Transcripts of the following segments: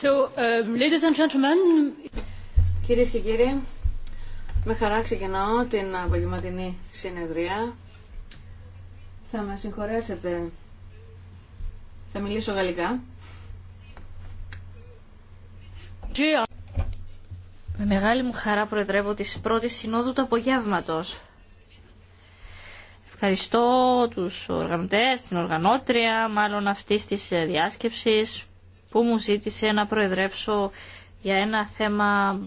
So, um, Κυρίες και κύριοι, με χαρά ξεκινάω την απογευματινή συνεδρία. Θα με συγχωρέσετε, θα μιλήσω γαλλικά. Με μεγάλη μου χαρά προεδρεύω της πρώτη συνόδου του απογεύματος. Ευχαριστώ τους οργανωτές, την οργανώτρια, μάλλον αυτής της ε, διάσκεψης, που μου ζήτησε να προεδρεύσω για ένα θέμα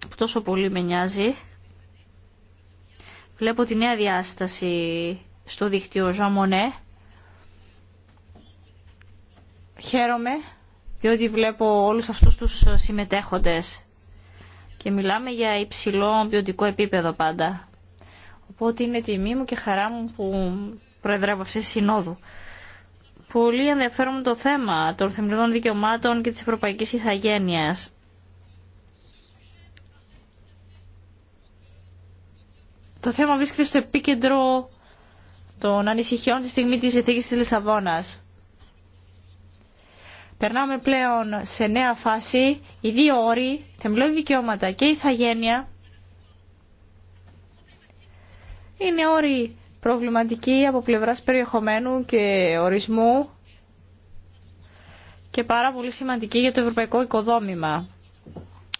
που τόσο πολύ με νοιάζει. Βλέπω τη νέα διάσταση στο δίκτυο Monnet. Χαίρομαι διότι βλέπω όλους αυτούς τους συμμετέχοντες και μιλάμε για υψηλό ποιοτικό επίπεδο πάντα. Οπότε είναι τιμή μου και χαρά μου που προεδρεύω αυτή συνόδου πολύ ενδιαφέρον το θέμα των θεμελιωδών δικαιωμάτων και της ευρωπαϊκής ηθαγένειας. Το θέμα βρίσκεται στο επίκεντρο των ανησυχιών τη στιγμή της ηθίκης της Λισαβόνας. Περνάμε πλέον σε νέα φάση, οι δύο όροι, θεμελιώδη δικαιώματα και ηθαγένεια, είναι όροι προβληματική από πλευράς περιεχομένου και ορισμού και πάρα πολύ σημαντική για το ευρωπαϊκό οικοδόμημα.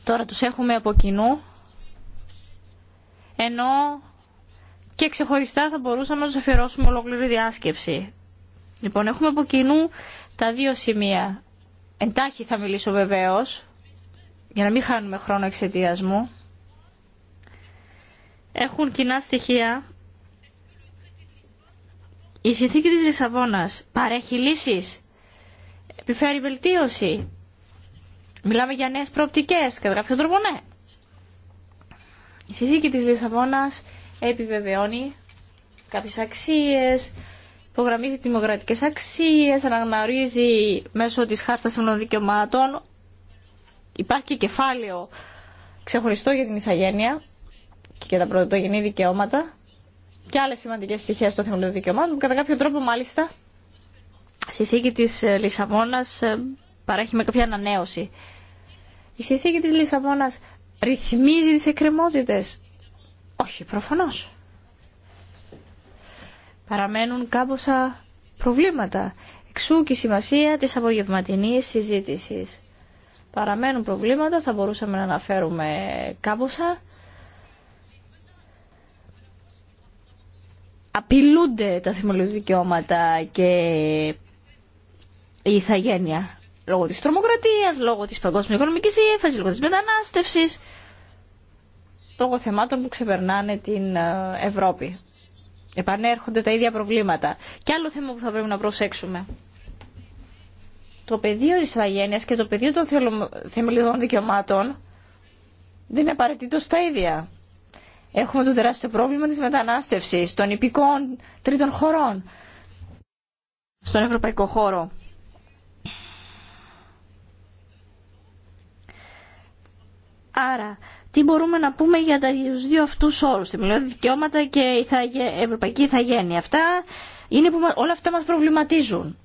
Τώρα τους έχουμε από κοινού, ενώ και ξεχωριστά θα μπορούσαμε να τους αφιερώσουμε ολόκληρη διάσκεψη. Λοιπόν, έχουμε από κοινού τα δύο σημεία. Εντάχει θα μιλήσω βεβαίως, για να μην χάνουμε χρόνο εξαιτία μου. Έχουν κοινά στοιχεία η συνθήκη της Λισαβόνας παρέχει λύσεις, επιφέρει βελτίωση. Μιλάμε για νέες προοπτικές, κατά κάποιο τρόπο ναι. Η συνθήκη της Λισαβόνας επιβεβαιώνει κάποιες αξίες, υπογραμμίζει τις δημοκρατικές αξίες, αναγνωρίζει μέσω της χάρτας των δικαιωμάτων. Υπάρχει και κεφάλαιο ξεχωριστό για την Ιθαγένεια και τα πρωτογενή δικαιώματα και άλλες σημαντικές πτυχές των θεμελιών δικαιωμάτων που κατά κάποιο τρόπο μάλιστα η συνθήκη της Λισαβόνα ε, παρέχει με κάποια ανανέωση. Η συνθήκη της Λισαβόνα ρυθμίζει τις εκκρεμότητες. Όχι, προφανώς. Παραμένουν κάμποσα προβλήματα. Εξού και η σημασία της απογευματινής συζήτησης. Παραμένουν προβλήματα, θα μπορούσαμε να αναφέρουμε κάμποσα. απειλούνται τα θεμελιώδη δικαιώματα και η ηθαγένεια λόγω της τρομοκρατίας, λόγω της παγκόσμιας οικονομικής ύφασης, λόγω της μετανάστευσης, λόγω θεμάτων που ξεπερνάνε την ε, Ευρώπη. Επανέρχονται τα ίδια προβλήματα. Και άλλο θέμα που θα πρέπει να προσέξουμε. Το πεδίο της ηθαγένειας και το πεδίο των θεμελιωδών δικαιωμάτων δεν είναι απαραίτητο στα ίδια. Έχουμε το τεράστιο πρόβλημα της μετανάστευσης των υπηκών τρίτων χωρών στον ευρωπαϊκό χώρο. Άρα, τι μπορούμε να πούμε για τους δύο αυτούς όρους, δηλαδή δικαιώματα και η ευρωπαϊκή ηθαγένεια. Αυτά είναι που όλα αυτά μας προβληματίζουν.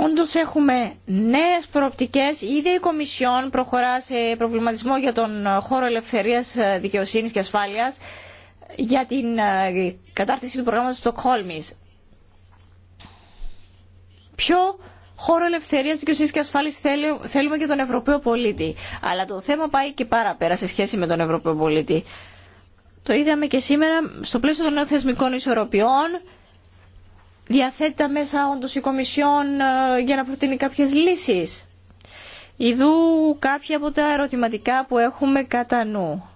Όντως έχουμε νέες προοπτικές. Ήδη η Κομισιόν προχωρά σε προβληματισμό για τον χώρο ελευθερίας, ε, δικαιοσύνης και ασφάλειας για την ε, κατάρτιση του προγράμματος Στοκχόλμης. Ποιο χώρο ελευθερίας, δικαιοσύνης και ασφάλειας θέλουμε για τον Ευρωπαίο πολίτη. Αλλά το θέμα πάει και πέρα σε σχέση με τον Ευρωπαίο πολίτη. Το είδαμε και σήμερα στο πλαίσιο των νέων θεσμικών ισορροπιών διαθέτει τα μέσα όντω η Κομισιόν ε, για να προτείνει κάποιες λύσει. Ιδού κάποια από τα ερωτηματικά που έχουμε κατά νου.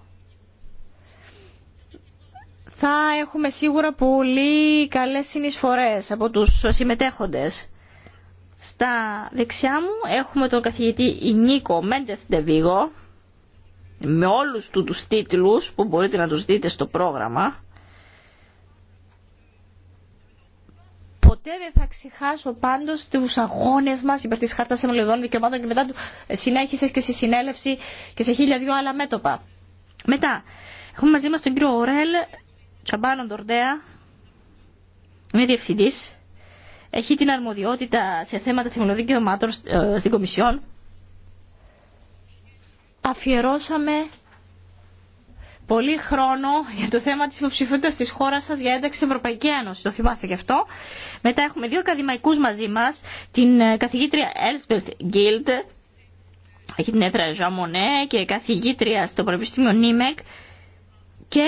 Θα έχουμε σίγουρα πολύ καλές συνεισφορές από τους συμμετέχοντες. Στα δεξιά μου έχουμε τον καθηγητή Ινίκο Μέντεθ Ντεβίγο με όλους του τους τίτλους που μπορείτε να τους δείτε στο πρόγραμμα Ποτέ δεν θα ξεχάσω πάντω τους αγώνε μα υπέρ τη χάρτα Θεμελιωδών Δικαιωμάτων και μετά του συνέχισε και στη συνέλευση και σε χίλια δυο άλλα μέτωπα. Μετά, έχουμε μαζί μα τον κύριο Ορέλ Τσαμπάνο Ντορντέα, είναι διευθυντή, έχει την αρμοδιότητα σε θέματα θεμελιωδών δικαιωμάτων ε, στην Κομισιόν. Αφιερώσαμε πολύ χρόνο για το θέμα της υποψηφιότητας της χώρας σας για ένταξη στην Ευρωπαϊκή Ένωση. Το θυμάστε γι' αυτό. Μετά έχουμε δύο ακαδημαϊκούς μαζί μας, την ε, καθηγήτρια Elspeth Guild, έχει την έδρα Ζαμονέ και καθηγήτρια στο Πανεπιστήμιο Νίμεκ και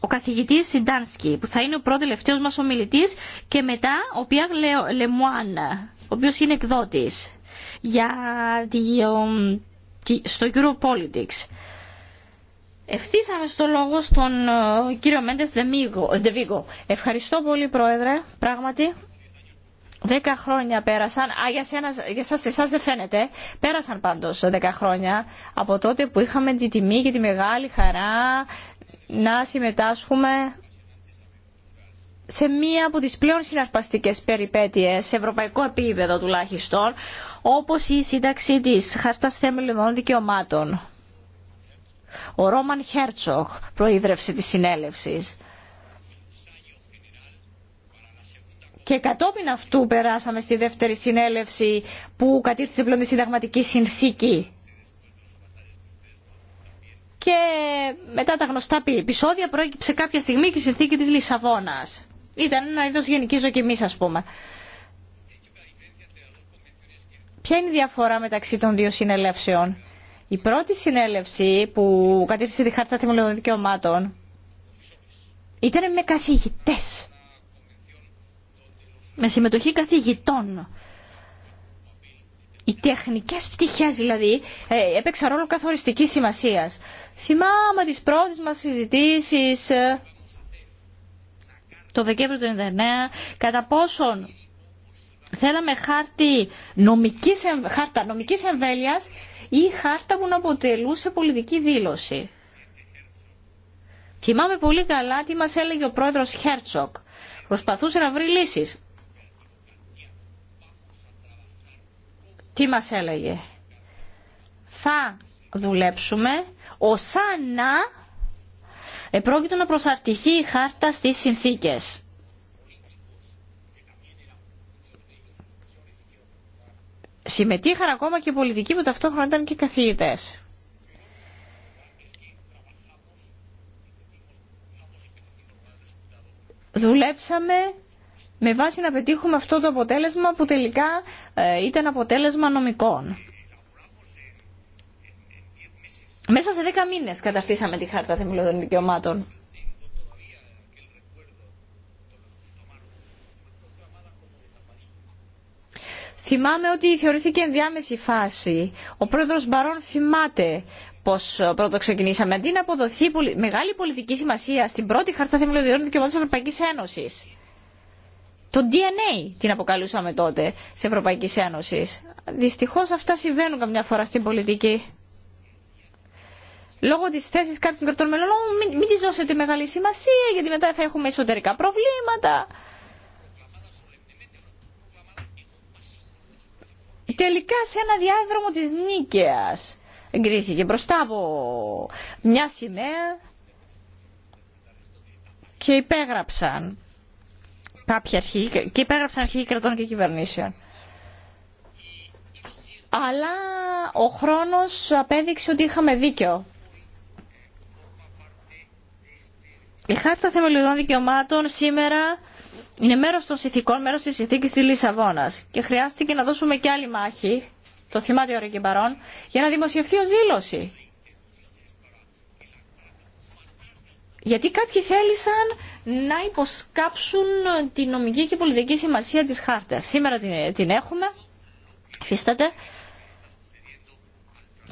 ο καθηγητής Σιντάνσκι, που θα είναι ο πρώτο τελευταίο μας ομιλητής και μετά ο Πιάγ Λεμουάν, ο οποίο είναι εκδότη για ε, τη, στο Europolitics. Ευθύσαμε στο λόγο στον ε, κύριο Μέντες Δεβίγκο. Ευχαριστώ πολύ Πρόεδρε, πράγματι. Δέκα χρόνια πέρασαν, α, για, σένα, για σας, εσάς δεν φαίνεται, πέρασαν πάντως δέκα χρόνια από τότε που είχαμε τη τιμή και τη μεγάλη χαρά να συμμετάσχουμε σε μία από τις πλέον συναρπαστικές περιπέτειες, σε ευρωπαϊκό επίπεδο τουλάχιστον, όπως η σύνταξη της Χάρτας Θεμελιωδών Δικαιωμάτων ο Ρόμαν Χέρτσοχ προείδρευσε τη συνέλευση. Και κατόπιν αυτού περάσαμε στη δεύτερη συνέλευση που κατήρθησε πλέον τη συνταγματική συνθήκη. Και μετά τα γνωστά επεισόδια προέκυψε κάποια στιγμή και η συνθήκη της Λισαβόνας. Ήταν ένα είδος γενικής δοκιμής ας πούμε. Ποια είναι η διαφορά μεταξύ των δύο συνελεύσεων. Η πρώτη συνέλευση που κατήρθησε τη Χάρτα Θεμελιωδών Δικαιωμάτων ήταν με καθηγητές. Με συμμετοχή καθηγητών. Οι τεχνικές πτυχές δηλαδή ε, έπαιξαν ρόλο καθοριστικής σημασίας. Θυμάμαι τις πρώτες μας συζητήσεις ε, το Δεκέμβριο του 1999 κατά πόσον θέλαμε χάρτη νομικής, χάρτα νομικής εμβέλειας ή χάρτα που να αποτελούσε πολιτική δήλωση. Θυμάμαι πολύ καλά τι μας έλεγε ο πρόεδρος Χέρτσοκ. Προσπαθούσε να βρει λύσεις. Τι μας έλεγε. Θα δουλέψουμε ως να επρόκειτο να προσαρτηθεί η χάρτα στις συνθήκες. συμμετείχαν ακόμα και πολιτικοί που ταυτόχρονα ήταν και καθηγητές. Δουλέψαμε με βάση να πετύχουμε αυτό το αποτέλεσμα που τελικά ε, ήταν αποτέλεσμα νομικών. Μέσα σε δέκα μήνες καταρτήσαμε τη Χάρτα Θεμελιωδών Δικαιωμάτων. Θυμάμαι ότι θεωρήθηκε ενδιάμεση φάση. Ο πρόεδρος Μπαρόν θυμάται πώ ε, πρώτο ξεκινήσαμε. Αντί να αποδοθεί μεγάλη πολιτική σημασία στην πρώτη χαρτά θεμελιωδιών δικαιωμάτων τη Ευρωπαϊκή Ένωση. Το DNA την αποκαλούσαμε τότε τη Ευρωπαϊκή Ένωση. Δυστυχώ αυτά συμβαίνουν καμιά φορά στην πολιτική. Λόγω τη θέση κάποιων κρατών μελών μην, μην τη δώσετε μεγάλη σημασία γιατί μετά θα έχουμε εσωτερικά προβλήματα. τελικά σε ένα διάδρομο της Νίκαιας εγκρίθηκε μπροστά από μια σημαία και υπέγραψαν κάποια αρχή και υπέγραψαν αρχή κρατών και κυβερνήσεων. Αλλά ο χρόνος απέδειξε ότι είχαμε δίκιο. Η Χάρτα Θεμελιωδών Δικαιωμάτων σήμερα είναι μέρος των συνθήκων, μέρος της συνθήκης της Λισαβόνας και χρειάστηκε να δώσουμε και άλλη μάχη, το θυμάται ο για να δημοσιευθεί ο δήλωση. Γιατί κάποιοι θέλησαν να υποσκάψουν την νομική και πολιτική σημασία της χάρτας. Σήμερα την έχουμε, φίσταται.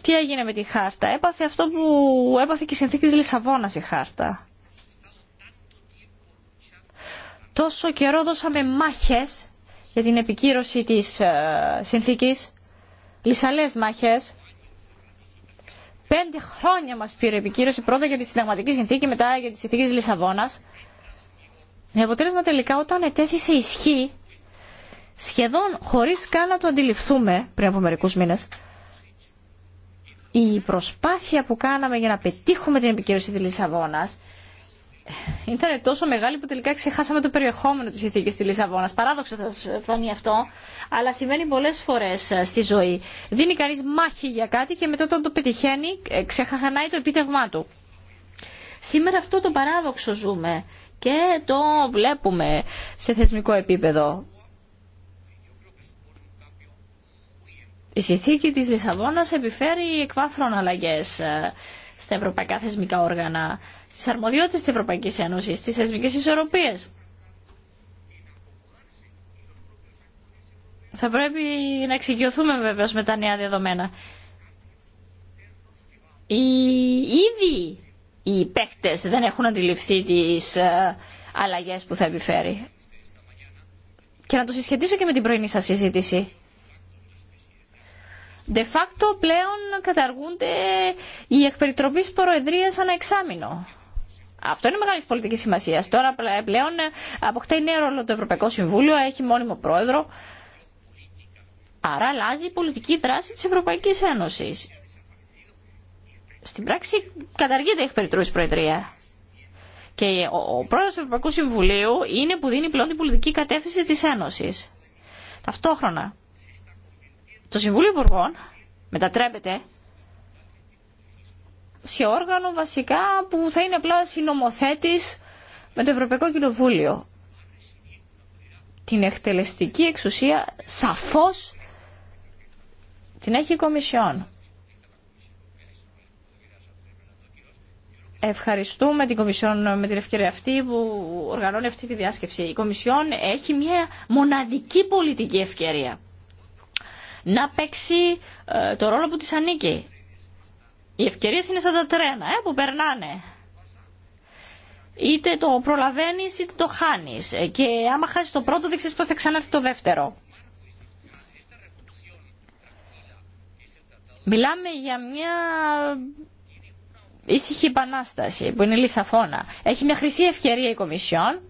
Τι έγινε με τη χάρτα. Έπαθε αυτό που έπαθε και η συνθήκη της Λισαβόνας η χάρτα. Τόσο καιρό δώσαμε μάχες για την επικύρωση της ε, συνθήκης, λυσαλές μάχες. Πέντε χρόνια μας πήρε επικύρωση, πρώτα για τη συνταγματική συνθήκη, μετά για τη συνθήκη της Λισαβόνας. Με αποτέλεσμα τελικά όταν ετέθησε ισχύ, σχεδόν χωρίς καν να το αντιληφθούμε πριν από μερικούς μήνες, η προσπάθεια που κάναμε για να πετύχουμε την επικύρωση της Λισαβόνας ήταν τόσο μεγάλη που τελικά ξεχάσαμε το περιεχόμενο της ηθίκης της Λισαβόνας. Παράδοξο θα σας φανεί αυτό, αλλά συμβαίνει πολλές φορές ε, στη ζωή. Δίνει κανείς μάχη για κάτι και μετά όταν το πετυχαίνει ε, ξεχαχανάει το επίτευγμά του. Σήμερα αυτό το παράδοξο ζούμε και το βλέπουμε σε θεσμικό επίπεδο. Η συνθήκη της Λισαβόνας επιφέρει εκβάθρων αλλαγές ε, στα ευρωπαϊκά θεσμικά όργανα, στις αρμοδιότητες της Ευρωπαϊκής Ένωσης, στις θεσμικές ισορροπίες. Θα πρέπει να εξοικειωθούμε βεβαίως με τα νέα δεδομένα. Οι ήδη οι παίχτες δεν έχουν αντιληφθεί τις ε, αλλαγές που θα επιφέρει. Και να το συσχετίσω και με την πρωινή σας συζήτηση. De facto πλέον καταργούνται οι εκπεριτροπείς σαν ανά εξάμεινο. Αυτό είναι μεγάλη πολιτική σημασία. Τώρα πλέον αποκτάει νέο ρόλο το Ευρωπαϊκό Συμβούλιο, έχει μόνιμο πρόεδρο. Άρα αλλάζει η πολιτική δράση τη Ευρωπαϊκή Ένωση. Στην πράξη καταργείται η εκπεριτροπή προεδρία. Και ο πρόεδρος του Ευρωπαϊκού Συμβουλίου είναι που δίνει πλέον την πολιτική κατεύθυνση τη Ένωση. Ταυτόχρονα το Συμβούλιο Υπουργών μετατρέπεται σε όργανο βασικά που θα είναι απλά συνομοθέτης με το Ευρωπαϊκό Κοινοβούλιο. Την εκτελεστική εξουσία σαφώς την έχει η Κομισιόν. Ευχαριστούμε την Κομισιόν με την ευκαιρία αυτή που οργανώνει αυτή τη διάσκεψη. Η Κομισιόν έχει μια μοναδική πολιτική ευκαιρία να παίξει ε, το ρόλο που της ανήκει. Οι ευκαιρίες είναι σαν τα τρένα ε, που περνάνε. Είτε το προλαβαίνεις είτε το χάνεις. Ε, και άμα χάσεις το πρώτο δεν ξέρεις πότε θα ξανάρθει το δεύτερο. Μιλάμε για μια ήσυχη επανάσταση που είναι Φώνα. Έχει μια χρυσή ευκαιρία η Κομισιόν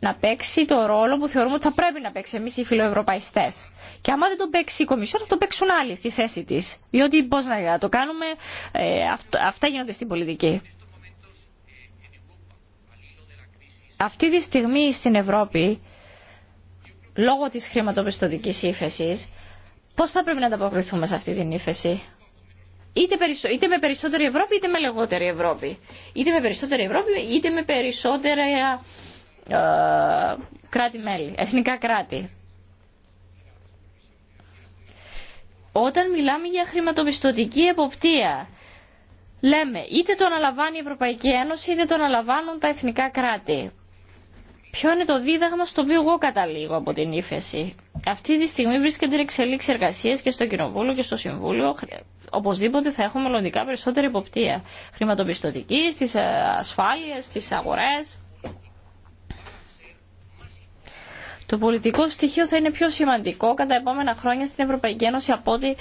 να παίξει το ρόλο που θεωρούμε ότι θα πρέπει να παίξει εμεί οι φιλοευρωπαϊστέ. Και άμα δεν τον παίξει η Κομισιόν, θα τον παίξουν άλλοι στη θέση τη. Διότι πώ να το κάνουμε, ε, αυτά γίνονται στην πολιτική. Αυτή τη στιγμή στην Ευρώπη, λόγω της χρηματοπιστωτικής ύφεση, πώς θα πρέπει να ανταποκριθούμε σε αυτή την ύφεση. Είτε, είτε με περισσότερη Ευρώπη, είτε με λιγότερη Ευρώπη. Είτε με περισσότερη Ευρώπη, είτε με περισσότερα ε, κράτη-μέλη, εθνικά κράτη. Όταν μιλάμε για χρηματοπιστωτική εποπτεία, λέμε είτε το αναλαμβάνει η Ευρωπαϊκή Ένωση είτε το αναλαμβάνουν τα εθνικά κράτη. Ποιο είναι το δίδαγμα στο οποίο εγώ καταλήγω από την ύφεση. Αυτή τη στιγμή βρίσκεται εξελίξη εργασία και στο Κοινοβούλιο και στο Συμβούλιο. Οπωσδήποτε θα έχουμε μελλοντικά περισσότερη υποπτία χρηματοπιστωτική, στι ε, ασφάλειε, στι αγορέ. Το πολιτικό στοιχείο θα είναι πιο σημαντικό κατά επόμενα χρόνια στην Ευρωπαϊκή Ένωση από ότι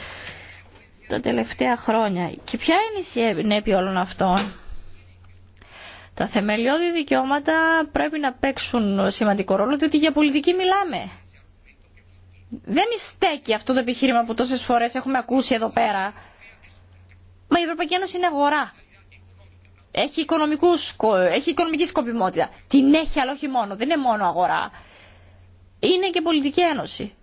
τα τελευταία χρόνια. Και ποια είναι η συνέπεια όλων αυτών. Τα θεμελιώδη δικαιώματα πρέπει να παίξουν σημαντικό ρόλο, διότι για πολιτική μιλάμε. Δεν στέκει αυτό το επιχείρημα που τόσες φορές έχουμε ακούσει εδώ πέρα. Μα η Ευρωπαϊκή Ένωση είναι αγορά. Έχει, έχει οικονομική σκοπιμότητα. Την έχει, αλλά όχι μόνο. Δεν είναι μόνο αγορά είναι και πολιτική ένωση.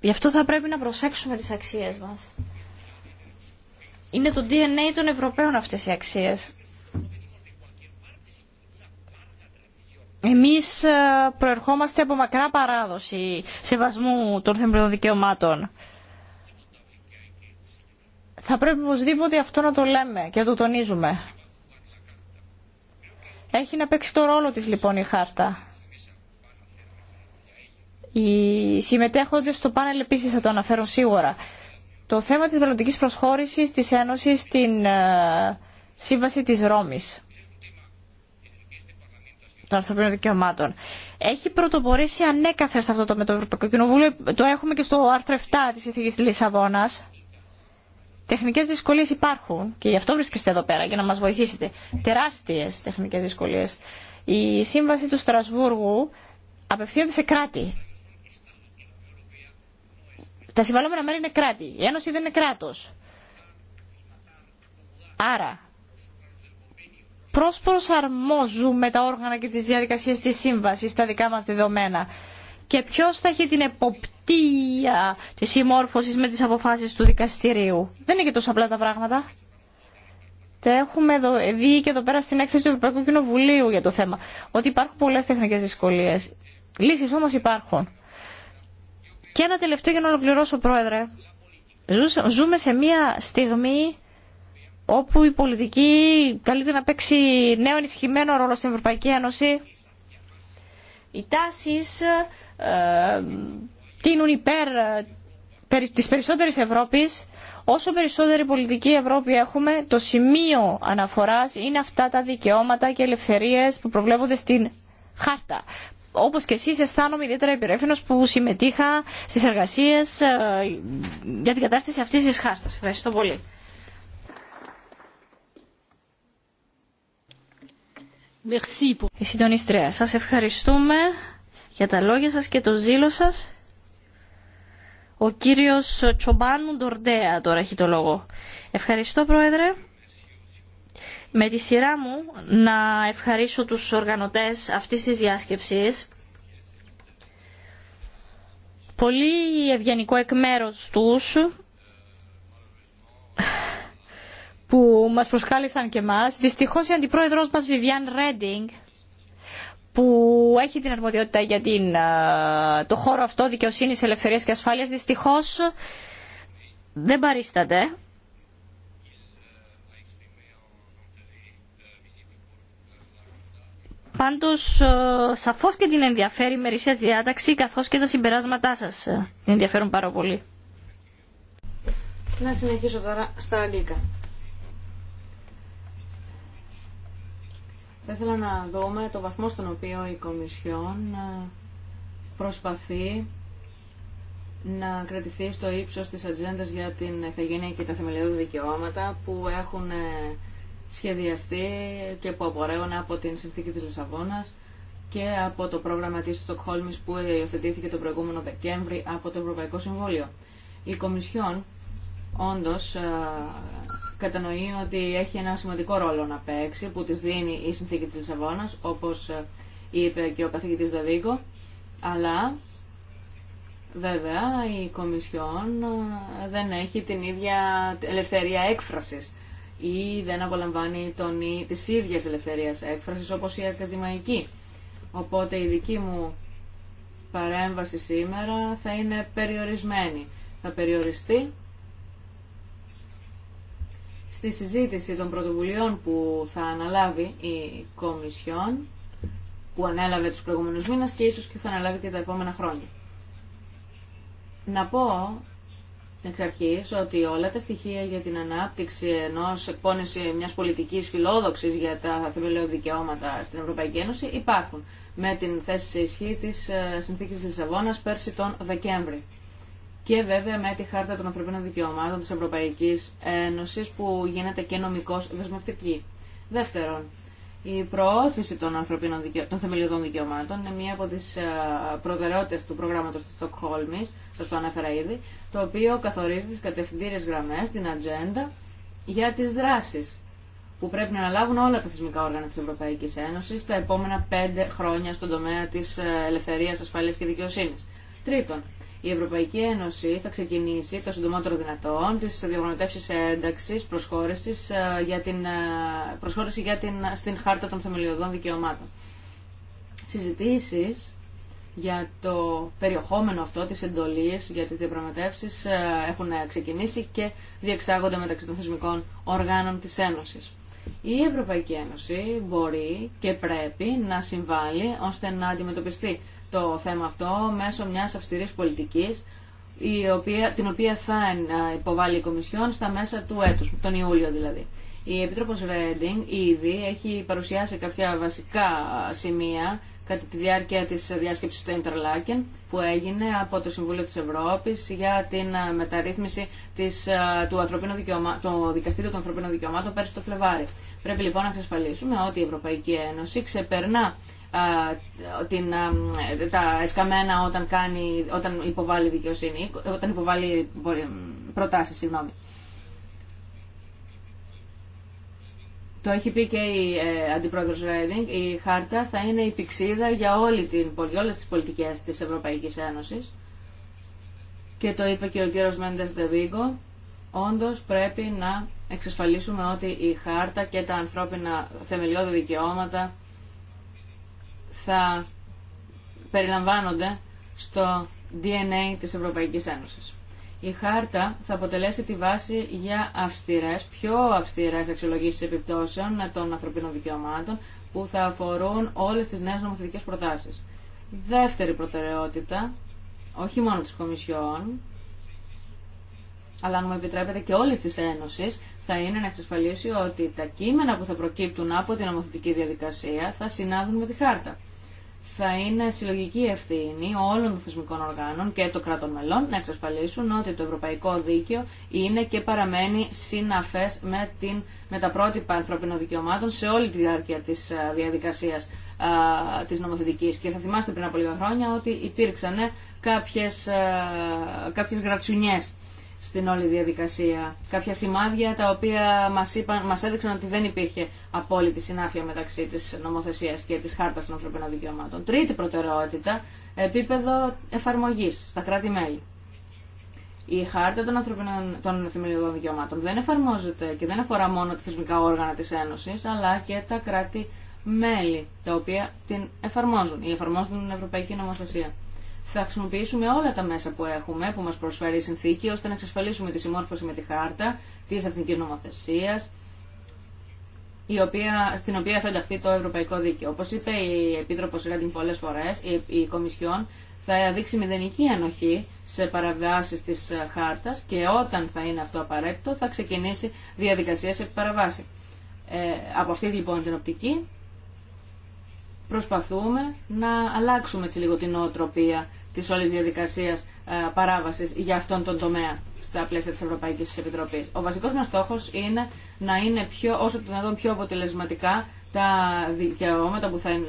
Γι' αυτό θα πρέπει να προσέξουμε τις αξίες μας. Είναι το DNA των Ευρωπαίων αυτές οι αξίες. Εμείς ε, προερχόμαστε από μακρά παράδοση σεβασμού των θεμελιωδών δικαιωμάτων. Θα πρέπει οπωσδήποτε αυτό να το λέμε και να το τονίζουμε. Έχει να παίξει το ρόλο της λοιπόν η χάρτα. Οι συμμετέχοντες στο πάνελ επίσης θα το αναφέρω σίγουρα. Το θέμα της μελλοντική προσχώρησης της Ένωσης στην ε, Σύμβαση της Ρώμης των ανθρωπίνων δικαιωμάτων. Έχει πρωτοπορήσει ανέκαθεν σε αυτό το με το Ευρωπαϊκό Κοινοβούλιο. Το έχουμε και στο άρθρο 7 της τη Λισαβόνας Τεχνικέ δυσκολίε υπάρχουν και γι' αυτό βρίσκεστε εδώ πέρα για να μα βοηθήσετε. Τεράστιε τεχνικέ δυσκολίε. Η σύμβαση του Στρασβούργου απευθύνεται σε κράτη. Τα συμβαλόμενα μέρη είναι κράτη. Η Ένωση δεν είναι κράτο. Άρα, πώ προσαρμόζουμε τα όργανα και τι διαδικασίε τη σύμβαση στα δικά μα δεδομένα και ποιο θα έχει την εποπτεία της συμμόρφωση με τις αποφάσεις του δικαστηρίου. Δεν είναι και τόσο απλά τα πράγματα. Τα έχουμε δει και εδώ πέρα στην έκθεση του Ευρωπαϊκού Κοινοβουλίου για το θέμα. Ότι υπάρχουν πολλές τεχνικέ δυσκολίε. Λύσεις όμως υπάρχουν. Και ένα τελευταίο για να ολοκληρώσω, Πρόεδρε. Ζούμε σε μια στιγμή όπου η πολιτική καλείται να παίξει νέο ενισχυμένο ρόλο στην Ευρωπαϊκή Ένωση οι τάσει ε, τίνουν υπέρ ε, της περισσότερη Ευρώπης. Όσο περισσότερη πολιτική Ευρώπη έχουμε, το σημείο αναφοράς είναι αυτά τα δικαιώματα και ελευθερίες που προβλέπονται στην χάρτα. Όπως και εσείς αισθάνομαι ιδιαίτερα υπερέφηνος που συμμετείχα στις εργασίες ε, για την κατάρτιση αυτή τη χάρτα. Ευχαριστώ πολύ. Η συντονιστρία, σας ευχαριστούμε για τα λόγια σας και το ζήλο σας. Ο κύριος Τσομπάνου Ντορντέα τώρα έχει το λόγο. Ευχαριστώ Πρόεδρε. Με τη σειρά μου να ευχαρίσω τους οργανωτές αυτής της διάσκεψης. Πολύ ευγενικό εκ μέρους τους που μας προσκάλεσαν και μας. Δυστυχώς η αντιπρόεδρος μας Βιβιάν Ρέντινγκ που έχει την αρμοδιότητα για την, ε, το χώρο αυτό δικαιοσύνης, ελευθερίας και ασφάλειας δυστυχώς δεν παρίσταται. Πάντως, ε, σαφώς και την ενδιαφέρει η μερισσίας διάταξη, καθώς και τα συμπεράσματά σας ε, την ενδιαφέρουν πάρα πολύ. Να συνεχίσω τώρα στα αγγλικά. Θα ήθελα να δούμε το βαθμό στον οποίο η Κομισιόν ε, προσπαθεί να κρατηθεί στο ύψος της ατζέντα για την ηθαγένεια και τα θεμελιώδη δικαιώματα που έχουν ε, σχεδιαστεί και που απορρέουν από την συνθήκη της Λισαβόνας και από το πρόγραμμα της Στοκχόλμης που υιοθετήθηκε το προηγούμενο Δεκέμβρη από το Ευρωπαϊκό Συμβούλιο. Η Κομισιόν όντως ε, κατανοεί ότι έχει ένα σημαντικό ρόλο να παίξει που της δίνει η συνθήκη της Λισαβόνας όπως ε, είπε και ο καθηγητής Δαβίγκο αλλά βέβαια η Κομισιόν ε, δεν έχει την ίδια ελευθερία έκφρασης ή δεν απολαμβάνει τον, της ίδιας ελευθερίας έκφρασης όπως η ακαδημαϊκή. Οπότε η δική μου παρέμβαση σήμερα θα είναι περιορισμένη. Θα περιοριστεί στη συζήτηση των πρωτοβουλειών που θα αναλάβει η Κομισιόν, που ανέλαβε τους προηγούμενους μήνες και ίσως και θα αναλάβει και τα επόμενα χρόνια. Να πω εξ αρχής ότι όλα τα στοιχεία για την ανάπτυξη ενός εκπόνηση μιας πολιτικής φιλόδοξης για τα θεμελιώδη δικαιώματα στην Ευρωπαϊκή Ένωση υπάρχουν με την θέση σε ισχύ της ε, Συνθήκης Λισαβόνας πέρσι τον Δεκέμβρη και βέβαια με τη Χάρτα των Ανθρωπίνων Δικαιωμάτων τη Ευρωπαϊκή Ένωση που γίνεται και νομικώ δεσμευτική. Δεύτερον, η προώθηση των, ανθρωπίνων των θεμελιωδών δικαιωμάτων είναι μία από τι ε, προτεραιότητε του προγράμματο τη Στοκχόλμη, σα το ανέφερα ήδη, το οποίο καθορίζει τι κατευθυντήριες γραμμέ, την ατζέντα για τι δράσει που πρέπει να αναλάβουν όλα τα θεσμικά όργανα τη Ευρωπαϊκή Ένωση τα επόμενα πέντε χρόνια στον τομέα τη ε, ελευθερία, ασφαλεία και δικαιοσύνη. Τρίτον, η Ευρωπαϊκή Ένωση θα ξεκινήσει το συντομότερο δυνατόν τις διαπραγματεύσει ένταξης ε, για την, ε, προσχώρηση για την, στην Χάρτα των Θεμελιωδών Δικαιωμάτων. Συζητήσεις για το περιεχόμενο αυτό της εντολής για τις διαπραγματεύσεις ε, έχουν ξεκινήσει και διεξάγονται μεταξύ των θεσμικών οργάνων της Ένωσης. Η Ευρωπαϊκή Ένωση μπορεί και πρέπει να συμβάλλει ώστε να αντιμετωπιστεί το θέμα αυτό μέσω μιας αυστηρής πολιτικής η οποία, την οποία θα υποβάλει η Κομισιόν στα μέσα του έτους, τον Ιούλιο δηλαδή. Η Επίτροπος Ρέντινγκ ήδη έχει παρουσιάσει κάποια βασικά σημεία κατά τη διάρκεια της διάσκεψης του Interlaken που έγινε από το Συμβούλιο της Ευρώπης για την μεταρρύθμιση της, του, ανθρωπίνου το Δικαστήριο των Ανθρωπίνων Δικαιωμάτων πέρσι το Φλεβάρι. Πρέπει λοιπόν να εξασφαλίσουμε ότι η Ευρωπαϊκή Ένωση ξεπερνά την, τα εσκαμμένα όταν, κάνει, όταν υποβάλλει δικαιοσύνη, όταν υποβάλλει προτάσεις, συγγνώμη. Το έχει πει και η ε, Αντιπρόεδρος η χάρτα θα είναι η πηξίδα για, όλη την, για όλες τις πολιτικές της Ευρωπαϊκής Ένωσης. Και το είπε και ο κύριος Μέντες Δεβίγκο, όντως πρέπει να εξασφαλίσουμε ότι η χάρτα και τα ανθρώπινα θεμελιώδη δικαιώματα θα περιλαμβάνονται στο DNA της Ευρωπαϊκής Ένωσης. Η χάρτα θα αποτελέσει τη βάση για αυστηρές, πιο αυστηρές αξιολογήσεις επιπτώσεων των ανθρωπίνων δικαιωμάτων που θα αφορούν όλες τις νέες νομοθετικές προτάσεις. Δεύτερη προτεραιότητα, όχι μόνο της Κομισιόν, αλλά αν μου επιτρέπετε και όλης της Ένωσης, θα είναι να εξασφαλίσει ότι τα κείμενα που θα προκύπτουν από την νομοθετική διαδικασία θα συνάδουν με τη χάρτα. Θα είναι συλλογική ευθύνη όλων των θεσμικών οργάνων και των κρατών μελών να εξασφαλίσουν ότι το ευρωπαϊκό δίκαιο είναι και παραμένει συναφές με, με τα πρότυπα ανθρωπίνων δικαιωμάτων σε όλη τη διάρκεια της διαδικασίας της νομοθετικής. Και θα θυμάστε πριν από λίγα χρόνια ότι υπήρξαν κάποιες, κάποιες στην όλη διαδικασία. Κάποια σημάδια τα οποία μας, είπαν, μας έδειξαν ότι δεν υπήρχε απόλυτη συνάφεια μεταξύ της νομοθεσίας και της χάρτας των ανθρωπίνων δικαιωμάτων. Τρίτη προτεραιότητα, επίπεδο εφαρμογής στα κράτη-μέλη. Η χάρτα των, ανθρωπινών, των θεμελιωδών δικαιωμάτων δεν εφαρμόζεται και δεν αφορά μόνο τα θεσμικά όργανα της Ένωσης, αλλά και τα κράτη-μέλη, τα οποία την εφαρμόζουν ή εφαρμόζουν την Ευρωπαϊκή Νομοθεσία θα χρησιμοποιήσουμε όλα τα μέσα που έχουμε, που μα προσφέρει η συνθήκη, ώστε να εξασφαλίσουμε τη συμμόρφωση με τη χάρτα τη εθνική νομοθεσία, στην οποία θα ενταχθεί το ευρωπαϊκό δίκαιο. Όπω είπε η Επίτροπο Ρέντινγκ πολλές φορές, η, η Κομισιόν θα δείξει μηδενική ανοχή σε παραβάσει τη ε, χάρτα και όταν θα είναι αυτό απαραίτητο θα ξεκινήσει διαδικασία σε παραβάση. Ε, από αυτή λοιπόν την οπτική προσπαθούμε να αλλάξουμε έτσι λίγο την νοοτροπία της όλης διαδικασίας ε, παράβασης για αυτόν τον τομέα στα πλαίσια της Ευρωπαϊκής Επιτροπής. Ο βασικός μας στόχος είναι να είναι πιο, όσο το δυνατόν πιο αποτελεσματικά τα δικαιώματα που θα ε,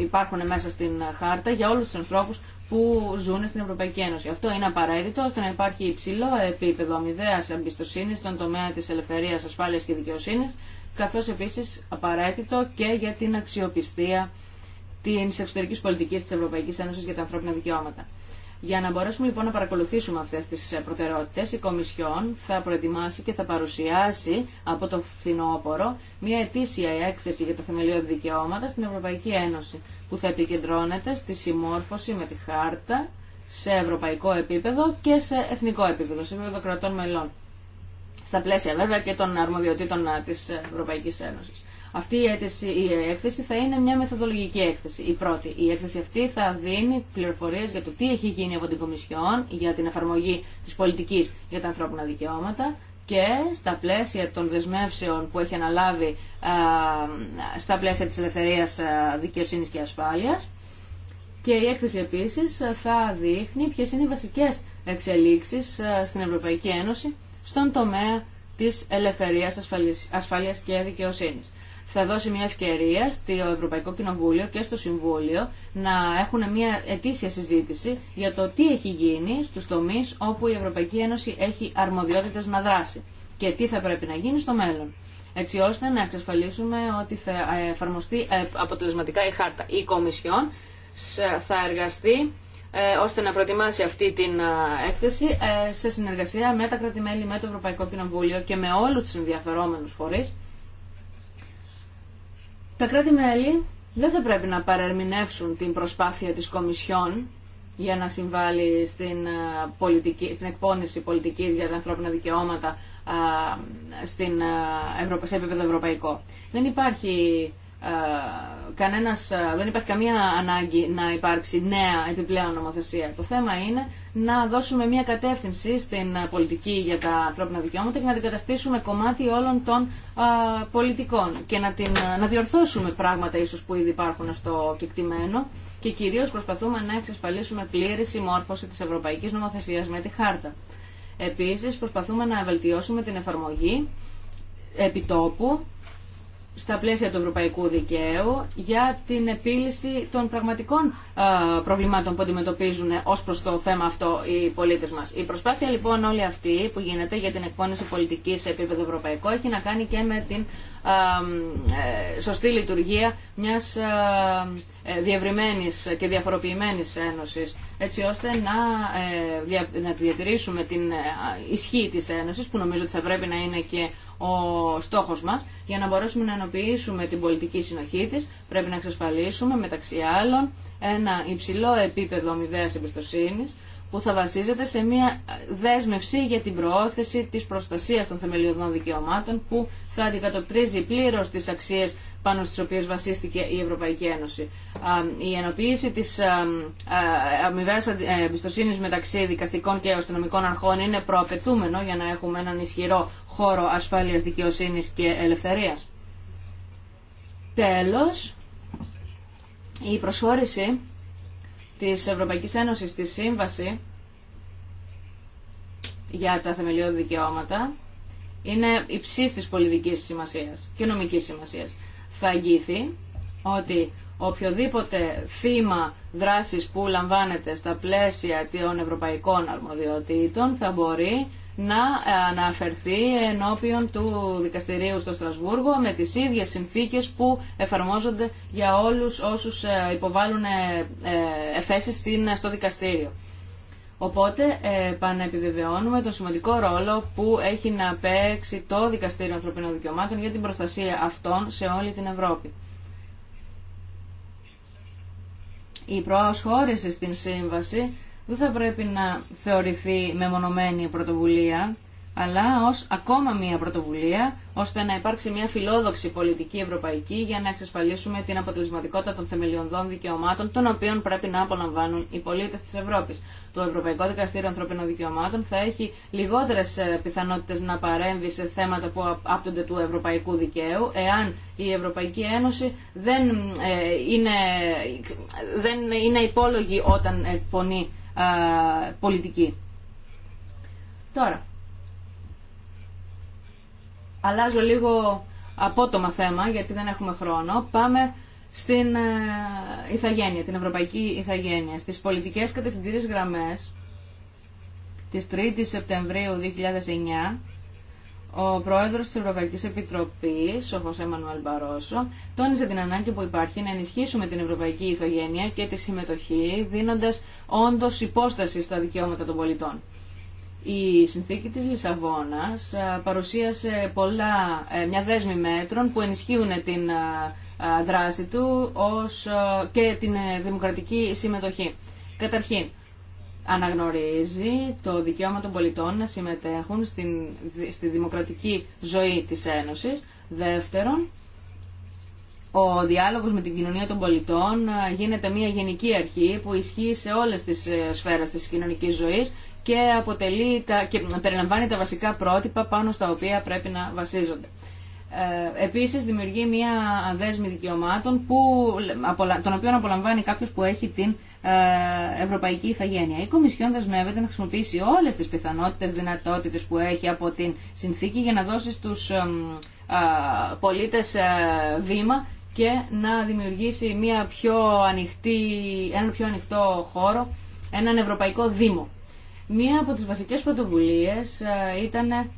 υπάρχουν μέσα στην χάρτα για όλους τους ανθρώπους που ζουν στην Ευρωπαϊκή Ένωση. Αυτό είναι απαραίτητο ώστε να υπάρχει υψηλό επίπεδο αμοιβαίας εμπιστοσύνη στον τομέα της ελευθερίας, ασφάλειας και δικαιοσύνης, καθώς επίσης απαραίτητο και για την αξιοπιστία τη εξωτερική πολιτική τη Ευρωπαϊκή Ένωση για τα ανθρώπινα δικαιώματα. Για να μπορέσουμε λοιπόν να παρακολουθήσουμε αυτέ τι προτεραιότητε, η Κομισιόν θα προετοιμάσει και θα παρουσιάσει από το φθινόπωρο μια ετήσια έκθεση για το θεμελιώδη δικαιώματα στην Ευρωπαϊκή Ένωση, που θα επικεντρώνεται στη συμμόρφωση με τη χάρτα σε ευρωπαϊκό επίπεδο και σε εθνικό επίπεδο, σε επίπεδο κρατών μελών. Στα πλαίσια βέβαια και των αρμοδιοτήτων ε, τη Ευρωπαϊκή Ένωση. Αυτή η, αίτηση, η έκθεση θα είναι μια μεθοδολογική έκθεση, η πρώτη. Η έκθεση αυτή θα δίνει πληροφορίε για το τι έχει γίνει από την Κομισιόν, για την εφαρμογή τη πολιτική για τα ανθρώπινα δικαιώματα και στα πλαίσια των δεσμεύσεων που έχει αναλάβει στα πλαίσια της ελευθερίας δικαιοσύνης και ασφάλειας. Και η έκθεση επίσης θα δείχνει ποιες είναι οι βασικές εξελίξεις στην Ευρωπαϊκή Ένωση στον τομέα της ελευθερίας ασφάλειας και δικαιοσύνης θα δώσει μια ευκαιρία στο Ευρωπαϊκό Κοινοβούλιο και στο Συμβούλιο να έχουν μια ετήσια συζήτηση για το τι έχει γίνει στους τομείς όπου η Ευρωπαϊκή Ένωση έχει αρμοδιότητες να δράσει και τι θα πρέπει να γίνει στο μέλλον έτσι ώστε να εξασφαλίσουμε ότι θα ε, εφαρμοστεί ε, αποτελεσματικά η χάρτα. Η Κομισιόν θα εργαστεί ε, ώστε να προετοιμάσει αυτή την έκθεση σε συνεργασία με τα κρατημέλη, με το Ευρωπαϊκό Κοινοβούλιο και με όλους τους ενδιαφερόμενους φορείς τα κράτη-μέλη δεν θα πρέπει να παρερμηνεύσουν την προσπάθεια της Κομισιόν για να συμβάλλει στην, ε, πολιτική, στην εκπόνηση πολιτικής για τα ανθρώπινα δικαιώματα στην, ε, σε επίπεδο ευρωπαϊκό. Δεν υπάρχει ε, κανένας, ε, δεν υπάρχει καμία ανάγκη να υπάρξει νέα επιπλέον νομοθεσία. Το θέμα είναι να δώσουμε μια κατεύθυνση στην ε, πολιτική για τα ανθρώπινα δικαιώματα και να την καταστήσουμε κομμάτι όλων των πολιτικών και να, την, να διορθώσουμε πράγματα ίσως που ήδη υπάρχουν στο κεκτημένο και κυρίως προσπαθούμε να εξασφαλίσουμε πλήρη συμμόρφωση της Ευρωπαϊκής Νομοθεσίας με τη Χάρτα. Επίσης προσπαθούμε να βελτιώσουμε την εφαρμογή επιτόπου στα πλαίσια του ευρωπαϊκού δικαίου για την επίλυση των πραγματικών ε, προβλημάτων που αντιμετωπίζουν ως προς το θέμα αυτό οι πολίτες μας. Η προσπάθεια λοιπόν όλη αυτή που γίνεται για την εκπόνηση πολιτικής σε επίπεδο ευρωπαϊκό έχει να κάνει και με την ε, σωστή λειτουργία μιας ε, ε, διευρυμένης και διαφοροποιημένης ένωσης έτσι ώστε να, να διατηρήσουμε την ισχύ της ένωσης που νομίζω ότι θα πρέπει να είναι και ο στόχος μας για να μπορέσουμε να ενοποιήσουμε την πολιτική συνοχή της πρέπει να εξασφαλίσουμε μεταξύ άλλων ένα υψηλό επίπεδο αμοιβαίας εμπιστοσύνη που θα βασίζεται σε μια δέσμευση για την προώθηση της προστασίας των θεμελιωδών δικαιωμάτων που θα αντικατοπτρίζει πλήρως τις αξίες πάνω στις οποίες βασίστηκε η Ευρωπαϊκή Ένωση. Η ενοποίηση της αμοιβαίας ε, εμπιστοσύνη μεταξύ δικαστικών και αστυνομικών αρχών είναι προαπαιτούμενο για να έχουμε έναν ισχυρό χώρο ασφάλειας δικαιοσύνης και ελευθερίας. Τέλος, η προσχώρηση της Ευρωπαϊκής Ένωσης στη Σύμβαση για τα θεμελιώδη δικαιώματα είναι υψή της πολιτικής σημασίας και νομικής σημασίας. Θα αγγίθει ότι οποιοδήποτε θύμα δράσης που λαμβάνεται στα πλαίσια των ευρωπαϊκών αρμοδιοτήτων θα μπορεί να αναφερθεί ενώπιον του δικαστηρίου στο Στρασβούργο με τις ίδιες συνθήκες που εφαρμόζονται για όλους όσους ε, υποβάλλουν ε, ε, εφέσεις στο δικαστήριο. Οπότε επανεπιβεβαιώνουμε τον σημαντικό ρόλο που έχει να παίξει το Δικαστήριο Ανθρωπίνων Δικαιωμάτων για την προστασία αυτών σε όλη την Ευρώπη. Η προσχώρηση στην σύμβαση δεν θα πρέπει να θεωρηθεί μεμονωμένη πρωτοβουλία, αλλά ως ακόμα μία πρωτοβουλία, ώστε να υπάρξει μία φιλόδοξη πολιτική ευρωπαϊκή για να εξασφαλίσουμε την αποτελεσματικότητα των θεμελιωδών δικαιωμάτων, των οποίων πρέπει να απολαμβάνουν οι πολίτες της Ευρώπης. Το Ευρωπαϊκό Δικαστήριο Ανθρωπίνων Δικαιωμάτων θα έχει λιγότερες ε, πιθανότητες να παρέμβει σε θέματα που άπτονται του ευρωπαϊκού δικαίου, εάν η Ευρωπαϊκή Ένωση δεν, ε, είναι, ε, δεν είναι υπόλογη όταν εκπονεί ε, πολιτική. Τώρα, αλλάζω λίγο απότομα θέμα γιατί δεν έχουμε χρόνο. Πάμε στην ε, ιθαγένεια, την ευρωπαϊκή ιθαγένεια, Στις πολιτικές κατευθυντήριες γραμμές της 3ης Σεπτεμβρίου 2009 ο πρόεδρος της Ευρωπαϊκής Επιτροπής, ο Χωσέ Μανουέλ Μπαρόσο, τόνισε την ανάγκη που υπάρχει να ενισχύσουμε την ευρωπαϊκή ηθογένεια και τη συμμετοχή, δίνοντας όντως υπόσταση στα δικαιώματα των πολιτών. Η συνθήκη της Λισαβόνας ε, παρουσίασε πολλά, ε, μια δέσμη μέτρων που ενισχύουν την ε, δράση του ως και την δημοκρατική συμμετοχή. Καταρχήν, αναγνωρίζει το δικαίωμα των πολιτών να συμμετέχουν στην, στη δημοκρατική ζωή της Ένωσης. Δεύτερον, ο διάλογος με την κοινωνία των πολιτών ε, γίνεται μια γενική αρχή που ισχύει σε όλες τις ε, σφαίρες της κοινωνικής ζωής και, αποτελεί τα, και περιλαμβάνει τα βασικά πρότυπα πάνω στα οποία πρέπει να βασίζονται. Ε, επίσης δημιουργεί μια δέσμη δικαιωμάτων που, των οποίων απολαμβάνει κάποιο που έχει την ε, ευρωπαϊκή ηθαγένεια. Η Κομισιόν δεσμεύεται να χρησιμοποιήσει όλες τις πιθανότητες, δυνατότητες που έχει από την συνθήκη για να δώσει στους ε, πολίτες βήμα και να δημιουργήσει μια πιο ανοιχτή, έναν πιο ανοιχτό χώρο, έναν ευρωπαϊκό δήμο. Μία από τις βασικές πρωτοβουλίες ήταν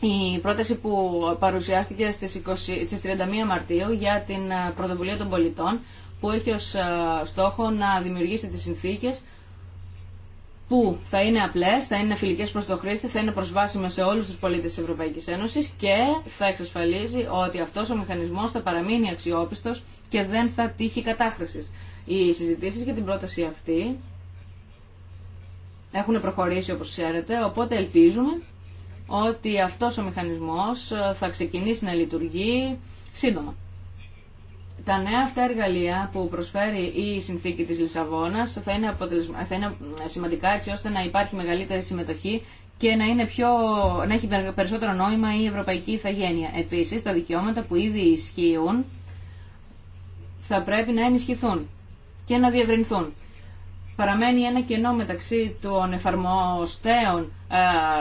η πρόταση που παρουσιάστηκε στις, 20, στις 31 Μαρτίου για την ε, πρωτοβουλία των πολιτών που έχει ως ε, στόχο να δημιουργήσει τις συνθήκες που θα είναι απλές, θα είναι φιλικές προς το χρήστη, θα είναι προσβάσιμες σε όλους τους πολίτες της Ευρωπαϊκής Ένωσης και θα εξασφαλίζει ότι αυτός ο μηχανισμός θα παραμείνει αξιόπιστος και δεν θα τύχει κατάχρησης. Οι συζητήσεις για την πρόταση αυτή έχουν προχωρήσει όπως ξέρετε, οπότε ελπίζουμε ότι αυτός ο μηχανισμός ε, θα ξεκινήσει να λειτουργεί σύντομα. Τα νέα αυτά εργαλεία που προσφέρει η συνθήκη της Λισαβόνας θα είναι, αποτελεσμα... Ε, σημαντικά έτσι ώστε να υπάρχει μεγαλύτερη συμμετοχή και να, είναι πιο... να έχει περισσότερο νόημα η ευρωπαϊκή ηθαγένεια. Επίσης, τα δικαιώματα που ήδη ισχύουν θα πρέπει να ενισχυθούν και να διευρυνθούν παραμένει ένα κενό μεταξύ των εφαρμοστέων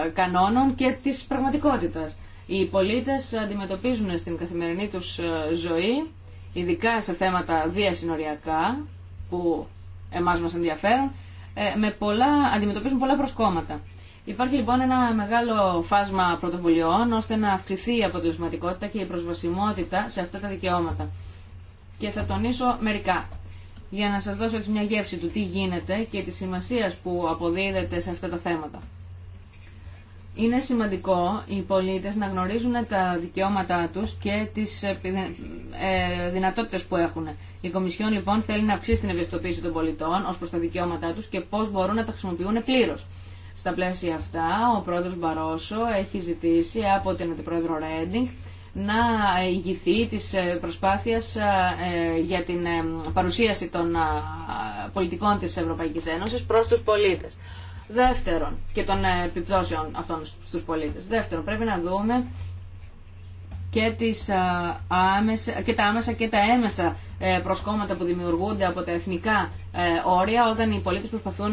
ε, κανόνων και της πραγματικότητας. Οι πολίτες αντιμετωπίζουν στην καθημερινή τους ε, ζωή, ειδικά σε θέματα διασυνοριακά που εμάς μας ενδιαφέρουν, ε, με πολλά, αντιμετωπίζουν πολλά προσκόμματα. Υπάρχει λοιπόν ένα μεγάλο φάσμα πρωτοβουλειών ώστε να αυξηθεί η αποτελεσματικότητα και η προσβασιμότητα σε αυτά τα δικαιώματα. Και θα τονίσω μερικά για να σας δώσω έτσι μια γεύση του τι γίνεται και τη σημασία που αποδίδεται σε αυτά τα θέματα. Είναι σημαντικό οι πολίτες να γνωρίζουν τα δικαιώματά τους και τις ε, ε, δυνατότητες που έχουν. Η Κομισιόν λοιπόν θέλει να αυξήσει την ευαισθητοποίηση των πολιτών ως προς τα δικαιώματά τους και πώς μπορούν να τα χρησιμοποιούν πλήρως. Στα πλαίσια αυτά, ο πρόεδρος Μπαρόσο έχει ζητήσει από την αντιπρόεδρο Ρέντινγκ να ηγηθεί της ε, προσπάθειας ε, ε, για την παρουσίαση των πολιτικών της Ευρωπαϊκής Ένωσης προς τους πολίτες. Δεύτερον, και των επιπτώσεων αυτών στους πολίτες. Δεύτερον, πρέπει να δούμε και, τις, άμεσα, και τα άμεσα και τα έμεσα προσκόμματα που δημιουργούνται από τα εθνικά όρια όταν οι πολίτες προσπαθούν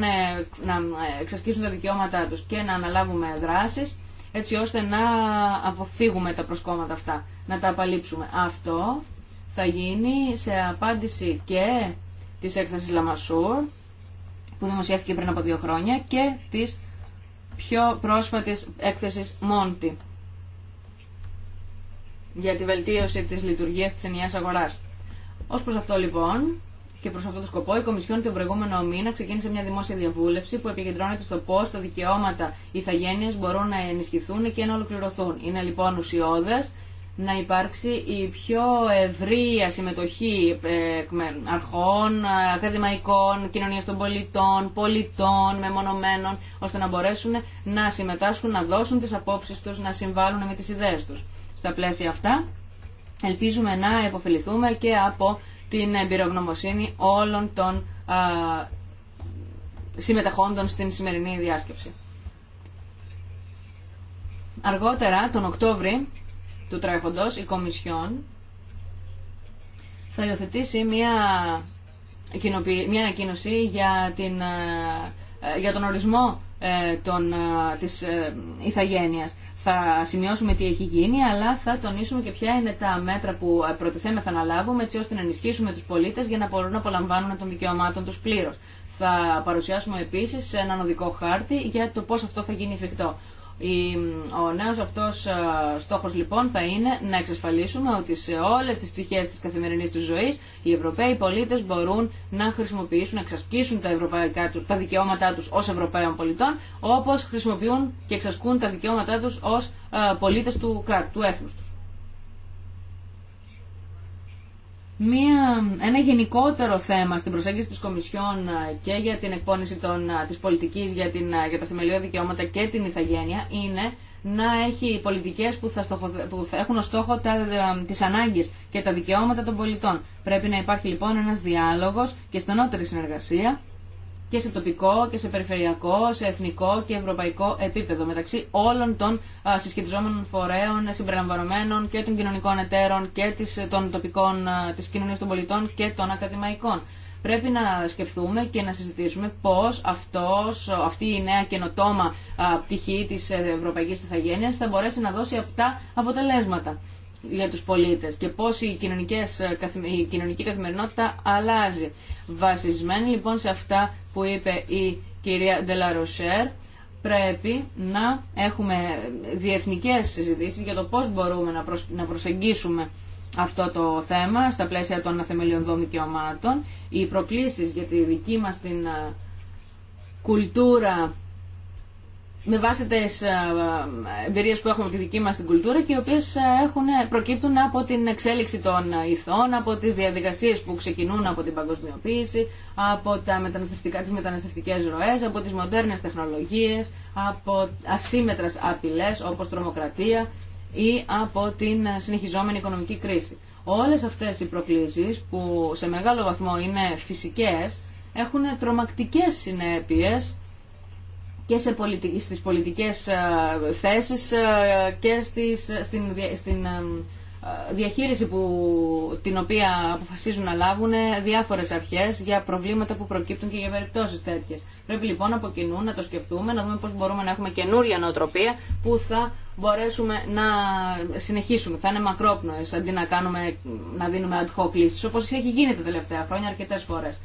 να εξασκήσουν τα δικαιώματά τους και να αναλάβουμε δράσεις έτσι ώστε να αποφύγουμε τα προσκόμματα αυτά, να τα απαλείψουμε. Αυτό θα γίνει σε απάντηση και της έκθεσης Λαμασούρ, που δημοσιεύτηκε πριν από δύο χρόνια, και της πιο πρόσφατης έκθεσης Μόντι για τη βελτίωση της λειτουργίας της ενιαίας αγοράς. Ως προς αυτό λοιπόν, και προ αυτόν τον σκοπό, η Κομισιόν τον προηγούμενο μήνα ξεκίνησε μια δημόσια διαβούλευση που επικεντρώνεται στο πώ τα δικαιώματα ηθαγένεια μπορούν να ενισχυθούν και να ολοκληρωθούν. Είναι λοιπόν ουσιώδε να υπάρξει η πιο ευρεία συμμετοχή ε, αρχών, ε, ακαδημαϊκών, κοινωνίας των πολιτών, πολιτών, μεμονωμένων, ώστε να μπορέσουν να συμμετάσχουν, να δώσουν τις απόψεις τους, να συμβάλλουν με τις ιδέες τους. Στα πλαίσια αυτά, ελπίζουμε να επωφεληθούμε και από την εμπειρογνωμοσύνη όλων των α, συμμετεχόντων στην σημερινή διάσκεψη. Αργότερα, τον Οκτώβρη του τρέχοντος, η Κομισιόν θα υιοθετήσει μια, μια ανακοίνωση για, την, ε, για τον ορισμό ε, ε, της ηθαγένειας θα σημειώσουμε τι έχει γίνει, αλλά θα τονίσουμε και ποια είναι τα μέτρα που προτιθέμεθα να λάβουμε, έτσι ώστε να ενισχύσουμε του πολίτε για να μπορούν να απολαμβάνουν των δικαιωμάτων του πλήρω. Θα παρουσιάσουμε επίση έναν οδικό χάρτη για το πώ αυτό θα γίνει εφικτό. Ο νέος αυτός ε, στόχος λοιπόν θα είναι να εξασφαλίσουμε ότι σε όλες τις πτυχές της καθημερινής τους ζωής οι Ευρωπαίοι πολίτες μπορούν να χρησιμοποιήσουν, να εξασκήσουν τα, ευρωπαϊκά, τα δικαιώματά τους ως Ευρωπαίων πολιτών όπως χρησιμοποιούν και εξασκούν τα δικαιώματά τους ως ε, πολίτες του κράτου, του έθνους τους. μια, ένα γενικότερο θέμα στην προσέγγιση της Κομισιόν ε, και για την εκπόνηση των, ε, της πολιτικής για, την, ε, για τα θεμελιώδη δικαιώματα και την ηθαγένεια είναι να έχει πολιτικές που θα, που θα έχουν ως στόχο τα, τις ανάγκες και τα δικαιώματα των πολιτών. Πρέπει να υπάρχει λοιπόν ένας διάλογος και στενότερη συνεργασία και σε τοπικό και σε περιφερειακό, σε εθνικό και ευρωπαϊκό επίπεδο μεταξύ όλων των συσχετιζόμενων φορέων, συμπεριλαμβανομένων και των κοινωνικών εταίρων και της, των τοπικών, της κοινωνίας των πολιτών και των ακαδημαϊκών. Πρέπει να σκεφτούμε και να συζητήσουμε πώς αυτός, αυτή η νέα καινοτόμα πτυχή της ε, ευρωπαϊκής τεθαγένειας θα μπορέσει να δώσει αυτά αποτελέσματα για τους πολίτες και πώς η, ε, η κοινωνική καθημερινότητα αλλάζει. Βασισμένη λοιπόν σε αυτά που είπε η κυρία Ντελαροσέρ, πρέπει να έχουμε διεθνικές συζητήσεις για το πώς μπορούμε να προσεγγίσουμε αυτό το θέμα στα πλαίσια των αθεμελίων δικαιωμάτων. Οι προκλήσεις για τη δική μας την ε, κουλτούρα με βάση τι ε, εμπειρίε που έχουμε από τη δική μα την κουλτούρα και οι οποίε ε, ε, προκύπτουν από την εξέλιξη των ηθών, από τι διαδικασίε που ξεκινούν από την παγκοσμιοποίηση, από τα μεταναστευτικά, τις μεταναστευτικές ροές, από τις μοντέρνες τεχνολογίες, από ασύμετρε απειλέ, όπω τρομοκρατία ή από την συνεχιζόμενη οικονομική κρίση. Όλε αυτέ οι προκλήσει που σε μεγάλο βαθμό είναι φυσικέ, έχουν τρομακτικές συνέπειες και σε πολιτικέ στις πολιτικές ε, θέσεις ε, και στις, στην, στην ε, διαχείριση που, την οποία αποφασίζουν να λάβουν διάφορες αρχές για προβλήματα που προκύπτουν και για περιπτώσεις τέτοιες. Πρέπει λοιπόν από κοινού να το σκεφτούμε, να δούμε πώς μπορούμε να έχουμε καινούρια νοοτροπία που θα μπορέσουμε να συνεχίσουμε. Θα είναι μακρόπνοες αντί να, κάνουμε, να δίνουμε ad hoc λύσεις, όπως έχει γίνει τα τελευταία χρόνια αρκετές φορές.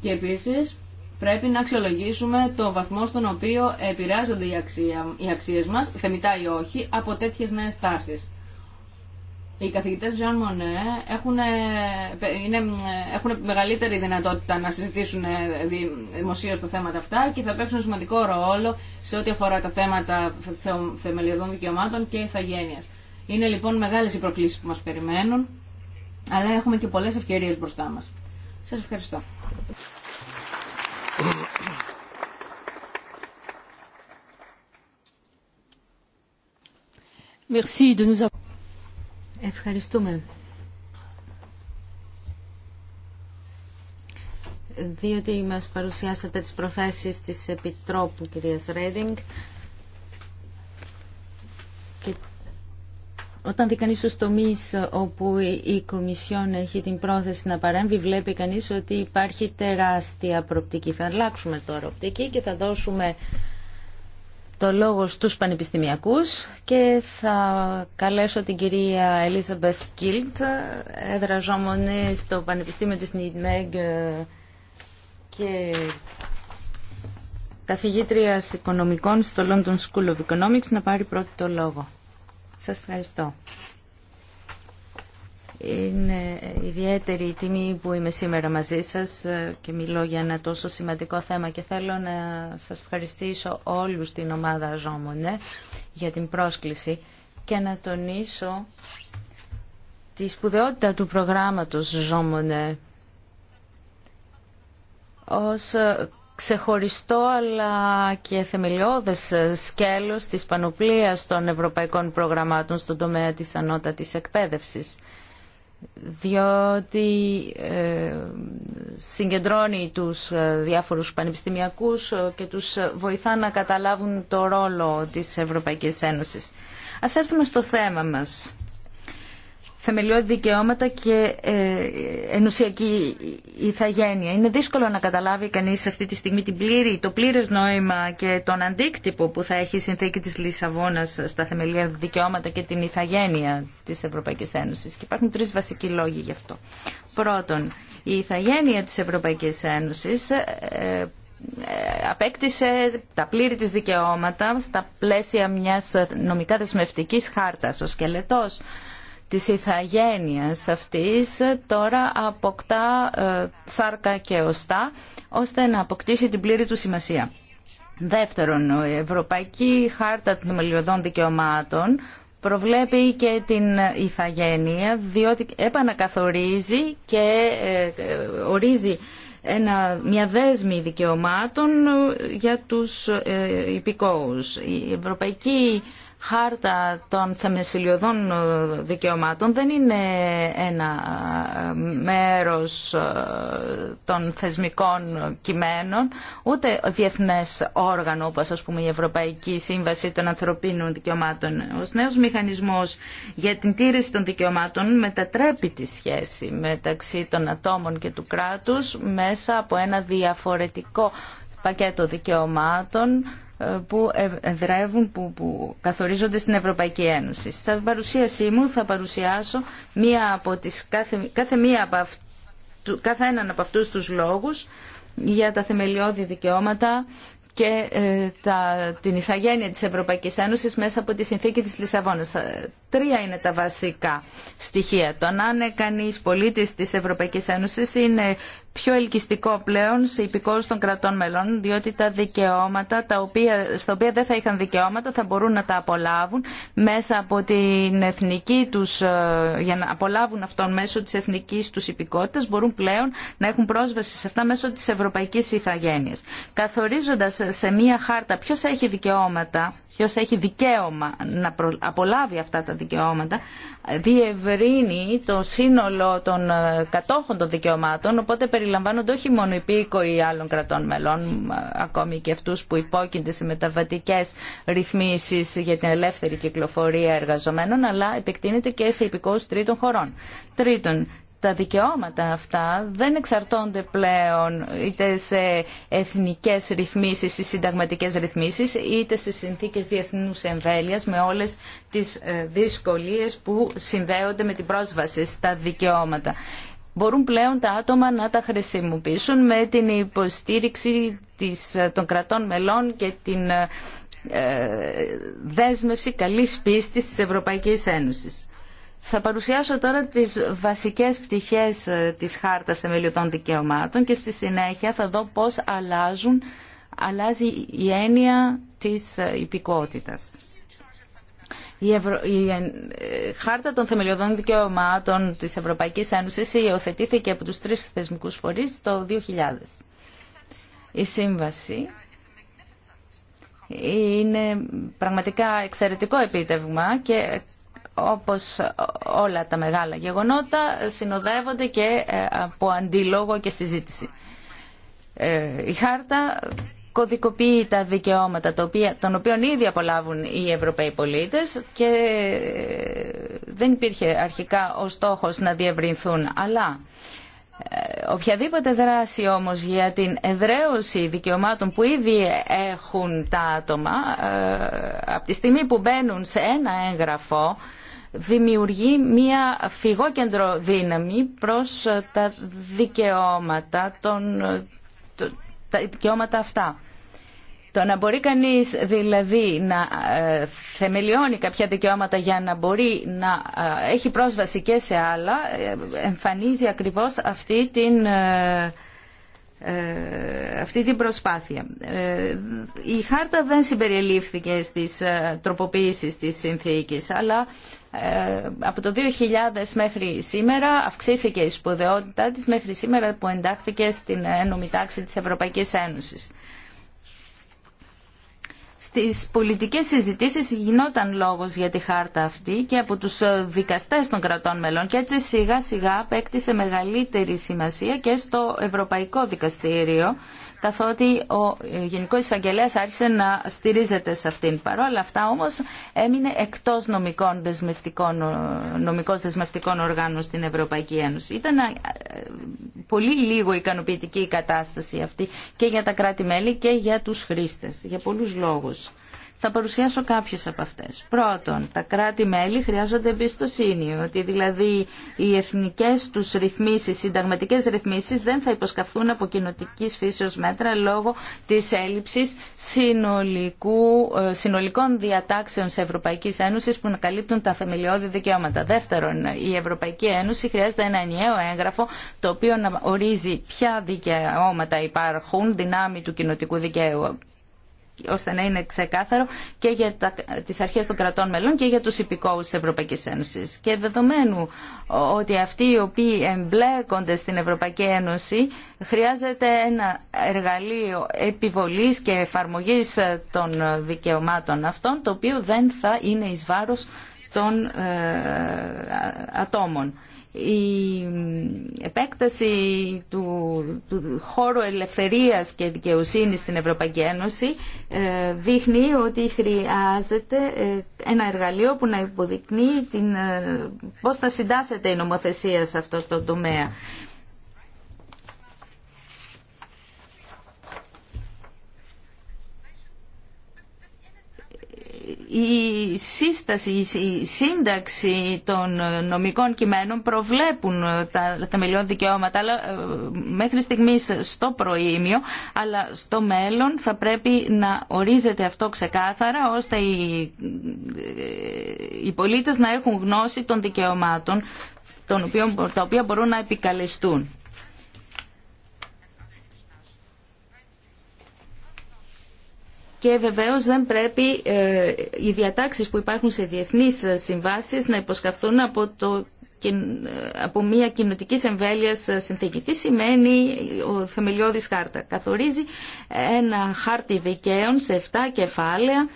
Και επίσης πρέπει να αξιολογήσουμε το βαθμό στον οποίο επηρεάζονται οι, αξία, οι αξίες μας, θεμητά ή όχι, από τέτοιες νέες τάσεις. Οι καθηγητές Jean Monnet έχουν, ε, είναι, ε, έχουν μεγαλύτερη δυνατότητα να συζητήσουν ε, δημοσίω τα θέματα αυτά και θα παίξουν σημαντικό ρόλο σε ό,τι αφορά τα θέματα θεμελιωδών δικαιωμάτων και ηθαγένειας. Είναι λοιπόν μεγάλες οι προκλήσεις που μας περιμένουν, αλλά έχουμε και πολλές ευκαιρίες μπροστά μας. Σας ευχαριστώ. Ευχαριστούμε. Διότι μας παρουσιάσατε τις προθέσεις της Επιτρόπου, κυρίας Ρέντινγκ, Όταν δει κανείς τους τομείς ε, όπου η Κομισιόν έχει την πρόθεση να παρέμβει, βλέπει κανείς ότι υπάρχει τεράστια προοπτική. Θα αλλάξουμε τώρα οπτική και θα δώσουμε το λόγο στους πανεπιστημιακούς και θα καλέσω την κυρία Ελίζαμπεθ Κίλτ, εδραζόμενη στο Πανεπιστήμιο της Νιτμέγ ε, και καθηγήτρια οικονομικών στο London School of Economics, να πάρει πρώτο το λόγο. Σας ευχαριστώ. Είναι ιδιαίτερη η τιμή που είμαι σήμερα μαζί σας ε, και μιλώ για ένα τόσο σημαντικό θέμα και θέλω να σας ευχαριστήσω όλους την ομάδα Ζόμονε για την πρόσκληση και να τονίσω τη σπουδαιότητα του προγράμματος Ζόμονε ως ξεχωριστό αλλά και θεμελιώδες σκέλος της πανοπλίας των ευρωπαϊκών προγραμμάτων στον τομέα της ανώτατης εκπαίδευσης διότι ε, συγκεντρώνει τους ε, διάφορους πανεπιστημιακούς ε, και τους βοηθά να καταλάβουν το ρόλο της Ευρωπαϊκής Ένωσης. Ας έρθουμε στο θέμα μας θεμελιώδη δικαιώματα και ε, ενουσιακή ηθαγένεια. Είναι δύσκολο να καταλάβει κανείς αυτή τη στιγμή την πλήρη, το πλήρες νόημα και τον αντίκτυπο που θα έχει η συνθήκη της Λισαβόνας στα θεμελιώδη δικαιώματα και την ηθαγένεια της Ευρωπαϊκής Ένωσης. Και υπάρχουν τρεις βασικοί λόγοι γι' αυτό. Πρώτον, η ηθαγένεια της Ευρωπαϊκής Ένωσης ε, ε, απέκτησε τα πλήρη της δικαιώματα στα πλαίσια μιας νομικά δεσμευτικής χάρτας. Ο σκελετός της ηθαγένειας αυτής τώρα αποκτά ε, σάρκα και οστά ώστε να αποκτήσει την πλήρη του σημασία. Δεύτερον, η Ευρωπαϊκή Χάρτα των Θεμελιωδών Δικαιωμάτων προβλέπει και την ηθαγένεια διότι επανακαθορίζει και ε, ε, ορίζει ένα, μια δέσμη δικαιωμάτων για τους ε, υπηκόους. Η Ευρωπαϊκή χάρτα των θεμεσιλιωδών ε, δικαιωμάτων δεν είναι ένα ε, μέρος ε, των θεσμικών κειμένων, ούτε διεθνές όργανο όπως ας πούμε η Ευρωπαϊκή Σύμβαση των Ανθρωπίνων Δικαιωμάτων. Ο νέος μηχανισμός για την τήρηση των δικαιωμάτων μετατρέπει τη σχέση μεταξύ των ατόμων και του κράτους μέσα από ένα διαφορετικό πακέτο δικαιωμάτων που εδρεύουν, που, που καθορίζονται στην Ευρωπαϊκή Ένωση. Στην παρουσίασή μου θα παρουσιάσω μία από τις, κάθε, κάθε, μία από αυτού, κάθε έναν από αυτούς τους λόγους για τα θεμελιώδη δικαιώματα και ε, τα, την ηθαγένεια της Ευρωπαϊκής Ένωσης μέσα από τη συνθήκη της Λισαβόνας. Τρία είναι τα βασικά στοιχεία. Το να είναι κανείς πολίτης της Ευρωπαϊκής Ένωσης είναι πιο ελκυστικό πλέον σε υπηκόρους των κρατών μελών, διότι τα δικαιώματα, τα οποία, στα οποία δεν θα είχαν δικαιώματα, θα μπορούν να τα απολάβουν μέσα από την εθνική τους, ε, για να απολάβουν αυτόν μέσω της εθνικής τους υπηκότητας, μπορούν πλέον να έχουν πρόσβαση σε αυτά μέσω της ευρωπαϊκής ηθαγένειας. Καθορίζοντας σε μία χάρτα ποιος έχει δικαιώματα, ποιος έχει δικαίωμα να απολάβει αυτά τα δικαιώματα, διευρύνει το σύνολο των ε, κατόχων των δικαιωμάτων, οπότε περιλαμβάνονται όχι μόνο οι πήκοοι άλλων κρατών μελών, ακόμη και αυτούς που υπόκεινται σε μεταβατικές ρυθμίσεις για την ελεύθερη κυκλοφορία εργαζομένων, αλλά επεκτείνεται και σε υπηκόους τρίτων χωρών. Τρίτον, τα δικαιώματα αυτά δεν εξαρτώνται πλέον είτε σε εθνικές ρυθμίσεις ή συνταγματικές ρυθμίσεις είτε σε συνθήκες διεθνούς εμβέλειας με όλες τις ε, δυσκολίες που συνδέονται με την πρόσβαση στα δικαιώματα. Μπορούν πλέον τα άτομα να τα χρησιμοποιήσουν με την υποστήριξη ε, των κρατών μελών και την ε, δέσμευση καλής πίστης της Ευρωπαϊκής Ένωσης. Θα παρουσιάσω τώρα τις βασικές πτυχές ε, της Χάρτας Θεμελιωτών Δικαιωμάτων και στη συνέχεια θα δω πώς αλλάζουν, αλλάζει η έννοια της ε, υπηκότητας. Η, η ε, Χάρτα των Θεμελιωδών Δικαιωμάτων της Ευρωπαϊκής Ένωσης υιοθετήθηκε από τους τρεις θεσμικούς φορείς το 2000. Η Σύμβαση είναι πραγματικά εξαιρετικό επίτευγμα και όπως όλα τα μεγάλα γεγονότα συνοδεύονται και ε, από αντίλογο και συζήτηση. Ε, η χάρτα κωδικοποιεί τα δικαιώματα των οποίων ήδη απολάβουν οι Ευρωπαίοι πολίτες και ε, δεν υπήρχε αρχικά ο στόχος να διευρυνθούν, αλλά οποιαδήποτε δράση όμως για την εδραίωση δικαιωμάτων που ήδη έχουν τα άτομα από τη στιγμή που μπαίνουν σε ένα έγγραφο δημιουργεί μία φυγόκεντρο δύναμη προς ε, τα δικαιώματα, των, ε, τα δικαιώματα αυτά. Το να μπορεί κανείς δηλαδή να ε, θεμελιώνει κάποια δικαιώματα για να μπορεί να έχει πρόσβαση και σε άλλα εμφανίζει ακριβώς αυτή την, αυτή την προσπάθεια. Η χάρτα δεν συμπεριελήφθηκε στις τροποποίησεις της συνθήκης αλλά ε, από το 2000 μέχρι σήμερα αυξήθηκε η σπουδαιότητά της μέχρι σήμερα που εντάχθηκε στην ένωμη τάξη της Ευρωπαϊκής Ένωσης. Στις πολιτικές συζητήσεις γινόταν λόγος για τη χάρτα αυτή και από τους δικαστές των κρατών μελών και έτσι σιγά σιγά απέκτησε μεγαλύτερη σημασία και στο Ευρωπαϊκό Δικαστήριο καθότι ο ε, Γενικός Εισαγγελέας άρχισε να στηρίζεται σε αυτήν. Παρ' όλα αυτά όμως έμεινε εκτός νομικών δεσμευτικών, νομικός δεσμευτικών οργάνων στην Ευρωπαϊκή Ένωση. Ήταν ε, πολύ λίγο ικανοποιητική η κατάσταση αυτή και για τα κράτη-μέλη και για τους χρήστες, για πολλούς λόγους. Θα παρουσιάσω κάποιες από αυτές. Πρώτον, τα κράτη-μέλη χρειάζονται εμπιστοσύνη, ότι δηλαδή οι εθνικές τους ρυθμίσεις, συνταγματικές ρυθμίσεις δεν θα υποσκαφθούν από κοινοτικής φύσεως μέτρα λόγω της έλλειψης ε, συνολικών διατάξεων σε Ευρωπαϊκή Ένωση που να καλύπτουν τα θεμελιώδη δικαιώματα. Δεύτερον, η Ευρωπαϊκή Ένωση χρειάζεται ένα ενιαίο έγγραφο το οποίο να ορίζει ποια δικαιώματα υπάρχουν δυνάμει του κοινοτικού δικαίου ώστε να είναι ξεκάθαρο και για τις αρχές των κρατών μελών και για τους υπηκόους της Ευρωπαϊκής Ένωσης. Και δεδομένου ότι αυτοί οι οποίοι εμπλέκονται στην Ευρωπαϊκή Ένωση χρειάζεται ένα εργαλείο επιβολής και εφαρμογής των δικαιωμάτων αυτών, το οποίο δεν θα είναι εις βάρος των ε, ατόμων. Η επέκταση του, του χώρου ελευθερίας και δικαιοσύνης στην Ευρωπαϊκή Ένωση ε, δείχνει ότι χρειάζεται ε, ένα εργαλείο που να υποδεικνύει την, πώς θα συντάσσεται η νομοθεσία σε αυτό το τομέα. η σύσταση, η σύνταξη των νομικών κειμένων προβλέπουν τα θεμελιώδη δικαιώματα αλλά, ε, μέχρι στιγμής στο προήμιο, αλλά στο μέλλον θα πρέπει να ορίζεται αυτό ξεκάθαρα ώστε οι, ε, οι πολίτες να έχουν γνώση των δικαιωμάτων των οποίων, τα οποία μπορούν να επικαλεστούν. και βεβαίως δεν πρέπει ε, οι διατάξεις που υπάρχουν σε διεθνείς ε, συμβάσεις να υποσκαφθούν από το ε, από μια κοινοτική εμβέλεια συνθήκη. Τι σημαίνει ο θεμελιώδη χάρτα. Καθορίζει ένα χάρτη δικαίων σε 7 κεφάλαια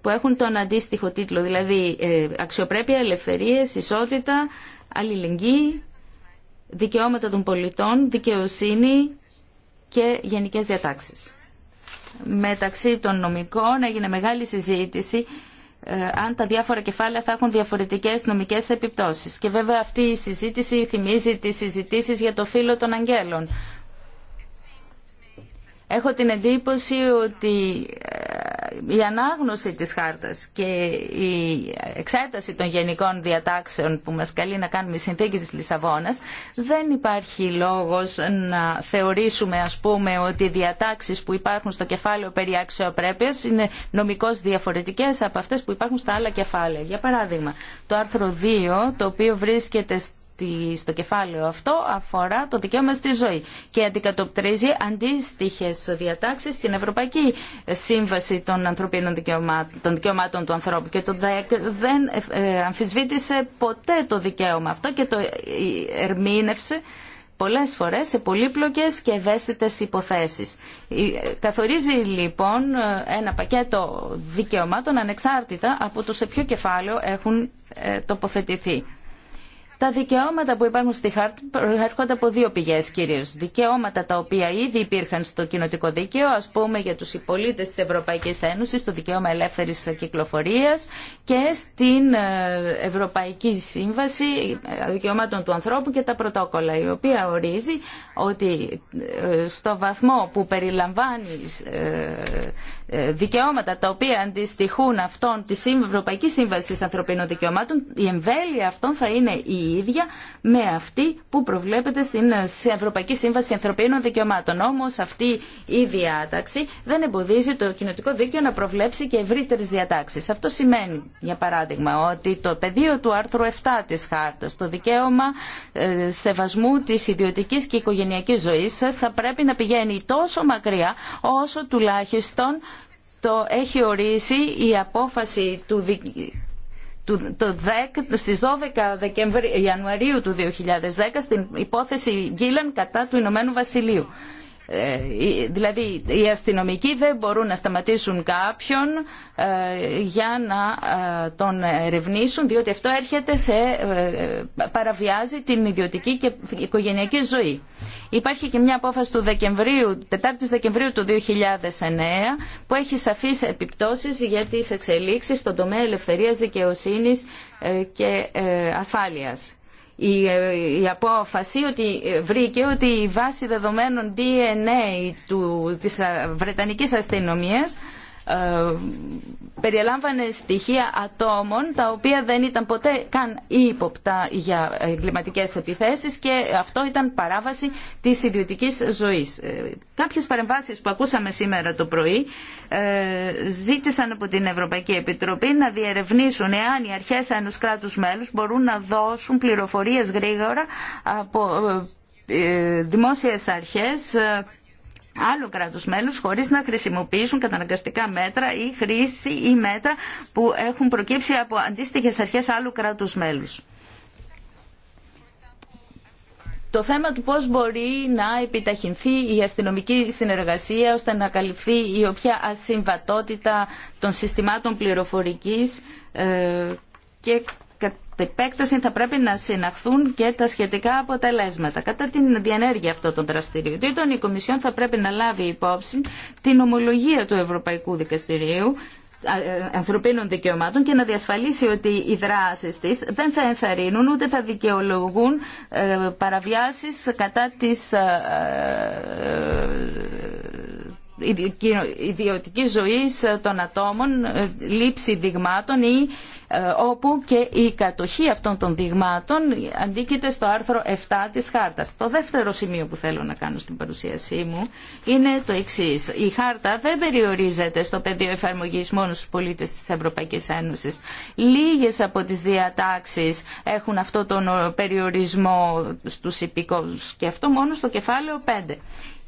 που έχουν τον αντίστοιχο τίτλο, δηλαδή αξιοπρέπεια, ελευθερίες, ισότητα, αλληλεγγύη, δικαιώματα των πολιτών, δικαιοσύνη και γενικές διατάξεις μεταξύ των νομικών έγινε μεγάλη συζήτηση ε, αν τα διάφορα κεφάλαια θα έχουν διαφορετικές νομικές επιπτώσεις. Και βέβαια αυτή η συζήτηση θυμίζει τις συζητήσεις για το φύλλο των αγγέλων Έχω την εντύπωση ότι ε, η ανάγνωση της χάρτας και η εξέταση των γενικών διατάξεων που μας καλεί να κάνουμε η συνθήκη της Λισαβόνας δεν υπάρχει λόγος να θεωρήσουμε ας πούμε ότι οι διατάξεις που υπάρχουν στο κεφάλαιο περί αξιοπρέπειας είναι νομικώς διαφορετικές από αυτές που υπάρχουν στα άλλα κεφάλαια. Για παράδειγμα, το άρθρο 2 το οποίο βρίσκεται στο κεφάλαιο αυτό αφορά το δικαίωμα στη ζωή και αντικατοπτρίζει αντίστοιχε διατάξεις στην Ευρωπαϊκή Σύμβαση των Ανθρωπίνων Δικαιωμάτων, των δικαιωμάτων του ανθρώπου και το ΔΕΚ δεν ε, ε, αμφισβήτησε ποτέ το δικαίωμα αυτό και το ε, ερμήνευσε πολλές φορές σε πολύπλοκες και ευαίσθητες υποθέσεις. Καθορίζει λοιπόν ένα πακέτο δικαιωμάτων ανεξάρτητα από το σε ποιο κεφάλαιο έχουν τοποθετηθεί. Τα δικαιώματα που υπάρχουν στη χάρτη προέρχονται από δύο πηγέ κυρίω. Δικαιώματα τα οποία ήδη υπήρχαν στο κοινοτικό δίκαιο, α πούμε για τους πολίτες τη Ευρωπαϊκή Ένωσης, το δικαίωμα ελεύθερη κυκλοφορίας και στην ε, Ευρωπαϊκή Σύμβαση ε, Δικαιωμάτων του Ανθρώπου και τα πρωτόκολλα, η οποία ορίζει ότι ε, στο βαθμό που περιλαμβάνει δικαιώματα τα οποία αντιστοιχούν αυτών της Ευρωπαϊκής Σύμβασης Ανθρωπίνων Δικαιωμάτων, η εμβέλεια αυτών θα είναι η ίδια με αυτή που προβλέπεται στην ε, Ευρωπαϊκή Σύμβαση Ανθρωπίνων Δικαιωμάτων. Όμως αυτή η διάταξη δεν εμποδίζει το κοινοτικό δίκαιο να προβλέψει και ευρύτερε διατάξεις. Αυτό σημαίνει, για παράδειγμα, ότι το πεδίο του άρθρου 7 της χάρτας, το δικαίωμα ε, σεβασμού της ιδιωτικής και οικογενειακής ζωή, θα πρέπει να πηγαίνει τόσο μακριά όσο τουλάχιστον το έχει ορίσει η απόφαση του, του στις 12 Ιανουαρίου του 2010 στην υπόθεση Γκίλαν κατά του Ηνωμένου Βασιλείου. Ε, δηλαδή οι αστυνομικοί δεν μπορούν να σταματήσουν κάποιον ε, για να ε, τον ερευνήσουν διότι αυτό έρχεται σε, παραβιάζει την ιδιωτική και οικογενειακή ζωή. Υπάρχει και μια απόφαση του Δεκεμβρίου, 4η Δεκεμβρίου του 2009 που έχει σαφείς επιπτώσεις για τις εξελίξεις στον τομέα ελευθερίας, δικαιοσύνης και ασφάλειας η, απόφαση ότι βρήκε ότι η βάση δεδομένων DNA του, της Βρετανικής αστυνομίας ε, περιελάμβανε στοιχεία ατόμων τα οποία δεν ήταν ποτέ καν ύποπτα για εγκληματικές επιθέσεις και αυτό ήταν παράβαση της ιδιωτικής ζωής. Ε, κάποιες παρεμβάσεις που ακούσαμε σήμερα το πρωί ε, ζήτησαν από την Ευρωπαϊκή Επιτροπή να διερευνήσουν εάν οι αρχές ενός κράτους μέλους μπορούν να δώσουν πληροφορίες γρήγορα από δημόσιες αρχές άλλου κράτου μέλους χωρίς να χρησιμοποιήσουν καταναγκαστικά μέτρα ή χρήση ή μέτρα που έχουν προκύψει από αντίστοιχες αρχές άλλου κράτους μέλους. Το θέμα του πώς μπορεί να επιταχυνθεί η αστυνομική συνεργασία ώστε να καλυφθεί η οποία ασυμβατότητα των συστημάτων πληροφορικής ε, και επέκταση θα πρέπει να συναχθούν και τα σχετικά αποτελέσματα. Κατά την διενέργεια αυτών των δραστηριοτήτων, η Κομισιόν θα πρέπει να λάβει υπόψη την ομολογία του Ευρωπαϊκού Δικαστηρίου ε, ανθρωπίνων δικαιωμάτων και να διασφαλίσει ότι οι δράσεις της δεν θα ενθαρρύνουν ούτε θα δικαιολογούν ε, παραβιάσεις κατά της ε, ιδιωτικής ζωής των ατόμων, λήψη δειγμάτων ή ε, όπου και η κατοχή αυτών των δειγμάτων αντίκειται στο άρθρο 7 της χάρτας. Το δεύτερο σημείο που θέλω να κάνω στην παρουσίασή μου είναι το εξή. Η χάρτα δεν περιορίζεται στο πεδίο εφαρμογής μόνο στους πολίτες της Ευρωπαϊκής Ένωσης. Λίγες από τις διατάξεις έχουν αυτό τον περιορισμό στους υπηκόους και αυτό μόνο στο κεφάλαιο 5.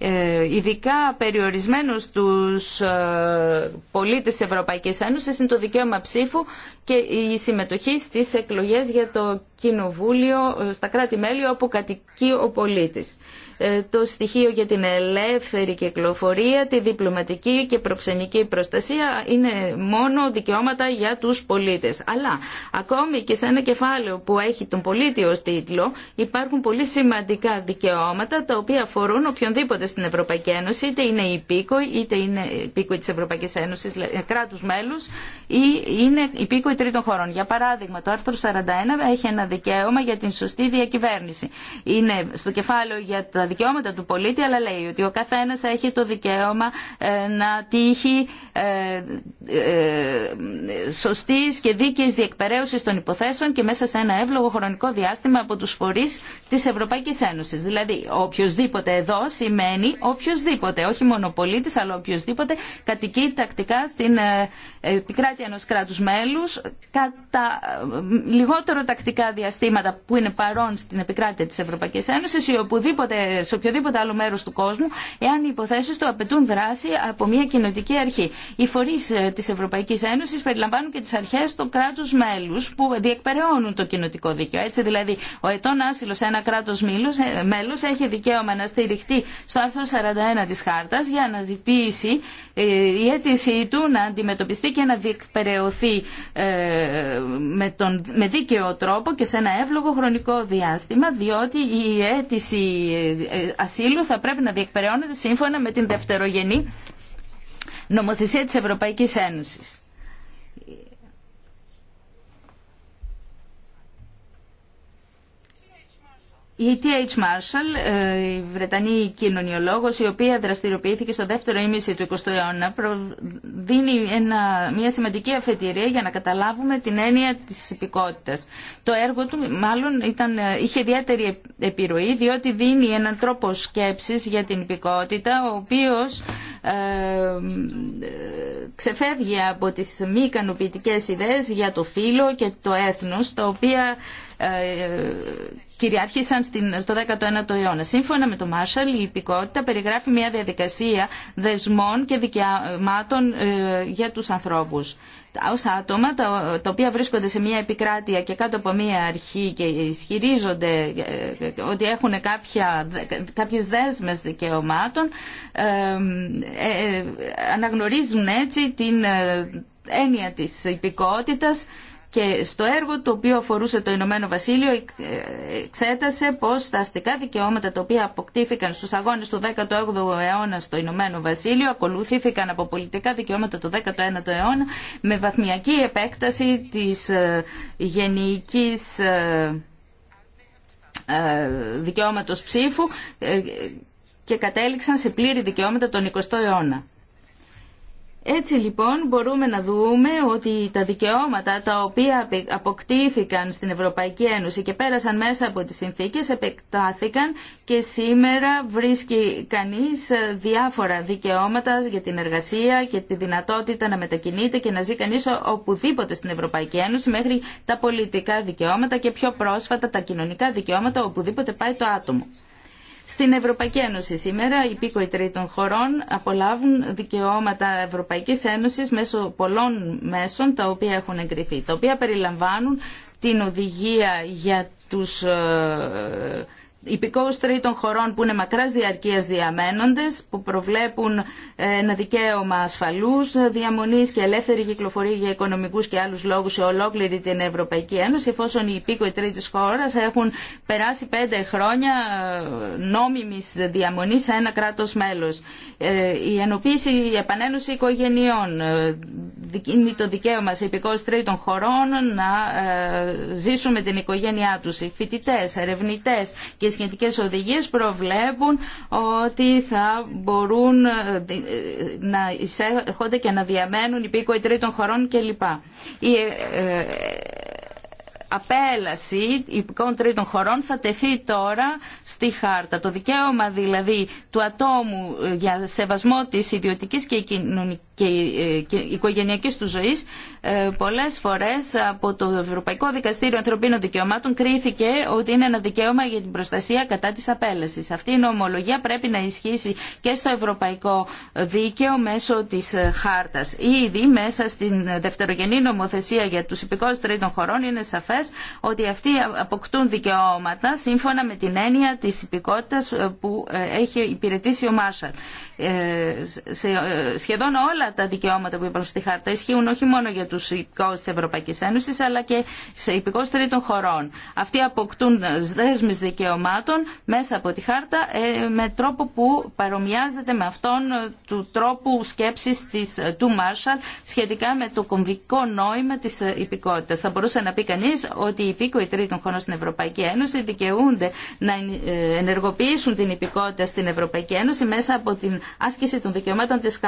Ε, ειδικά περιορισμένους τους ε, πολίτες της Ευρωπαϊκής Ένωσης είναι το δικαίωμα ψήφου και η συμμετοχή στις εκλογές για το κοινοβούλιο ε, στα κράτη-μέλη όπου κατοικεί ο πολίτης. Ε, το στοιχείο για την ελεύθερη κυκλοφορία, τη διπλωματική και προξενική προστασία είναι μόνο δικαιώματα για τους πολίτες. Αλλά ακόμη και σε ένα κεφάλαιο που έχει τον πολίτη ως τίτλο υπάρχουν πολύ σημαντικά δικαιώματα τα οποία αφορούν οποιονδήποτε στην Ευρωπαϊκή Ένωση, είτε είναι υπήκοοι, είτε είναι υπήκοοι της Ευρωπαϊκής Ένωσης, κράτους μέλους ή είναι υπήκοοι τρίτων χωρών. Για παράδειγμα, το άρθρο 41 έχει ένα δικαίωμα για την σωστή διακυβέρνηση. Είναι στο κεφάλαιο για τα δικαιώματα του πολίτη, αλλά λέει ότι ο καθένα έχει το δικαίωμα ε, να τύχει ε, ε, σωστή και δίκαιη διεκπαιρέωση των υποθέσεων και μέσα σε ένα εύλογο χρονικό διάστημα από του φορεί τη Ευρωπαϊκή Ένωση. Δηλαδή, οποιοδήποτε εδώ σημαίνει οποιοδήποτε, όχι μόνο πολίτη, αλλά οποιοδήποτε κατοικεί τακτικά στην επικράτεια ενό κράτου μέλου κατά λιγότερο τακτικά διαστήματα που είναι παρόν στην επικράτεια της Ευρωπαϊκής Ένωσης ή οπουδήποτε, σε οποιοδήποτε άλλο μέρος του κόσμου, εάν οι υποθέσεις του απαιτούν δράση από μια κοινωτική αρχή. Οι φορείς ε, της Ευρωπαϊκής Ένωσης περιλαμβάνουν και τις αρχές των κράτους μέλους που διεκπεραιώνουν το κοινοτικό δίκαιο. Έτσι δηλαδή, ο ετών άσυλος σε ένα κράτος ε, μέλος έχει δικαίωμα να στηριχτεί στο άρθρο 41 της Χάρτας για να ζητήσει ε, η αίτησή του να αντιμετωπιστεί και να διεκπεραιωθεί με, τον, με δίκαιο τρόπο σε ένα εύλογο χρονικό διάστημα, διότι η αίτηση ε, ασύλου θα πρέπει να διεκπεραιώνεται σύμφωνα με την δευτερογενή νομοθεσία της Ευρωπαϊκής Ένωσης. Η T.H. Marshall, ε, η Βρετανή κοινωνιολόγος, η οποία δραστηριοποιήθηκε στο δεύτερο ήμιση του 20ου αιώνα, δίνει μια σημαντική αφετηρία για να καταλάβουμε την έννοια τη υπηκότητα. Το έργο του μάλλον ήταν, ε, είχε ιδιαίτερη επιρροή, διότι δίνει έναν τρόπο σκέψης για την υπηκότητα, ο οποίο ε, ξεφεύγει από τι μη ικανοποιητικέ ιδέες για το φύλλο και το έθνο, τα οποία ε, κυριάρχησαν στο 19ο αιώνα. Σύμφωνα με τον Μάρσαλ, η υπηκότητα περιγράφει μια διαδικασία δεσμών και δικαιωμάτων ε, για τους ανθρώπους. Ω άτομα τα οποία βρίσκονται σε μια επικράτεια και κάτω από μια αρχή και ισχυρίζονται ε, ότι έχουν κάποια, κάποιες δέσμες δικαιωμάτων, αναγνωρίζουν έτσι την έννοια της υπηκότητας και στο έργο το οποίο αφορούσε το Ηνωμένο Βασίλειο ε, εξέτασε πως τα αστικά δικαιώματα τα οποία αποκτήθηκαν στους αγώνες του 18ου αιώνα στο Ηνωμένο Βασίλειο ακολουθήθηκαν από πολιτικά δικαιώματα του 19ου αιώνα με βαθμιακή επέκταση της ε, γενικής ε, δικαιώματος ψήφου και κατέληξαν σε πλήρη δικαιώματα τον 20ο αιώνα. Έτσι λοιπόν μπορούμε να δούμε ότι τα δικαιώματα τα οποία αποκτήθηκαν στην Ευρωπαϊκή Ένωση και πέρασαν μέσα από τις συνθήκες επεκτάθηκαν και σήμερα βρίσκει κανείς ε, διάφορα δικαιώματα για την εργασία και τη δυνατότητα να μετακινείται και να ζει κανείς οπουδήποτε στην Ευρωπαϊκή Ένωση μέχρι τα πολιτικά δικαιώματα και πιο πρόσφατα τα κοινωνικά δικαιώματα οπουδήποτε πάει το άτομο. Στην Ευρωπαϊκή Ένωση σήμερα οι υπήκοοι τρίτων χωρών απολαύουν δικαιώματα Ευρωπαϊκής Ένωσης μέσω πολλών μέσων τα οποία έχουν εγκριθεί, τα οποία περιλαμβάνουν την οδηγία για τους ε, υπηκόους τρίτων χωρών που είναι μακράς διαρκείας διαμένοντες, που προβλέπουν ε, ένα δικαίωμα ασφαλούς διαμονής και ελεύθερη κυκλοφορία για οικονομικούς και άλλους λόγους σε ολόκληρη την Ευρωπαϊκή Ένωση, εφόσον οι υπήκοοι τρίτης χώρας έχουν περάσει πέντε χρόνια ε, νόμιμης διαμονής σε ένα κράτος μέλος. Ε, η ενοποίηση, η επανένωση οικογενειών, είναι το δικαίωμα σε υπηκόους τρίτων χωρών να ζήσουν με την οικογένειά τους. Οι φοιτητές, ερευνητές και σχετικές οδηγίες προβλέπουν ότι θα μπορούν ε, ε, να εισέρχονται και να διαμένουν υπήκοοι τρίτων χωρών κλπ. Η ε, απέλαση υπηκών τρίτων χωρών θα τεθεί τώρα στη χάρτα. Το δικαίωμα δηλαδή του ατόμου για σεβασμό της ιδιωτικής και κοινωνικής ε, και οικογενειακής του ζωής ε, πολλές φορές από το Ευρωπαϊκό Δικαστήριο Ανθρωπίνων Δικαιωμάτων κρίθηκε ότι είναι ένα δικαίωμα για την προστασία κατά της απέλασης. Αυτή η νομολογία πρέπει να ισχύσει και στο Ευρωπαϊκό Δίκαιο μέσω της ε, χάρτας. Ήδη μέσα στην δευτερογενή νομοθεσία για τους υπηκόους τρίτων χωρών είναι σαφές ότι αυτοί αποκτούν δικαιώματα σύμφωνα με την έννοια της υπηκότητας που έχει υπηρετήσει ο Μάρσαλ. Σχεδόν όλα τα δικαιώματα που υπάρχουν στη χάρτα ισχύουν όχι μόνο για του υπηκόου τη Ευρωπαϊκή Ένωση, αλλά και σε υπηκόου τρίτων χωρών. Αυτοί αποκτούν δέσμε δικαιωμάτων μέσα από τη χάρτα ε, με τρόπο που παρομοιάζεται με αυτόν του τρόπου σκέψη ε, του Μάρσαλ σχετικά με το κομβικό νόημα τη ε, υπηκότητα. Θα μπορούσε να πει κανεί ότι οι υπήκοοι τρίτων χωρών στην Ευρωπαϊκή Ένωση δικαιούνται να ενεργοποιήσουν την υπηκότητα στην Ευρωπαϊκή Ένωση μέσα από την άσκηση των δικαιωμάτων της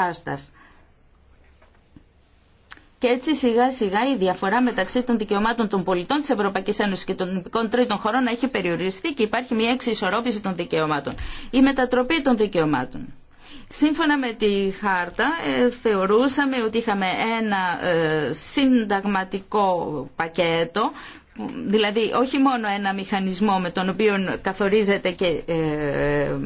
και έτσι σιγά σιγά η διαφορά μεταξύ των δικαιωμάτων των πολιτών της Ευρωπαϊκής Ένωσης και των ελληνικών τρίτων χωρών έχει περιοριστεί και υπάρχει μια εξισορρόπηση των δικαιωμάτων. Η μετατροπή των δικαιωμάτων. Σύμφωνα με τη χάρτα ε, θεωρούσαμε ότι είχαμε ένα ε, συνταγματικό πακέτο δηλαδή όχι μόνο ένα μηχανισμό με τον οποίο καθορίζεται και ε,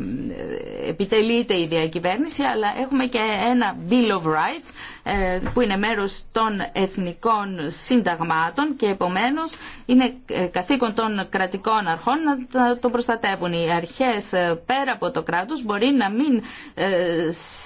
επιτελείται η διακυβέρνηση, αλλά έχουμε και ένα Bill of Rights ε, που είναι μέρος των εθνικών συνταγμάτων και επομένως είναι ε, καθήκον των κρατικών αρχών να το προστατεύουν. Οι αρχές πέρα από το κράτος μπορεί να μην ε,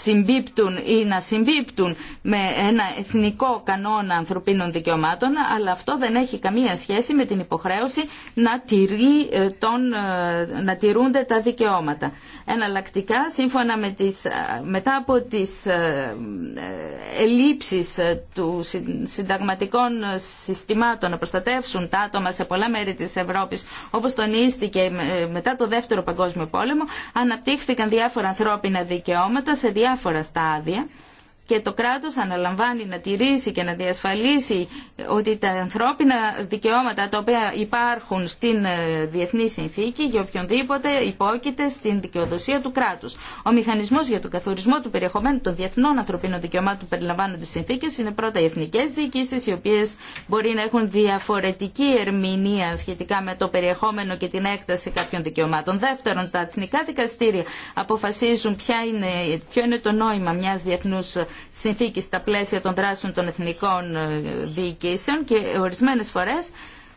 συμπίπτουν ή να συμπίπτουν με ένα εθνικό κανόνα ανθρωπίνων δικαιωμάτων, αλλά αυτό δεν έχει καμία σχέση με την υποχρέωση να, τηρεί, ε, τον, ε, να τηρούνται τα δικαιώματα. Εναλλακτικά, σύμφωνα με τις, ε, μετά από τις ελλείψεις του συνταγματικών συστημάτων να προστατεύσουν τα άτομα σε πολλά μέρη της Ευρώπης, όπως τονίστηκε μετά το Δεύτερο Παγκόσμιο Πόλεμο, αναπτύχθηκαν διάφορα ανθρώπινα δικαιώματα σε διάφορα στάδια και το κράτος αναλαμβάνει να τηρήσει και να διασφαλίσει ότι τα ανθρώπινα δικαιώματα τα οποία υπάρχουν στην ε, διεθνή συνθήκη για οποιονδήποτε υπόκειται στην δικαιοδοσία του κράτους. Ο μηχανισμός για τον καθορισμό του περιεχομένου των διεθνών ανθρωπίνων δικαιωμάτων που περιλαμβάνονται στις συνθήκες είναι πρώτα οι εθνικές διοικήσεις οι οποίες μπορεί να έχουν διαφορετική ερμηνεία σχετικά με το περιεχόμενο και την έκταση κάποιων δικαιωμάτων. Δεύτερον, τα εθνικά δικαστήρια αποφασίζουν ποια είναι, ποιο είναι το νόημα μιας διεθνούς συνθήκη στα πλαίσια των δράσεων των εθνικών ε, διοικήσεων και ορισμένες φορές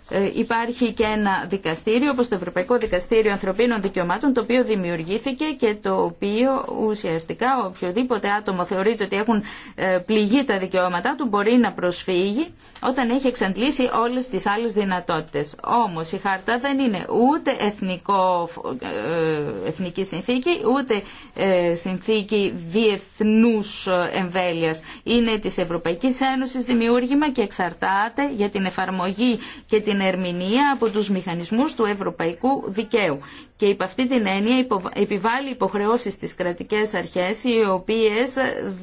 ε, υπάρχει και ένα δικαστήριο, όπως το Ευρωπαϊκό Δικαστήριο Ανθρωπίνων Δικαιωμάτων, το οποίο δημιουργήθηκε και το οποίο ουσιαστικά οποιοδήποτε άτομο θεωρείται ότι έχουν ε, πληγεί τα δικαιώματά του μπορεί να προσφύγει όταν έχει εξαντλήσει όλες τις άλλες δυνατότητες. Όμως η χάρτα δεν είναι ούτε εθνικό, ε, εθνική συνθήκη, ούτε συνθήκη διεθνούς εμβέλειας. Είναι της Ευρωπαϊκής Ένωσης δημιούργημα και εξαρτάται για την εφαρμογή και την την ερμηνεία από τους μηχανισμούς του ευρωπαϊκού δικαίου και υπ' αυτή την έννοια επιβάλλει υποχρεώσεις στις κρατικές αρχές οι οποίες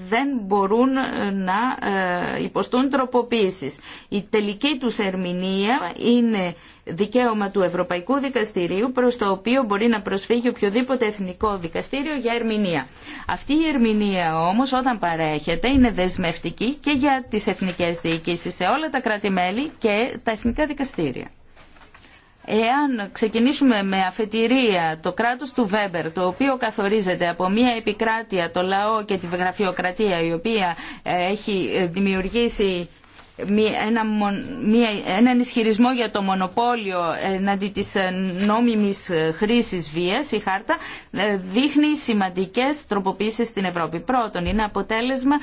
δεν μπορούν ε, να ε, υποστούν τροποποίησης. Η τελική τους ερμηνεία είναι δικαίωμα του Ευρωπαϊκού Δικαστηρίου προς το οποίο μπορεί να προσφύγει οποιοδήποτε εθνικό δικαστήριο για ερμηνεία. Αυτή η ερμηνεία όμως όταν παρέχεται είναι δεσμευτική και για τις εθνικές διοικήσεις σε όλα τα κράτη-μέλη και τα εθνικά δικαστήρια. Εάν ξεκινήσουμε με αφετηρία το κράτος του Βέμπερ, το οποίο καθορίζεται από μια επικράτεια, το λαό και τη γραφειοκρατία, η οποία ε, έχει ε, δημιουργήσει ένα, έναν ισχυρισμό για το μονοπόλιο εναντί της ε, νόμιμης ε, χρήσης βίας, η χάρτα, ε, δείχνει σημαντικές τροποποίησεις στην Ευρώπη. Πρώτον, είναι αποτέλεσμα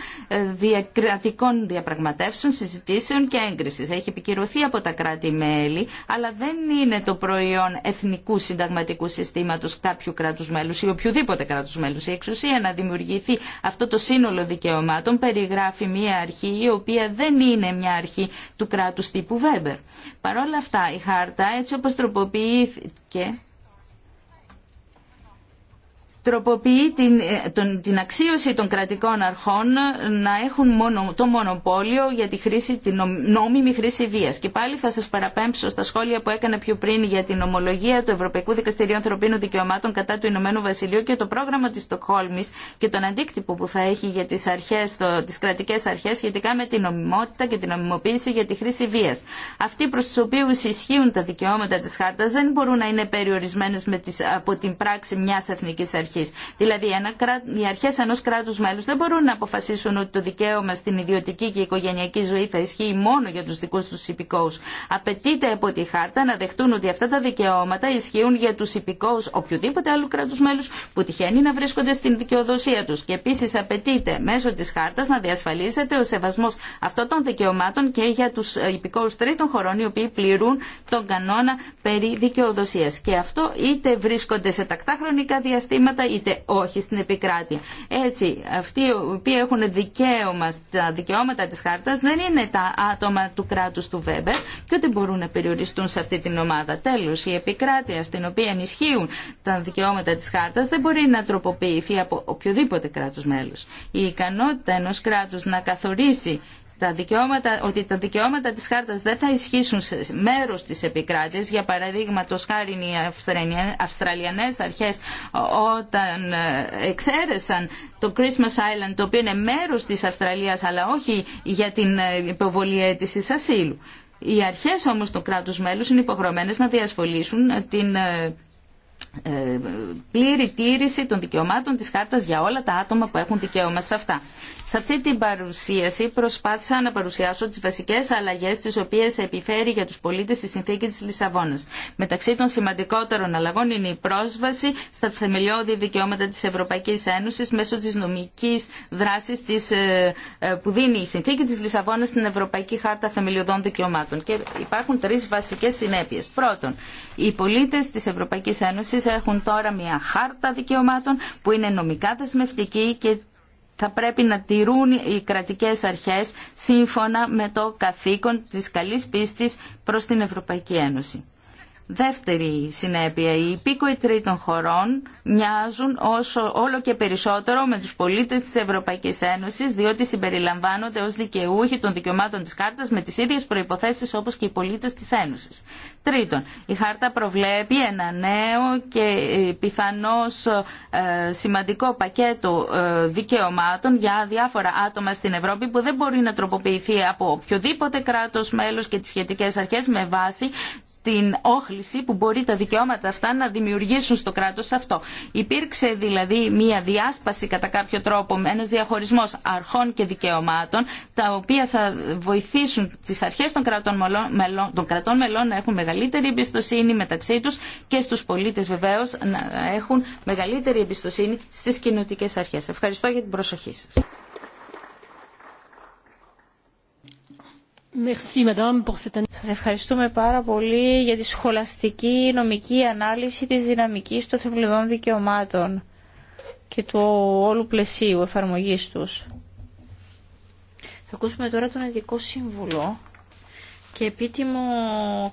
διακρατικών διαπραγματεύσεων, συζητήσεων και έγκρισης. Έχει επικυρωθεί από τα κράτη-μέλη, αλλά δεν είναι το προϊόν εθνικού συνταγματικού συστήματος κάποιου κράτους μέλους ή οποιοδήποτε κράτους μέλους. Η εξουσία να δημιουργηθεί αυτό το σύνολο δικαιωμάτων περιγράφει μια αρχή η οποία δεν είναι μια του κράτους τύπου Βέμπερ. Παρ' όλα αυτά η χάρτα έτσι όπως τροποποιήθηκε τροποποιεί ε, την, αξίωση των κρατικών αρχών να έχουν το μονοπόλιο για τη την νόμιμη χρήση βίας. Και πάλι θα σας παραπέμψω στα σχόλια που έκανα πιο πριν για την ομολογία του Ευρωπαϊκού Δικαστηρίου Ανθρωπίνων Δικαιωμάτων κατά του Ηνωμένου Βασιλείου και το πρόγραμμα της Στοκχόλμης και τον αντίκτυπο που θα έχει για τις, αρχές, το, τις κρατικές αρχές σχετικά με την νομιμότητα και την νομιμοποίηση για τη χρήση βίας. Αυτοί προς τους οποίους ισχύουν τα δικαιώματα της χάρτας δεν μπορούν να είναι περιορισμένες με τις, από την πράξη μιας εθνικής αρχής Δηλαδή, οι αρχέ ενό κράτου μέλου δεν μπορούν να αποφασίσουν ότι το δικαίωμα στην ιδιωτική και οικογενειακή ζωή θα ισχύει μόνο για του δικού του υπηκόου. Απαιτείται από τη χάρτα να δεχτούν ότι αυτά τα δικαιώματα ισχύουν για του υπηκόου οποιοδήποτε άλλου κράτου μέλου που τυχαίνει να βρίσκονται στην δικαιοδοσία του. Και επίση απαιτείται μέσω τη χάρτα να διασφαλίσετε ο σεβασμό αυτών των δικαιωμάτων και για του ε, υπηκόου τρίτων χωρών οι οποίοι πληρούν τον κανόνα περί δικαιοδοσία. Και αυτό είτε βρίσκονται σε τακτά χρονικά διαστήματα είτε όχι στην επικράτεια. Έτσι, αυτοί οι οποίοι έχουν δικαίωμα στα δικαιώματα της χάρτας δεν είναι τα άτομα του κράτους του Βέμπερ και ούτε μπορούν να περιοριστούν σε αυτή την ομάδα. Τέλος, η επικράτεια στην οποία ενισχύουν τα δικαιώματα της χάρτας δεν μπορεί να τροποποιηθεί από οποιοδήποτε κράτος μέλος. Η ικανότητα ενός κράτους να καθορίσει τα ότι τα δικαιώματα της χάρτας δεν θα ισχύσουν σε μέρος της επικράτειας. Για παραδείγμα, το χάρη οι Αυστραλιανές αρχές όταν ε, εξαίρεσαν το Christmas Island, το οποίο είναι μέρος της Αυστραλίας, αλλά όχι για την ε, υποβολή αίτησης ασύλου. Οι αρχές όμως των κράτους μέλους είναι υποχρεωμένες να διασφολήσουν την ε, πλήρη τήρηση των δικαιωμάτων της χάρτας για όλα τα άτομα που έχουν δικαίωμα σε αυτά. Σε αυτή την παρουσίαση προσπάθησα να παρουσιάσω τι βασικέ αλλαγέ τι οποίε επιφέρει για του πολίτε η συνθήκη τη Λισαβόνα. Μεταξύ των σημαντικότερων αλλαγών είναι η πρόσβαση στα θεμελιώδη δικαιώματα τη Ευρωπαϊκή Ένωση μέσω της νομικής δράσης ε, ε, που δίνει η συνθήκη τη Λισαβόνα στην Ευρωπαϊκή Χάρτα Θεμελιωδών Δικαιωμάτων. Και υπάρχουν τρει βασικέ συνέπειε. Πρώτον, οι πολίτε τη Ευρωπαϊκή Ένωση έχουν τώρα μια χάρτα δικαιωμάτων που είναι νομικά δεσμευτική και θα πρέπει να τηρούν οι κρατικές αρχές σύμφωνα με το καθήκον της καλής πίστης προς την Ευρωπαϊκή Ένωση. Δεύτερη συνέπεια, οι υπήκοοι τρίτων χωρών μοιάζουν όσο, όλο και περισσότερο με τους πολίτες της Ευρωπαϊκής Ένωσης, διότι συμπεριλαμβάνονται ως δικαιούχοι των δικαιωμάτων της Χάρτας με τις ίδιες προϋποθέσεις όπως και οι πολίτες της Ένωσης. Τρίτον, η Χάρτα προβλέπει ένα νέο και ε, πιθανώς ε, σημαντικό πακέτο ε, δικαιωμάτων για διάφορα άτομα στην Ευρώπη που δεν μπορεί να τροποποιηθεί από οποιοδήποτε κράτος μέλος και τις σχετικές αρχές με βάση την όχληση που μπορεί τα δικαιώματα αυτά να δημιουργήσουν στο κράτος αυτό. Υπήρξε δηλαδή μια διάσπαση κατά κάποιο τρόπο, ένας διαχωρισμός αρχών και δικαιωμάτων, τα οποία θα βοηθήσουν τις αρχές των κρατών μελών, των κρατών μελών να έχουν μεγαλύτερη εμπιστοσύνη μεταξύ τους και στους πολίτες βεβαίως να έχουν μεγαλύτερη εμπιστοσύνη στις κοινωτικές αρχές. Ευχαριστώ για την προσοχή σας. Σας ευχαριστούμε πάρα πολύ για τη σχολαστική νομική ανάλυση της δυναμικής των θεμελιωδών δικαιωμάτων και του όλου πλαισίου εφαρμογής τους. Θα ακούσουμε τώρα τον Ειδικό Σύμβουλο και επίτιμο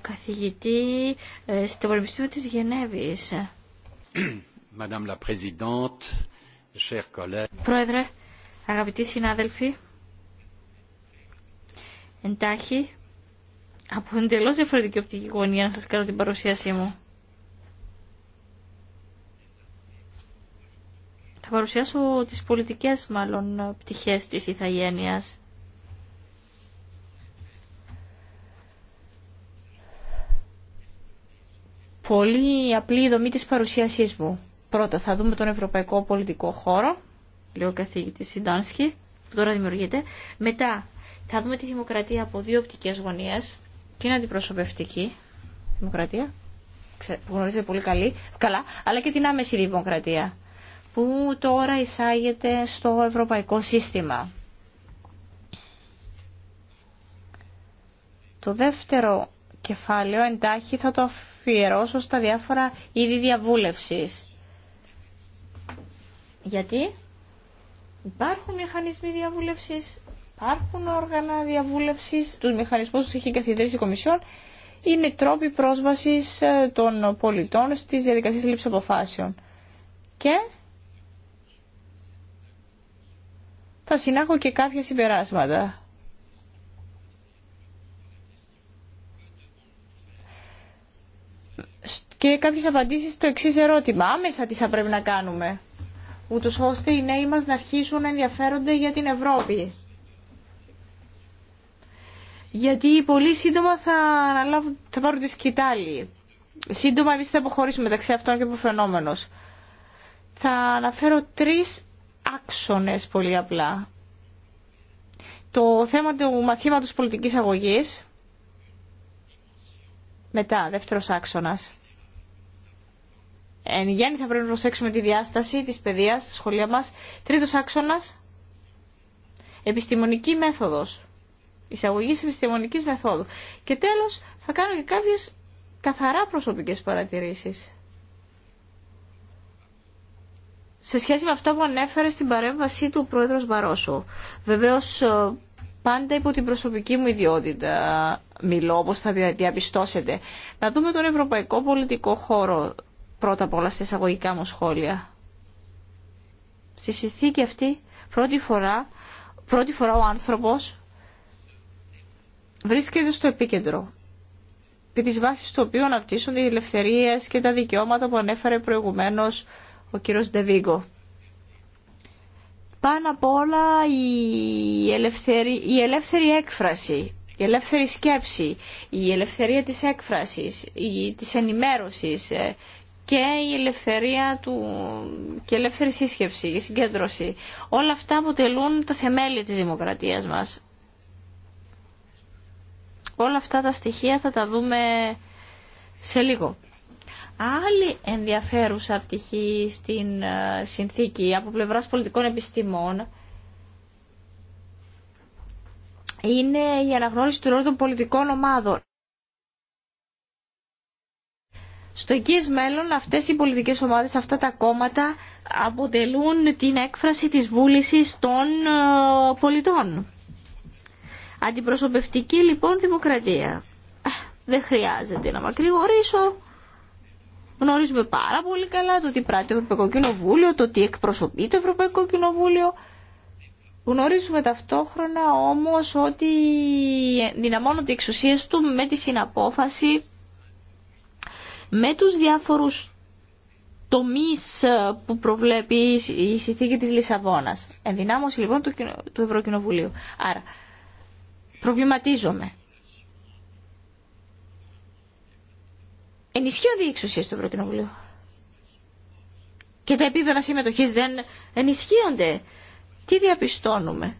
καθηγητή ε, στο Πανεπιστήμιο της Γενέβης. Πρόεδρε, αγαπητοί συνάδελφοι, εντάχει από εντελώ διαφορετική οπτική γωνία να σας κάνω την παρουσίασή μου. Θα παρουσιάσω τις πολιτικές μάλλον πτυχές της ηθαγένειας. Πολύ απλή η δομή της παρουσίασής μου. Πρώτα θα δούμε τον ευρωπαϊκό πολιτικό χώρο, λέει ο καθηγητής Σιντάνσκι, που τώρα δημιουργείται. Μετά θα δούμε τη δημοκρατία από δύο οπτικές γωνίες. Την αντιπροσωπευτική δημοκρατία, που γνωρίζετε πολύ καλή, καλά, αλλά και την άμεση δημοκρατία, που τώρα εισάγεται στο ευρωπαϊκό σύστημα. Το δεύτερο κεφάλαιο εντάχει θα το αφιερώσω στα διάφορα είδη διαβούλευσης. Γιατί υπάρχουν μηχανισμοί διαβούλευσης υπάρχουν όργανα διαβούλευση του μηχανισμού που έχει καθιδρύσει η Κομισιόν, είναι τρόποι πρόσβασης ε, των πολιτών στις διαδικασίες λήψης αποφάσεων. Και θα συνάγω και κάποια συμπεράσματα. Και κάποιες απαντήσεις στο εξής ερώτημα. Άμεσα τι θα πρέπει να κάνουμε, ούτως ώστε οι νέοι μας να αρχίσουν να ενδιαφέρονται για την Ευρώπη γιατί πολύ σύντομα θα, θα πάρουν τη σκητάλη. Σύντομα εμείς θα αποχωρήσουμε μεταξύ αυτών και φαινόμενος. Θα αναφέρω τρεις άξονες πολύ απλά. Το θέμα του μαθήματος πολιτικής αγωγής, μετά, δεύτερος άξονας. Εν γέννη θα πρέπει να προσέξουμε τη διάσταση της παιδείας, στη σχολεία μας. Τρίτος άξονας, επιστημονική μέθοδος εισαγωγή επιστημονική μεθόδου. Και τέλος θα κάνω και κάποιες καθαρά προσωπικές παρατηρήσεις. Σε σχέση με αυτό που ανέφερε στην παρέμβασή του ο πρόεδρος Μπαρόσο. Βεβαίως ε, πάντα υπό την προσωπική μου ιδιότητα μιλώ όπως θα διαπιστώσετε. Να δούμε τον ευρωπαϊκό πολιτικό χώρο πρώτα απ' όλα σε εισαγωγικά μου σχόλια. Στη συνθήκη αυτή πρώτη φορά, πρώτη φορά ο άνθρωπος βρίσκεται στο επίκεντρο επί τις βάσεις του οποίου αναπτύσσονται οι ελευθερίες και τα δικαιώματα που ανέφερε προηγουμένως ο κύριος Ντεβίγκο. Πάνω απ' όλα η ελεύθερη, η ελεύθερη έκφραση, η ελεύθερη σκέψη, η ελευθερία της έκφρασης, η, της ενημέρωσης ε, και η ελευθερία του, και η ελεύθερη σύσκεψη, η συγκέντρωση. Όλα αυτά αποτελούν τα θεμέλια της δημοκρατίας μας. Όλα αυτά τα στοιχεία θα τα δούμε σε λίγο. Άλλη ενδιαφέρουσα πτυχή στην ε, συνθήκη από πλευράς πολιτικών επιστημών είναι η αναγνώριση του ρόλου των πολιτικών ομάδων. Στο εγγύς μέλλον αυτές οι πολιτικές ομάδες, αυτά τα κόμματα αποτελούν την έκφραση της βούλησης των ε, πολιτών. Αντιπροσωπευτική λοιπόν δημοκρατία. Ε, δεν χρειάζεται να μακρηγορήσω. Γνωρίζουμε πάρα πολύ καλά το τι πράττει το Ευρωπαϊκό Κοινοβούλιο, το τι εκπροσωπεί το Ευρωπαϊκό Κοινοβούλιο. Γνωρίζουμε ταυτόχρονα όμως ότι δυναμώνονται οι εξουσίες του με τη συναπόφαση με τους διάφορους τομείς ε, που προβλέπει η συνθήκη της Λισαβόνας. Ενδυνάμωση λοιπόν του Ευρωκοινοβουλίου. Άρα προβληματίζομαι. Ενισχύονται οι εξουσίε του Ευρωκοινοβουλίου. Και τα επίπεδα συμμετοχή δεν ενισχύονται. Τι διαπιστώνουμε.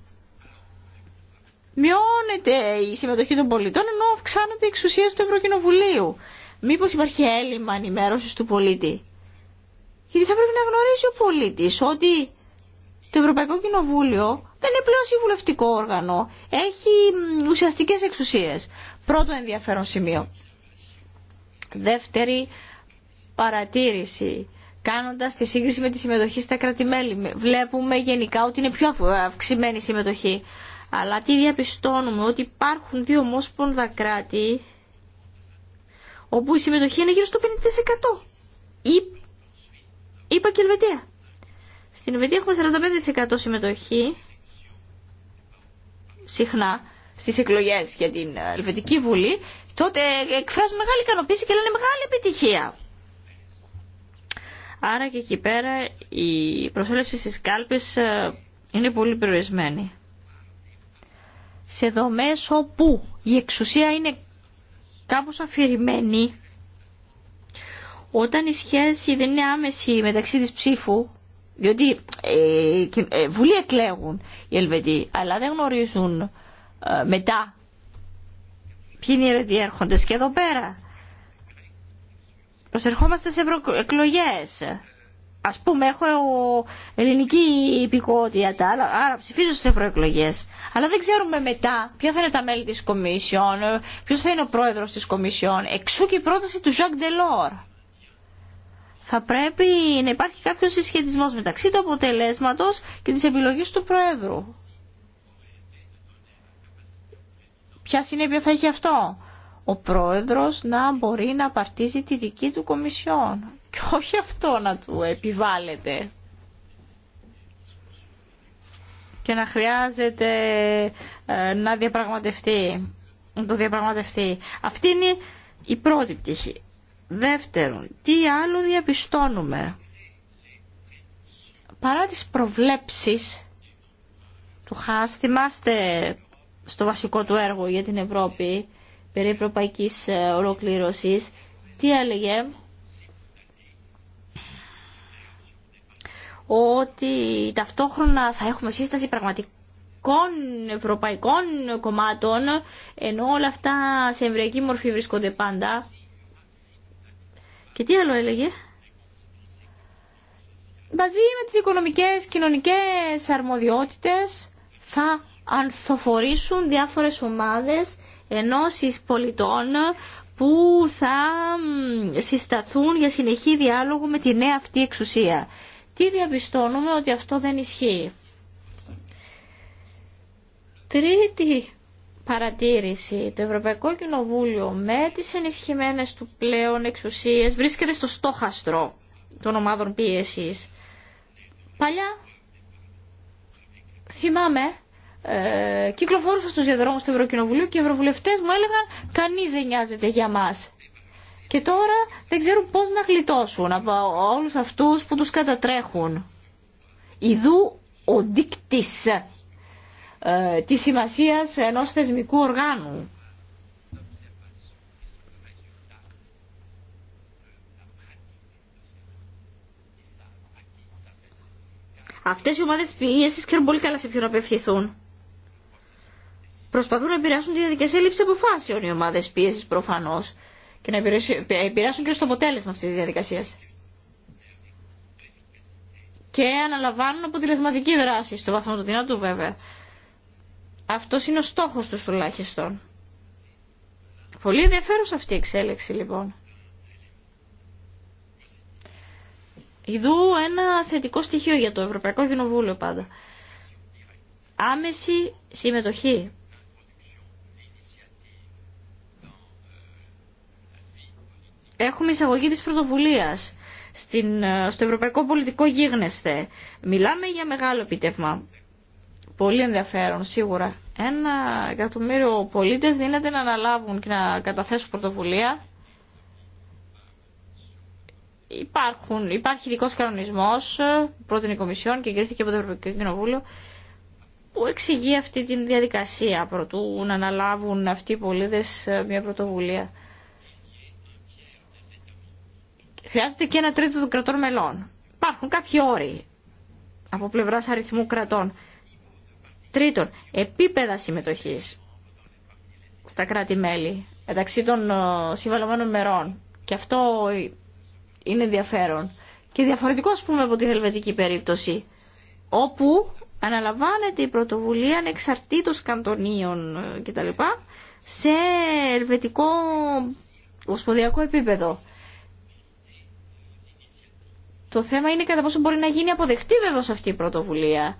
Μειώνεται η συμμετοχή των πολιτών ενώ αυξάνονται οι εξουσίε του Ευρωκοινοβουλίου. Μήπω υπάρχει έλλειμμα ενημέρωση του πολίτη. Γιατί θα πρέπει να γνωρίζει ο πολίτη ότι το Ευρωπαϊκό Κοινοβούλιο δεν είναι πλέον συμβουλευτικό όργανο. Έχει ουσιαστικές εξουσίες. Πρώτο ενδιαφέρον σημείο. Δεύτερη παρατήρηση. Κάνοντας τη σύγκριση με τη συμμετοχή στα κρατημέλη, βλέπουμε γενικά ότι είναι πιο αυξημένη η συμμετοχή. Αλλά τι διαπιστώνουμε, ότι υπάρχουν δύο ομόσπονδα κράτη όπου η συμμετοχή είναι γύρω στο 50%. Ή, είπα και Ελβετία. Στην Ελβετία έχουμε 45% συμμετοχή συχνά στις εκλογές για την Ελβετική Βουλή, τότε εκφράζουν μεγάλη ικανοποίηση και λένε μεγάλη επιτυχία. Άρα και εκεί πέρα η προσέλευση στις κάλπες ε, είναι πολύ περιορισμένη. Σε δομέ όπου η εξουσία είναι κάπως αφηρημένη, όταν η σχέση δεν είναι άμεση μεταξύ της ψήφου διότι ε, ε, βουλή εκλέγουν οι Ελβετοί, αλλά δεν γνωρίζουν ε, μετά ποιοι είναι οι Ελβετοί έρχονται και εδώ πέρα. Προσερχόμαστε σε ευρωεκλογέ. Α πούμε, έχω ελληνική υπηκότητα, άρα ψηφίζω στι ευρωεκλογέ. Αλλά δεν ξέρουμε μετά ποια θα είναι τα μέλη τη Κομισιόν, ποιο θα είναι ο πρόεδρο τη Κομισιόν. Εξού και η πρόταση του Jacques Delors θα πρέπει να υπάρχει κάποιος συσχετισμός μεταξύ του αποτελέσματος και της επιλογής του Προέδρου. Ποια συνέπεια θα έχει αυτό. Ο Πρόεδρος να μπορεί να απαρτίζει τη δική του Κομισιόν και όχι αυτό να του επιβάλλεται. Και να χρειάζεται ε, να διαπραγματευτεί, να το διαπραγματευτεί. Αυτή είναι η πρώτη πτυχή. Δεύτερον, τι άλλο διαπιστώνουμε. Παρά τις προβλέψεις του ΧΑΣ, θυμάστε στο βασικό του έργο για την Ευρώπη, περί ευρωπαϊκής ε, ολοκλήρωσης, τι έλεγε, ότι ταυτόχρονα θα έχουμε σύσταση πραγματικών ευρωπαϊκών κομμάτων, ενώ όλα αυτά σε εμβριακή μορφή βρίσκονται πάντα και τι άλλο έλεγε. Μαζί με τις οικονομικές, κοινωνικές αρμοδιότητες θα ανθοφορήσουν διάφορες ομάδες ενώσεις πολιτών που θα συσταθούν για συνεχή διάλογο με τη νέα αυτή εξουσία. Τι διαπιστώνουμε ότι αυτό δεν ισχύει. Τρίτη παρατήρηση. Το Ευρωπαϊκό Κοινοβούλιο με τις ενισχυμένες του πλέον εξουσίες βρίσκεται στο στόχαστρο των ομάδων πίεσης. Παλιά, θυμάμαι, ε, κυκλοφόρουσα στους διαδρόμους του Ευρωκοινοβουλίου και οι ευρωβουλευτές μου έλεγαν «Κανείς δεν νοιάζεται για μας». Και τώρα δεν ξέρουν πώς να γλιτώσουν από όλους αυτούς που τους κατατρέχουν. Ιδού ο δείκτης Τη ε, της σημασίας ενός θεσμικού οργάνου. Αυτέ οι ομάδες πίεσης ξέρουν πολύ καλά σε ποιον απευθυνθούν. Προσπαθούν να επηρεάσουν τη διαδικασία λήψη αποφάσεων οι ομάδε πιέση προφανώ και να ε, επηρεάσουν και στο αποτέλεσμα αυτή τη διαδικασία. και αναλαμβάνουν αποτελεσματική δράση στο βαθμό του δυνατού βέβαια. Αυτός είναι ο στόχος τους τουλάχιστον. Πολύ ενδιαφέρουσα αυτή η εξέλιξη λοιπόν. Ιδού ένα θετικό στοιχείο για το Ευρωπαϊκό Κοινοβούλιο πάντα. Άμεση συμμετοχή. Έχουμε εισαγωγή της πρωτοβουλίας στην, ε, στο ευρωπαϊκό πολιτικό γίγνεσθε. Μιλάμε για μεγάλο επιτεύγμα πολύ ενδιαφέρον σίγουρα. Ένα εκατομμύριο πολίτες δίνεται να αναλάβουν και να καταθέσουν πρωτοβουλία. Υπάρχουν, υπάρχει ειδικό κανονισμό πρώτην η Κομισιόν και εγκρίθηκε από το Ευρωπαϊκό Κοινοβούλιο, που εξηγεί αυτή τη διαδικασία προτού να αναλάβουν αυτοί οι πολίτες ε, μια πρωτοβουλία. Χρειάζεται και ένα τρίτο των κρατών μελών. Υπάρχουν κάποιοι όροι από πλευράς αριθμού κρατών. Τρίτον, επίπεδα συμμετοχή στα κράτη-μέλη μεταξύ των ε, συμβαλωμένων μερών. Και αυτό είναι ενδιαφέρον. Και διαφορετικό, α πούμε, από την ελβετική περίπτωση, όπου αναλαμβάνεται η πρωτοβουλία ανεξαρτήτως καντονίων ε, κτλ. σε ελβετικό οσποδιακό επίπεδο. Το θέμα είναι κατά πόσο μπορεί να γίνει αποδεκτή βέβαια αυτή η πρωτοβουλία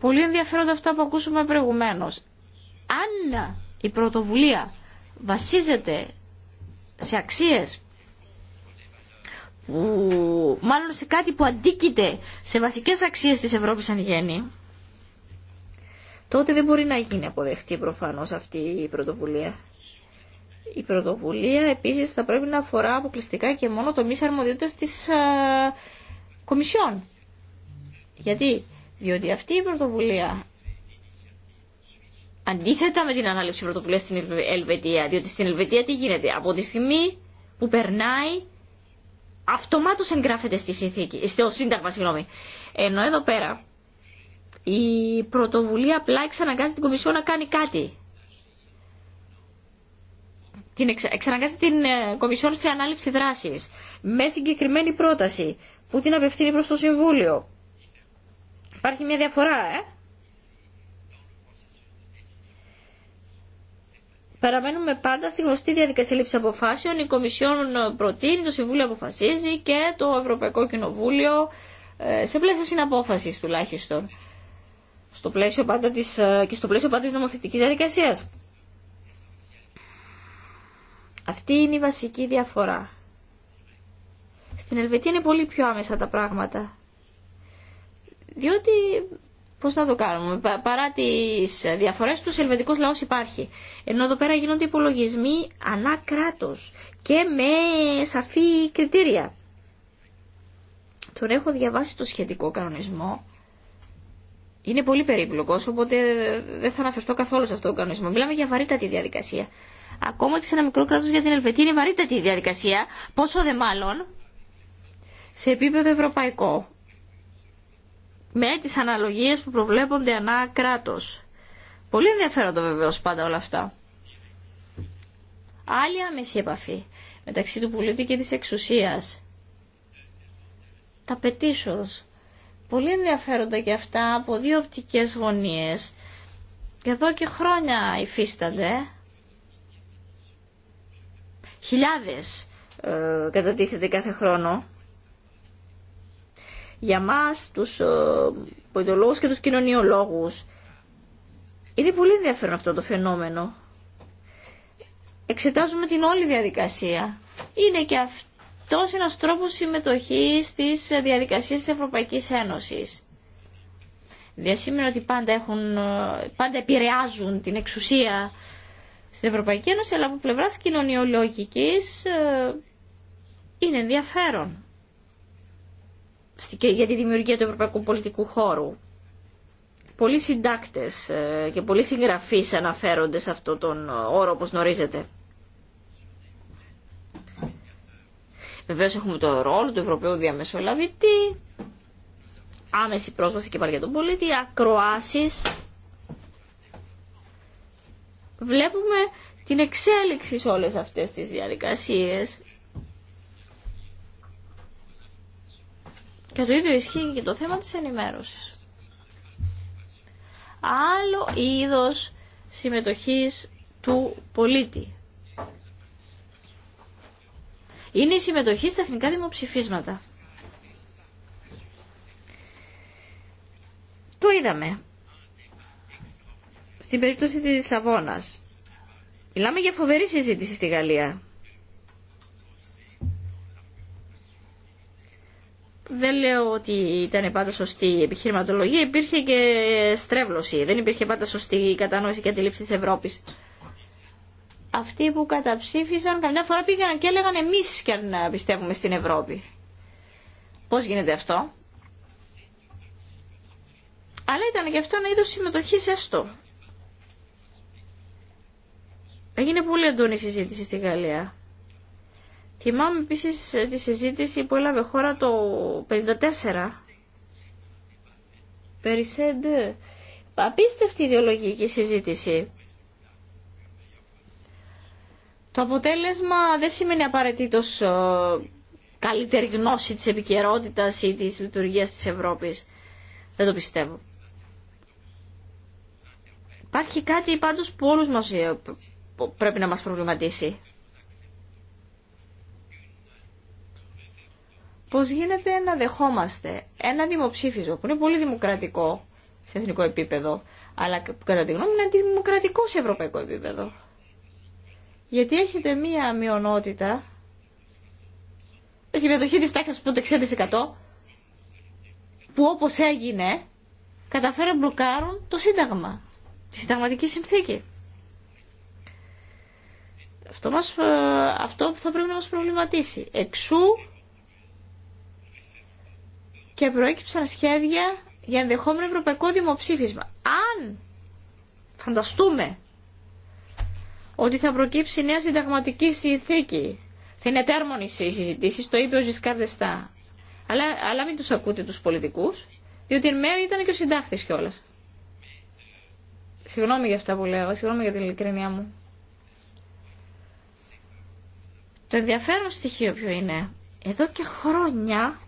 Πολύ ενδιαφέροντα αυτά που ακούσαμε προηγουμένως. Αν η πρωτοβουλία βασίζεται σε αξίες που μάλλον σε κάτι που αντίκειται σε βασικές αξίες της Ευρώπης αν τότε δεν μπορεί να γίνει αποδεχτή προφανώς αυτή η πρωτοβουλία. Η πρωτοβουλία επίσης θα πρέπει να αφορά αποκλειστικά και μόνο το μη αρμοδιότητας της Κομισιόν. Γιατί διότι αυτή η πρωτοβουλία αντίθετα με την ανάληψη πρωτοβουλία στην Ελβετία. Διότι στην Ελβετία τι γίνεται. Από τη στιγμή που περνάει αυτομάτω εγγράφεται στη συνθήκη, στο σύνταγμα, συγγνώμη. Ενώ εδώ πέρα η πρωτοβουλία απλά εξαναγκάζει την Κομισιόν να κάνει κάτι. Την εξα... Εξαναγκάζει την ε, Κομισιόν σε ανάληψη δράσης με συγκεκριμένη πρόταση που την απευθύνει προ το Συμβούλιο Υπάρχει μια διαφορά, ε. Παραμένουμε πάντα στη γνωστή διαδικασία λήψη αποφάσεων. Η Κομισιόν προτείνει, το Συμβούλιο αποφασίζει και το Ευρωπαϊκό Κοινοβούλιο ε, σε πλαίσιο συναπόφασης τουλάχιστον. Στο πλαίσιο πάντα της, ε, και στο πλαίσιο πάντα της νομοθετικής διαδικασίας. Αυτή είναι η βασική διαφορά. Στην Ελβετία είναι πολύ πιο άμεσα τα πράγματα διότι πώς θα το κάνουμε, παρά τις διαφορές τους, ελβετικός λαός υπάρχει. Ενώ εδώ πέρα γίνονται υπολογισμοί ανά κράτος και με σαφή κριτήρια. Τον έχω διαβάσει το σχετικό κανονισμό. Είναι πολύ περίπλοκος, οπότε δεν θα αναφερθώ καθόλου σε αυτό το κανονισμό. Μιλάμε για βαρύτατη διαδικασία. Ακόμα και σε ένα μικρό κράτος για την Ελβετία είναι βαρύτατη διαδικασία, πόσο δε μάλλον σε επίπεδο ευρωπαϊκό με τις αναλογίες που προβλέπονται ανά κράτος. Πολύ ενδιαφέροντα βεβαίως πάντα όλα αυτά. Άλλη άμεση επαφή μεταξύ του πολίτη και της εξουσίας. Τα πετήσω Πολύ ενδιαφέροντα και αυτά από δύο οπτικές γωνίες. Και εδώ και χρόνια υφίστανται. Χιλιάδες ε, κατατίθεται κάθε χρόνο για μας, τους ε, πολιτολόγους και τους κοινωνιολόγους. Είναι πολύ ενδιαφέρον αυτό το φαινόμενο. Εξετάζουμε την όλη διαδικασία. Είναι και αυτός ένας τρόπος συμμετοχής της διαδικασίας της Ευρωπαϊκής Ένωσης. Δεν ότι πάντα, έχουν, ε, πάντα επηρεάζουν την εξουσία στην Ευρωπαϊκή Ένωση, αλλά από πλευράς κοινωνιολογικής ε, είναι ενδιαφέρον για τη δημιουργία του Ευρωπαϊκού Πολιτικού Χώρου. Πολλοί συντάκτες ε, και πολλοί συγγραφείς αναφέρονται σε αυτόν τον όρο, όπως γνωρίζετε. Βεβαίως έχουμε το ρόλο του Ευρωπαίου Διαμεσολαβητή, άμεση πρόσβαση και πάλι για τον πολίτη, ακροάσεις. Βλέπουμε την εξέλιξη σε όλες αυτές τις διαδικασίες Και το ίδιο ισχύει και το θέμα της ενημέρωσης. Άλλο είδος συμμετοχής του πολίτη. Είναι η συμμετοχή στα εθνικά δημοψηφίσματα. Το είδαμε. Στην περίπτωση της Λισαβόνας. Μιλάμε για φοβερή συζήτηση στη Γαλλία. δεν λέω ότι ήταν πάντα σωστή η επιχειρηματολογία, υπήρχε και στρέβλωση. Δεν υπήρχε πάντα σωστή η κατανόηση και αντίληψη της Ευρώπης. Αυτοί που καταψήφισαν καμιά φορά πήγαιναν και έλεγαν εμεί και αν πιστεύουμε στην Ευρώπη. Πώς γίνεται αυτό. Αλλά ήταν και αυτό ένα είδο συμμετοχή έστω. Έγινε πολύ εντόνη συζήτηση στη Γαλλία. Θυμάμαι επίση ε, τη συζήτηση που έλαβε χώρα το 54 Περισέντε. Απίστευτη ιδεολογική συζήτηση. Το αποτέλεσμα δεν σημαίνει απαραίτητος ε, καλύτερη γνώση της επικαιρότητα ή της λειτουργίας της Ευρώπης. Δεν το πιστεύω. Υπάρχει κάτι πάντως που όλους μας ε, πρέπει να μας προβληματίσει. πώς γίνεται να δεχόμαστε ένα δημοψήφισμα που είναι πολύ δημοκρατικό σε εθνικό επίπεδο, αλλά κατά τη γνώμη μου είναι αντιδημοκρατικό σε ευρωπαϊκό επίπεδο. Γιατί έχετε μία μειονότητα με συμμετοχή της τάξης που το 60% που όπως έγινε καταφέρουν να μπλοκάρουν το Σύνταγμα, τη Συνταγματική Συνθήκη. Αυτό, μας, ε, αυτό θα πρέπει να μας προβληματίσει. Εξού και προέκυψαν σχέδια για ενδεχόμενο ευρωπαϊκό δημοψήφισμα. Αν φανταστούμε ότι θα προκύψει νέα συνταγματική συνθήκη, θα είναι τέρμονη οι συζητήσεις, το είπε ο Ζησκάρδεστα. Αλλά, αλλά μην του ακούτε του πολιτικού, διότι εν μέρει ήταν και ο συντάχτης κιόλα. Συγγνώμη για αυτά που λέω, συγγνώμη για την ειλικρινία μου. Το ενδιαφέρον στοιχείο ποιο είναι. Εδώ και χρόνια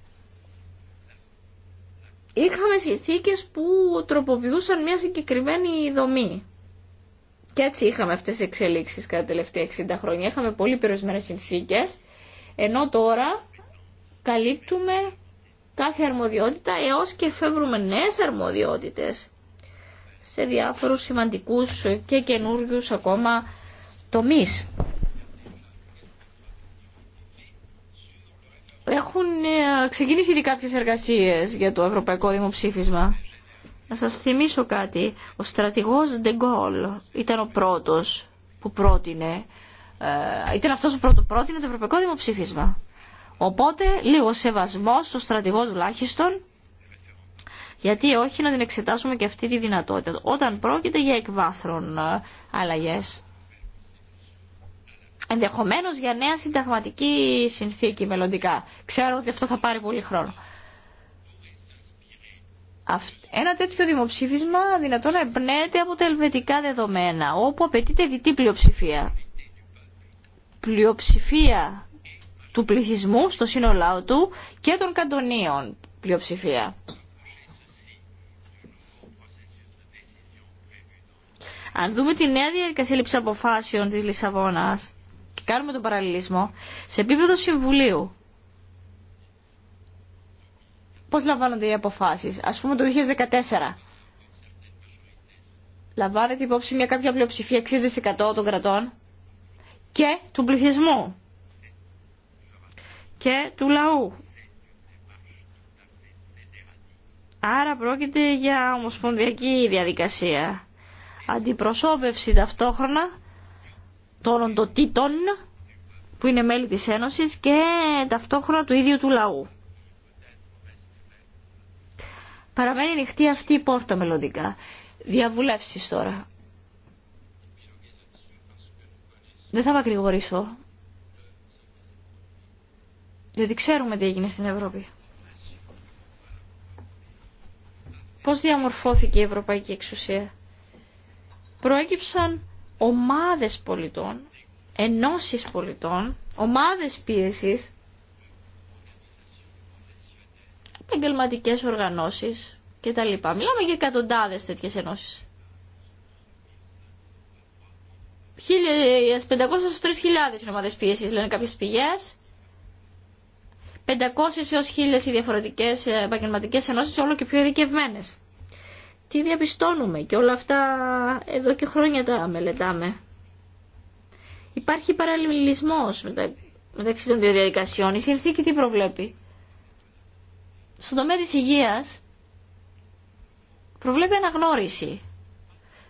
είχαμε συνθήκες που τροποποιούσαν μια συγκεκριμένη δομή. Και έτσι είχαμε αυτές τις εξελίξεις κατά τα τελευταία 60 χρόνια. Είχαμε πολύ περιορισμένες συνθήκες, ενώ τώρα καλύπτουμε κάθε αρμοδιότητα έως και φεύγουμε νέες αρμοδιότητες σε διάφορους σημαντικούς και καινούριου ακόμα τομείς. έχουν ε, ξεκινήσει ήδη κάποιες εργασίες για το ευρωπαϊκό δημοψήφισμα. Να σας θυμίσω κάτι. Ο στρατηγός Ντεγκόλ ήταν ο πρώτος που πρότεινε, ε, ήταν αυτός που πρώτο πρότεινε το ευρωπαϊκό δημοψήφισμα. Οπότε λίγο σεβασμό στο στρατηγό τουλάχιστον, γιατί όχι να την εξετάσουμε και αυτή τη δυνατότητα. Όταν πρόκειται για εκβάθρον ε, αλλαγές. Ενδεχομένω για νέα συνταγματική συνθήκη μελλοντικά. Ξέρω ότι αυτό θα πάρει πολύ χρόνο. Ένα τέτοιο δημοψήφισμα δυνατόν να εμπνέεται από τα ελβετικά δεδομένα, όπου απαιτείται διτή πλειοψηφία. Πλειοψηφία του πληθυσμού στο σύνολό του και των καντονίων πλειοψηφία. Αν δούμε τη νέα διαδικασία λήψη αποφάσεων της Λισαβόνας, και κάνουμε τον παραλληλισμό, σε επίπεδο συμβουλίου, πώς λαμβάνονται οι αποφάσεις. Ας πούμε το 2014. Λαμβάνεται υπόψη μια κάποια πλειοψηφία 60% των κρατών και του πληθυσμού και του λαού. Άρα πρόκειται για ομοσπονδιακή διαδικασία. Αντιπροσώπευση ταυτόχρονα των οντοτήτων που είναι μέλη της Ένωσης και ταυτόχρονα του ίδιου του λαού. Παραμένει ανοιχτή αυτή η πόρτα μελλοντικά. Διαβουλεύσεις τώρα. Δεν θα μακρηγορήσω. Διότι ξέρουμε τι έγινε στην Ευρώπη. Πώς διαμορφώθηκε η ευρωπαϊκή εξουσία. Προέκυψαν ομάδες πολιτών, ενώσεις πολιτών, ομάδες πίεσης, επαγγελματικέ οργανώσεις κτλ. Μιλάμε για εκατοντάδες τέτοιες ενώσεις. 1.500-3.000 ομάδες πίεσης λένε κάποιε πηγές. 500 1.000 οι διαφορετικέ επαγγελματικέ ενώσει, όλο και πιο ειδικευμένε τι διαπιστώνουμε και όλα αυτά εδώ και χρόνια τα μελετάμε. Υπάρχει παραλληλισμός μετα... μεταξύ των δύο διαδικασιών. Η συνθήκη τι προβλέπει. Στον τομέα της υγείας προβλέπει αναγνώριση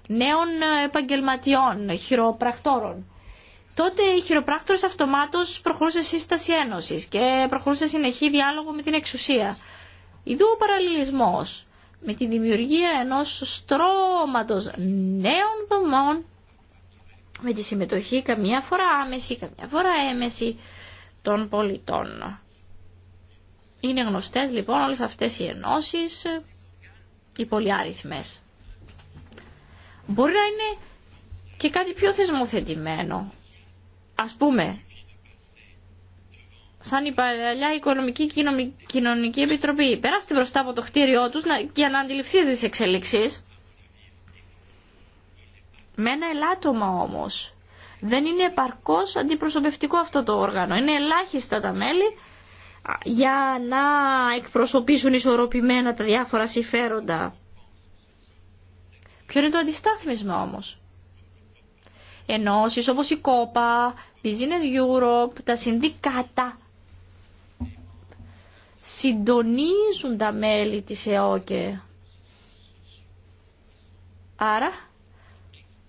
νέων επαγγελματιών, χειροπρακτόρων. Τότε οι χειροπράκτορες αυτομάτως προχωρούσε σύσταση ένωσης και προχωρούσε συνεχή διάλογο με την εξουσία. Ιδού ο παραλληλισμός με τη δημιουργία ενός στρώματος νέων δομών με τη συμμετοχή καμιά φορά άμεση, καμιά φορά έμεση των πολιτών. Είναι γνωστές λοιπόν όλες αυτές οι ενώσεις, οι πολυάριθμες. Μπορεί να είναι και κάτι πιο θεσμοθετημένο. Ας πούμε, σαν η παλιά Οικονομική Κοινωνική Επιτροπή. Περάστε μπροστά από το χτίριό τους για να αντιληφθείτε τις εξελίξεις. Με ένα ελάττωμα όμως. Δεν είναι επαρκώς αντιπροσωπευτικό αυτό το όργανο. Είναι ελάχιστα τα μέλη για να εκπροσωπήσουν ισορροπημένα τα διάφορα συμφέροντα. Ποιο είναι το αντιστάθμισμα όμως. Ενώσεις όπως η ΚΟΠΑ, Business Europe, τα συνδικάτα συντονίζουν τα μέλη της ΕΟΚΕ. Άρα,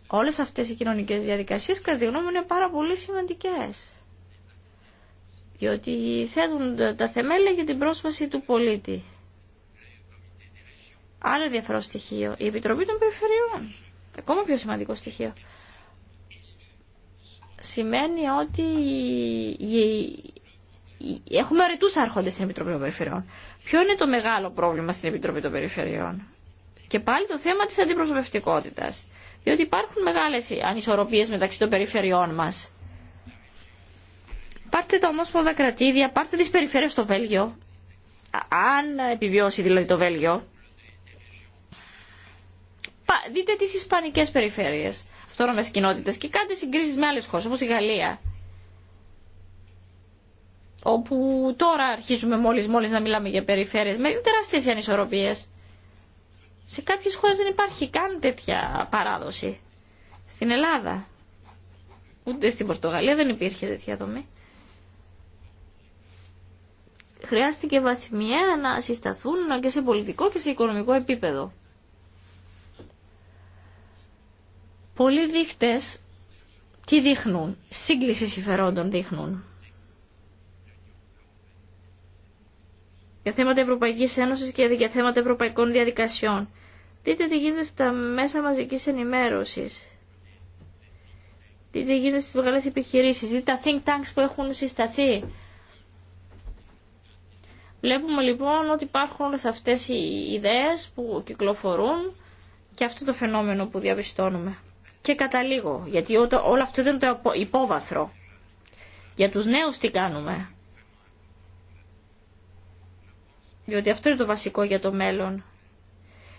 όλες αυτές οι κοινωνικές διαδικασίες, κατά τη γνώμη μου, είναι πάρα πολύ σημαντικές. Διότι θέτουν τα θεμέλια για την πρόσβαση του πολίτη. Άλλο ενδιαφέρον στοιχείο, η Επιτροπή των Περιφερειών. Ακόμα πιο σημαντικό στοιχείο. Σημαίνει ότι έχουμε αρετού άρχοντες στην Επιτροπή των Περιφερειών. Ποιο είναι το μεγάλο πρόβλημα στην Επιτροπή των Περιφερειών. Και πάλι το θέμα τη αντιπροσωπευτικότητα. Διότι υπάρχουν μεγάλε ανισορροπίε μεταξύ των περιφερειών μα. Πάρτε τα ομόσπονδα κρατήδια, πάρτε τι περιφέρειε στο Βέλγιο. Αν επιβιώσει δηλαδή το Βέλγιο. Δείτε τι ισπανικέ περιφέρειες αυτόνομε κοινότητε και κάντε συγκρίσει με άλλε χώρε όπω η Γαλλία όπου τώρα αρχίζουμε μόλις, μόλις να μιλάμε για περιφέρειες, με τεράστιες ανισορροπίες. Σε κάποιες χώρες δεν υπάρχει καν τέτοια παράδοση. Στην Ελλάδα, ούτε στην Πορτογαλία δεν υπήρχε τέτοια δομή. Χρειάστηκε βαθμιαία να συσταθούν και σε πολιτικό και σε οικονομικό επίπεδο. Πολλοί δείχτες τι δείχνουν, σύγκληση συμφερόντων δείχνουν. για θέματα Ευρωπαϊκής Ένωση και για θέματα ευρωπαϊκών διαδικασιών. Δείτε τι γίνεται στα μέσα μαζική ενημέρωσης. Δείτε τι γίνεται στι μεγάλε επιχειρήσει, Δείτε τα think tanks που έχουν συσταθεί. Βλέπουμε λοιπόν ότι υπάρχουν όλες αυτές οι ιδέες που κυκλοφορούν και αυτό το φαινόμενο που διαπιστώνουμε. Και καταλήγω, γιατί όλο αυτό είναι το υπόβαθρο. Για τους νέους τι κάνουμε. Διότι αυτό είναι το βασικό για το μέλλον.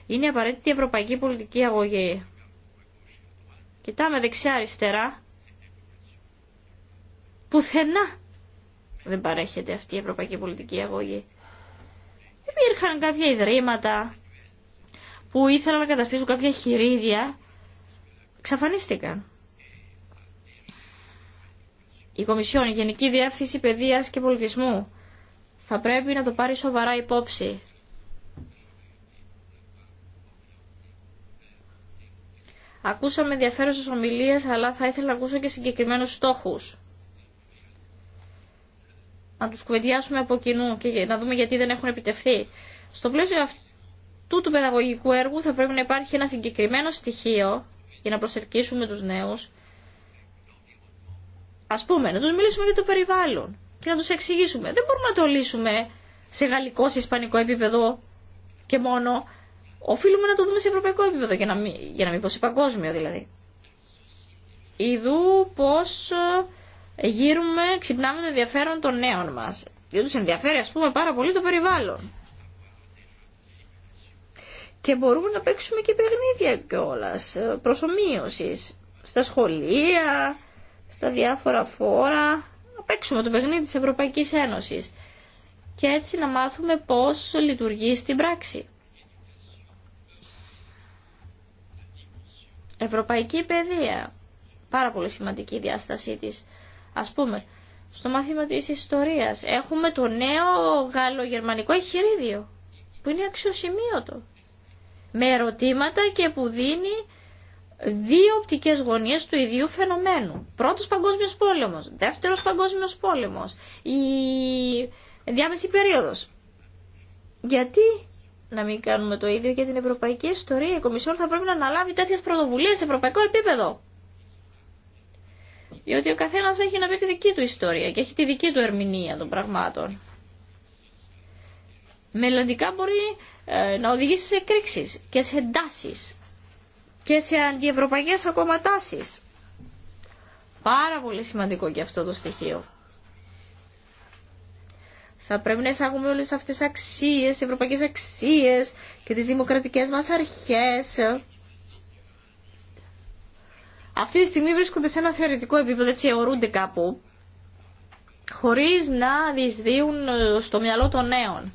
Είναι απαραίτητη η ευρωπαϊκή πολιτική αγωγή. Κοιτάμε δεξιά-αριστερά. Πουθενά δεν παρέχεται αυτή η ευρωπαϊκή πολιτική αγωγή. Υπήρχαν κάποια ιδρύματα που ήθελαν να καταστήσουν κάποια χειρίδια. Ξαφανίστηκαν. Η Κομισιόν, η Γενική Διεύθυνση Παιδείας και Πολιτισμού θα πρέπει να το πάρει σοβαρά υπόψη. Ακούσαμε ενδιαφέρουσες ομιλίες, αλλά θα ήθελα να ακούσω και συγκεκριμένους στόχους. Να τους κουβεντιάσουμε από κοινού και να δούμε γιατί δεν έχουν επιτευχθεί. Στο πλαίσιο αυτού του παιδαγωγικού έργου θα πρέπει να υπάρχει ένα συγκεκριμένο στοιχείο για να προσελκύσουμε τους νέους. Ας πούμε, να τους μιλήσουμε για το περιβάλλον και να τους εξηγήσουμε. Δεν μπορούμε να το λύσουμε σε γαλλικό, σε ισπανικό επίπεδο και μόνο. Οφείλουμε να το δούμε σε ευρωπαϊκό επίπεδο, για να μην, για να πω σε παγκόσμιο δηλαδή. Ιδού πώς ε, γύρουμε, ξυπνάμε το ενδιαφέρον των νέων μας. Γιατί τους ενδιαφέρει ας πούμε πάρα πολύ το περιβάλλον. Και μπορούμε να παίξουμε και παιχνίδια κιόλα ε, προσωμείωσης στα σχολεία, στα διάφορα φόρα παίξουμε το παιχνίδι της Ευρωπαϊκής Ένωσης και έτσι να μάθουμε πώς λειτουργεί στην πράξη. Ευρωπαϊκή παιδεία. Πάρα πολύ σημαντική η διάστασή της. Ας πούμε, στο μάθημα της ιστορίας έχουμε το νέο γαλλογερμανικό εχειρίδιο που είναι αξιοσημείωτο. Με ερωτήματα και που δίνει δύο οπτικές γωνίες του ίδιου φαινομένου. Πρώτος παγκόσμιος πόλεμος, δεύτερος παγκόσμιος πόλεμος, η διάμεση περίοδος. Γιατί να μην κάνουμε το ίδιο για την ευρωπαϊκή ιστορία. Η Κομισιόν θα πρέπει να αναλάβει τέτοιες πρωτοβουλίες σε ευρωπαϊκό επίπεδο. Διότι ο καθένας έχει να πει τη δική του ιστορία και έχει τη δική του ερμηνεία των πραγμάτων. Μελλοντικά μπορεί ε, να οδηγήσει σε κρίξεις και σε εντάσεις και σε αντιευρωπαϊκές ακόμα τάσεις. Πάρα πολύ σημαντικό και αυτό το στοιχείο. Θα πρέπει να εισάγουμε όλες αυτές τις αξίες, ευρωπαϊκές αξίες και τις δημοκρατικές μας αρχές. Αυτή τη στιγμή βρίσκονται σε ένα θεωρητικό επίπεδο, έτσι αιωρούνται κάπου, χωρίς να διεισδύουν στο μυαλό των νέων.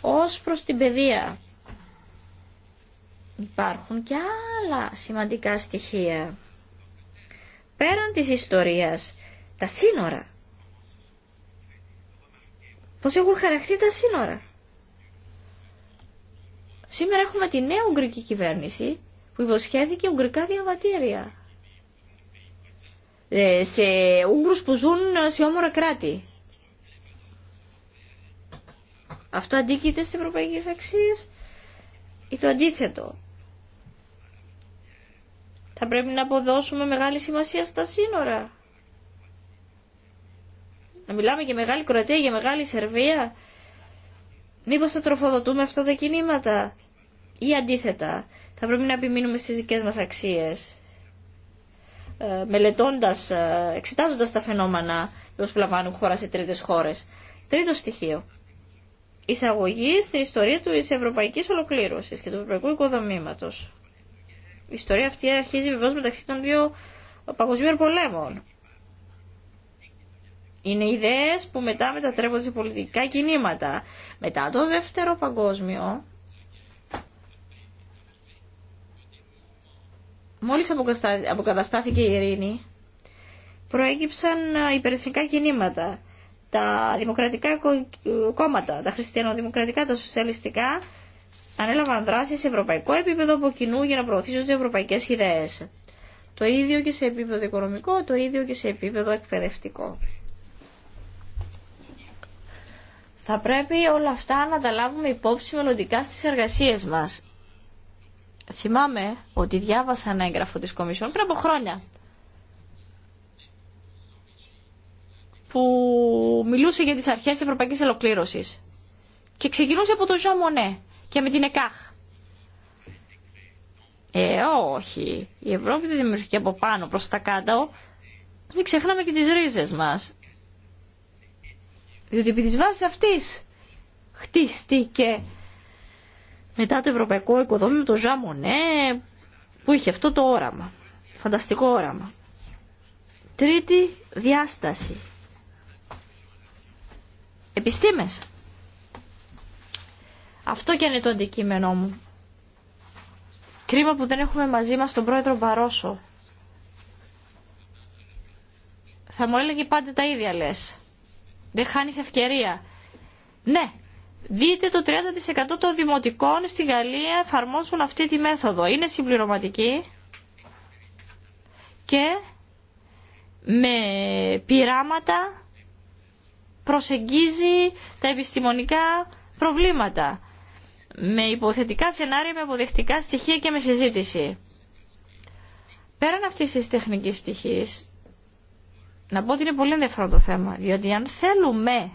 Ως προς την παιδεία, υπάρχουν και άλλα σημαντικά στοιχεία. Πέραν της ιστορίας, τα σύνορα. Πώς έχουν χαραχθεί τα σύνορα. Σήμερα έχουμε τη νέα Ουγγρική κυβέρνηση που υποσχέθηκε Ουγγρικά διαβατήρια ε, σε Ούγγρους που ζουν σε όμορα κράτη. Αυτό αντίκειται στις ευρωπαϊκές αξίες ή το αντίθετο. Θα πρέπει να αποδώσουμε μεγάλη σημασία στα σύνορα. Να μιλάμε για μεγάλη Κροατία, για μεγάλη Σερβία. Μήπως θα τροφοδοτούμε αυτά τα κινήματα. Ή αντίθετα, θα πρέπει να επιμείνουμε στις δικές μας αξίες. Ε, μελετώντας, ε, εξετάζοντας τα φαινόμενα που λαμβάνουν χώρα σε τρίτες χώρες. Τρίτο στοιχείο. Εισαγωγή στην ιστορία του της ευρωπαϊκής ολοκλήρωσης και του ευρωπαϊκού οικοδομήματος η ιστορία αυτή αρχίζει βεβαίω μεταξύ των δύο παγκοσμίων πολέμων. Είναι ιδέες που μετά μετατρέπονται σε πολιτικά κινήματα. Μετά το δεύτερο παγκόσμιο, μόλις αποκαταστάθηκε η ειρήνη, προέκυψαν υπερεθνικά κινήματα. Τα δημοκρατικά κόμματα, τα χριστιανοδημοκρατικά, τα σοσιαλιστικά, ανέλαβαν δράσει σε ευρωπαϊκό επίπεδο από κοινού για να προωθήσουν τι ευρωπαϊκέ ιδέε. Το ίδιο και σε επίπεδο οικονομικό, το ίδιο και σε επίπεδο εκπαιδευτικό. Θα πρέπει όλα αυτά να τα λάβουμε υπόψη μελλοντικά στις εργασίες μας. Θυμάμαι ότι διάβασα ένα έγγραφο της Κομισιόν πριν από χρόνια που μιλούσε για τις αρχές της Ευρωπαϊκής Ελοκλήρωσης και ξεκινούσε από το Jean και με την ΕΚΑΧ. Ε, όχι. Η Ευρώπη δεν δημιουργήθηκε από πάνω προς τα κάτω. Δεν ξεχνάμε και τις ρίζες μας. Διότι επί της βάσης αυτής χτίστηκε μετά το ευρωπαϊκό οικοδόμημα το Ζαμονέ που είχε αυτό το όραμα. Φανταστικό όραμα. Τρίτη διάσταση. Επιστήμες. Αυτό και είναι το αντικείμενό μου. Κρίμα που δεν έχουμε μαζί μας τον πρόεδρο Μπαρόσο. Θα μου έλεγε πάντα τα ίδια λες. Δεν χάνεις ευκαιρία. Ναι, δείτε το 30% των δημοτικών στη Γαλλία εφαρμόσουν αυτή τη μέθοδο. Είναι συμπληρωματική και με πειράματα προσεγγίζει τα επιστημονικά προβλήματα με υποθετικά σενάρια, με αποδεκτικά στοιχεία και με συζήτηση. Πέραν αυτής της τεχνικής πτυχής, να πω ότι είναι πολύ ενδιαφέρον το θέμα, διότι αν θέλουμε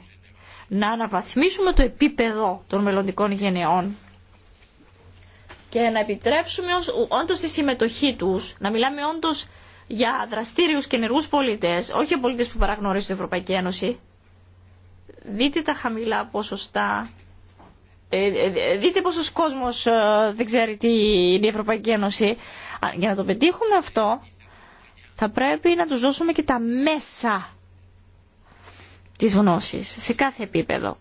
να αναβαθμίσουμε το επίπεδο των μελλοντικών γενεών και να επιτρέψουμε όντως τη συμμετοχή τους, να μιλάμε όντως για δραστήριους και ενεργού πολίτες, όχι για που παραγνωρίζουν την Ευρωπαϊκή Ένωση, δείτε τα χαμηλά ποσοστά ε, ε, ε, δείτε πόσος κόσμος δεν ξέρει τι είναι η Ευρωπαϊκή Ένωση. Για να το πετύχουμε αυτό θα πρέπει να τους δώσουμε και τα μέσα της γνώση σε κάθε επίπεδο.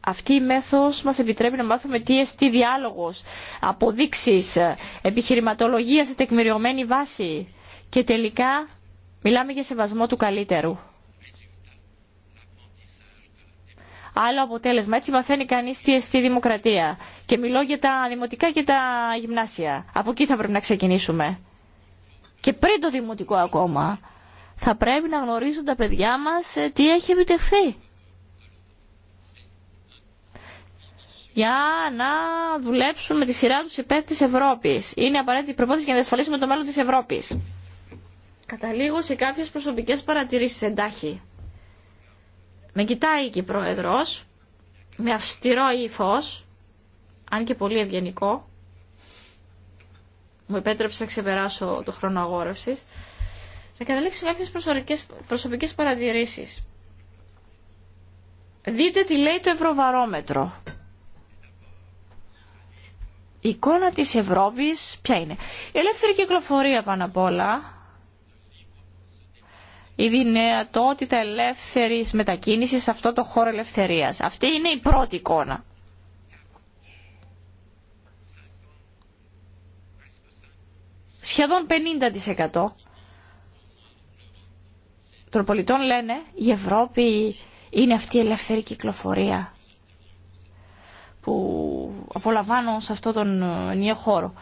Αυτή η μέθος μας επιτρέπει να μάθουμε τι εστί διάλογος, αποδείξεις, επιχειρηματολογία σε τεκμηριωμένη βάση και τελικά Μιλάμε για σεβασμό του καλύτερου. Άλλο αποτέλεσμα. Έτσι μαθαίνει κανεί τι εστί δημοκρατία. Και μιλώ για τα δημοτικά και τα γυμνάσια. Από εκεί θα πρέπει να ξεκινήσουμε. Και πριν το δημοτικό ακόμα. Θα πρέπει να γνωρίζουν τα παιδιά μας ε, τι έχει επιτευχθεί. για να δουλέψουν με τη σειρά του υπέρ τη Ευρώπης. Είναι απαραίτητη προπόθεση για να διασφαλίσουμε το μέλλον τη Ευρώπη. Καταλήγω σε κάποιες προσωπικές παρατηρήσεις εντάχει. Με κοιτάει και η Πρόεδρος, με αυστηρό ύφος, αν και πολύ ευγενικό. Μου επέτρεψε να ξεπεράσω το χρόνο αγόρευσης. Θα καταλήξω σε κάποιες προσωπικές, προσωπικές παρατηρήσεις. Δείτε τι λέει το Ευρωβαρόμετρο. Η εικόνα της Ευρώπης ποια είναι. Η ελεύθερη κυκλοφορία πάνω απ' όλα η δυνατότητα ελεύθερης μετακίνησης σε αυτό το χώρο ελευθερίας. Αυτή είναι η πρώτη εικόνα. Σχεδόν 50% των πολιτών λένε η Ευρώπη είναι αυτή η ελεύθερη κυκλοφορία που απολαμβάνω σε αυτόν τον ε, νέο χώρο.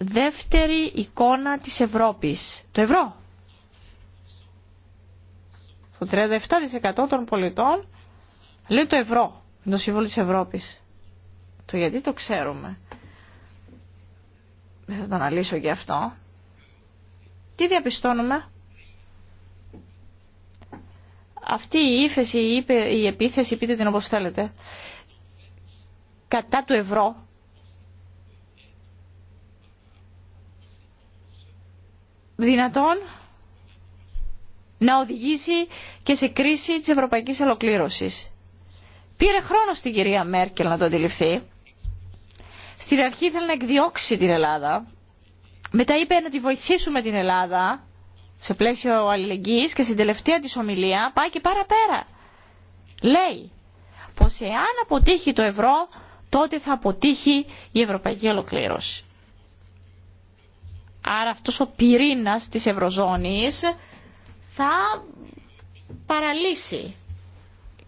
Δεύτερη εικόνα της Ευρώπης. Το ευρώ. Το 37% των πολιτών λέει το ευρώ, το σύμβολο της Ευρώπης. Το γιατί το ξέρουμε. Δεν θα το αναλύσω γι' αυτό. Τι διαπιστώνουμε. Αυτή η ύφεση, η επίθεση, πείτε την όπως θέλετε, κατά του ευρώ, δυνατόν να οδηγήσει και σε κρίση της ευρωπαϊκής ολοκλήρωσης. Πήρε χρόνο στην κυρία Μέρκελ να το αντιληφθεί. Στην αρχή ήθελε να εκδιώξει την Ελλάδα. Μετά είπε να τη βοηθήσουμε την Ελλάδα σε πλαίσιο αλληλεγγύης και στην τελευταία της ομιλία πάει και παραπέρα. Λέει πως εάν αποτύχει το ευρώ τότε θα αποτύχει η ευρωπαϊκή ολοκλήρωση. Άρα αυτός ο πυρήνας της ευρωζώνης θα παραλύσει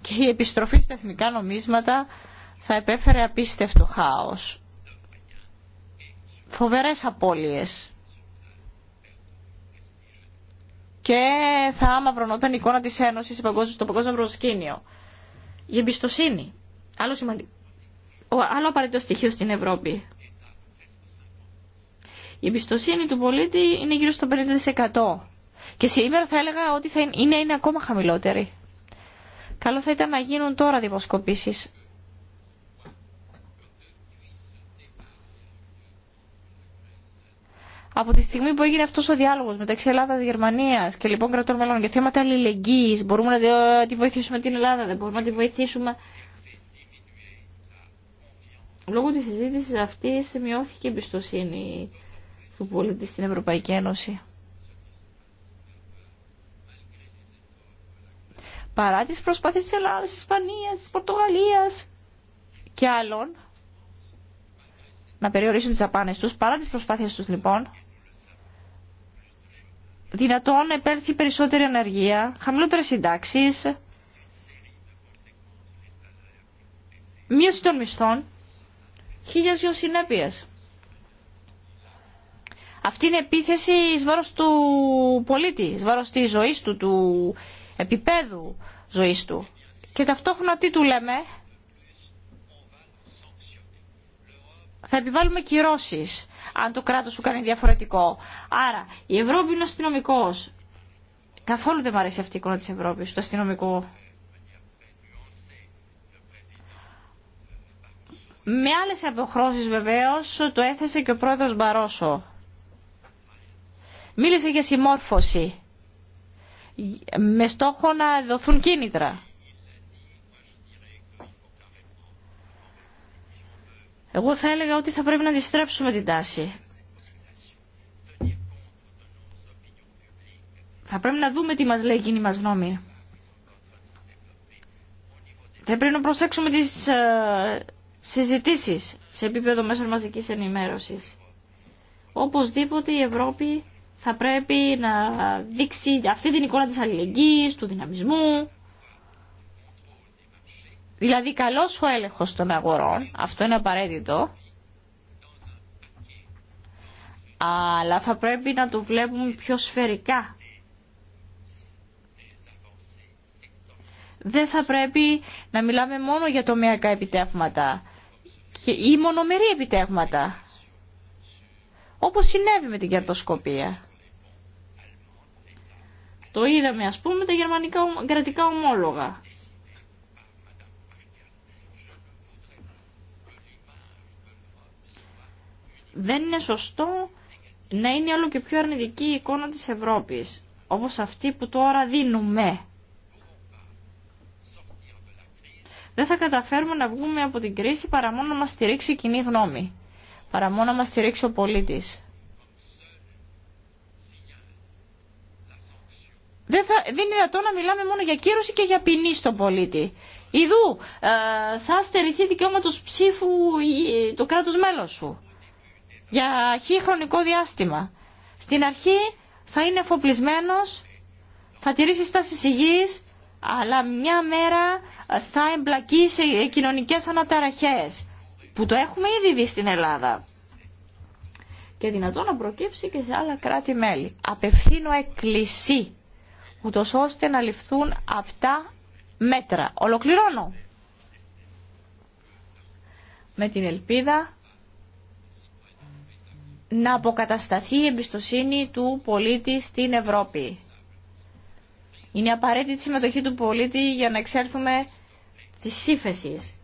και η επιστροφή στα εθνικά νομίσματα θα επέφερε απίστευτο χάος. Φοβερές απώλειες. Και θα αμαυρωνόταν η εικόνα της Ένωσης στο παγκόσμιο προσκήνιο. Η εμπιστοσύνη. Άλλο, άλλο απαραίτητο στοιχείο στην Ευρώπη. Η εμπιστοσύνη του πολίτη είναι γύρω στο 50%. Και σήμερα θα έλεγα ότι θα είναι, είναι ακόμα χαμηλότερη. Καλό θα ήταν να γίνουν τώρα δημοσκοπήσεις. Από τη στιγμή που έγινε αυτός ο διάλογος μεταξύ Ελλάδας, Γερμανίας και λοιπόν κρατών μελών και θέματα αλληλεγγύης, μπορούμε να τη βοηθήσουμε την Ελλάδα, δεν μπορούμε να τη βοηθήσουμε. Λόγω της συζήτησης αυτής μειώθηκε η εμπιστοσύνη του πολίτη στην Ευρωπαϊκή Ένωση. παρά τις προσπάθειες της Ελλάδας, της Ισπανίας, της Πορτογαλίας και άλλων να περιορίσουν τις απάνες τους, παρά τις προσπάθειες τους λοιπόν, δυνατόν επέλθει περισσότερη ανεργία, χαμηλότερες συντάξεις, μείωση των μισθών, χίλιας δυο συνέπειες. Αυτή είναι επίθεση εις βάρος του πολίτη, εις βάρος της ζωής του, του επίπεδου ζωής του. Και ταυτόχρονα τι του λέμε, θα επιβάλλουμε κυρώσεις αν το κράτος σου κάνει διαφορετικό. Άρα, η Ευρώπη είναι ο αστυνομικό. Καθόλου δεν μου αρέσει αυτή η εικόνα της Ευρώπης, το αστυνομικό. Με άλλες αποχρώσεις βεβαίως το έθεσε και ο πρόεδρος Μπαρόσο. Μίλησε για συμμόρφωση με στόχο να δοθούν κίνητρα. Εγώ θα έλεγα ότι θα πρέπει να αντιστρέψουμε την τάση. Θα πρέπει να δούμε τι μας λέει η κοινή μας γνώμη. Θα πρέπει να προσέξουμε τις ε, συζητήσεις σε επίπεδο μέσων μαζικής ενημέρωσης. Οπωσδήποτε η Ευρώπη θα πρέπει να δείξει αυτή την εικόνα της αλληλεγγύης, του δυναμισμού. Δηλαδή καλός ο έλεγχος των αγορών, αυτό είναι απαραίτητο, αλλά θα πρέπει να το βλέπουμε πιο σφαιρικά. Δεν θα πρέπει να μιλάμε μόνο για τομεακά επιτεύγματα ή μονομερή επιτεύγματα, όπως συνέβη με την κερδοσκοπία. Το είδαμε ας πούμε τα γερμανικά κρατικά ομόλογα. Δεν είναι σωστό να είναι όλο και πιο αρνητική η εικόνα της Ευρώπης, όπως αυτή που τώρα δίνουμε. Δεν θα καταφέρουμε να βγούμε από την κρίση παρά μόνο να μας στηρίξει η κοινή γνώμη, παρά μόνο να μας στηρίξει ο πολίτης. Δεν, θα, δεν είναι δυνατόν να μιλάμε μόνο για κύρωση και για ποινή στον πολίτη. Ιδού, ε, θα στερηθεί δικαιώματος ψήφου το κράτος μέλος σου. Για χι χρονικό διάστημα. Στην αρχή θα είναι εφοπλισμένος, θα τηρήσει στάσεις υγιής, αλλά μια μέρα θα εμπλακεί σε κοινωνικές αναταραχές που το έχουμε ήδη δει στην Ελλάδα και δυνατόν να προκύψει και σε άλλα κράτη-μέλη. Απευθύνω εκκλησή ούτω ώστε να ληφθούν αυτά μέτρα. Ολοκληρώνω με την ελπίδα να αποκατασταθεί η εμπιστοσύνη του πολίτη στην Ευρώπη. Είναι απαραίτητη η συμμετοχή του πολίτη για να εξέλθουμε της ύφεση.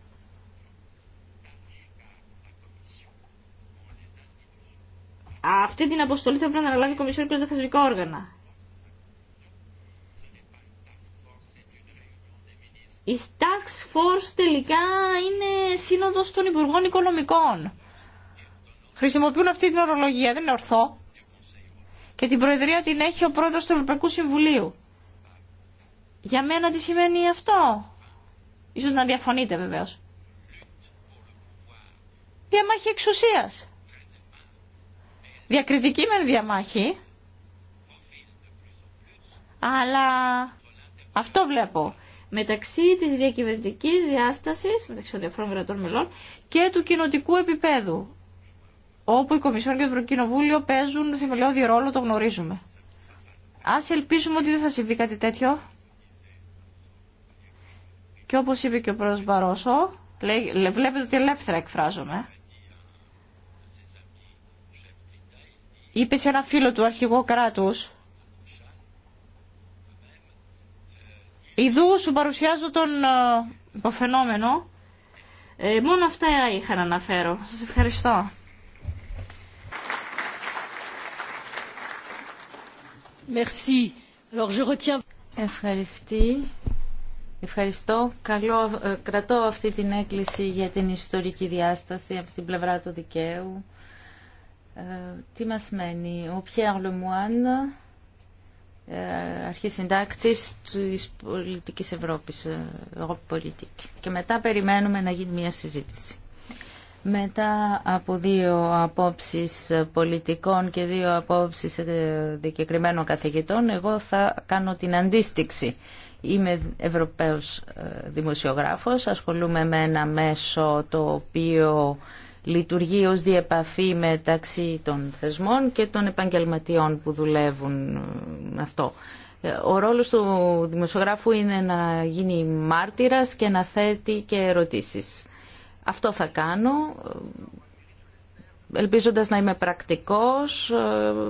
Αυτή την αποστολή θα πρέπει να αναλάβει η Κομισιόν και τα θεσμικά όργανα. Η Task Force τελικά είναι σύνοδος των Υπουργών Οικονομικών. Χρησιμοποιούν αυτή την ορολογία, δεν είναι ορθό. Και την Προεδρία την έχει ο Πρόεδρος του Ευρωπαϊκού Συμβουλίου. Για μένα τι σημαίνει αυτό. Ίσως να διαφωνείτε βεβαίως. Διαμάχη εξουσίας. Διακριτική με διαμάχη. Αλλά αυτό βλέπω μεταξύ της διακυβερνητικής διάστασης, μεταξύ των διαφόρων κρατών μελών και του κοινοτικού επίπεδου, όπου η Κομισιόν και το Ευρωκοινοβούλιο παίζουν θεμελιώδη ρόλο, το γνωρίζουμε. Ας ελπίσουμε ότι δεν θα συμβεί κάτι τέτοιο. Και όπως είπε και ο πρόεδρος Μπαρόσο, βλέπετε ότι ελεύθερα εκφράζομαι. Είπε σε ένα φίλο του αρχηγό κράτους, Ιδού σου παρουσιάζω τον υποφαινόμενο. Ε, ε, μόνο αυτά είχα να αναφέρω. Σας ευχαριστώ. Merci. Alors, je retiens... Ευχαριστώ. Καλό, ε, κρατώ αυτή την έκκληση για την ιστορική διάσταση από την πλευρά του δικαίου. Ε, τι μας μένει. Ο Πιέρ Λεμουάν ε, αρχή συντάκτη τη πολιτικής Ευρώπης, ε, Ευρώπη πολιτική. Και μετά περιμένουμε να γίνει μια συζήτηση. Μετά από δύο απόψεις πολιτικών και δύο απόψεις ε, δικαιωμένων καθηγητών, εγώ θα κάνω την αντίστοιξη. Είμαι Ευρωπαίος δημοσιογράφος, ασχολούμαι με ένα μέσο το οποίο λειτουργεί ως διεπαφή μεταξύ των θεσμών και των επαγγελματιών που δουλεύουν ε, αυτό. Ε, ο ρόλος του δημοσιογράφου είναι να γίνει μάρτυρας και να θέτει και ερωτήσεις. Αυτό θα κάνω, ε, ελπίζοντας να είμαι πρακτικός,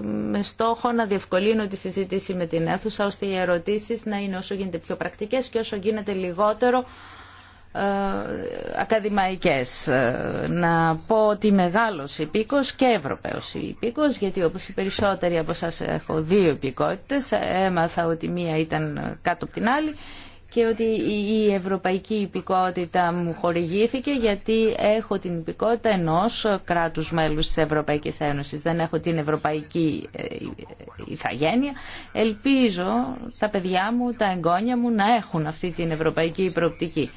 με στόχο να διευκολύνω τη συζήτηση με την αίθουσα, ώστε οι ερωτήσεις να είναι όσο γίνεται πιο πρακτικές και όσο γίνεται λιγότερο ε, ακαδημαϊκές. Ε, να πω ότι μεγάλος υπήκος και Ευρωπαίος υπήκος, γιατί όπως οι περισσότεροι από σας έχω δύο υπηκότητες, έμαθα ότι μία ήταν κάτω από την άλλη και ότι η ευρωπαϊκή υπηκότητα μου χορηγήθηκε γιατί έχω την υπηκότητα ενός κράτους μέλους της Ευρωπαϊκής Ένωσης. Δεν έχω την ευρωπαϊκή ε, ηθαγένεια. Ελπίζω τα παιδιά μου, τα εγγόνια μου να έχουν αυτή την ευρωπαϊκή προοπτική.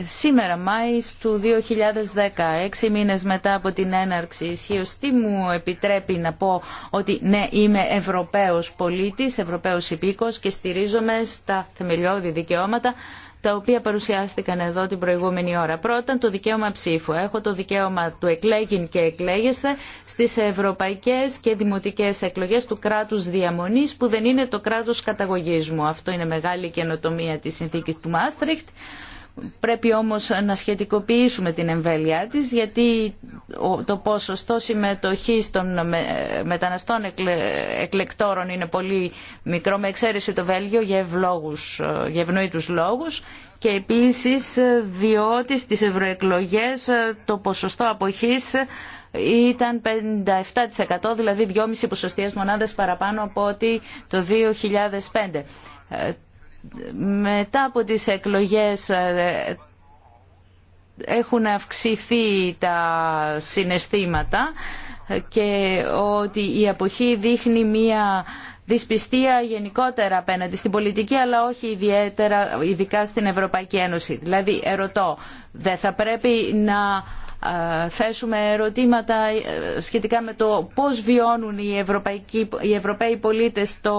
Σήμερα, Μάη του 2010, έξι μήνες μετά από την έναρξη ισχύω, τι μου επιτρέπει να πω ότι ναι, είμαι Ευρωπαίος πολίτης, Ευρωπαίος υπήκος και στηρίζομαι στα θεμελιώδη δικαιώματα τα οποία παρουσιάστηκαν εδώ την προηγούμενη ώρα. Πρώτα, το δικαίωμα ψήφου. Έχω το δικαίωμα του εκλέγην και εκλέγεστε στις ευρωπαϊκές και δημοτικές εκλογές του κράτους διαμονής που δεν είναι το κράτος καταγωγής μου. Αυτό είναι μεγάλη καινοτομία της συνθήκης του Μάστριχτ Πρέπει όμως να σχετικοποιήσουμε την εμβέλειά της γιατί το ποσοστό συμμετοχής των μεταναστών εκλεκτόρων είναι πολύ μικρό με εξαίρεση το Βέλγιο για, ευλόγους, ε, για ευνοήτους λόγους και επίσης ε, διότι στις ευρωεκλογέ ε, το ποσοστό αποχής ήταν 57% δηλαδή 2,5 ποσοστιαίες μονάδες παραπάνω από ότι το 2005 μετά από τις εκλογές ε, έχουν αυξηθεί τα συναισθήματα και ότι η αποχή δείχνει μία δυσπιστία γενικότερα απέναντι στην πολιτική αλλά όχι ιδιαίτερα ειδικά στην Ευρωπαϊκή Ένωση. Δηλαδή ερωτώ, δεν θα πρέπει να θέσουμε ερωτήματα ε, σχετικά με το πώς βιώνουν οι, ευρωπαϊκοί, οι Ευρωπαίοι πολίτες το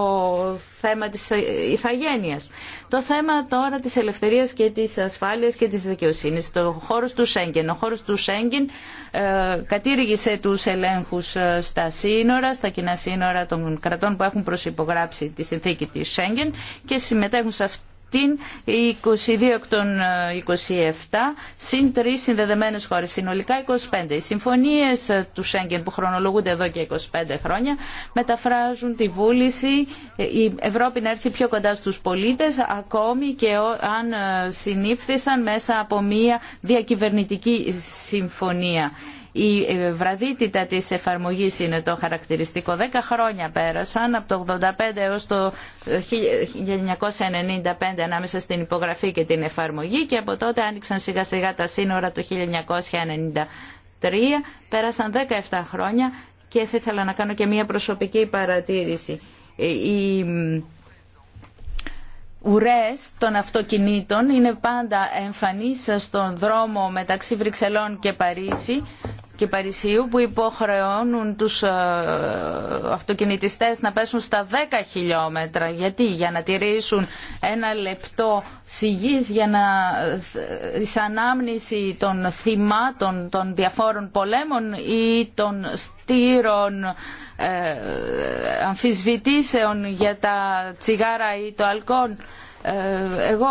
θέμα της ηθαγένειας. Το θέμα τώρα της ελευθερίας και της ασφάλειας και της δικαιοσύνης. Το χώρο του Σέγγεν. Ο χώρος του Σέγγεν ε, κατήργησε τους ελέγχους ε, στα σύνορα, στα κοινά σύνορα των κρατών που έχουν προσυπογράψει τη συνθήκη της Σέγγεν και συμμετέχουν σε αυτό την 22 εκ των 27 ε, συν τρει συνδεδεμένε χώρε. Συνολικά 25. Οι συμφωνίε ε, του Σέγγεν που χρονολογούνται εδώ και 25 χρόνια μεταφράζουν τη βούληση ε, η Ευρώπη να έρθει πιο κοντά στου πολίτε ακόμη και αν συνήφθησαν μέσα από μία διακυβερνητική συμφωνία. Η ε, βραδύτητα της εφαρμογής είναι το χαρακτηριστικό. Δέκα χρόνια πέρασαν από το 1985 έως το 1995 ε, ε, ανάμεσα στην υπογραφή και την εφαρμογή και από τότε άνοιξαν σιγά σιγά τα σύνορα το 1993. Πέρασαν 17 χρόνια και θα ήθελα να κάνω και μία προσωπική παρατήρηση. Οι ουρές των αυτοκινήτων είναι πάντα εμφανείς στον δρόμο μεταξύ Βρυξελών και Παρίσι και Παρισίου που υποχρεώνουν τους ε, αυτοκινητιστές να πέσουν στα 10 χιλιόμετρα. Γιατί, για να τηρήσουν ένα λεπτό σιγής για να ε, ανάμνηση των θυμάτων των διαφόρων πολέμων ή των στήρων ε, αμφισβητήσεων για τα τσιγάρα ή το αλκοόλ. Ε, εγώ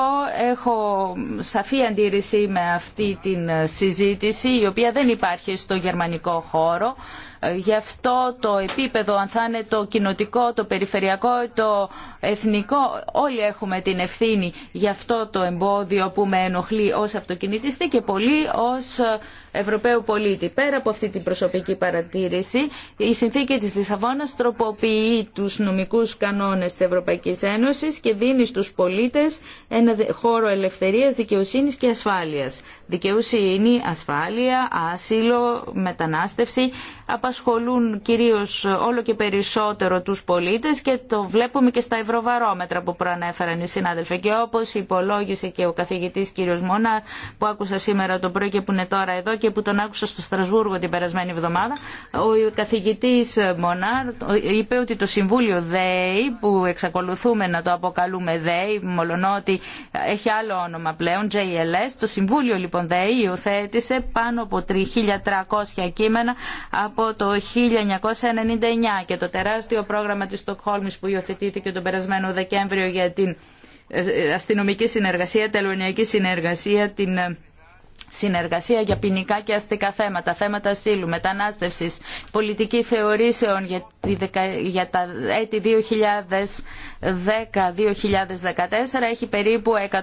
έχω σαφή αντίρρηση με αυτή την ε, συζήτηση η οποία δεν υπάρχει στο γερμανικό χώρο Γι' αυτό το επίπεδο, αν θα είναι το κοινοτικό, το περιφερειακό, το εθνικό, όλοι έχουμε την ευθύνη γι' αυτό το εμπόδιο που με ενοχλεί ως αυτοκινητιστή και πολύ ως Ευρωπαίου πολίτη. Πέρα από αυτή την προσωπική παρατήρηση, η συνθήκη της Λισαβόνας τροποποιεί τους νομικούς κανόνες της Ευρωπαϊκής Ένωσης και δίνει στους πολίτες ένα χώρο ελευθερίας, δικαιοσύνης και ασφάλειας. Δικαιοσύνη, ασφάλεια, άσυλο, μετανάστευση απασχολούν κυρίως όλο και περισσότερο τους πολίτες και το βλέπουμε και στα ευρωβαρόμετρα που προανέφεραν οι συνάδελφοι. Και όπως υπολόγισε και ο καθηγητής κύριος Μόνα που άκουσα σήμερα το πρωί και που είναι τώρα εδώ και που τον άκουσα στο Στρασβούργο την περασμένη εβδομάδα, ο καθηγητής Μονά είπε ότι το Συμβούλιο ΔΕΗ που εξακολουθούμε να το αποκαλούμε ΔΕΗ, μολονότι έχει άλλο όνομα πλέον, JLS, το Συμβούλιο λοιπόν ΔΕΗ υιοθέτησε πάνω από 3.300 κείμενα από το 1999 και το τεράστιο πρόγραμμα της Στοκχόλμης που υιοθετήθηκε τον περασμένο Δεκέμβριο για την ε, αστυνομική συνεργασία, τελωνιακή συνεργασία, την ε, συνεργασία για ποινικά και αστικά θέματα, θέματα ασύλου, μετανάστευση πολιτική θεωρήσεων για τα έτη 2010-2014 έχει περίπου 170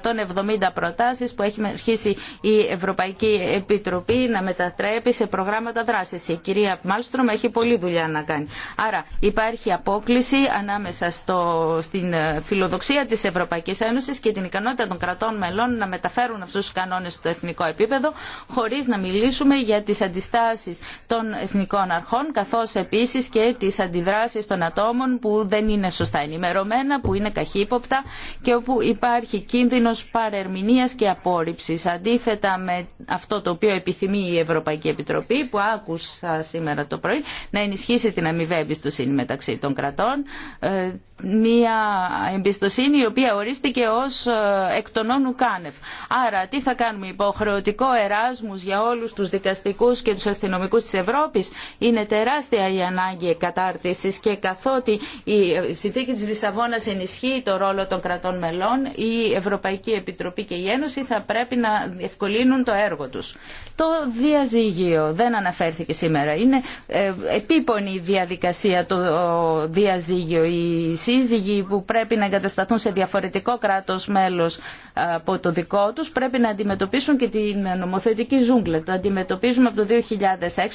προτάσεις που έχει αρχίσει η Ευρωπαϊκή Επιτροπή να μετατρέπει σε προγράμματα δράσης. Η κυρία Μάλστρομ έχει πολλή δουλειά να κάνει. Άρα υπάρχει απόκληση ανάμεσα στο, στην φιλοδοξία της Ευρωπαϊκής Ένωσης και την ικανότητα των κρατών μελών να μεταφέρουν αυτούς τους κανόνες στο εθνικό επίπεδο επίπεδο χωρίς να μιλήσουμε για τις αντιστάσεις των εθνικών αρχών καθώς επίσης και τις αντιδράσεις των ατόμων που δεν είναι σωστά ενημερωμένα, που είναι καχύποπτα και όπου υπάρχει κίνδυνος παρερμηνίας και απόρριψης. Αντίθετα με αυτό το οποίο επιθυμεί η Ευρωπαϊκή Επιτροπή που άκουσα σήμερα το πρωί να ενισχύσει την αμοιβή εμπιστοσύνη μεταξύ των κρατών ε, μια εμπιστοσύνη η οποία ορίστηκε ως ε, εκ των όνου κάνευ. Άρα τι θα κάνουμε υποχρεωτικά ευρωπαϊκό εράσμους για όλους τους δικαστικούς και τους αστυνομικούς της Ευρώπης είναι τεράστια η ανάγκη κατάρτισης και καθότι η συνθήκη της Λισαβόνας ενισχύει το ρόλο των κρατών μελών η Ευρωπαϊκή Επιτροπή και η Ένωση θα πρέπει να ευκολύνουν το έργο τους. Το διαζύγιο δεν αναφέρθηκε σήμερα. Είναι ε, επίπονη η διαδικασία το διαζύγιο. Οι σύζυγοι που πρέπει να εγκατασταθούν σε διαφορετικό κράτος μέλος από το δικό τους πρέπει να αντιμετωπίσουν και την την νομοθετική ζούγκλα. Το αντιμετωπίζουμε από το 2006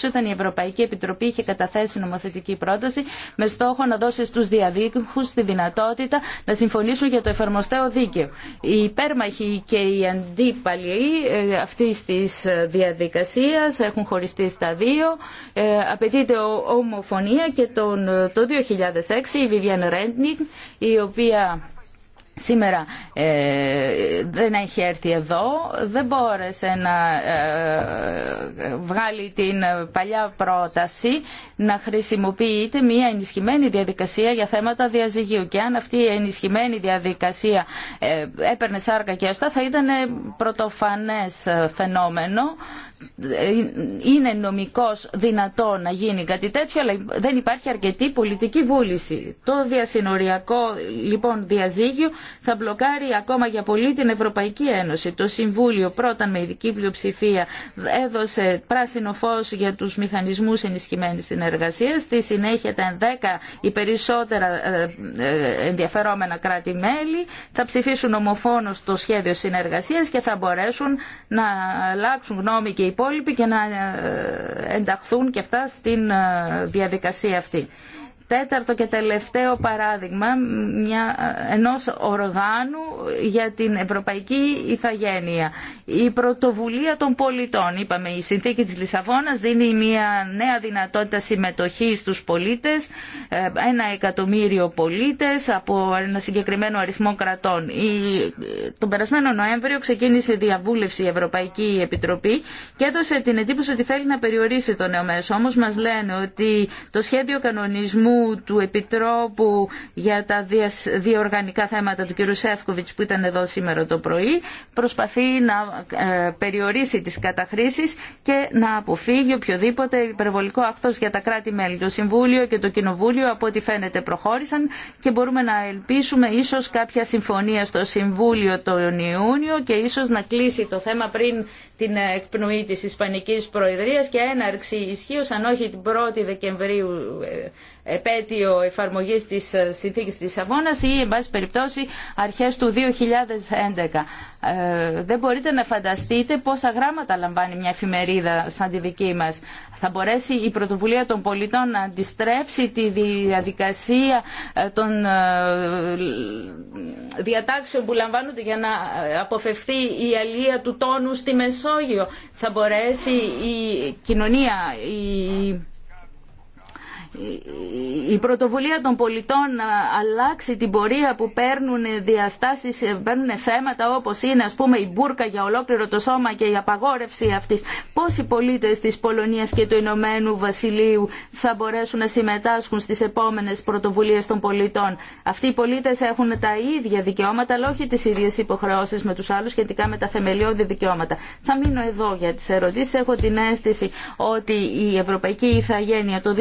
όταν η Ευρωπαϊκή Επιτροπή είχε καταθέσει νομοθετική πρόταση με στόχο να δώσει στους διαδίκους τη δυνατότητα να συμφωνήσουν για το εφαρμοστέο δίκαιο. Οι υπέρμαχοι και οι αντίπαλοι ε, αυτή τη ε, διαδικασία έχουν χωριστεί στα δύο. Ε, απαιτείται ομοφωνία και τον, το 2006 η Βιβιάν Ρέντνικ η οποία σήμερα ε, δεν έχει έρθει εδώ, δεν μπόρεσε να ε, βγάλει την παλιά πρόταση να χρησιμοποιείται μια ενισχυμένη διαδικασία για θέματα διαζυγίου. Και αν αυτή η ενισχυμένη διαδικασία ε, έπαιρνε σάρκα και αστά θα ήταν πρωτοφανές ε, φαινόμενο είναι νομικώς δυνατό να γίνει κάτι τέτοιο, αλλά δεν υπάρχει αρκετή πολιτική βούληση. Το διασυνοριακό λοιπόν διαζύγιο θα μπλοκάρει ακόμα για πολύ την Ευρωπαϊκή Ένωση. Το Συμβούλιο πρώτα με ειδική πλειοψηφία έδωσε πράσινο φως για τους μηχανισμούς ενισχυμένης συνεργασίας. Στη συνέχεια τα 10 οι περισσότερα ε, ε, ενδιαφερόμενα κράτη-μέλη θα ψηφίσουν ομοφόνος το σχέδιο συνεργασίας και θα μπορέσουν να αλλάξουν γνώμη υπόλοιποι και να ε, ενταχθούν και αυτά στην ε, διαδικασία αυτή τέταρτο και τελευταίο παράδειγμα μια, ενός οργάνου για την ευρωπαϊκή ηθαγένεια. Η πρωτοβουλία των πολιτών, είπαμε, η συνθήκη της Λισαβόνας δίνει μια νέα δυνατότητα συμμετοχής στους πολίτες, ε, ένα εκατομμύριο πολίτες από ένα συγκεκριμένο αριθμό κρατών. Η, τον περασμένο Νοέμβριο ξεκίνησε διαβούλευση η Ευρωπαϊκή Επιτροπή και έδωσε την εντύπωση ότι θέλει να περιορίσει το νέο μέσο. Όμως μας λένε ότι το σχέδιο κανονισμού του Επιτρόπου για τα διοργανικά θέματα του κ. Σεύκοβιτς που ήταν εδώ σήμερα το πρωί προσπαθεί να ε, περιορίσει τις καταχρήσεις και να αποφύγει οποιοδήποτε υπερβολικό ακτός για τα κράτη-μέλη. Το Συμβούλιο και το Κοινοβούλιο από ό,τι φαίνεται προχώρησαν και μπορούμε να ελπίσουμε ίσως κάποια συμφωνία στο Συμβούλιο τον Ιούνιο και ίσως να κλείσει το θέμα πριν την εκπνοή της Ισπανικής Προεδρίας και έναρξη ισχύω αν όχι την 1η Δεκεμβρίου ε, επέτειο εφαρμογής της ε, συνθήκη της Αβώνας ή, εν πάση περιπτώσει, αρχές του 2011. Ε, δεν μπορείτε να φανταστείτε πόσα γράμματα λαμβάνει μια εφημερίδα σαν τη δική μα. Θα μπορέσει η πρωτοβουλία των πολιτών να αντιστρέψει τη διαδικασία ε, των διατάξεων που λαμβάνονται για να αποφευθεί η αλία του τόνου στη Μεσόγειο. Θα μπορέσει η κοινωνία, η η πρωτοβουλία των πολιτών να αλλάξει την πορεία που παίρνουν διαστάσεις, παίρνουν θέματα όπως είναι ας πούμε η μπουρκα για ολόκληρο το σώμα και η απαγόρευση αυτής. Πώς οι πολίτες της Πολωνίας και του Ηνωμένου Βασιλείου θα μπορέσουν να συμμετάσχουν στις επόμενες πρωτοβουλίες των πολιτών. Αυτοί οι πολίτες έχουν τα ίδια δικαιώματα αλλά όχι τις ίδιες υποχρεώσεις με τους άλλους σχετικά με τα θεμελιώδη δικαιώματα. Θα μείνω εδώ για τις ερωτήσεις. Έχω την αίσθηση ότι η Ευρωπαϊκή Ιθαγένεια το 2000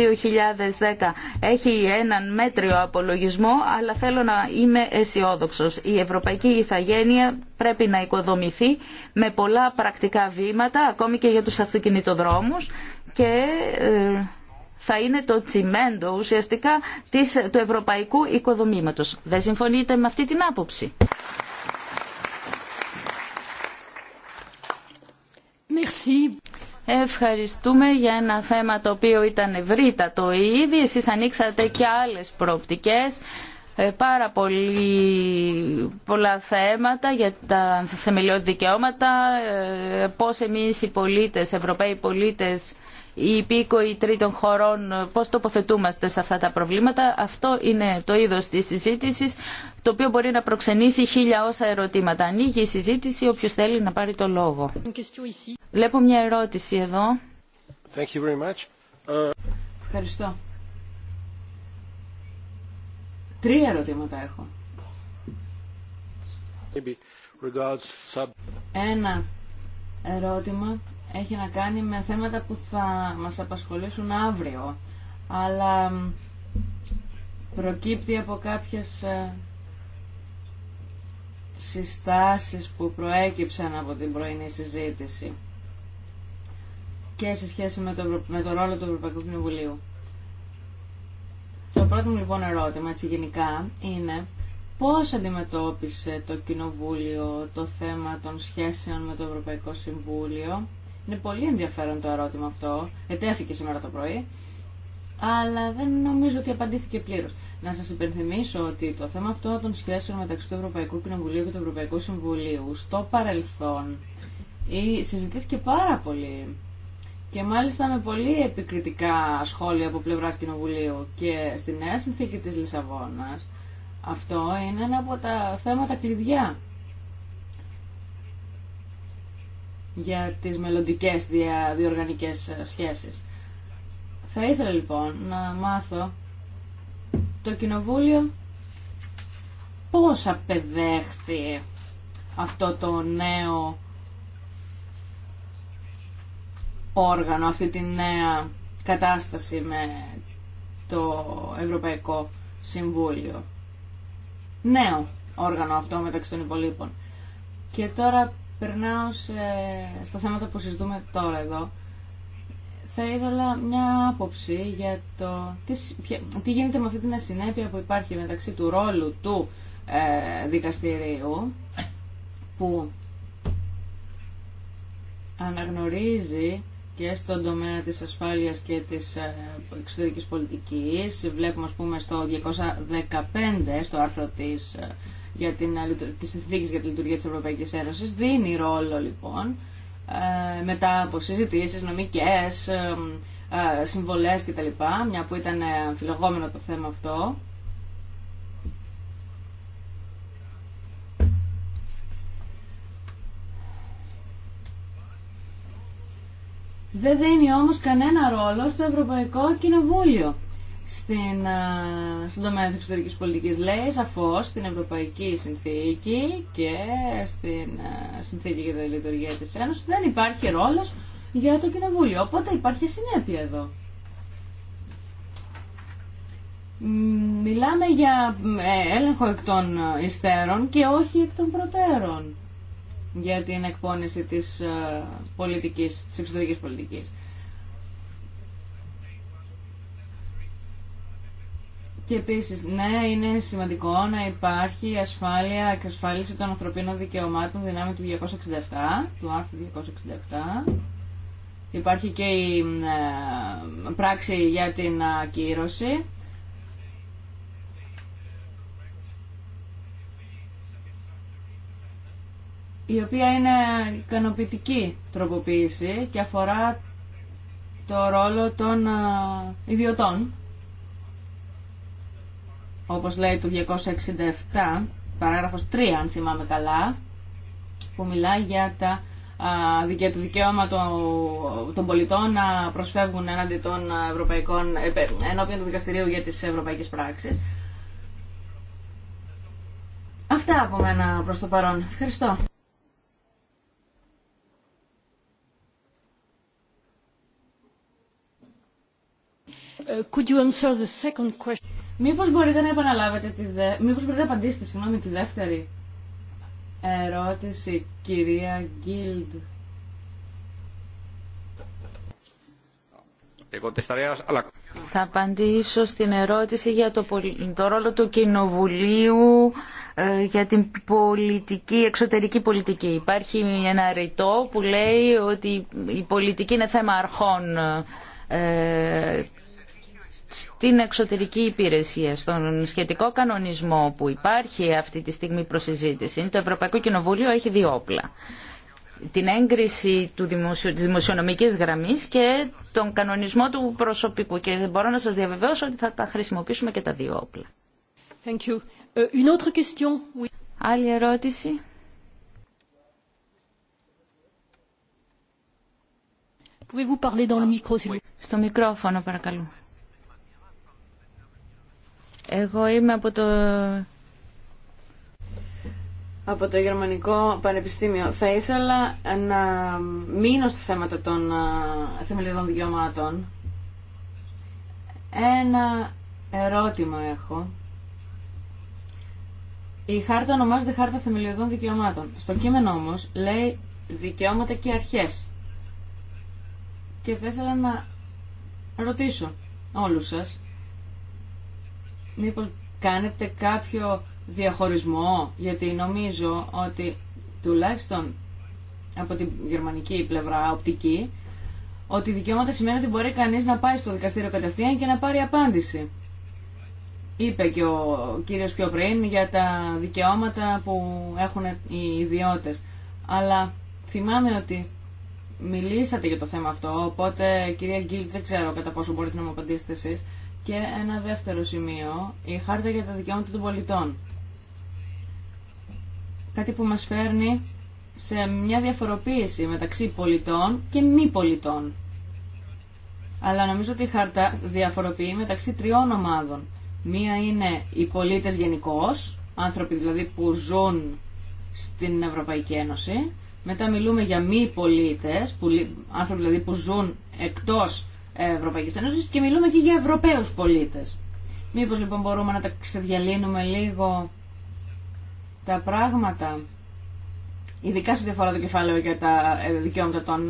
έχει έναν μέτριο απολογισμό, αλλά θέλω να είμαι αισιόδοξο. Η ευρωπαϊκή ηθαγένεια πρέπει να οικοδομηθεί με πολλά πρακτικά βήματα, ακόμη και για τους αυτοκινητοδρόμους και ε, θα είναι το τσιμέντο ουσιαστικά της, του ευρωπαϊκού οικοδομήματος. Δεν συμφωνείτε με αυτή την άποψη. Merci. Ευχαριστούμε για ένα θέμα το οποίο ήταν ευρύτατο ήδη. Εσείς ανοίξατε και άλλες προοπτικές, ε, πάρα πολύ, πολλά θέματα για τα θεμελιώδη δικαιώματα, ε, πώς εμείς οι πολίτες, ευρωπαίοι πολίτες, οι υπήκοοι τρίτων χωρών πώς τοποθετούμαστε σε αυτά τα προβλήματα. Αυτό είναι το είδος της συζήτησης το οποίο μπορεί να προξενήσει χίλια όσα ερωτήματα. Ανοίγει η συζήτηση, όποιο θέλει να πάρει το λόγο. Βλέπω μια ερώτηση εδώ. Thank you very much. Ε, ευχαριστώ. Τρία ερωτήματα έχω. Ένα ερώτημα έχει να κάνει με θέματα που θα μας απασχολήσουν αύριο, αλλά προκύπτει από κάποιες ε, συστάσεις που προέκυψαν από την πρωινή συζήτηση και σε σχέση με το, με το ρόλο του Ευρωπαϊκού Κοινοβουλίου. Το πρώτο μου λοιπόν ερώτημα, έτσι γενικά, είναι πώς αντιμετώπισε το Κοινοβούλιο το θέμα των σχέσεων με το Ευρωπαϊκό Συμβούλιο. Είναι πολύ ενδιαφέρον το ερώτημα αυτό, ετέθηκε σήμερα το πρωί, αλλά δεν νομίζω ότι απαντήθηκε πλήρως. Να σας υπενθυμίσω ότι το θέμα αυτό των σχέσεων μεταξύ του Ευρωπαϊκού Κοινοβουλίου και του Ευρωπαϊκού Συμβουλίου στο παρελθόν συζητήθηκε πάρα πολύ και μάλιστα με πολύ επικριτικά σχόλια από πλευράς Κοινοβουλίου και στη νέα συνθήκη της Λισαβόνας αυτό είναι ένα από τα θέματα κλειδιά για τις μελλοντικές διοργανικές σχέσεις. Θα ήθελα λοιπόν να μάθω το Κοινοβούλιο πώς απεδέχθη αυτό το νέο όργανο, αυτή τη νέα κατάσταση με το Ευρωπαϊκό Συμβούλιο. Νέο όργανο αυτό μεταξύ των υπολείπων. Και τώρα περνάω σε, στο θέμα που συζητούμε τώρα εδώ, θα ήθελα μια άποψη για το τι, τι γίνεται με αυτή την ασυνέπεια που υπάρχει μεταξύ του ρόλου του ε, δικαστηρίου που αναγνωρίζει και στον τομέα της ασφάλειας και της ε, εξωτερικής πολιτικής. Βλέπουμε, ας πούμε, στο 215, στο άρθρο της, ε, για την, της για τη Λειτουργία της Ευρωπαϊκής Ένωσης, δίνει ρόλο, λοιπόν, ε, μετά από συζητήσει, νομικέ ε, ε, συμβολές κτλ. Μια που ήταν φιλογόμενο το θέμα αυτό. Δεν δίνει όμως κανένα ρόλο στο Ευρωπαϊκό Κοινοβούλιο στην, στον τομέα της εξωτερικής πολιτικής λέει σαφώς στην Ευρωπαϊκή Συνθήκη και στην Συνθήκη για τη Λειτουργία της Ένωσης δεν υπάρχει ρόλος για το Κοινοβούλιο. Οπότε υπάρχει συνέπεια εδώ. Μιλάμε για ε, έλεγχο εκ των υστέρων και όχι εκ των προτέρων για την εκπόνηση της, πολιτικής, της εξωτερικής πολιτικής. Και επίσης, ναι, είναι σημαντικό να υπάρχει ασφάλεια, εξασφάλιση των ανθρωπίνων δικαιωμάτων δυνάμει του 267, του άρθρου 267. Υπάρχει και η ε, πράξη για την ακύρωση. η οποία είναι ικανοποιητική τροποποίηση και αφορά το ρόλο των ε, ιδιωτών όπως λέει το 267, παράγραφος 3 αν θυμάμαι καλά, που μιλάει για τα για το δικαίωμα των πολιτών να προσφεύγουν έναντι των ευρωπαϊκών, ε, ενώπιον του δικαστηρίου για τις ευρωπαϊκές πράξεις. Αυτά από μένα προς το παρόν. Ευχαριστώ. Ε, could you answer the second question? Μήπως μπορείτε να επαναλάβετε τη δε... Μήπως μπορείτε να απαντήσετε, συγγνώμη, τη δεύτερη ερώτηση, κυρία Γκίλντ. Θα απαντήσω στην ερώτηση για το, ρόλο του Κοινοβουλίου ε, για την πολιτική, εξωτερική πολιτική. Υπάρχει ένα ρητό που λέει ότι η πολιτική είναι θέμα αρχών. Ε, στην εξωτερική υπηρεσία, στον σχετικό κανονισμό που υπάρχει αυτή τη στιγμή προσυζήτηση, το Ευρωπαϊκό Κοινοβούλιο έχει δύο όπλα. Την έγκριση του δημοσιο... της δημοσιονομικής γραμμής και τον κανονισμό του προσωπικού. Και μπορώ να σας διαβεβαιώσω ότι θα τα χρησιμοποιήσουμε και τα δύο όπλα. Thank you. Ε, une autre question. Άλλη Στο μικρόφωνο, παρακαλώ. Εγώ είμαι από το... Από το Γερμανικό Πανεπιστήμιο. Θα ήθελα να μείνω στα θέματα των θεμελιωδών δικαιωμάτων. Ένα ερώτημα έχω. Η χάρτα ονομάζεται Χάρτα Θεμελιωδών Δικαιωμάτων. Στο κείμενο όμως λέει δικαιώματα και αρχές. Και θα ήθελα να ρωτήσω όλους σας μήπως κάνετε κάποιο διαχωρισμό, γιατί νομίζω ότι τουλάχιστον από την γερμανική πλευρά οπτική, ότι δικαιώματα σημαίνει ότι μπορεί κανείς να πάει στο δικαστήριο κατευθείαν και να πάρει απάντηση. Είπε και ο κύριος πιο πριν για τα δικαιώματα που έχουν οι ιδιώτες. Αλλά θυμάμαι ότι μιλήσατε για το θέμα αυτό, οπότε κυρία Γκίλ δεν ξέρω κατά πόσο μπορείτε να μου απαντήσετε εσείς. Και ένα δεύτερο σημείο, η χάρτα για τα δικαιώματα των πολιτών. Κάτι που μας φέρνει σε μια διαφοροποίηση μεταξύ πολιτών και μη πολιτών. Αλλά νομίζω ότι η χάρτα διαφοροποιεί μεταξύ τριών ομάδων. Μία είναι οι πολίτες γενικώ, άνθρωποι δηλαδή που ζουν στην Ευρωπαϊκή Ένωση. Μετά μιλούμε για μη πολίτες, άνθρωποι δηλαδή που ζουν εκτός Ευρωπαϊκή Ένωση και μιλούμε και για Ευρωπαίους πολίτες. Μήπως λοιπόν μπορούμε να τα ξεδιαλύνουμε λίγο τα πράγματα, ειδικά σε ό,τι το κεφάλαιο για τα ε, δικαιώματα των,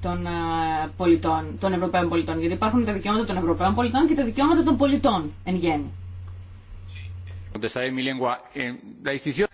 των πολιτών, των Ευρωπαίων πολιτών. Γιατί υπάρχουν τα δικαιώματα των Ευρωπαίων πολιτών και τα δικαιώματα των πολιτών εν γέννη. Eh,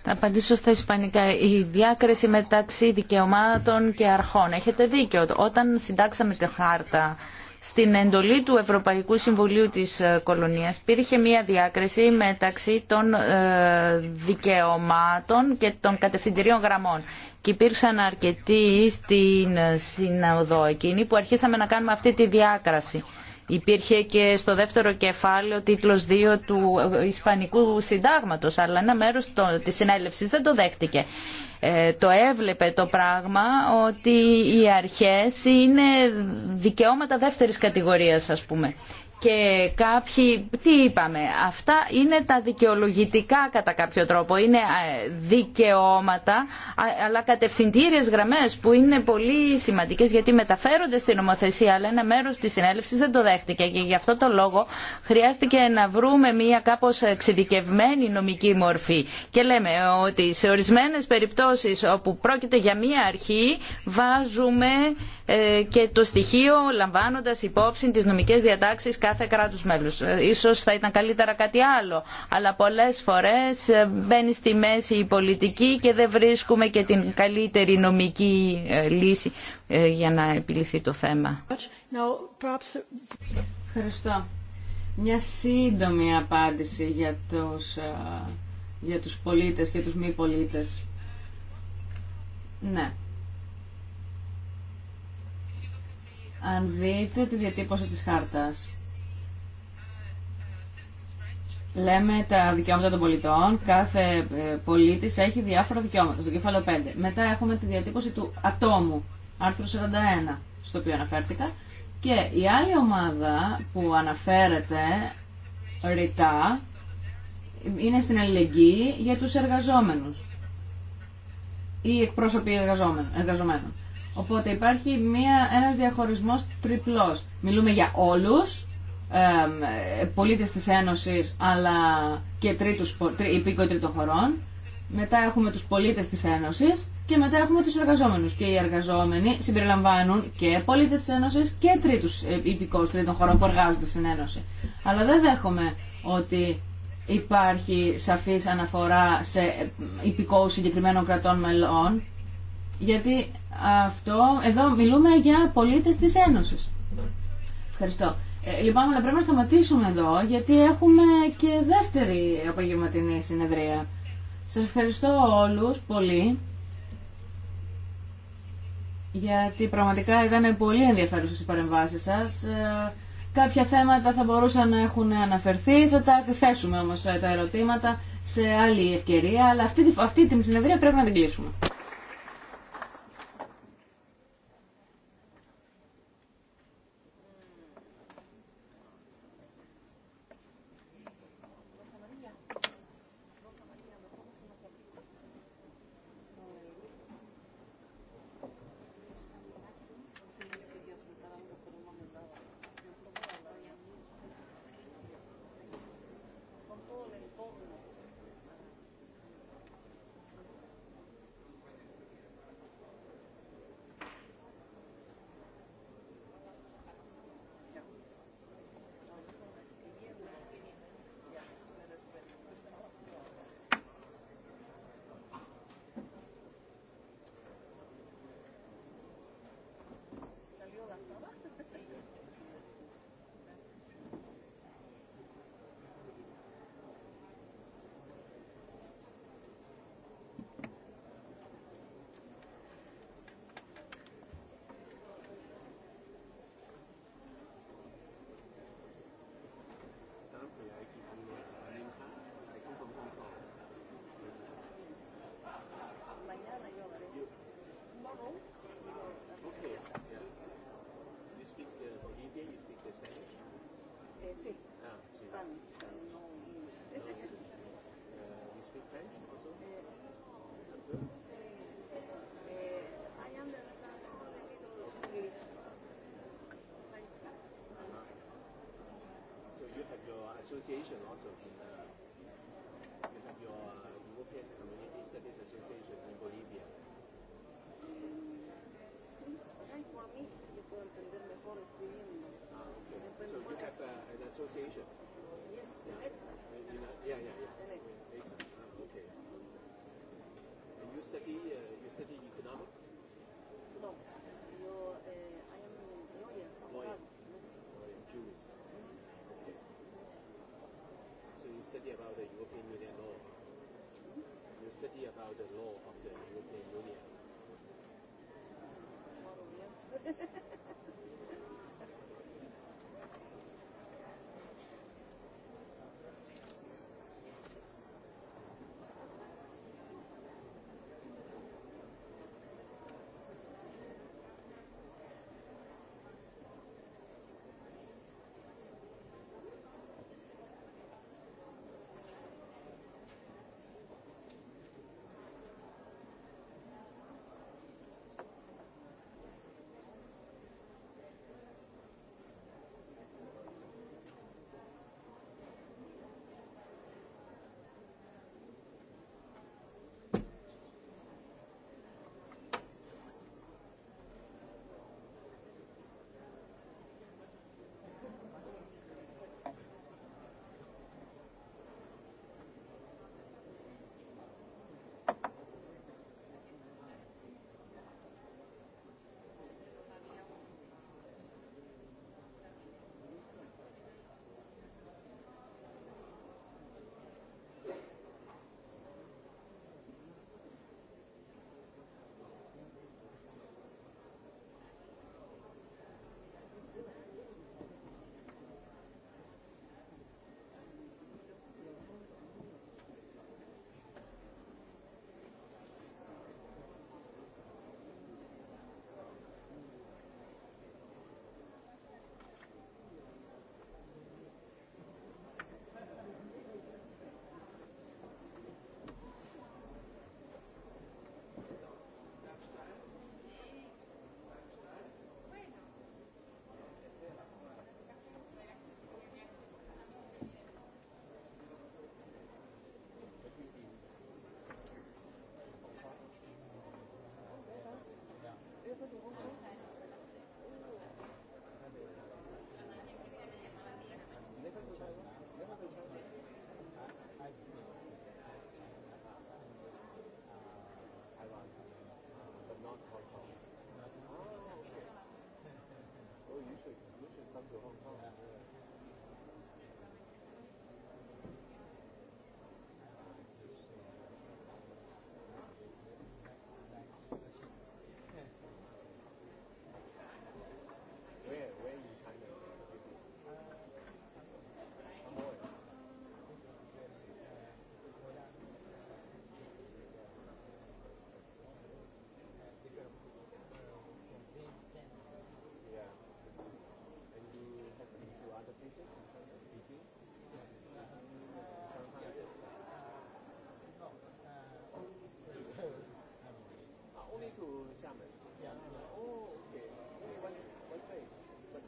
Θα απαντήσω στα ισπανικά. Η διάκριση μεταξύ δικαιωμάτων και αρχών. Έχετε δίκιο. Όταν συντάξαμε τη χάρτα στην εντολή του Ευρωπαϊκού Συμβουλίου της ε, Κολονίας υπήρχε μία διάκριση μεταξύ των ε, δικαιωμάτων και των κατευθυντηρίων γραμμών. Και υπήρξαν αρκετοί στην ε, συνοδό εκείνη που αρχίσαμε να κάνουμε αυτή τη διάκραση υπήρχε και στο δεύτερο κεφάλαιο τίτλος 2 του Ισπανικού Συντάγματος, αλλά ένα μέρος της συνέλευσης δεν το δέχτηκε. Ε, το έβλεπε το πράγμα ότι οι αρχές είναι δικαιώματα δεύτερης κατηγορίας, ας πούμε και κάποιοι, τι είπαμε, αυτά είναι τα δικαιολογητικά κατά κάποιο τρόπο, είναι ε, δικαιώματα, αλλά κατευθυντήριες γραμμές που είναι πολύ σημαντικές γιατί μεταφέρονται στην νομοθεσία, αλλά ένα μέρος της συνέλευσης δεν το δέχτηκε και γι' αυτό το λόγο χρειάστηκε να βρούμε μια κάπως εξειδικευμένη νομική μορφή. Και λέμε ότι σε ορισμένες περιπτώσεις όπου πρόκειται για μια αρχή βάζουμε ε, και το στοιχείο λαμβάνοντας υπόψη τις νομικές διατάξεις κάθε κράτους μέλους. Ε, ίσως θα ήταν καλύτερα κάτι άλλο, αλλά πολλές φορές ε, μπαίνει στη μέση η πολιτική και δεν βρίσκουμε και την καλύτερη νομική λύση για να επιληθεί το θέμα. Ευχαριστώ. Μια σύντομη απάντηση για τους, για τους πολίτες και τους μη πολίτες. Ναι. αν δείτε τη διατύπωση της χάρτας. Λέμε τα δικαιώματα των πολιτών, κάθε ε, πολίτης έχει διάφορα δικαιώματα, στο κεφάλαιο 5. Μετά έχουμε τη διατύπωση του ατόμου, άρθρο 41, στο οποίο αναφέρθηκα. Και η άλλη ομάδα που αναφέρεται ρητά είναι στην αλληλεγγύη για τους εργαζόμενους ή εκπρόσωποι εργαζομένων. Οπότε υπάρχει μια, ένας διαχωρισμός τριπλός. Μιλούμε για όλους, ε, πολίτες της Ένωσης αλλά και τρίτους, τρί, υπήκοοι τρίτων χωρών. Μετά έχουμε τους πολίτες της Ένωσης και μετά έχουμε τους εργαζόμενους. Και οι εργαζόμενοι συμπεριλαμβάνουν και πολίτες της Ένωσης και τρίτους ε, υπηκόους τρίτων χωρών που εργάζονται στην Ένωση. Αλλά δεν δέχομαι ότι υπάρχει σαφής αναφορά σε ε, υπηκόους συγκεκριμένων κρατών μελών γιατί αυτό, εδώ μιλούμε για πολίτες της Ένωσης. Ευχαριστώ. Ε, λυπάμαι, λοιπόν, αλλά πρέπει να σταματήσουμε εδώ, γιατί έχουμε και δεύτερη απογευματινή συνεδρία. Σας ευχαριστώ όλους πολύ, γιατί πραγματικά ήταν πολύ ενδιαφέρουσες οι παρεμβάσεις σας. Ε, κάποια θέματα θα μπορούσαν να έχουν αναφερθεί, θα τα θέσουμε όμως ε, τα ερωτήματα σε άλλη ευκαιρία, αλλά αυτή, αυτή συνεδρία πρέπει να την κλείσουμε. association also. in You have your uh European Community Studies Association in Bolivia. Please pray for me mí. Yo puedo entender mejor escribiendo. Ah, okay. So you have uh an association. Yes, Yeah, yeah, yeah. okay. And you study, uh you study economics. European Union law, You study about the law of the European Union. Υπότιτλοι AUTHORWAVE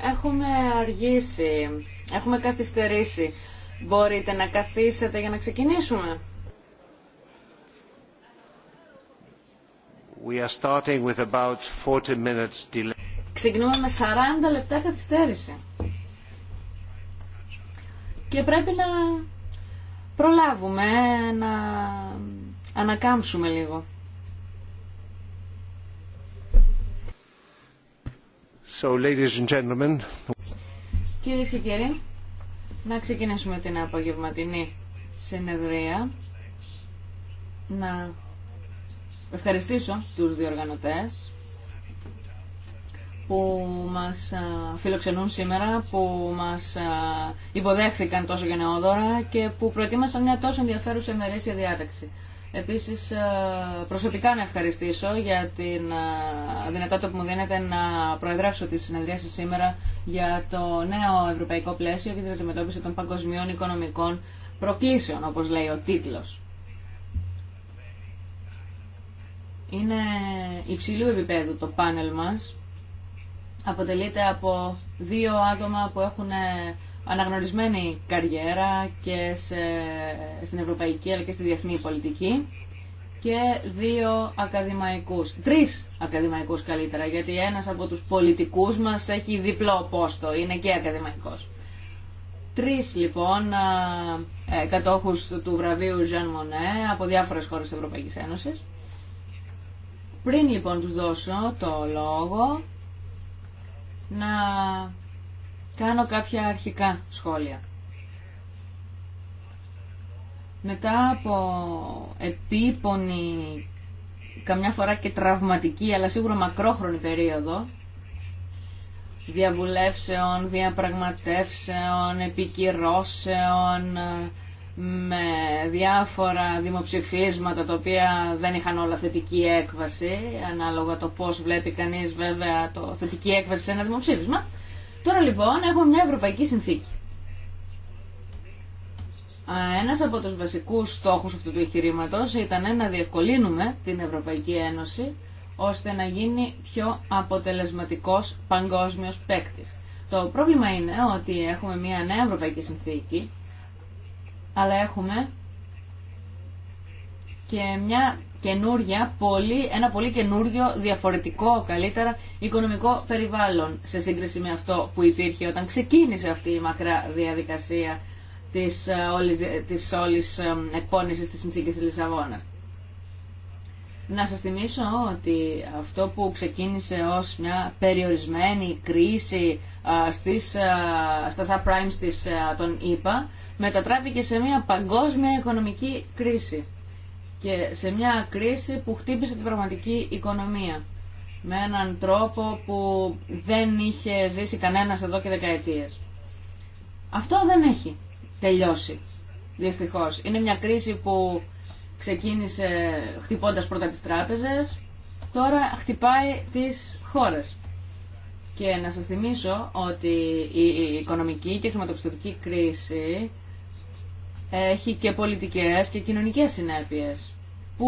Έχουμε αργήσει, έχουμε καθυστερήσει. Μπορείτε να καθίσετε για να ξεκινήσουμε. Ξεκινούμε με 40 λεπτά καθυστέρηση. Και πρέπει να προλάβουμε, να ανακάμψουμε λίγο. So, ladies and gentlemen. Κυρίες και κύριοι, να ξεκινήσουμε την απογευματινή συνεδρία. Να ευχαριστήσω τους διοργανωτές που μας φιλοξενούν σήμερα, που μας υποδέχθηκαν τόσο γενναιόδωρα και που προετοίμασαν μια τόσο ενδιαφέρουσα ημερήσια διάταξη. Επίσης προσωπικά να ευχαριστήσω για την δυνατότητα που μου δίνεται να προεδράψω τη συνεδρίαση σήμερα για το νέο ευρωπαϊκό πλαίσιο και την αντιμετώπιση των παγκοσμίων οικονομικών προκλήσεων, όπως λέει ο τίτλος. Είναι υψηλού επίπεδου το πάνελ μας. Αποτελείται από δύο άτομα που έχουν ε, αναγνωρισμένη καριέρα και σε, στην ευρωπαϊκή αλλά και στη διεθνή πολιτική και δύο ακαδημαϊκούς, τρεις ακαδημαϊκούς καλύτερα, γιατί ένας από τους πολιτικούς μας έχει διπλό πόστο, είναι και ακαδημαϊκός. Τρεις λοιπόν ε, ε, κατόχους του βραβείου Jean Monnet από διάφορες χώρες της Ευρωπαϊκής Ένωσης. Πριν λοιπόν τους δώσω το λόγο, να κάνω κάποια αρχικά σχόλια. Μετά από επίπονη, καμιά φορά και τραυματική, αλλά σίγουρα μακρόχρονη περίοδο, διαβουλεύσεων, διαπραγματεύσεων, επικυρώσεων, με διάφορα δημοψηφίσματα τα οποία δεν είχαν όλα θετική έκβαση ανάλογα το πώς βλέπει κανείς βέβαια το θετική έκβαση σε ένα δημοψήφισμα τώρα λοιπόν έχουμε μια ευρωπαϊκή συνθήκη ένας από τους βασικούς στόχους αυτού του εγχειρήματο ήταν να διευκολύνουμε την Ευρωπαϊκή Ένωση ώστε να γίνει πιο αποτελεσματικός παγκόσμιος παίκτη. Το πρόβλημα είναι ότι έχουμε μια νέα Ευρωπαϊκή Συνθήκη αλλά έχουμε και μια καινούρια, πολύ, ένα πολύ καινούριο, διαφορετικό καλύτερα οικονομικό περιβάλλον σε σύγκριση με αυτό που υπήρχε όταν ξεκίνησε αυτή η μακρά διαδικασία της ε, όλης, της όλης ε, εκπόνησης της συνθήκης της Λισαβόνας. Να σας θυμίσω ότι αυτό που ξεκίνησε ως μια περιορισμένη κρίση ε, στις, στα subprimes των ΙΠΑ μετατράπηκε σε μια παγκόσμια οικονομική κρίση και σε μια κρίση που χτύπησε την πραγματική οικονομία με έναν τρόπο που δεν είχε ζήσει κανένας εδώ και δεκαετίες. Αυτό δεν έχει τελειώσει, δυστυχώς. Είναι μια κρίση που ξεκίνησε χτυπώντας πρώτα τις τράπεζες, τώρα χτυπάει τις χώρες. Και να σας θυμίσω ότι η οικονομική και χρηματοπιστωτική κρίση έχει και πολιτικές και κοινωνικές συνέπειες που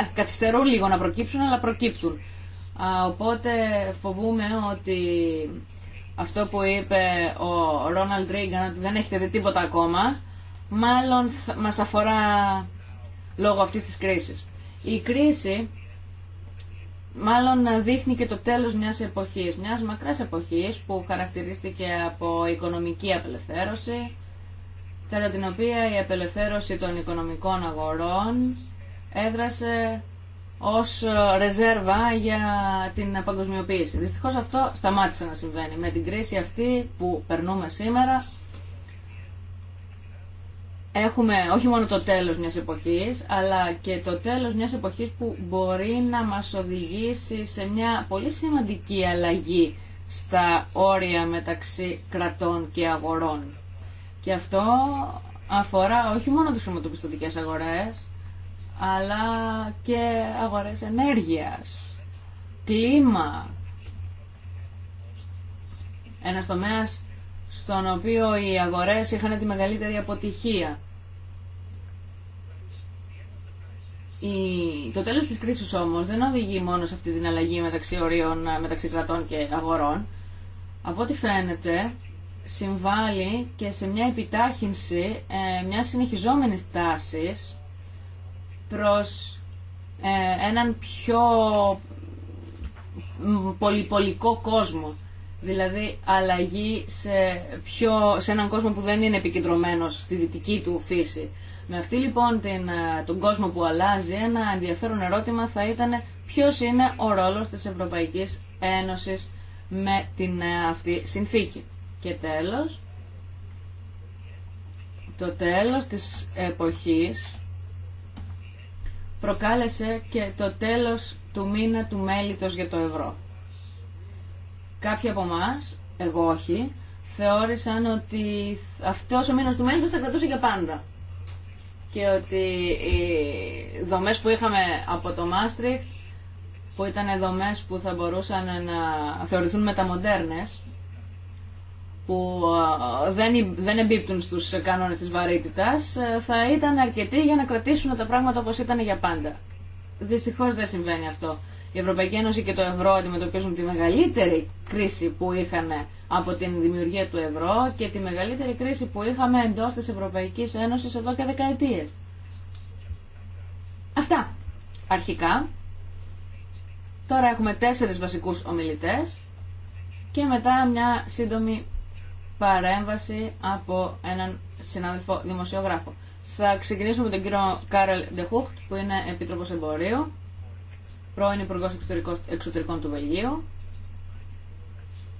ε, καθυστερούν λίγο να προκύψουν αλλά προκύπτουν. Οπότε φοβούμε ότι αυτό που είπε ο Ρόναλντ Ρίγκαν ότι δεν έχετε δει τίποτα ακόμα μάλλον μας αφορά λόγω αυτής της κρίσης. Η κρίση μάλλον δείχνει και το τέλος μιας εποχής, μιας μακράς εποχής που χαρακτηρίστηκε από οικονομική απελευθέρωση, κατά την οποία η απελευθέρωση των οικονομικών αγορών έδρασε ως ε, ρεζέρβα για την παγκοσμιοποίηση. Δυστυχώς αυτό σταμάτησε να συμβαίνει. Με την κρίση αυτή που περνούμε σήμερα έχουμε όχι μόνο το τέλος μιας εποχής αλλά και το τέλος μιας εποχής που μπορεί να μας οδηγήσει σε μια πολύ σημαντική αλλαγή στα όρια μεταξύ κρατών και αγορών. Και αυτό αφορά όχι μόνο τις χρηματοπιστωτικές αγορές, αλλά και αγορές ενέργειας, κλίμα. Ένας τομέας στον οποίο οι αγορές είχαν τη μεγαλύτερη αποτυχία. Το τέλος της κρίσης όμως δεν οδηγεί μόνο σε αυτή την αλλαγή μεταξύ ορίων, μεταξύ κρατών και αγορών. Από ό,τι φαίνεται, συμβάλλει και σε μια επιτάχυνση ε, μια συνεχιζόμενης τάσης προς ε, έναν πιο πολυπολικό κόσμο. Δηλαδή αλλαγή σε, πιο, σε έναν κόσμο που δεν είναι επικεντρωμένος στη δυτική του φύση. Με αυτή λοιπόν την, ε, τον κόσμο που αλλάζει ένα ενδιαφέρον ερώτημα θα ήταν ποιος είναι ο ρόλος της Ευρωπαϊκής Ένωσης με την ε, αυτή συνθήκη. Και τέλος, το τέλος της εποχής προκάλεσε και το τέλος του μήνα του μέλητος για το ευρώ. Κάποιοι από εμά, εγώ όχι, θεώρησαν ότι αυτός ο μήνας του μέλητος θα κρατούσε για πάντα και ότι οι δομές που είχαμε από το Μάστριχ που ήταν δομές που θα μπορούσαν να θεωρηθούν μεταμοντέρνες που ε, δεν, δεν εμπίπτουν στους κανόνες της βαρύτητας ε, θα ήταν αρκετοί για να κρατήσουν τα πράγματα όπως ήταν για πάντα. Δυστυχώς δεν συμβαίνει αυτό. Η Ευρωπαϊκή Ένωση και το ευρώ αντιμετωπίζουν τη μεγαλύτερη κρίση που είχαν από την δημιουργία του ευρώ και τη μεγαλύτερη κρίση που είχαμε εντός της Ευρωπαϊκής Ένωσης εδώ και δεκαετίες. Αυτά αρχικά. Τώρα έχουμε τέσσερις βασικούς ομιλητές και μετά μια σύντομη παρέμβαση από έναν συνάδελφο δημοσιογράφο. Θα ξεκινήσουμε με τον κύριο Κάρελ Ντεχούχτ, που είναι Επίτροπο Εμπορίου, πρώην Υπουργό Εξωτερικών του Βελγίου.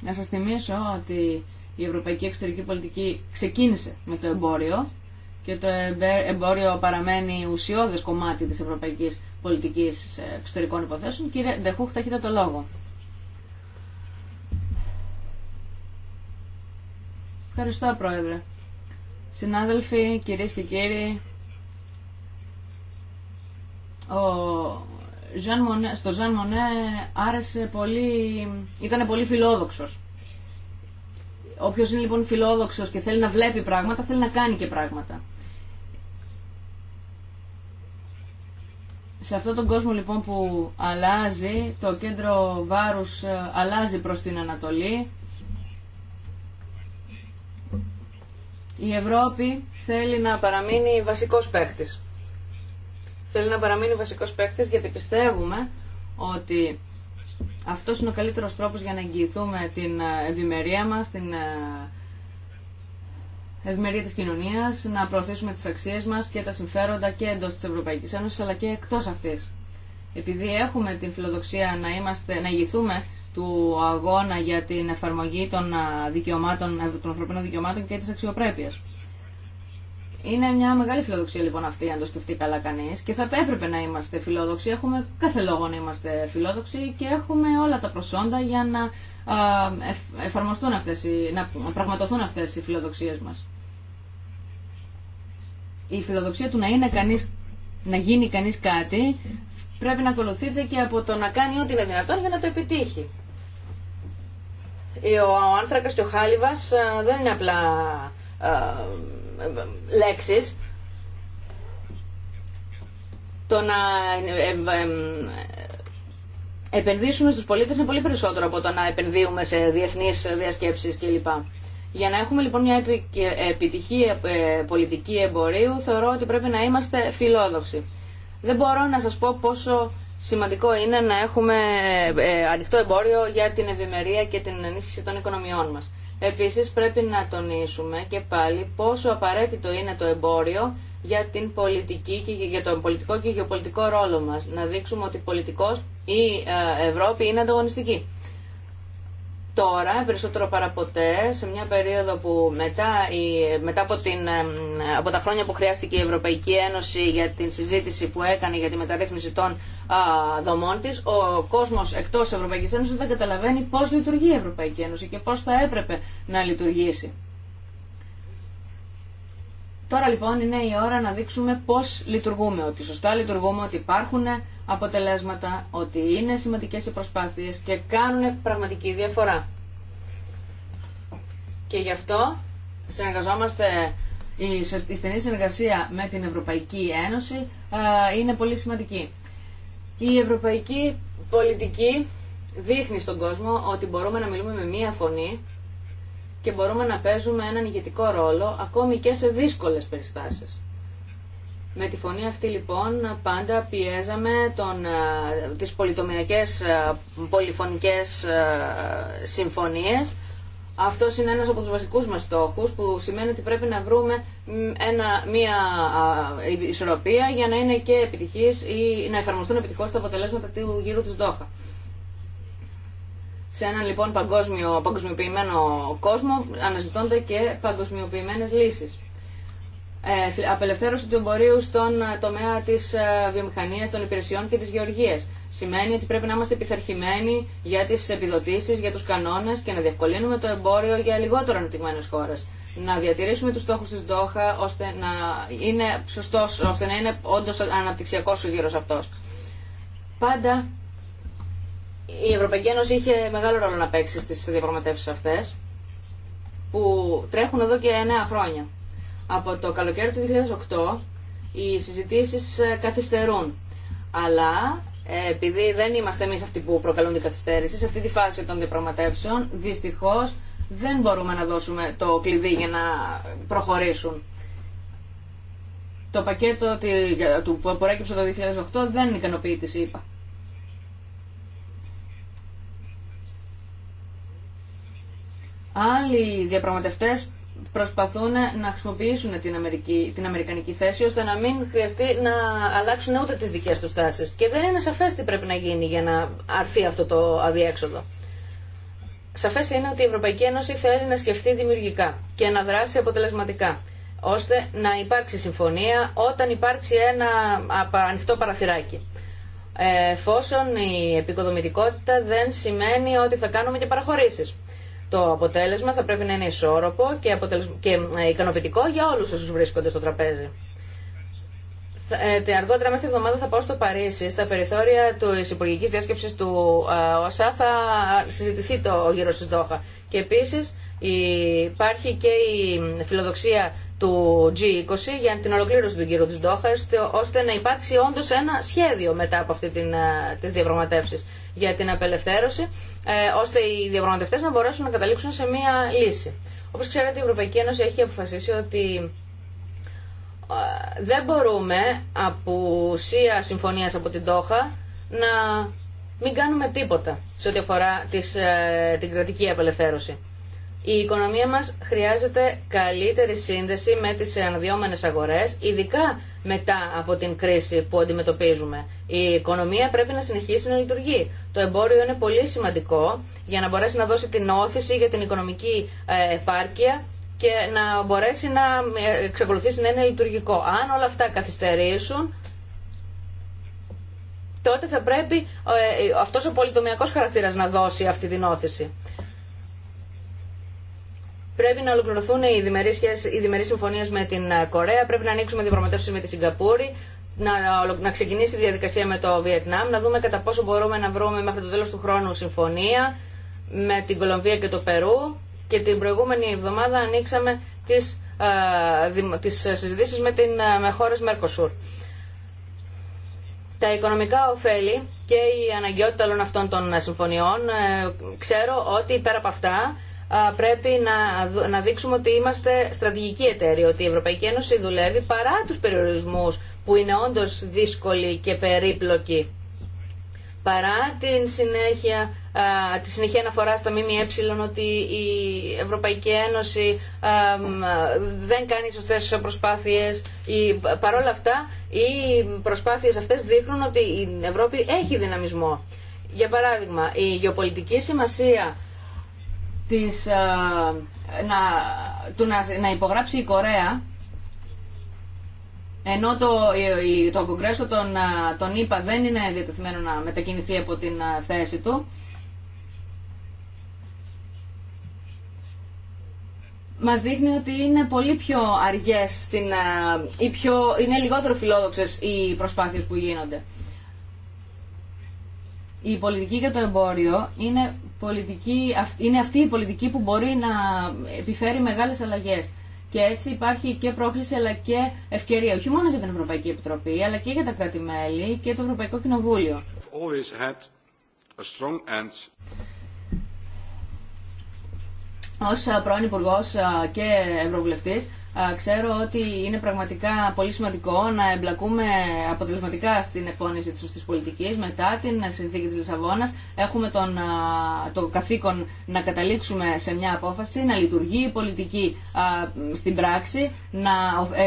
Να σα θυμίσω ότι η Ευρωπαϊκή Εξωτερική Πολιτική ξεκίνησε με το εμπόριο και το εμπόριο παραμένει ουσιώδες κομμάτι της ευρωπαϊκής πολιτικής ε, εξωτερικών υποθέσεων. Κύριε Ντεχούχτ, έχετε το λόγο. Ευχαριστώ, Πρόεδρε. Συνάδελφοι, κυρίες και κύριοι, ο Jean στο Ζαν Μονέ άρεσε πολύ, ήταν πολύ φιλόδοξος. Όποιος είναι λοιπόν φιλόδοξος και θέλει να βλέπει πράγματα, θέλει να κάνει και πράγματα. Σε αυτόν τον κόσμο λοιπόν που αλλάζει, το κέντρο βάρους ε, αλλάζει προς την Ανατολή, Η Ευρώπη θέλει να παραμείνει βασικός παίκτη. Θέλει να παραμείνει βασικός παίκτη γιατί πιστεύουμε ότι αυτός είναι ο καλύτερος τρόπος για να εγγυηθούμε την ε, ευημερία μας, την ε, ευημερία της κοινωνίας, να προωθήσουμε τις αξίες μας και τα συμφέροντα και εντός της Ευρωπαϊκής Ένωσης αλλά και εκτός αυτής. Επειδή έχουμε την φιλοδοξία να, είμαστε, να ηγηθούμε του αγώνα για την εφαρμογή των, δικαιωμάτων, ε, των ανθρωπίνων δικαιωμάτων και της αξιοπρέπεια. Είναι μια μεγάλη φιλοδοξία λοιπόν αυτή, αν το σκεφτεί καλά κανεί, και θα έπρεπε να είμαστε φιλόδοξοι. Έχουμε κάθε λόγο να είμαστε φιλόδοξοι και έχουμε όλα τα προσόντα για να εφαρμοστούν αυτές, να πραγματοθούν αυτέ οι φιλοδοξίε μα. Η φιλοδοξία του να, είναι κανείς, να γίνει κανεί κάτι πρέπει να ακολουθείται και από το να κάνει ό,τι είναι δυνατόν για να το επιτύχει. Ε, ο άνθρακας και ο χάλιβας ε, δεν είναι απλά ε, λέξεις. Το να επενδύσουμε στους πολίτες είναι πολύ περισσότερο από το να επενδύουμε σε διεθνείς διασκέψεις κλπ. Για να έχουμε λοιπόν μια επιτυχή πολιτική εμπορίου θεωρώ ότι πρέπει να είμαστε φιλόδοξοι. Δεν μπορώ να σας πω πόσο Σημαντικό είναι να έχουμε ε, ανοιχτό εμπόριο για την ευημερία και την ενίσχυση των οικονομιών μας. Επίσης πρέπει να τονίσουμε και πάλι πόσο απαραίτητο είναι το εμπόριο για, την πολιτική και για τον πολιτικό και γεωπολιτικό ρόλο μας. Να δείξουμε ότι πολιτικός η ε, Ευρώπη είναι ανταγωνιστική τώρα, περισσότερο παραποτέ, σε μια περίοδο που μετά, η, μετά από, την, από τα χρόνια που χρειάστηκε η Ευρωπαϊκή Ένωση για την συζήτηση που έκανε για τη μεταρρύθμιση των α, δομών της, ο κόσμος εκτός Ευρωπαϊκής Ένωσης δεν καταλαβαίνει πώς λειτουργεί η Ευρωπαϊκή Ένωση και πώς θα έπρεπε να λειτουργήσει. Τώρα λοιπόν είναι η ώρα να δείξουμε πώς λειτουργούμε, ότι σωστά λειτουργούμε, ότι υπάρχουν αποτελέσματα, ότι είναι σημαντικές οι προσπάθειες και κάνουν πραγματική διαφορά. Και γι' αυτό συνεργαζόμαστε, η στενή συνεργασία με την Ευρωπαϊκή Ένωση είναι πολύ σημαντική. Η ευρωπαϊκή πολιτική δείχνει στον κόσμο ότι μπορούμε να μιλούμε με μία φωνή και μπορούμε να παίζουμε έναν ηγετικό ρόλο ακόμη και σε δύσκολες περιστάσεις. Με τη φωνή αυτή λοιπόν πάντα πιέζαμε τον, τις πολυτομιακές πολυφωνικές συμφωνίες. Αυτό είναι ένας από τους βασικούς μας στόχους που σημαίνει ότι πρέπει να βρούμε μια ισορροπία για να είναι και επιτυχής ή να εφαρμοστούν επιτυχώς τα αποτελέσματα του γύρου της Δόχα. Σε έναν λοιπόν παγκόσμιο, παγκοσμιοποιημένο κόσμο αναζητώνται και παγκοσμιοποιημένες λύσεις. Ε, απελευθέρωση του εμπορίου στον ε, τομέα της ε, βιομηχανίας, των υπηρεσιών και της γεωργίας. Σημαίνει ότι πρέπει να είμαστε επιθαρχημένοι για τις επιδοτήσεις, για τους κανόνες και να διευκολύνουμε το εμπόριο για λιγότερο ανεπτυγμένες χώρες. Να διατηρήσουμε τους στόχους της Δόχα ώστε να είναι σωστός, ώστε να είναι όντως αναπτυξιακός ο αυτός. Πάντα η Ευρωπαϊκή Ένωση είχε μεγάλο ρόλο να παίξει στις διαπραγματεύσεις αυτές που τρέχουν εδώ και 9 χρόνια. Από το καλοκαίρι του 2008 οι συζητήσεις ε, καθυστερούν. Αλλά ε, επειδή δεν είμαστε εμείς αυτοί που προκαλούν την καθυστέρηση, σε αυτή τη φάση των διαπραγματεύσεων δυστυχώς δεν μπορούμε να δώσουμε το κλειδί για να προχωρήσουν. Το πακέτο που προέκυψε το 2008 δεν ικανοποιεί τη ΣΥΠΑ. Άλλοι διαπραγματευτές προσπαθούν να χρησιμοποιήσουν την, Αμερική, την Αμερικανική θέση ώστε να μην χρειαστεί να αλλάξουν ούτε τις δικές τους τάσεις. Και δεν είναι σαφές τι πρέπει να γίνει για να αρθεί αυτό το αδιέξοδο. Σαφές είναι ότι η Ευρωπαϊκή Ένωση θέλει να σκεφτεί δημιουργικά και να δράσει αποτελεσματικά ώστε να υπάρξει συμφωνία όταν υπάρξει ένα ανοιχτό παραθυράκι. Ε, εφόσον η επικοδομητικότητα δεν σημαίνει ότι θα κάνουμε και παραχωρήσεις. Το αποτέλεσμα θα πρέπει να είναι ισόρροπο και, και ε, ικανοποιητικό για όλους όσου βρίσκονται στο τραπέζι. Ε, αργότερα μέσα στην εβδομάδα θα πάω στο Παρίσι. Στα περιθώρια τη υπουργική διάσκεψη του ε, ΟΣΑ θα συζητηθεί το γύρο τη Δόχα. Και επίση υπάρχει και η φιλοδοξία του G20 για την ολοκλήρωση του γύρου της Ντόχας ώστε να υπάρξει όντως ένα σχέδιο μετά από αυτή την, ε, τις διαπραγματεύσεις για την απελευθέρωση ε, ώστε οι διαπραγματευτές να μπορέσουν να καταλήξουν σε μία λύση. Όπως ξέρετε η Ευρωπαϊκή Ένωση έχει αποφασίσει ότι ε, δεν μπορούμε από ουσία συμφωνίας από την Ντόχα να μην κάνουμε τίποτα σε ό,τι αφορά την κρατική απελευθέρωση. Η οικονομία μας χρειάζεται καλύτερη σύνδεση με τις αναδυόμενες αγορές, ειδικά μετά από την κρίση που αντιμετωπίζουμε. Η οικονομία πρέπει να συνεχίσει να λειτουργεί. Το εμπόριο είναι πολύ σημαντικό για να μπορέσει να δώσει την όθηση για την οικονομική ε, επάρκεια και να μπορέσει να ε, εξακολουθήσει να είναι λειτουργικό. Αν όλα αυτά καθυστερήσουν, τότε θα πρέπει ε, αυτός ο πολυτομιακός χαρακτήρας να δώσει αυτή την όθηση. Πρέπει να ολοκληρωθούν οι διμερεί συμφωνίε με την ε, Κορέα, πρέπει να ανοίξουμε διαπραγματεύσει με τη Σιγκαπούρη, να, να ξεκινήσει η διαδικασία με το Βιετνάμ, να δούμε κατά πόσο μπορούμε να βρούμε μέχρι το τέλο του χρόνου συμφωνία με την Κολομβία και το Περού. Και την προηγούμενη εβδομάδα ανοίξαμε τι ε, τις συζητήσεις με, την, ε, με χώρες Μέρκοσουρ. Τα οικονομικά ωφέλη και η αναγκαιότητα όλων αυτών των συμφωνιών ξέρω ότι πέρα από αυτά πρέπει να, δείξουμε ότι είμαστε στρατηγική εταίρεια, ότι η Ευρωπαϊκή Ένωση δουλεύει παρά τους περιορισμούς που είναι όντως δύσκολοι και περίπλοκοι. Παρά την συνέχεια, τη συνεχεία αναφορά στα ΜΜΕ ότι η Ευρωπαϊκή Ένωση δεν κάνει σωστές προσπάθειες, παρόλα αυτά οι προσπάθειες αυτές δείχνουν ότι η Ευρώπη έχει δυναμισμό. Για παράδειγμα, η γεωπολιτική σημασία της, ε, να, του να, να υπογράψει η Κορέα ενώ το, το κογκρέσο τον, ε, τον ΗΠΑ δεν είναι διατεθειμένο να μετακινηθεί από την ε, θέση του μας δείχνει ότι είναι πολύ πιο αργές στην, ή πιο, είναι λιγότερο φιλόδοξες οι προσπάθειες που γίνονται. Η πολιτική για το εμπόριο είναι πολιτική, είναι αυτή η πολιτική που μπορεί να επιφέρει μεγάλες αλλαγές. Και έτσι υπάρχει και πρόκληση αλλά και ευκαιρία, όχι μόνο για την Ευρωπαϊκή Επιτροπή, αλλά και για τα κράτη-μέλη και το Ευρωπαϊκό Κοινοβούλιο. Ω ε, πρώην Υπουργός ε, και Ευρωβουλευτής ξέρω ότι είναι πραγματικά πολύ σημαντικό να εμπλακούμε αποτελεσματικά στην εκπόνηση της σωστής πολιτικής. Μετά την συνθήκη της Λισαβόνας έχουμε τον, το καθήκον να καταλήξουμε σε μια απόφαση, να λειτουργεί η πολιτική στην πράξη, να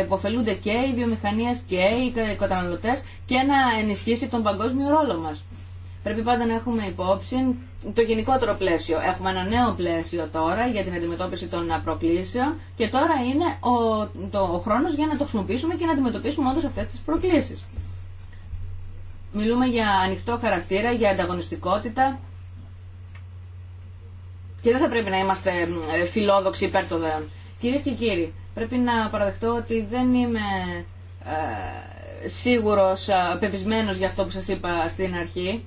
υποφελούνται και οι βιομηχανίες και οι καταναλωτές και να ενισχύσει τον παγκόσμιο ρόλο μας. Πρέπει πάντα να έχουμε υπόψη το γενικότερο πλαίσιο. Έχουμε ένα νέο πλαίσιο τώρα για την αντιμετώπιση των προκλήσεων και τώρα είναι ο, το, ο χρόνος για να το χρησιμοποιήσουμε και να αντιμετωπίσουμε όντως αυτές τις προκλήσεις. Μιλούμε για ανοιχτό χαρακτήρα, για ανταγωνιστικότητα και δεν θα πρέπει να είμαστε ε, φιλόδοξοι υπέρ των δέων. Κυρίε και κύριοι, πρέπει να παραδεχτώ ότι δεν είμαι ε, σίγουρος, ε, πεπισμένος για αυτό που σας είπα στην αρχή.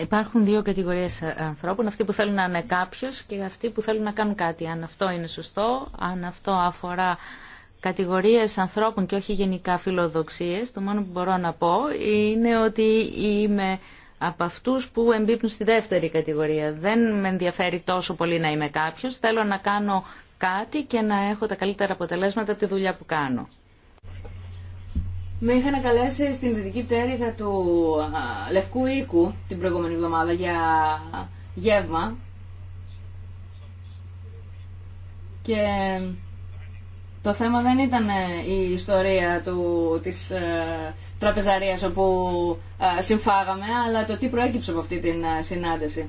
Υπάρχουν δύο κατηγορίες ανθρώπων, αυτοί που θέλουν να είναι κάποιο και αυτοί που θέλουν να κάνουν κάτι. Αν αυτό είναι σωστό, αν αυτό αφορά κατηγορίες ανθρώπων και όχι γενικά φιλοδοξίες, το μόνο που μπορώ να πω είναι ότι είμαι από αυτούς που εμπίπτουν στη δεύτερη κατηγορία. Δεν με ενδιαφέρει τόσο πολύ να είμαι κάποιο. θέλω να κάνω κάτι και να έχω τα καλύτερα αποτελέσματα από τη δουλειά που κάνω. Με είχαν καλέσει στην δυτική πτέρυγα του Λευκού Οίκου την προηγούμενη εβδομάδα για γεύμα. Και το θέμα δεν ήταν ε, η ιστορία του, της ε, τραπεζαρίας όπου α, ε, συμφάγαμε, αλλά το τι προέκυψε από αυτή την συνάντηση.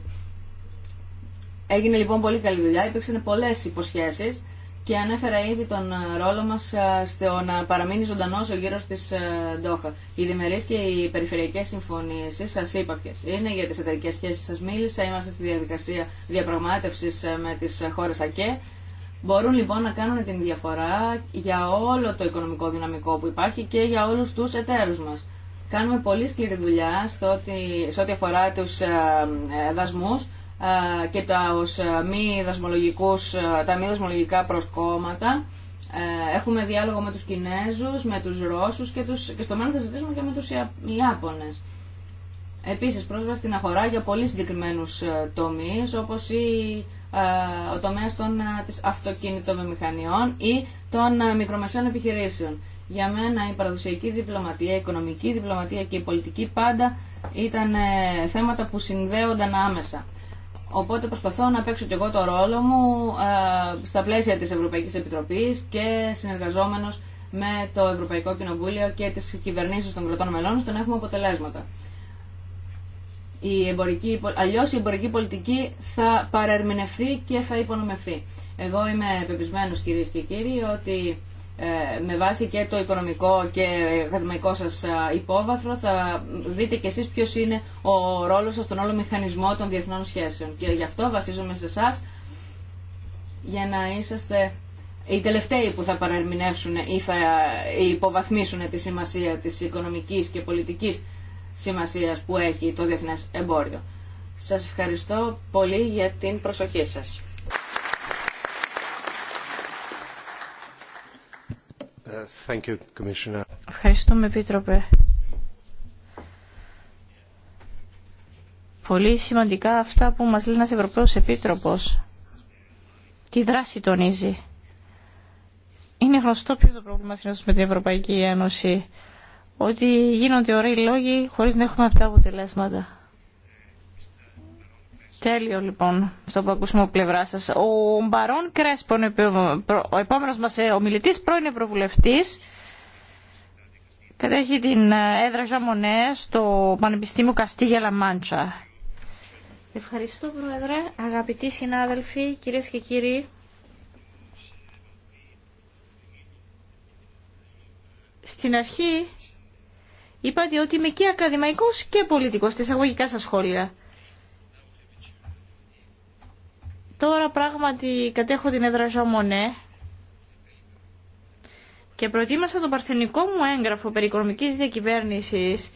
Έγινε λοιπόν πολύ καλή δουλειά, υπήρξαν πολλές υποσχέσεις και ανέφερα ήδη τον ε, ρόλο μας ε, στο να παραμείνει ζωντανό ο γύρος της ε, Ντόχα. Οι διμερεί και οι περιφερειακές συμφωνίες, σας είπα ποιε είναι, για τις εταιρικές σχέσεις σας μίλησα, είμαστε στη διαδικασία διαπραγμάτευση με τις χώρες ΑΚΕ. Μπορούν λοιπόν να κάνουν την διαφορά για όλο το οικονομικό δυναμικό που υπάρχει και για όλου του εταίρους μα. Κάνουμε πολύ σκληρή δουλειά σε ό,τι αφορά τους δασμούς και τα μη, τα μη δασμολογικά προσκόμματα. Ε, έχουμε διάλογο με τους Κινέζους, με τους Ρώσους και, τους, και στο μέλλον θα ζητήσουμε και με τους Ιάπωνες. Επίσης πρόσβαση στην αγορά για πολύ συγκεκριμένους τομείς όπως η, ο τομέας των, της μηχανιών ή των μικρομεσαίων επιχειρήσεων. Για μένα η παραδοσιακή διπλωματία, η οικονομική διπλωματία και η πολιτική πάντα ήταν ε, θέματα που συνδέονταν άμεσα. Οπότε προσπαθώ να παίξω και εγώ το ρόλο μου ε, στα πλαίσια της Ευρωπαϊκής Επιτροπής και συνεργαζόμενος με το Ευρωπαϊκό Κοινοβούλιο και τις κυβερνήσεις των κρατών μελών, ώστε να έχουμε αποτελέσματα. Η εμπορική, αλλιώς η εμπορική πολιτική θα παρερμηνευθεί και θα υπονομευθεί. Εγώ είμαι πεπισμένος κυρίες και κύριοι ότι ε, με βάση και το οικονομικό και ακαδημαϊκό σας υπόβαθρο θα δείτε κι εσείς ποιος είναι ο ρόλος σας στον όλο μηχανισμό των διεθνών σχέσεων. Και γι' αυτό βασίζομαι σε εσά για να είσαστε οι τελευταίοι που θα παρερμηνεύσουν ή θα υποβαθμίσουν τη σημασία της οικονομικής και πολιτικής σημασίας που έχει το διεθνές εμπόριο. Σας ευχαριστώ πολύ για την προσοχή σας. Ευχαριστούμε, Επίτροπε. Πολύ σημαντικά αυτά που μας λέει ένας Ευρωπαίος Επίτροπος. Τι δράση τονίζει. Είναι γνωστό ποιο το πρόβλημα συνήθως με την Ευρωπαϊκή Ένωση. Ότι γίνονται ωραίοι λόγοι χωρίς να έχουμε αυτά αποτελέσματα. Τέλειο λοιπόν αυτό που ακούσαμε από πλευρά σα. Ο Μπαρόν Κρέσπον, ο επόμενο μα ε, ομιλητή, πρώην Ευρωβουλευτή, κατέχει την ε, έδρα Ζαμονέ στο Πανεπιστήμιο Καστίγια Λαμάντσα. Ευχαριστώ Πρόεδρε, αγαπητοί συνάδελφοι, κυρίες και κύριοι. Στην αρχή είπατε ότι είμαι και ακαδημαϊκός και πολιτικός, της αγωγικά σας σχόλια. Τώρα πράγματι κατέχω την έδρα Ζαμονέ και προτίμασα το παρθενικό μου έγγραφο περί οικονομικής διακυβέρνησης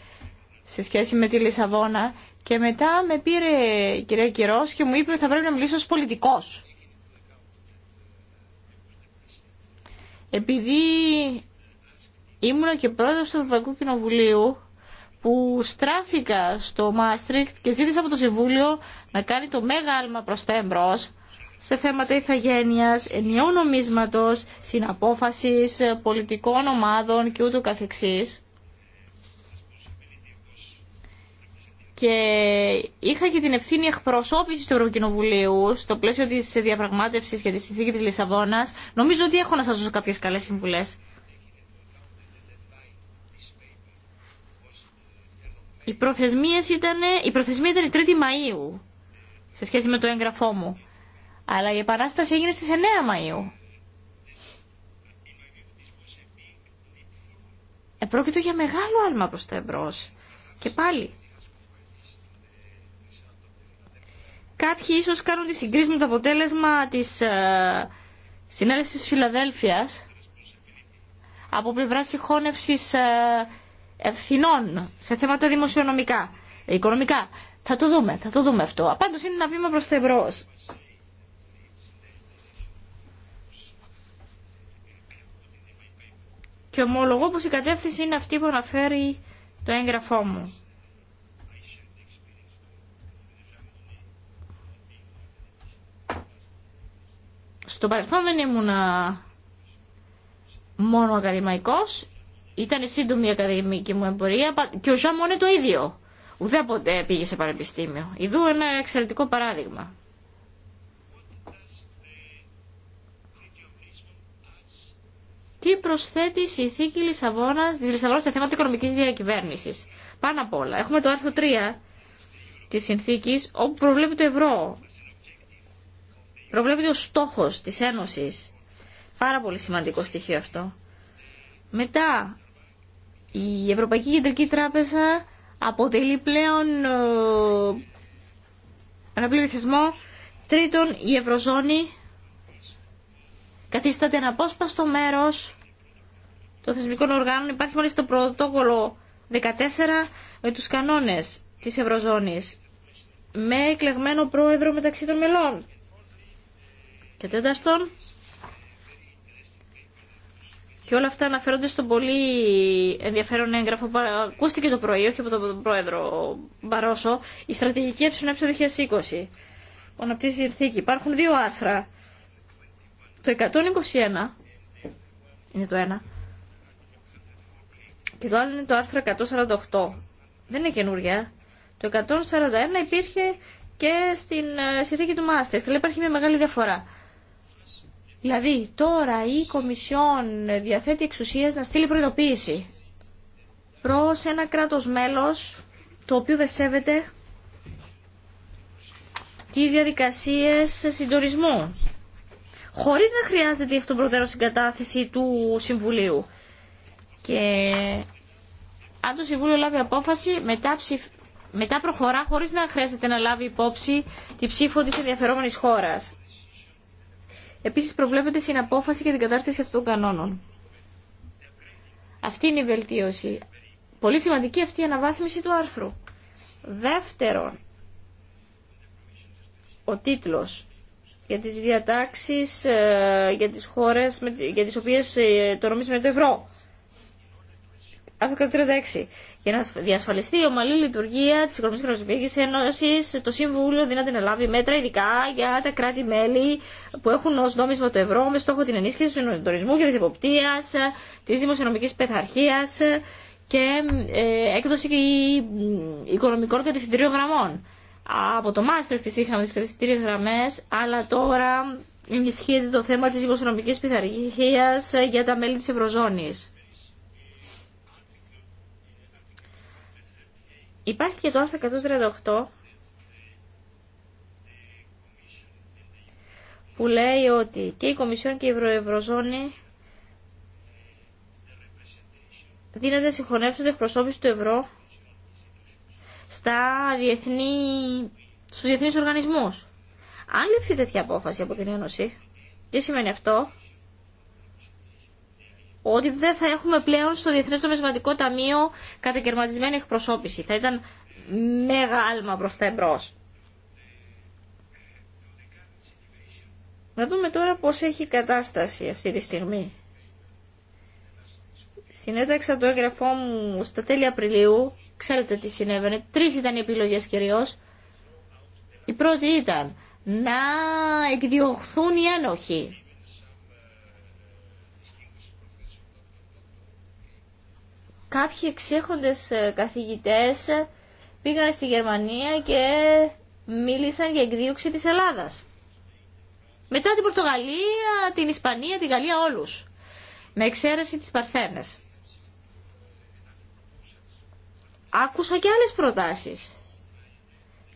σε σχέση με τη Λισαβόνα και μετά με πήρε η κυρία Κυρός και μου είπε ότι θα πρέπει να μιλήσω ως πολιτικός. Επειδή ήμουνα και πρόεδρος του Ευρωπαϊκού Κοινοβουλίου που στράφηκα στο Μάστριχτ και ζήτησα από το Συμβούλιο να κάνει το μέγα άλμα προς τα σε θέματα ηθαγένειας, ενιαίου νομίσματος, συναπόφασης πολιτικών ομάδων και ούτω καθεξής. Και είχα και την ευθύνη εκπροσώπηση του Ευρωκοινοβουλίου στο πλαίσιο της διαπραγμάτευσης για τη συνθήκη της Λισαβόνα, Νομίζω ότι έχω να σας δώσω κάποιες καλές συμβουλές. η προθεσμία ήταν η 3η Μαΐου σε σχέση με το έγγραφό μου. Αλλά η επανάσταση έγινε στις 9 Μαΐου. Επρόκειτο για μεγάλο άλμα προς τα εμπρός. Και πάλι. Κάποιοι ίσως κάνουν τη συγκρίση με το αποτέλεσμα της ε, συνέλευσης Φιλαδέλφειας από πλευρά συγχώνευσης ε, ευθυνών σε θέματα δημοσιονομικά, οικονομικά. Θα το δούμε, θα το δούμε αυτό. Απάντως είναι ένα βήμα προς τα εμπρός. και ομολογώ πως η κατεύθυνση είναι αυτή που αναφέρει το έγγραφό μου. Στο παρελθόν δεν ήμουνα μόνο ακαδημαϊκός, ήταν σύντομη η ακαδημική μου εμπορία και ο Ζαμ είναι το ίδιο. Ουδέποτε πήγε σε πανεπιστήμιο. Ιδού ένα εξαιρετικό παράδειγμα. τι προσθέτει η συνθήκη Λισαβόνας, τη Λισαβόνα σε θέματα οικονομική διακυβέρνησης. Πάνω απ' όλα, έχουμε το άρθρο 3 τη συνθήκη όπου προβλέπει το ευρώ. Προβλέπει ο Στόχο της Ένωσης. Πάρα πολύ σημαντικό στοιχείο αυτό. Μετά, η Ευρωπαϊκή Κεντρική Τράπεζα αποτελεί πλέον ε, ένα πλήρη Τρίτον, η Ευρωζώνη καθίσταται ένα απόσπαστο μέρος των θεσμικών οργάνων. Υπάρχει μόλις το πρωτόκολλο 14 με τους κανόνες της Ευρωζώνης με εκλεγμένο πρόεδρο μεταξύ των μελών. Και τέταρτον, και όλα αυτά αναφέρονται στον πολύ ενδιαφέρον έγγραφο που ακούστηκε το πρωί, όχι από τον πρόεδρο Μπαρόσο, η στρατηγική ΕΕ 2020 που η Υπάρχουν δύο άρθρα το 121 είναι το ένα. Και το άλλο είναι το άρθρο 148. Δεν είναι καινούργια. Το 141 υπήρχε και στην ε, συνθήκη του Μάστερ. να υπάρχει μια μεγάλη διαφορά. Δηλαδή τώρα η Κομισιόν διαθέτει εξουσίες να στείλει προειδοποίηση προς ένα κράτος μέλος το οποίο δεν σέβεται τις διαδικασίες συντορισμού χωρίς να χρειάζεται εκ των προτέρων συγκατάθεση του Συμβουλίου. Και αν το Συμβούλιο λάβει απόφαση, μετά, μετά προχωρά χωρίς να χρειάζεται να λάβει υπόψη τη ψήφο της ενδιαφερόμενης χώρας. Επίσης προβλέπεται απόφαση για την κατάρτιση αυτών των κανόνων. Αυτή είναι η βελτίωση. Πολύ σημαντική αυτή η αναβάθμιση του άρθρου. Δεύτερον, ο τίτλος για τις διατάξεις ε, για τις χώρες για τις οποίες ε, το νομίζουμε το ευρώ. Άρθρο 36. Για να διασφαλιστεί η ομαλή λειτουργία τη Οικονομικής και Ένωσης το Συμβούλιο δίνεται να λάβει μέτρα ειδικά για τα κράτη-μέλη που έχουν ως νόμισμα το ευρώ με στόχο την ενίσχυση του συνοδοτορισμού και τη υποπτία, ε, τη δημοσιονομική πεθαρχίας και έκδοση οικονομικών κατευθυντηρίων γραμμών από το Μάστερ τις είχαμε τις κριτήριες γραμμές, αλλά τώρα ενισχύεται το θέμα της δημοσιονομικής πειθαρχίας για τα μέλη της Ευρωζώνης. Υπάρχει και το άρθρο 138 που λέει ότι και η Κομισιόν και η Ευρωευρωζώνη δίνεται συγχωνεύσονται εκπροσώπηση του ευρώ στα διεθνή, στους διεθνείς οργανισμούς. Αν ληφθεί τέτοια απόφαση από την Ένωση, τι σημαίνει αυτό, ότι δεν θα έχουμε πλέον στο Διεθνές Νομισματικό Ταμείο κατακαιρματισμένη εκπροσώπηση. Θα ήταν μεγάλο άλμα προς τα εμπρός. Να δούμε τώρα πώς έχει η κατάσταση αυτή τη στιγμή. Συνέταξα το έγγραφό μου στα τέλη Απριλίου Ξέρετε τι συνέβαινε. Τρεις ήταν οι επιλογές κυρίως. Η πρώτη ήταν να εκδιωχθούν οι ένοχοι. Κάποιοι εξέχοντες ε, καθηγητές πήγαν στη Γερμανία και μίλησαν για εκδίωξη της Ελλάδας. Μετά την Πορτογαλία, την Ισπανία, την Γαλλία, όλους. Με εξαίρεση τις Παρθένες. άκουσα και άλλες προτάσεις.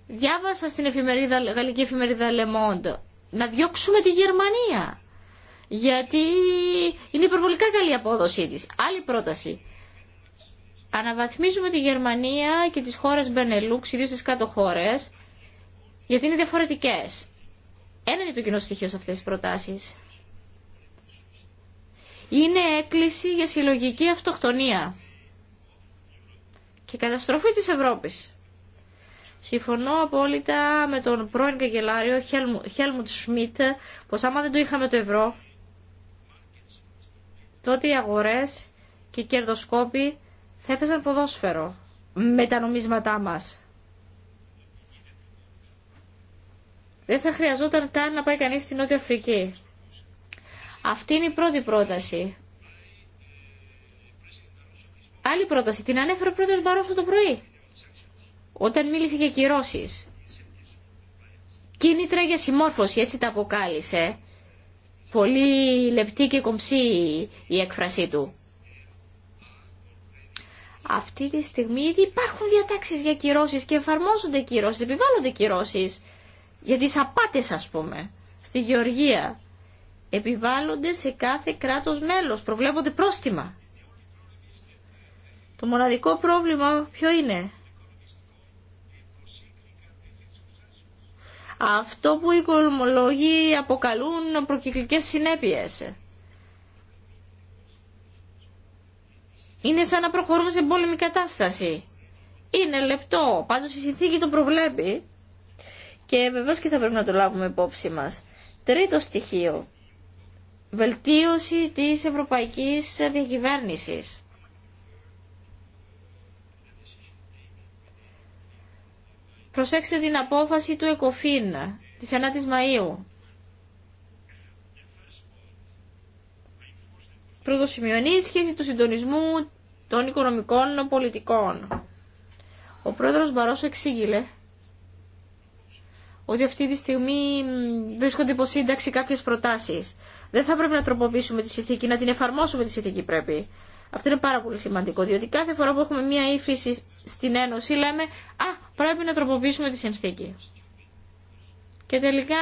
Διάβασα στην εφημερίδα, γαλλική εφημερίδα Le Monde να διώξουμε τη Γερμανία γιατί είναι υπερβολικά καλή η απόδοσή της. Άλλη πρόταση. Αναβαθμίζουμε τη Γερμανία και τις χώρες Μπενελούξ, ιδίως τις κάτω χώρες, γιατί είναι διαφορετικές. Ένα είναι το κοινό στοιχείο σε αυτές τις προτάσεις. Είναι έκκληση για συλλογική αυτοκτονία και καταστροφή της Ευρώπης. Συμφωνώ απόλυτα με τον πρώην καγκελάριο Χέλμουντ Σμιτ πως άμα δεν το είχαμε το ευρώ τότε οι αγορές και οι κερδοσκόποι θα έπαιζαν ποδόσφαιρο με τα νομίσματά μας. Δεν θα χρειαζόταν καν να πάει κανείς στην Νότια Αφρική. Αυτή είναι η πρώτη πρόταση Άλλη πρόταση, την ανέφερε ο πρόεδρος Μπαρόσο το πρωί, όταν μίλησε για κυρώσεις. Κίνητρα για συμμόρφωση, έτσι τα αποκάλυψε. Πολύ λεπτή και κομψή η έκφρασή του. Αυτή τη στιγμή ήδη υπάρχουν διατάξεις για κυρώσεις και εφαρμόζονται κυρώσεις, επιβάλλονται κυρώσεις για τις απάτες ας πούμε, στη Γεωργία. Επιβάλλονται σε κάθε κράτος μέλος, προβλέπονται πρόστιμα. Το μοναδικό πρόβλημα ποιο είναι. Αυτό που οι οικονομολόγοι αποκαλούν προκυκλικές συνέπειες. Είναι σαν να προχωρούμε σε πόλεμη κατάσταση. Είναι λεπτό, πάντως η συνθήκη το προβλέπει και βεβαίως και θα πρέπει να το λάβουμε υπόψη μας. Τρίτο στοιχείο, βελτίωση της ευρωπαϊκής διακυβέρνησης. Προσέξτε την απόφαση του ΕΚΟΦΗΝ της 9 η Μαΐου. Πρώτο σημείο, του συντονισμού των οικονομικών πολιτικών. Ο πρόεδρος Μπαρόσο εξήγηλε ότι αυτή τη στιγμή βρίσκονται υπό σύνταξη κάποιες προτάσεις. Δεν θα πρέπει να τροποποιήσουμε τη συνθήκη, να την εφαρμόσουμε τη συνθήκη πρέπει. Αυτό είναι πάρα πολύ σημαντικό, διότι κάθε φορά που έχουμε μία ύφεση στην Ένωση λέμε «Α, πρέπει να τροποποιήσουμε τη συνθήκη». Και τελικά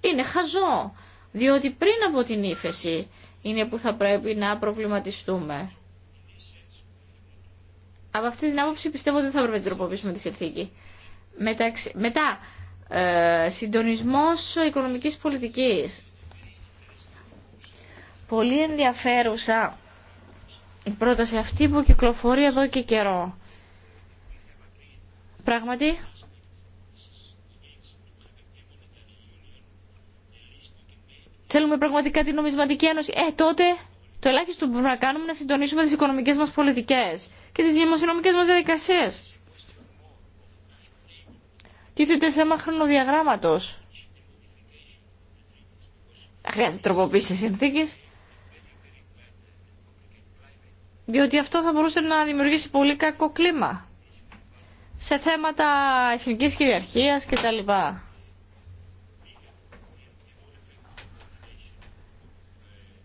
είναι χαζό, διότι πριν από την ύφεση είναι που θα πρέπει να προβληματιστούμε. Από αυτή την άποψη πιστεύω ότι δεν θα πρέπει να τροποποιήσουμε τη συνθήκη. μετά, ε, συντονισμός οικονομικής πολιτικής. Πολύ ενδιαφέρουσα η πρόταση αυτή που κυκλοφορεί εδώ και καιρό. Πράγματι, θέλουμε πραγματικά την νομισματική ένωση. Ε, τότε το ελάχιστο που μπορούμε να κάνουμε είναι να συντονίσουμε τις οικονομικές μας πολιτικές και τις δημοσιονομικές μας διαδικασίες. Τίθεται θέμα χρονοδιαγράμματος. Χρειάζεται τροποποίηση συνθήκης διότι αυτό θα μπορούσε να δημιουργήσει πολύ κακό κλίμα σε θέματα εθνικής κυριαρχίας κτλ.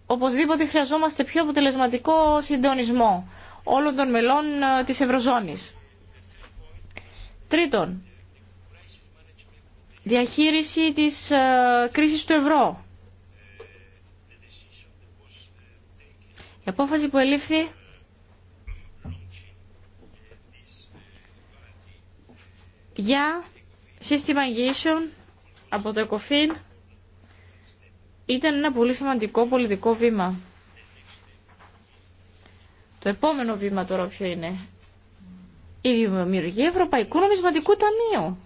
Οπωσδήποτε χρειαζόμαστε πιο αποτελεσματικό συντονισμό όλων των μελών ε, της Ευρωζώνης. Τρίτον, διαχείριση της ε, κρίσης του ευρώ. Η απόφαση που ελήφθη για σύστημα εγγύσεων από το ΕΚΟΦΗΝ ήταν ένα πολύ σημαντικό πολιτικό βήμα. Το επόμενο βήμα τώρα ποιο είναι. Η δημιουργία Ευρωπαϊκού Νομισματικού Ταμείου.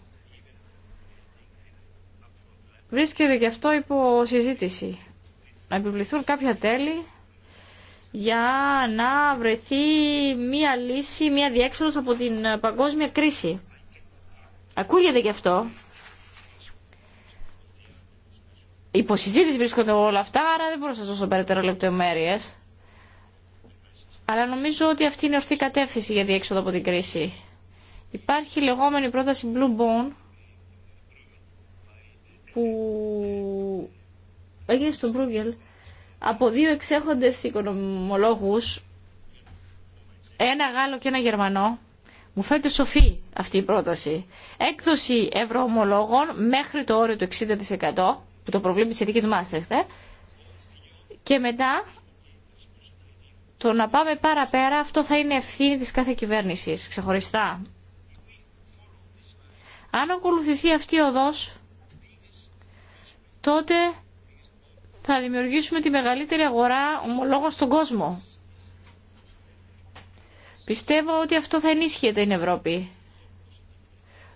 Βρίσκεται γι' αυτό υπό συζήτηση. Να επιβληθούν κάποια τέλη για να βρεθεί μία λύση, μία διέξοδος από την παγκόσμια κρίση. Ακούγεται γι' αυτό. Υποσυζήτηση βρίσκονται όλα αυτά, άρα δεν μπορώ να σα δώσω περαιτέρω λεπτομέρειες. Αλλά νομίζω ότι αυτή είναι ορθή κατεύθυνση για διέξοδο από την κρίση. Υπάρχει λεγόμενη πρόταση Blue Bone που έγινε στον Μπρούγκελ από δύο εξέχοντες οικονομολόγους, ένα Γάλλο και ένα Γερμανό, μου φαίνεται σοφή αυτή η πρόταση. Έκδοση ευρωομολόγων μέχρι το όριο του 60% που το προβλήμα η δική του Μάστρεχτε και μετά το να πάμε παραπέρα αυτό θα είναι ευθύνη της κάθε κυβέρνησης ξεχωριστά. Αν ακολουθηθεί αυτή η οδός τότε θα δημιουργήσουμε τη μεγαλύτερη αγορά ομολόγων στον κόσμο. Πιστεύω ότι αυτό θα ενίσχυε την Ευρώπη.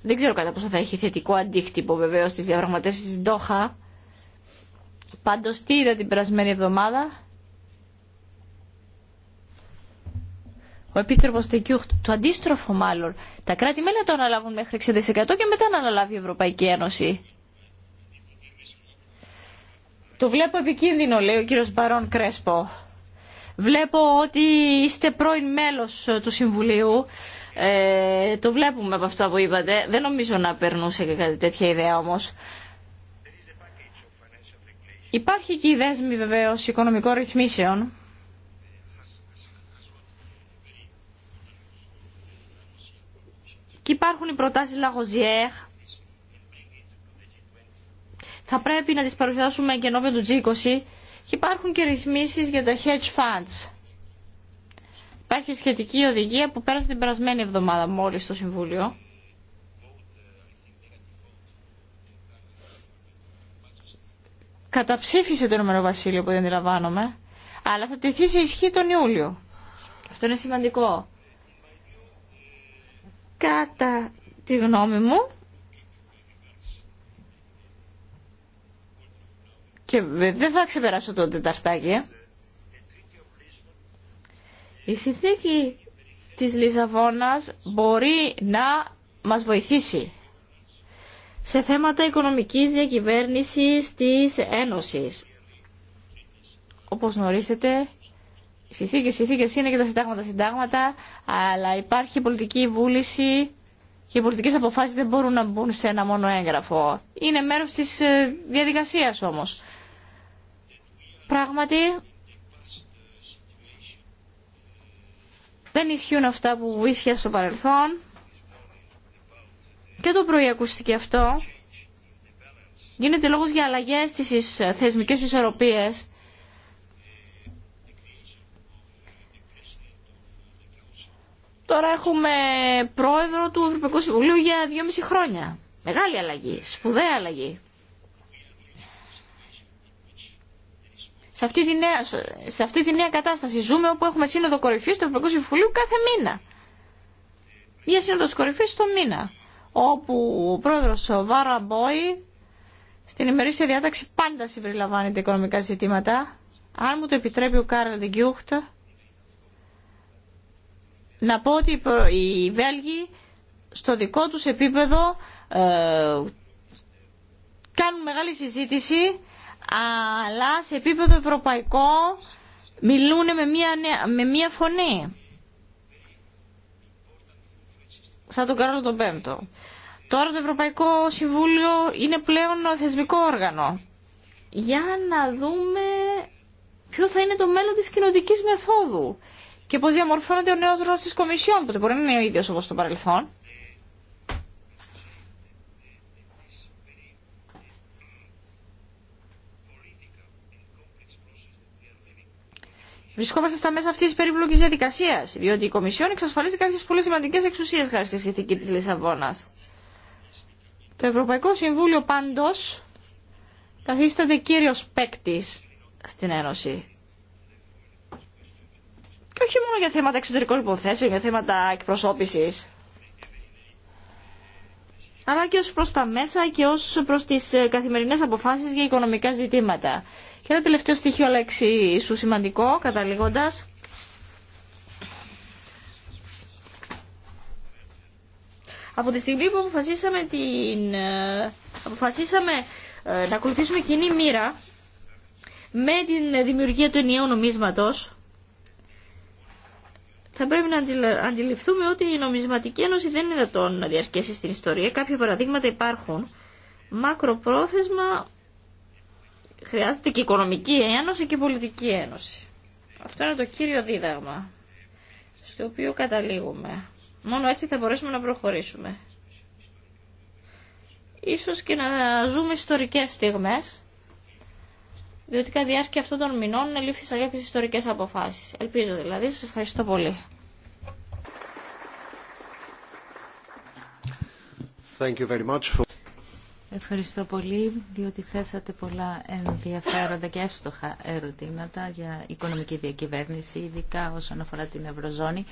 Δεν ξέρω κατά πόσο θα έχει θετικό αντίκτυπο βεβαίως στις διαπραγματεύσεις της Ντόχα. Πάντως τι είδα την περασμένη εβδομάδα. Ο Επίτροπος Τεκιούχτ, το αντίστροφο μάλλον. Τα κράτη-μέλη το αναλάβουν μέχρι 60% και μετά να αναλάβει η Ευρωπαϊκή Ένωση. Το βλέπω επικίνδυνο, λέει ο κύριος Μπαρόν Κρέσπο. Βλέπω ότι είστε πρώην μέλος ε, του Συμβουλίου. Ε, το βλέπουμε από αυτά που είπατε. Δεν νομίζω να περνούσε και κάτι τέτοια ιδέα όμως. Υπάρχει και η δέσμη βεβαίως οικονομικών ρυθμίσεων. Και υπάρχουν οι προτάσεις Λαγοζιέρ. Θα πρέπει να τις παρουσιάσουμε και ενώπιον του G20 Υπάρχουν και ρυθμίσεις για τα hedge funds. Υπάρχει σχετική οδηγία που πέρασε την περασμένη εβδομάδα μόλις στο Συμβούλιο. Καταψήφισε το νούμερο Βασίλειο που δεν αντιλαμβάνομαι, αλλά θα τεθεί σε ισχύ τον Ιούλιο. Αυτό είναι σημαντικό. Κατά τη γνώμη μου, Και δεν θα ξεπεράσω το τεταρτάκι. Η συνθήκη της Λιζαβόνας μπορεί να μας βοηθήσει σε θέματα οικονομικής διακυβέρνησης της Ένωσης. Όπως γνωρίζετε, οι συνθήκες, οι συνθήκες είναι και τα συντάγματα συντάγματα, αλλά υπάρχει πολιτική βούληση και οι πολιτικές αποφάσεις δεν μπορούν να μπουν σε ένα μόνο έγγραφο. Είναι μέρος της ε, διαδικασίας όμως πράγματι δεν ισχύουν αυτά που ίσχυαν στο παρελθόν και το πρωί ακούστηκε αυτό. Γίνεται λόγος για αλλαγές στις θεσμικές ισορροπίες. Τώρα έχουμε πρόεδρο του Ευρωπαϊκού Συμβουλίου για δυόμιση χρόνια. Μεγάλη αλλαγή, σπουδαία αλλαγή. σε αυτή, τη νέα, σε αυτή τη νέα κατάσταση ζούμε όπου έχουμε σύνοδο κορυφή του Ευρωπαϊκού Συμβουλίου κάθε μήνα. Μια σύνοδο κορυφή το μήνα. Όπου ο πρόεδρο Βάρα Μπόι στην ημερήσια διάταξη πάντα συμπεριλαμβάνεται οικονομικά ζητήματα. Αν μου το επιτρέπει ο Κάρλ Ντεγκιούχτ, να πω ότι οι Βέλγοι στο δικό τους επίπεδο ε, κάνουν μεγάλη συζήτηση αλλά σε επίπεδο ευρωπαϊκό μιλούν με μία, με μία φωνή. Σαν τον Κάρολο τον Πέμπτο. Τώρα το Ευρωπαϊκό Συμβούλιο είναι πλέον θεσμικό όργανο. Για να δούμε ποιο θα είναι το μέλλον της κοινωτικής μεθόδου και πώς διαμορφώνεται ο νέος ρόλος της Κομισιόν, που δεν μπορεί να είναι ο ίδιος όπως στο παρελθόν. βρισκόμαστε στα μέσα αυτή τη περίπλοκη διαδικασία, διότι η Κομισιόν εξασφαλίζει κάποιε πολύ σημαντικέ εξουσίε χάρη στη συνθήκη τη Λισαβόνα. Το Ευρωπαϊκό Συμβούλιο πάντω καθίσταται κύριο παίκτη στην Ένωση. Και όχι μόνο για θέματα εξωτερικών υποθέσεων, για θέματα εκπροσώπηση, αλλά και ω προ τα μέσα και ω προ τι ε, καθημερινέ αποφάσει για οικονομικά ζητήματα. Και ένα τελευταίο στοιχείο, αλλά εξίσου σημαντικό, καταλήγοντας. Από τη στιγμή που αποφασίσαμε, την, ε, αποφασίσαμε ε, να ακολουθήσουμε κοινή μοίρα με την δημιουργία του ενιαίου νομίσματος, θα πρέπει να αντιληφθούμε ότι η νομισματική ένωση δεν είναι δυνατόν να διαρκέσει στην ιστορία. Κάποια παραδείγματα υπάρχουν. Μακροπρόθεσμα χρειάζεται και οικονομική ένωση και πολιτική ένωση. Αυτό είναι το κύριο δίδαγμα στο οποίο καταλήγουμε. Μόνο έτσι θα μπορέσουμε να προχωρήσουμε. Ίσως και να ζούμε ιστορικές στιγμές, διότι κατά διάρκεια αυτών των μηνών ελήφθησαν κάποιες ιστορικές αποφάσεις. Ελπίζω δηλαδή. Σας ευχαριστώ πολύ. Thank you very much Ευχαριστώ πολύ, διότι θέσατε πολλά ενδιαφέροντα και εύστοχα ερωτήματα για οικονομική διακυβέρνηση, ειδικά όσον αφορά την Ευρωζώνη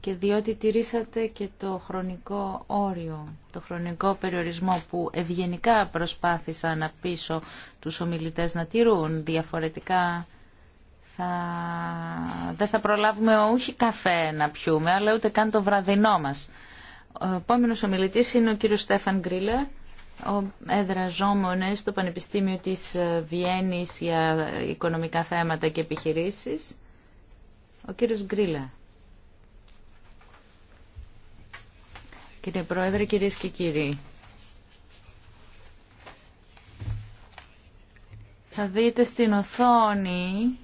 και διότι τηρήσατε και το χρονικό όριο, το χρονικό περιορισμό που ευγενικά προσπάθησα να πείσω τους ομιλητές να τηρούν. Διαφορετικά θα... δεν θα προλάβουμε όχι καφέ να πιούμε, αλλά ούτε καν το βραδινό μας. Ο επόμενος ομιλητής είναι ο κύριος Στέφαν Γκρίλερ ο εδραζόμονες στο Πανεπιστήμιο της ε, Βιέννης για οικονομικά θέματα και επιχειρήσεις, ο κύριος Γκρίλα. Κύριε Πρόεδρε, κυρίες και κύριοι, θα δείτε στην οθόνη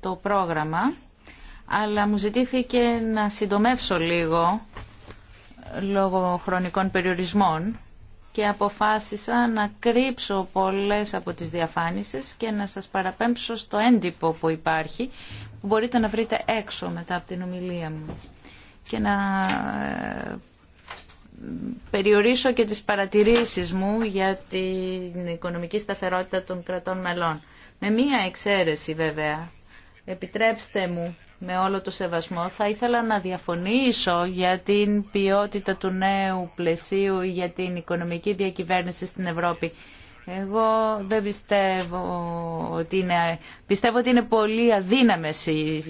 το πρόγραμμα, αλλά μου ζητήθηκε να συντομεύσω λίγο λόγω χρονικών περιορισμών και αποφάσισα να κρύψω πολλές από τις διαφάνειες και να σας παραπέμψω στο έντυπο που υπάρχει που μπορείτε να βρείτε έξω μετά από την ομιλία μου και να ε, περιορίσω και τις παρατηρήσεις μου για την οικονομική σταθερότητα των κρατών μελών. Με μία εξαίρεση βέβαια. Επιτρέψτε μου με όλο το σεβασμό, θα ήθελα να διαφωνήσω για την ποιότητα του νέου πλαισίου για την οικονομική διακυβέρνηση στην Ευρώπη. Εγώ δεν πιστεύω ότι είναι, πιστεύω ότι είναι πολύ αδύναμες οι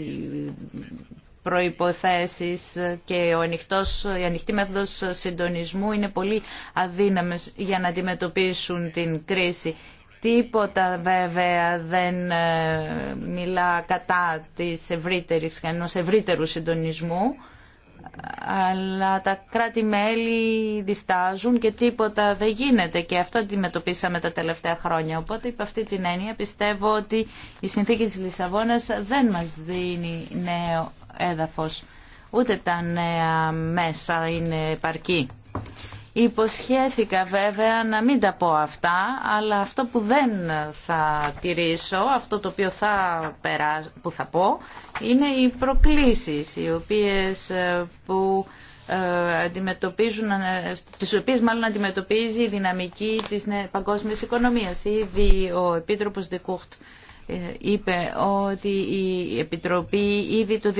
προϋποθέσεις και ο ανοιχτός, η ανοιχτή μέθοδος συντονισμού είναι πολύ αδύναμες για να αντιμετωπίσουν την κρίση. Τίποτα βέβαια δεν ε, μιλά κατά της ευρύτερης, ενός ευρύτερου συντονισμού, αλλά τα κράτη-μέλη διστάζουν και τίποτα δεν γίνεται και αυτό αντιμετωπίσαμε τα τελευταία χρόνια. Οπότε υπ' αυτή την έννοια πιστεύω ότι η συνθήκη της Λισαβόνας δεν μας δίνει νέο έδαφος. Ούτε τα νέα μέσα είναι επαρκή. Υποσχέθηκα βέβαια να μην τα πω αυτά, αλλά αυτό που δεν θα τηρήσω, αυτό το οποίο θα περά, που θα πω, είναι οι προκλήσεις, οι οποίες ε, που ε, αντιμετωπίζουν, ε, τις οποίες μάλλον αντιμετωπίζει η δυναμική της παγκόσμιας οικονομίας. Ήδη ο Επίτροπος Δικούχτ είπε ότι η Επιτροπή ήδη το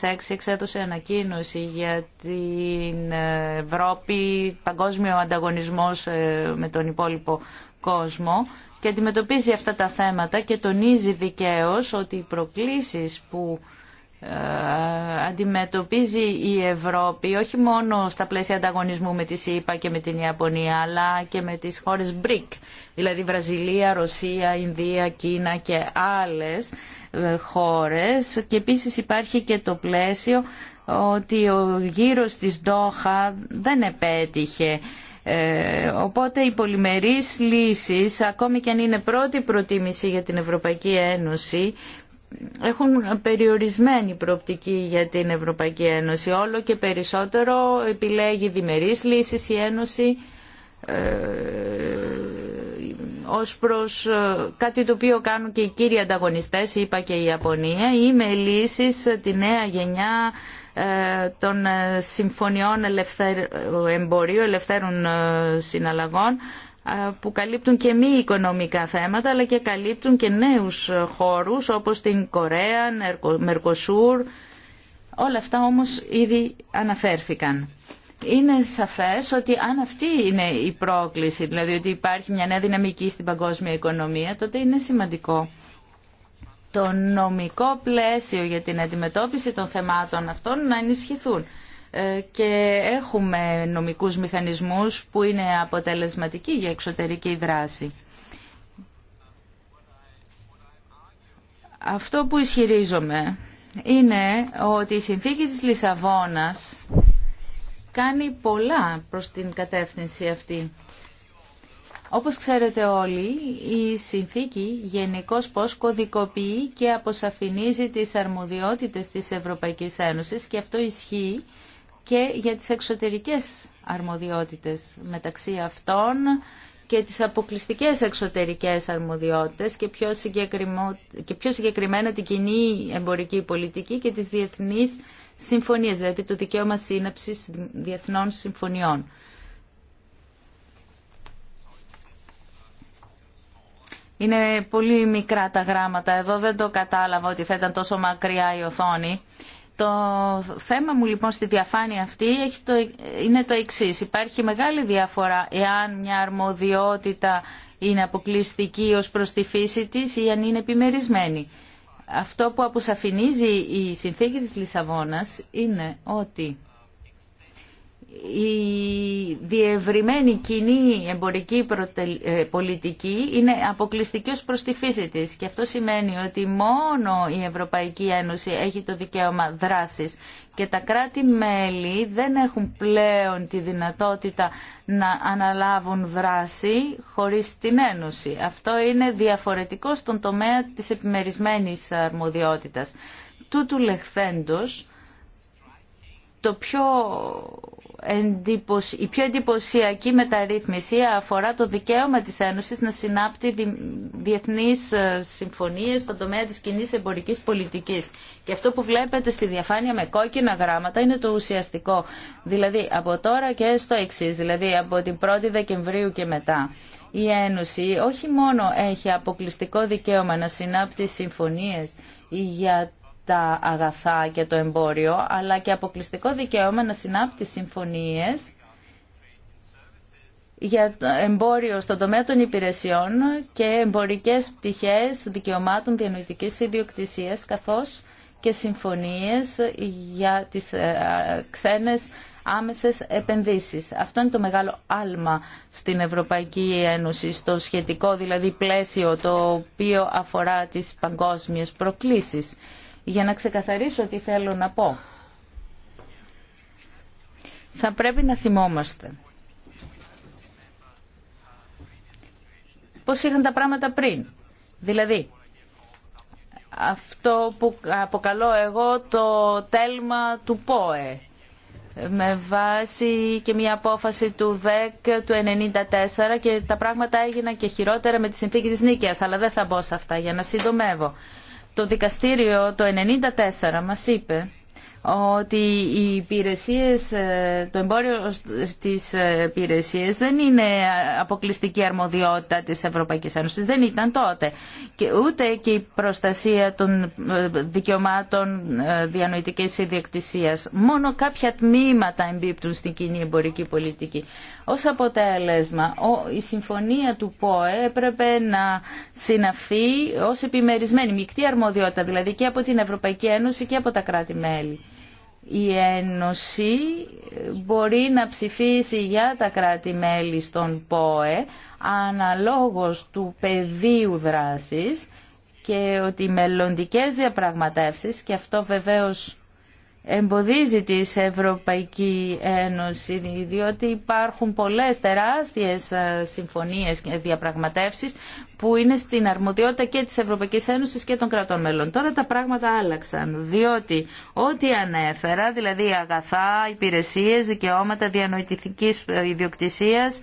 2006 εξέδωσε ανακοίνωση για την Ευρώπη, παγκόσμιο ανταγωνισμός ε, με τον υπόλοιπο κόσμο και αντιμετωπίζει αυτά τα θέματα και τονίζει δικαίως ότι οι προκλήσεις που ε, αντιμετωπίζει η Ευρώπη όχι μόνο στα πλαίσια ανταγωνισμού με τη ΣΥΠΑ και με την Ιαπωνία αλλά και με τις χώρες BRIC δηλαδή Βραζιλία, Ρωσία, Ινδία, Κίνα και άλλες ε, χώρες και επίσης υπάρχει και το πλαίσιο ότι ο γύρος της Ντόχα δεν επέτυχε ε, οπότε οι πολυμερείς λύσεις, ακόμη και αν είναι πρώτη προτίμηση για την Ευρωπαϊκή Ένωση, έχουν περιορισμένη προοπτική για την Ευρωπαϊκή Ένωση. Όλο και περισσότερο επιλέγει διμερείς λύσεις η Ένωση ε, ως προς ε, κάτι το οποίο κάνουν και οι κύριοι ανταγωνιστές, είπα και η Ιαπωνία, ή με λύσεις τη νέα γενιά ε, των συμφωνιών ελευθερ... εμπορίου, ελευθέρων συναλλαγών που καλύπτουν και μη οικονομικά θέματα αλλά και καλύπτουν και νέους χώρους όπως την Κορέα, Μερκοσούρ. Όλα αυτά όμως ήδη αναφέρθηκαν. Είναι σαφές ότι αν αυτή είναι η πρόκληση, δηλαδή ότι υπάρχει μια νέα δυναμική στην παγκόσμια οικονομία, τότε είναι σημαντικό το νομικό πλαίσιο για την αντιμετώπιση των θεμάτων αυτών να ενισχυθούν. Ε, και έχουμε νομικούς μηχανισμούς που είναι αποτελεσματικοί για εξωτερική δράση. Αυτό που ισχυρίζομαι είναι ότι η συνθήκη της Λισαβόνας κάνει πολλά προς την κατεύθυνση αυτή. Όπως ξέρετε όλοι, η συνθήκη γενικώ πως κωδικοποιεί και αποσαφηνίζει τις αρμοδιότητες της Ευρωπαϊκής Ένωσης και αυτό ισχύει και για τις εξωτερικές αρμοδιότητες μεταξύ αυτών και τις αποκλειστικές εξωτερικές αρμοδιότητες και πιο, πιο συγκεκριμένα την κοινή εμπορική πολιτική και τις διεθνείς συμφωνίες, δηλαδή το δικαίωμα σύναψης διεθνών συμφωνιών. Είναι πολύ μικρά τα γράμματα. Εδώ δεν το κατάλαβα ότι θα ήταν τόσο μακριά η οθόνη. Το θέμα μου λοιπόν στη διαφάνεια αυτή έχει το, είναι το εξή. Υπάρχει μεγάλη διαφορά εάν μια αρμοδιότητα είναι αποκλειστική ως προς τη φύση της ή αν είναι επιμερισμένη. Αυτό που αποσαφηνίζει η συνθήκη της Λισαβόνας είναι ότι η διευρυμένη κοινή εμπορική ε, πολιτική είναι αποκλειστική ως προς τη φύση της και αυτό σημαίνει ότι μόνο η Ευρωπαϊκή Ένωση έχει το δικαίωμα δράσης και τα κράτη-μέλη δεν έχουν πλέον τη δυνατότητα να αναλάβουν δράση χωρίς την Ένωση. Αυτό είναι διαφορετικό στον τομέα της επιμερισμένης αρμοδιότητας. Τούτου λεχθέντος, το πιο η πιο εντυπωσιακή μεταρρύθμιση αφορά το δικαίωμα της Ένωσης να συνάπτει διεθνείς ε, συμφωνίες στον τομέα της κοινή εμπορικής πολιτικής. Και αυτό που βλέπετε στη διαφάνεια με κόκκινα γράμματα είναι το ουσιαστικό. Δηλαδή από τώρα και στο εξή, δηλαδή από την 1η Δεκεμβρίου και μετά. Η Ένωση όχι μόνο έχει αποκλειστικό δικαίωμα να συνάπτει συμφωνίες για τα αγαθά και το εμπόριο, αλλά και αποκλειστικό δικαίωμα να συνάπτει συμφωνίες για εμπόριο στον τομέα των υπηρεσιών και εμπορικές πτυχές δικαιωμάτων διανοητικής ιδιοκτησίας, καθώς και συμφωνίες για τις ε, ξένες άμεσες επενδύσεις. Αυτό είναι το μεγάλο άλμα στην Ευρωπαϊκή Ένωση, στο σχετικό δηλαδή πλαίσιο το οποίο αφορά τις παγκόσμιες προκλήσεις για να ξεκαθαρίσω τι θέλω να πω. Θα πρέπει να θυμόμαστε πώς είχαν τα πράγματα πριν. Δηλαδή, αυτό που αποκαλώ εγώ το τέλμα του ΠΟΕ με βάση και μια απόφαση του ΔΕΚ του 1994 και τα πράγματα έγιναν και χειρότερα με τη συνθήκη της νίκαιας, αλλά δεν θα μπω σε αυτά για να συντομεύω. Το δικαστήριο το 1994 μας είπε ότι οι υπηρεσίε, ε, το εμπόριο στις ε, υπηρεσίε δεν είναι αποκλειστική αρμοδιότητα της Ευρωπαϊκής Ένωσης. Δεν ήταν τότε. Και ούτε και η προστασία των ε, δικαιωμάτων διανοητικής ιδιοκτησίας. Μόνο κάποια τμήματα εμπίπτουν στην κοινή εμπορική πολιτική. Ω αποτέλεσμα, η συμφωνία του ΠΟΕ έπρεπε να συναφθεί ω επιμερισμένη, μεικτή αρμοδιότητα, δηλαδή και από την Ευρωπαϊκή Ένωση και από τα κράτη-μέλη η Ένωση μπορεί να ψηφίσει για τα κράτη-μέλη στον ΠΟΕ αναλόγως του πεδίου δράσης και ότι οι μελλοντικές διαπραγματεύσεις και αυτό βεβαίως εμποδίζει της Ευρωπαϊκή Ένωση διότι υπάρχουν πολλές τεράστιες ε, συμφωνίες και διαπραγματεύσεις που είναι στην αρμοδιότητα και της Ευρωπαϊκής Ένωσης και των κρατών μέλων. Τώρα τα πράγματα άλλαξαν διότι ό,τι ανέφερα, δηλαδή αγαθά, υπηρεσίες, δικαιώματα διανοητικής ε, ιδιοκτησίας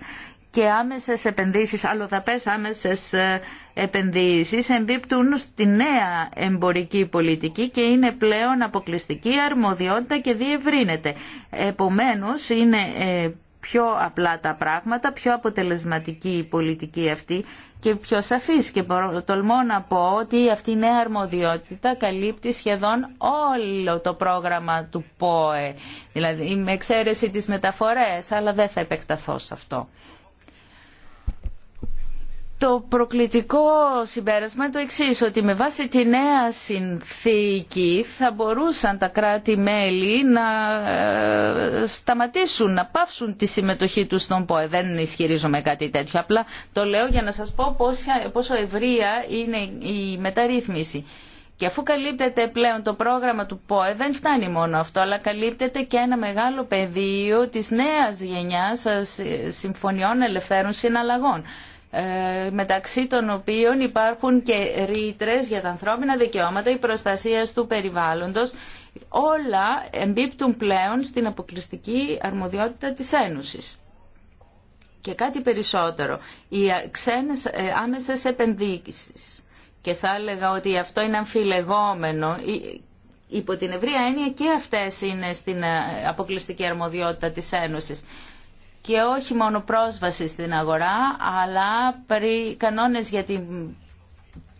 και άμεσες επενδύσεις, αλλοδαπές άμεσες ε, επενδύσεις εμπίπτουν στη νέα εμπορική πολιτική και είναι πλέον αποκλειστική αρμοδιότητα και διευρύνεται. Επομένως είναι ε, πιο απλά τα πράγματα, πιο αποτελεσματική η πολιτική αυτή και πιο σαφής και τολμώ να πω ότι αυτή η νέα αρμοδιότητα καλύπτει σχεδόν όλο το πρόγραμμα του ΠΟΕ, δηλαδή με εξαίρεση τις μεταφορές, αλλά δεν θα επεκταθώ σε αυτό το προκλητικό συμπέρασμα είναι το εξή ότι με βάση τη νέα συνθήκη θα μπορούσαν τα κράτη μέλη να ε, σταματήσουν να παύσουν τη συμμετοχή τους στον ποε. δεν ισχυρίζομαι κάτι τέτοιο απλά το λέω για να σας πω πόσο ευρεία είναι η μεταρρύθμιση. Και αφού καλύπτεται πλέον το πρόγραμμα του ΠΟΕ, δεν φτάνει μόνο αυτό, αλλά καλύπτεται και ένα μεγάλο πεδίο της νέας γενιάς ε, συμφωνιών ελευθέρων συναλλαγών. Ε, μεταξύ των οποίων υπάρχουν και ρήτρε για τα ανθρώπινα δικαιώματα, η προστασία του περιβάλλοντος. Όλα εμπίπτουν πλέον στην αποκλειστική αρμοδιότητα της Ένωσης. Και κάτι περισσότερο, οι ξένες ε, άμεσες επενδύσεις. Και θα έλεγα ότι αυτό είναι αμφιλεγόμενο. Ε, υπό την ευρία έννοια και αυτές είναι στην αποκλειστική αρμοδιότητα της Ένωσης και όχι μόνο πρόσβαση στην αγορά, αλλά περί κανόνες για την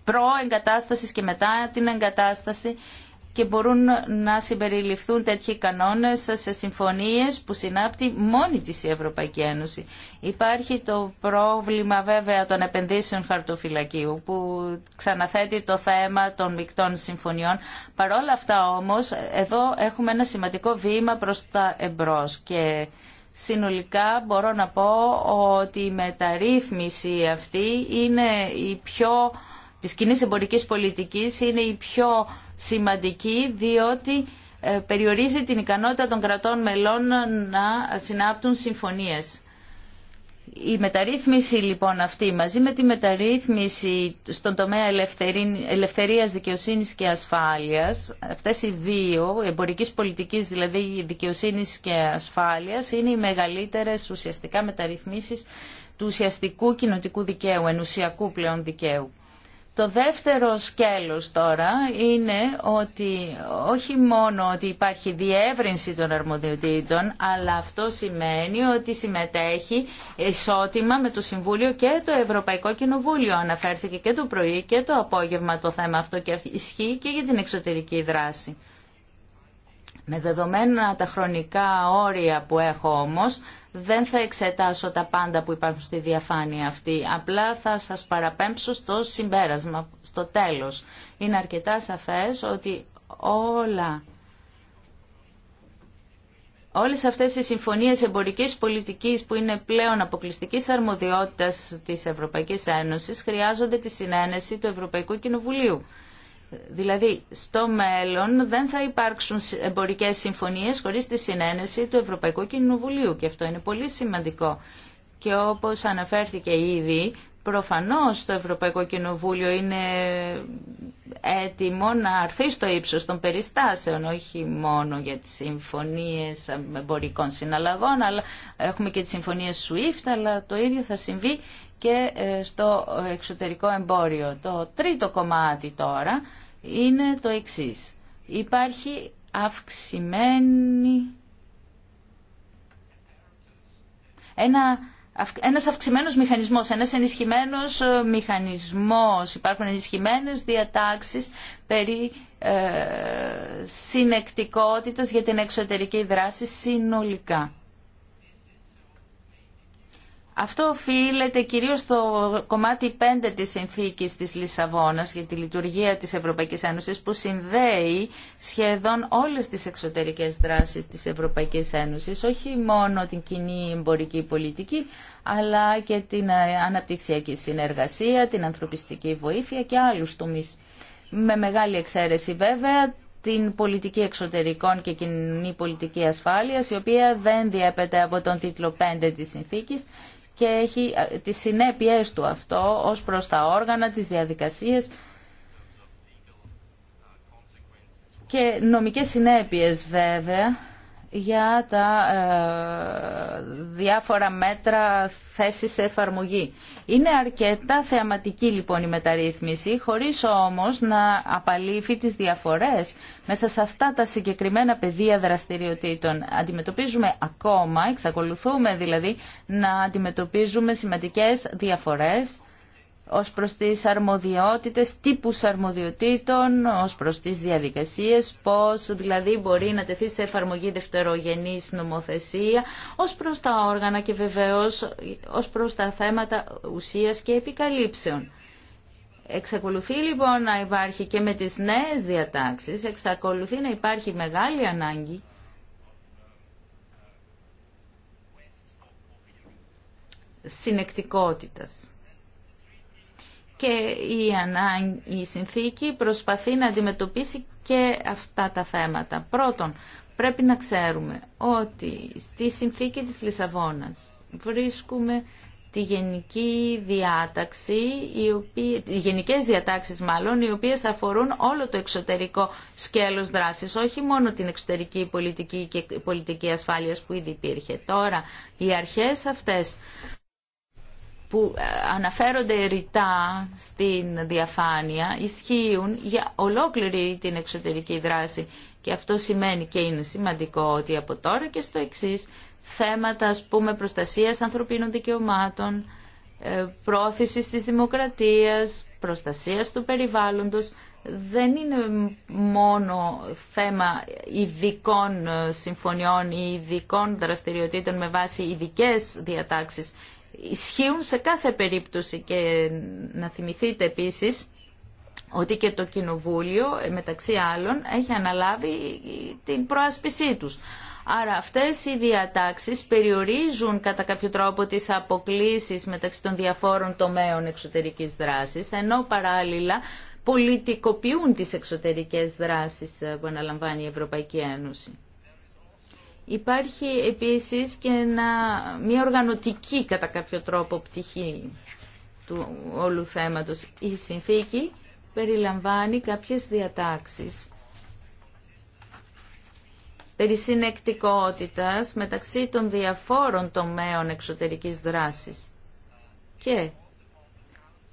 προεγκατάσταση και μετά την εγκατάσταση και μπορούν να συμπεριληφθούν τέτοιοι κανόνες σε συμφωνίες που συνάπτει μόνη της η Ευρωπαϊκή Ένωση. Υπάρχει το πρόβλημα βέβαια των επενδύσεων χαρτοφυλακίου που ξαναθέτει το θέμα των μεικτών συμφωνιών. όλα αυτά όμως εδώ έχουμε ένα σημαντικό βήμα προς τα εμπρός και Συνολικά μπορώ να πω ότι η μεταρρύθμιση αυτή είναι η πιο, της κοινή εμπορικής πολιτικής είναι η πιο σημαντική διότι ε, περιορίζει την ικανότητα των κρατών μελών να συνάπτουν συμφωνίες. Η μεταρρύθμιση λοιπόν αυτή μαζί με τη μεταρρύθμιση στον τομέα ελευθερίας δικαιοσύνης και ασφάλειας, αυτές οι δύο, εμπορικής πολιτικής δηλαδή δικαιοσύνης και ασφάλειας, είναι οι μεγαλύτερες ουσιαστικά μεταρρυθμίσεις του ουσιαστικού κοινοτικού δικαίου, ενουσιακού πλέον δικαίου. Το δεύτερο σκέλος τώρα είναι ότι όχι μόνο ότι υπάρχει διεύρυνση των αρμοδιοτήτων, αλλά αυτό σημαίνει ότι συμμετέχει ισότιμα με το Συμβούλιο και το Ευρωπαϊκό Κοινοβούλιο. Αναφέρθηκε και το πρωί και το απόγευμα το θέμα αυτό και ισχύει και για την εξωτερική δράση. Με δεδομένα τα χρονικά όρια που έχω όμως, δεν θα εξετάσω τα πάντα που υπάρχουν στη διαφάνεια αυτή. Απλά θα σας παραπέμψω στο συμπέρασμα, στο τέλος. Είναι αρκετά σαφές ότι όλα όλες αυτές οι συμφωνίες εμπορικής πολιτικής που είναι πλέον αποκλειστικής αρμοδιότητας της Ευρωπαϊκής Ένωσης χρειάζονται τη συνένεση του Ευρωπαϊκού Κοινοβουλίου. Δηλαδή, στο μέλλον δεν θα υπάρξουν εμπορικές συμφωνίες χωρίς τη συνένεση του Ευρωπαϊκού Κοινοβουλίου και αυτό είναι πολύ σημαντικό. Και όπως αναφέρθηκε ήδη, προφανώς το Ευρωπαϊκό Κοινοβούλιο είναι έτοιμο να αρθεί στο ύψος των περιστάσεων, όχι μόνο για τις συμφωνίες εμπορικών συναλλαγών, αλλά έχουμε και τις συμφωνίες SWIFT, αλλά το ίδιο θα συμβεί και ε, στο εξωτερικό εμπόριο. Το τρίτο κομμάτι τώρα είναι το εξής. Υπάρχει αυξημένη... Ένα ένας αυξημένος μηχανισμός, ένας ενισχυμένος ε, μηχανισμός. Υπάρχουν ενισχυμένες διατάξεις περί ε, συνεκτικότητας για την εξωτερική δράση συνολικά. Αυτό οφείλεται κυρίως στο κομμάτι 5 της συνθήκης της Λισαβόνας για τη λειτουργία της Ευρωπαϊκής Ένωσης που συνδέει σχεδόν όλες τις εξωτερικές δράσεις της Ευρωπαϊκής Ένωσης, όχι μόνο την κοινή εμπορική πολιτική, αλλά και την αναπτυξιακή συνεργασία, την ανθρωπιστική βοήθεια και άλλους τομείς. Με μεγάλη εξαίρεση βέβαια την πολιτική εξωτερικών και κοινή πολιτική ασφάλειας, η οποία δεν διέπεται από τον τίτλο 5 της συνθήκης και έχει ε, τις συνέπειές του αυτό ως προς τα όργανα, τις διαδικασίες και νομικές συνέπειες βέβαια για τα ε, διάφορα μέτρα θέση σε εφαρμογή. Είναι αρκετά θεαματική λοιπόν η μεταρρύθμιση, χωρίς όμως να απαλήφει τις διαφορές μέσα σε αυτά τα συγκεκριμένα πεδία δραστηριοτήτων. Αντιμετωπίζουμε ακόμα, εξακολουθούμε δηλαδή, να αντιμετωπίζουμε σημαντικές διαφορές ως προς τις αρμοδιότητες, τύπους αρμοδιοτήτων, ως προς τις διαδικασίες, πώς δηλαδή μπορεί να τεθεί σε εφαρμογή δευτερογενής νομοθεσία, ως προς τα όργανα και βεβαίως ως προς τα θέματα ουσίας και επικαλύψεων. Εξακολουθεί λοιπόν να υπάρχει και με τις νέες διατάξεις, εξακολουθεί να υπάρχει μεγάλη ανάγκη συνεκτικότητας και η, η συνθήκη προσπαθεί να αντιμετωπίσει και αυτά τα θέματα. Πρώτον, πρέπει να ξέρουμε ότι στη συνθήκη της Λισαβόνας βρίσκουμε τη γενική διάταξη, οι οποίες, οι γενικές διατάξεις μάλλον, οι οποίες αφορούν όλο το εξωτερικό σκέλος δράσης, όχι μόνο την εξωτερική πολιτική και πολιτική ασφάλειας που ήδη υπήρχε. Τώρα, οι αρχές αυτές που ε, αναφέρονται ρητά στην διαφάνεια ισχύουν για ολόκληρη την εξωτερική δράση. Και αυτό σημαίνει και είναι σημαντικό ότι από τώρα και στο εξής θέματα ας πούμε προστασίας ανθρωπίνων δικαιωμάτων, ε, πρόθεσης της δημοκρατίας, προστασίας του περιβάλλοντος δεν είναι μόνο θέμα ειδικών ε, συμφωνιών ή ειδικών δραστηριοτήτων με βάση ειδικέ διατάξεις ισχύουν σε κάθε περίπτωση και να θυμηθείτε επίσης ότι και το Κοινοβούλιο, ε, μεταξύ άλλων, έχει αναλάβει την προάσπισή τους. Άρα αυτές οι διατάξεις περιορίζουν κατά κάποιο τρόπο τις αποκλίσεις μεταξύ των διαφόρων τομέων εξωτερικής δράσης, ενώ παράλληλα πολιτικοποιούν τις εξωτερικές δράσεις ε, που αναλαμβάνει η Ευρωπαϊκή Ένωση. Υπάρχει επίσης και μια οργανωτική κατά κάποιο τρόπο πτυχή του όλου θέματος. Η συνθήκη περιλαμβάνει κάποιες διατάξεις περί συνεκτικότητας μεταξύ των διαφόρων τομέων εξωτερικής δράσης και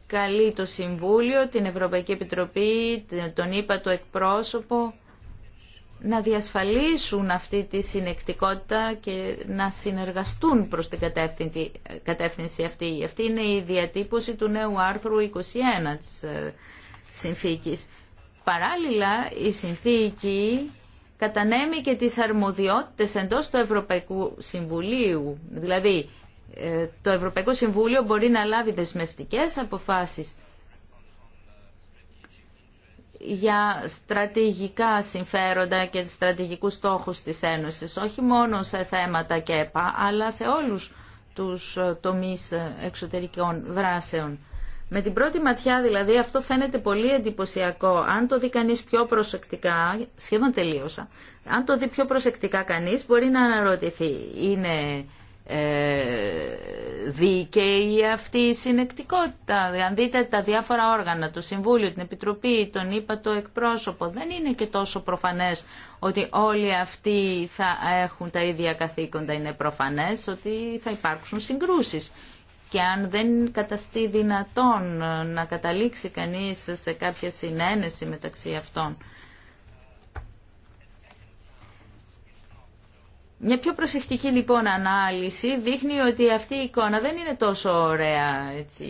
καλεί το Συμβούλιο, την Ευρωπαϊκή Επιτροπή, τον είπα το εκπρόσωπο να διασφαλίσουν αυτή τη συνεκτικότητα και να συνεργαστούν προς την κατεύθυνση αυτή. Αυτή είναι η διατύπωση του νέου άρθρου 21 της ε, συνθήκης. Παράλληλα, η συνθήκη κατανέμει και τις αρμοδιότητες εντός του Ευρωπαϊκού Συμβουλίου. Δηλαδή, ε, το Ευρωπαϊκό Συμβούλιο μπορεί να λάβει δεσμευτικές αποφάσεις για στρατηγικά συμφέροντα και στρατηγικούς στόχους της Ένωσης, όχι μόνο σε θέματα ΚΕΠΑ, αλλά σε όλους τους τομείς εξωτερικών δράσεων. Με την πρώτη ματιά δηλαδή αυτό φαίνεται πολύ εντυπωσιακό. Αν το δει κανείς πιο προσεκτικά, σχεδόν τελείωσα, αν το δει πιο προσεκτικά κανείς μπορεί να αναρωτηθεί, είναι ε, δίκαιη αυτή η συνεκτικότητα. Αν δείτε τα διάφορα όργανα, το Συμβούλιο, την Επιτροπή, τον ΥΠΑ, το εκπρόσωπο, δεν είναι και τόσο προφανές ότι όλοι αυτοί θα έχουν τα ίδια καθήκοντα. Είναι προφανές ότι θα υπάρξουν συγκρούσεις. Και αν δεν καταστεί δυνατόν να καταλήξει κανείς σε κάποια συνένεση μεταξύ αυτών Μια πιο προσεκτική λοιπόν ανάλυση δείχνει ότι αυτή η εικόνα δεν είναι τόσο ωραία έτσι,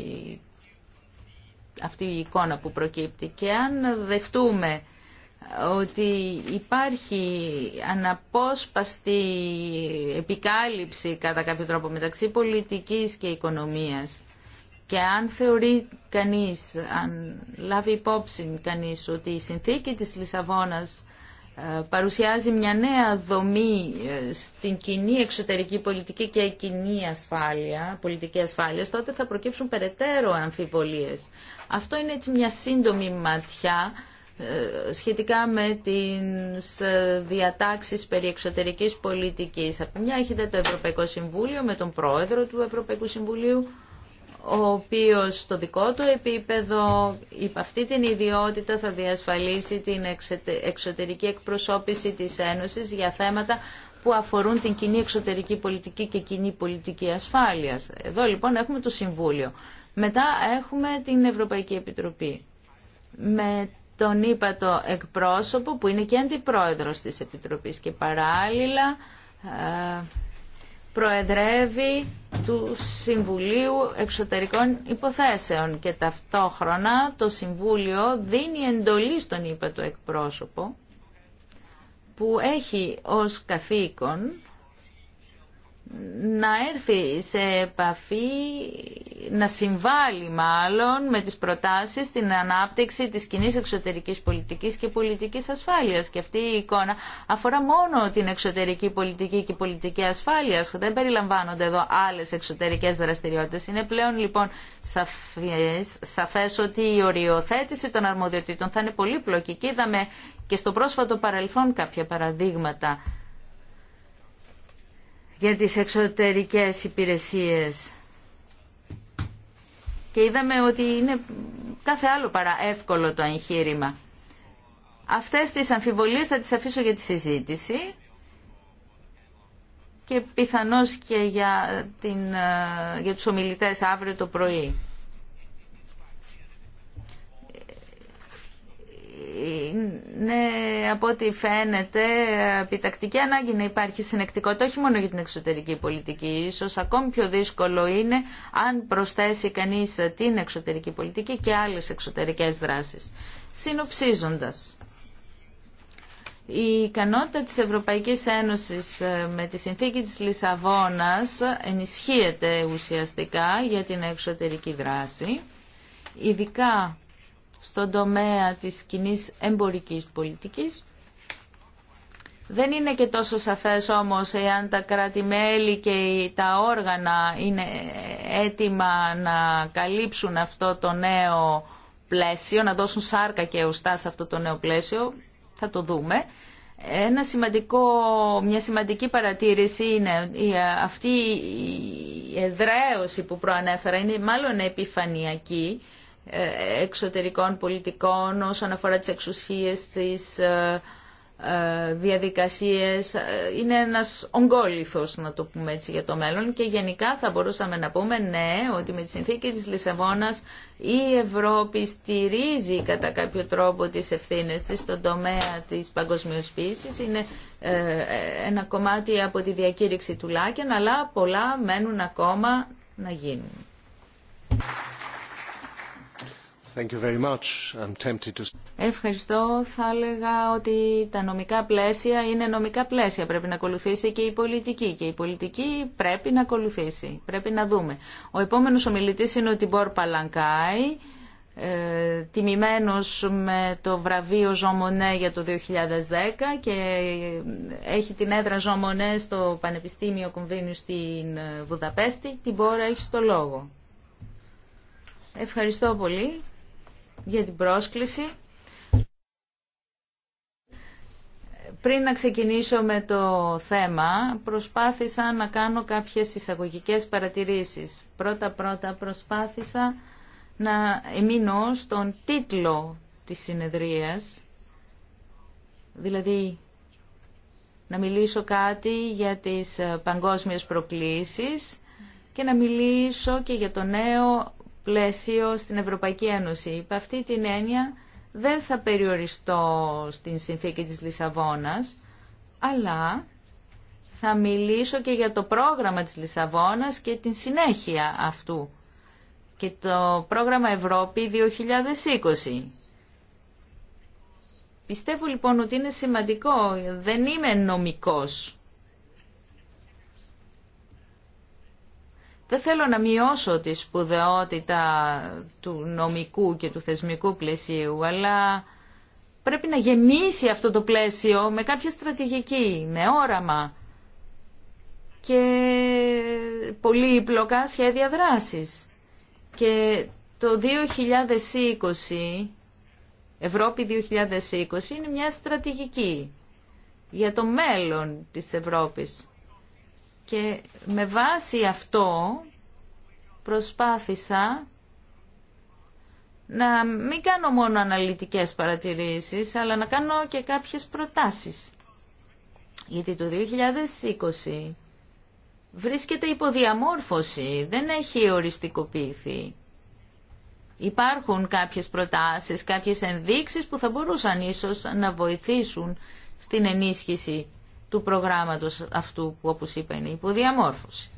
αυτή η εικόνα που προκύπτει και αν δεχτούμε ότι υπάρχει αναπόσπαστη επικάλυψη κατά κάποιο τρόπο μεταξύ πολιτικής και οικονομίας και αν θεωρεί κανείς, αν λάβει υπόψη κανείς ότι η συνθήκη της Λισαβόνας ε, παρουσιάζει μια νέα δομή ε, στην κοινή εξωτερική πολιτική και κοινή ασφάλεια, πολιτική ασφάλεια, τότε θα προκύψουν περαιτέρω αμφιβολίες. Αυτό είναι έτσι μια σύντομη ματιά ε, σχετικά με τις διατάξεις περί εξωτερικής πολιτικής. Από μια έχετε το Ευρωπαϊκό Συμβούλιο με τον πρόεδρο του Ευρωπαϊκού Συμβουλίου, ο οποίος στο δικό του επίπεδο υπ' αυτή την ιδιότητα θα διασφαλίσει την εξωτερική εκπροσώπηση της Ένωσης για θέματα που αφορούν την κοινή εξωτερική πολιτική και κοινή πολιτική ασφάλειας. Εδώ λοιπόν έχουμε το Συμβούλιο. Μετά έχουμε την Ευρωπαϊκή Επιτροπή. Με τον ύπατο εκπρόσωπο που είναι και αντιπρόεδρος της Επιτροπής και παράλληλα ε, προεδρεύει του Συμβουλίου Εξωτερικών Υποθέσεων και ταυτόχρονα το Συμβούλιο δίνει εντολή στον του εκπρόσωπο που έχει ως καθήκον να έρθει σε επαφή, να συμβάλλει μάλλον με τις προτάσεις στην ανάπτυξη της κοινή εξωτερικής πολιτικής και πολιτικής ασφάλειας. Και αυτή η εικόνα αφορά μόνο την εξωτερική πολιτική και πολιτική ασφάλειας. Δεν περιλαμβάνονται εδώ άλλες εξωτερικές δραστηριότητες. Είναι πλέον λοιπόν σαφές, σαφές ότι η οριοθέτηση των αρμοδιοτήτων θα είναι πολύπλοκη. Και είδαμε και στο πρόσφατο παρελθόν κάποια παραδείγματα για τις εξωτερικές υπηρεσίες. Και είδαμε ότι είναι κάθε άλλο παρά εύκολο το εγχείρημα. Αυτές τις αμφιβολίες θα τις αφήσω για τη συζήτηση και πιθανώς και για, την, ε, για τους ομιλητές αύριο το πρωί. είναι από ό,τι φαίνεται επιτακτική ανάγκη να υπάρχει συνεκτικότητα όχι μόνο για την εξωτερική πολιτική. Ίσως ακόμη πιο δύσκολο είναι αν προσθέσει κανείς την εξωτερική πολιτική και άλλες εξωτερικές δράσεις. Συνοψίζοντας, η ικανότητα της Ευρωπαϊκής Ένωσης ε, με τη συνθήκη της Λισαβόνας ενισχύεται ουσιαστικά για την εξωτερική δράση, ειδικά στον τομέα της κοινή εμπορικής πολιτικής. Δεν είναι και τόσο σαφές όμως εάν τα κράτη-μέλη και τα όργανα είναι έτοιμα να καλύψουν αυτό το νέο πλαίσιο, να δώσουν σάρκα και οστά σε αυτό το νέο πλαίσιο. Θα το δούμε. Ένα σημαντικό, μια σημαντική παρατήρηση είναι αυτή η εδραίωση που προανέφερα, είναι μάλλον επιφανειακή ε, εξωτερικών πολιτικών όσον αφορά τις εξουσίες, τις ε, ε, διαδικασίες. Είναι ένας ογκόλυφος, να το πούμε έτσι, για το μέλλον και γενικά θα μπορούσαμε να πούμε ναι, ότι με τη συνθήκη της Λισαβόνας η Ευρώπη στηρίζει κατά κάποιο τρόπο τις ευθύνες της στον τομέα της παγκοσμιοποίησης. Είναι ένα κομμάτι από τη διακήρυξη του Λάκεν, αλλά πολλά μένουν ακόμα να γίνουν. Ευχαριστώ. Θα έλεγα ότι τα νομικά πλαίσια είναι νομικά πλαίσια. Πρέπει να ακολουθήσει και η πολιτική. Και η πολιτική πρέπει να ακολουθήσει. Πρέπει να δούμε. Ο επόμενος ομιλητής είναι ο Τιμπορ Παλανκάη, ε, τιμημένος με το βραβείο Ζωμονέ για το 2010 και ε, έχει την έδρα Ζωμονέ στο Πανεπιστήμιο Κομβίνιου στην ε, Βουδαπέστη. Τιμπορ, έχει το λόγο. Ευχαριστώ πολύ για την πρόσκληση. Πριν να ξεκινήσω με το θέμα, προσπάθησα να κάνω κάποιες εισαγωγικές παρατηρήσεις. Πρώτα-πρώτα προσπάθησα να εμείνω στον τίτλο της συνεδρίας, δηλαδή να μιλήσω κάτι για τις παγκόσμιες προκλήσεις και να μιλήσω και για το νέο στην Ευρωπαϊκή Ένωση. Υπ' αυτή την έννοια δεν θα περιοριστώ στην συνθήκη της Λισαβόνας, αλλά θα μιλήσω και για το πρόγραμμα της Λισαβόνας και την συνέχεια αυτού και το πρόγραμμα Ευρώπη 2020. Πιστεύω λοιπόν ότι είναι σημαντικό, δεν είμαι νομικός Δεν θέλω να μειώσω τη σπουδαιότητα του νομικού και του θεσμικού πλαισίου, αλλά πρέπει να γεμίσει αυτό το πλαίσιο με κάποια στρατηγική, με όραμα και πολύπλοκα σχέδια δράσης. Και το 2020, Ευρώπη 2020, είναι μια στρατηγική για το μέλλον της Ευρώπης. Και με βάση αυτό προσπάθησα να μην κάνω μόνο αναλυτικές παρατηρήσεις, αλλά να κάνω και κάποιες προτάσεις. Γιατί το 2020 βρίσκεται υποδιαμόρφωση, δεν έχει οριστικοποιηθεί. Υπάρχουν κάποιες προτάσεις, κάποιες ενδείξεις που θα μπορούσαν ίσως να βοηθήσουν στην ενίσχυση του προγράμματος αυτού που όπως είπα είναι η υποδιαμόρφωση.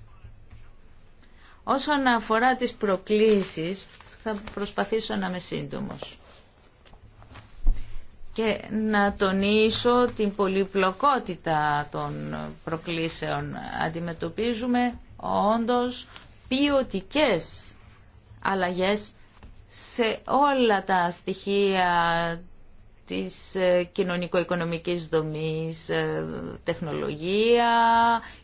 Όσον αφορά τις προκλήσεις θα προσπαθήσω να είμαι σύντομος και να τονίσω την πολυπλοκότητα των προκλήσεων. Αντιμετωπίζουμε όντως ποιοτικέ αλλαγές σε όλα τα στοιχεία της ε, κοινωνικο-οικονομικής δομής, ε, τεχνολογία,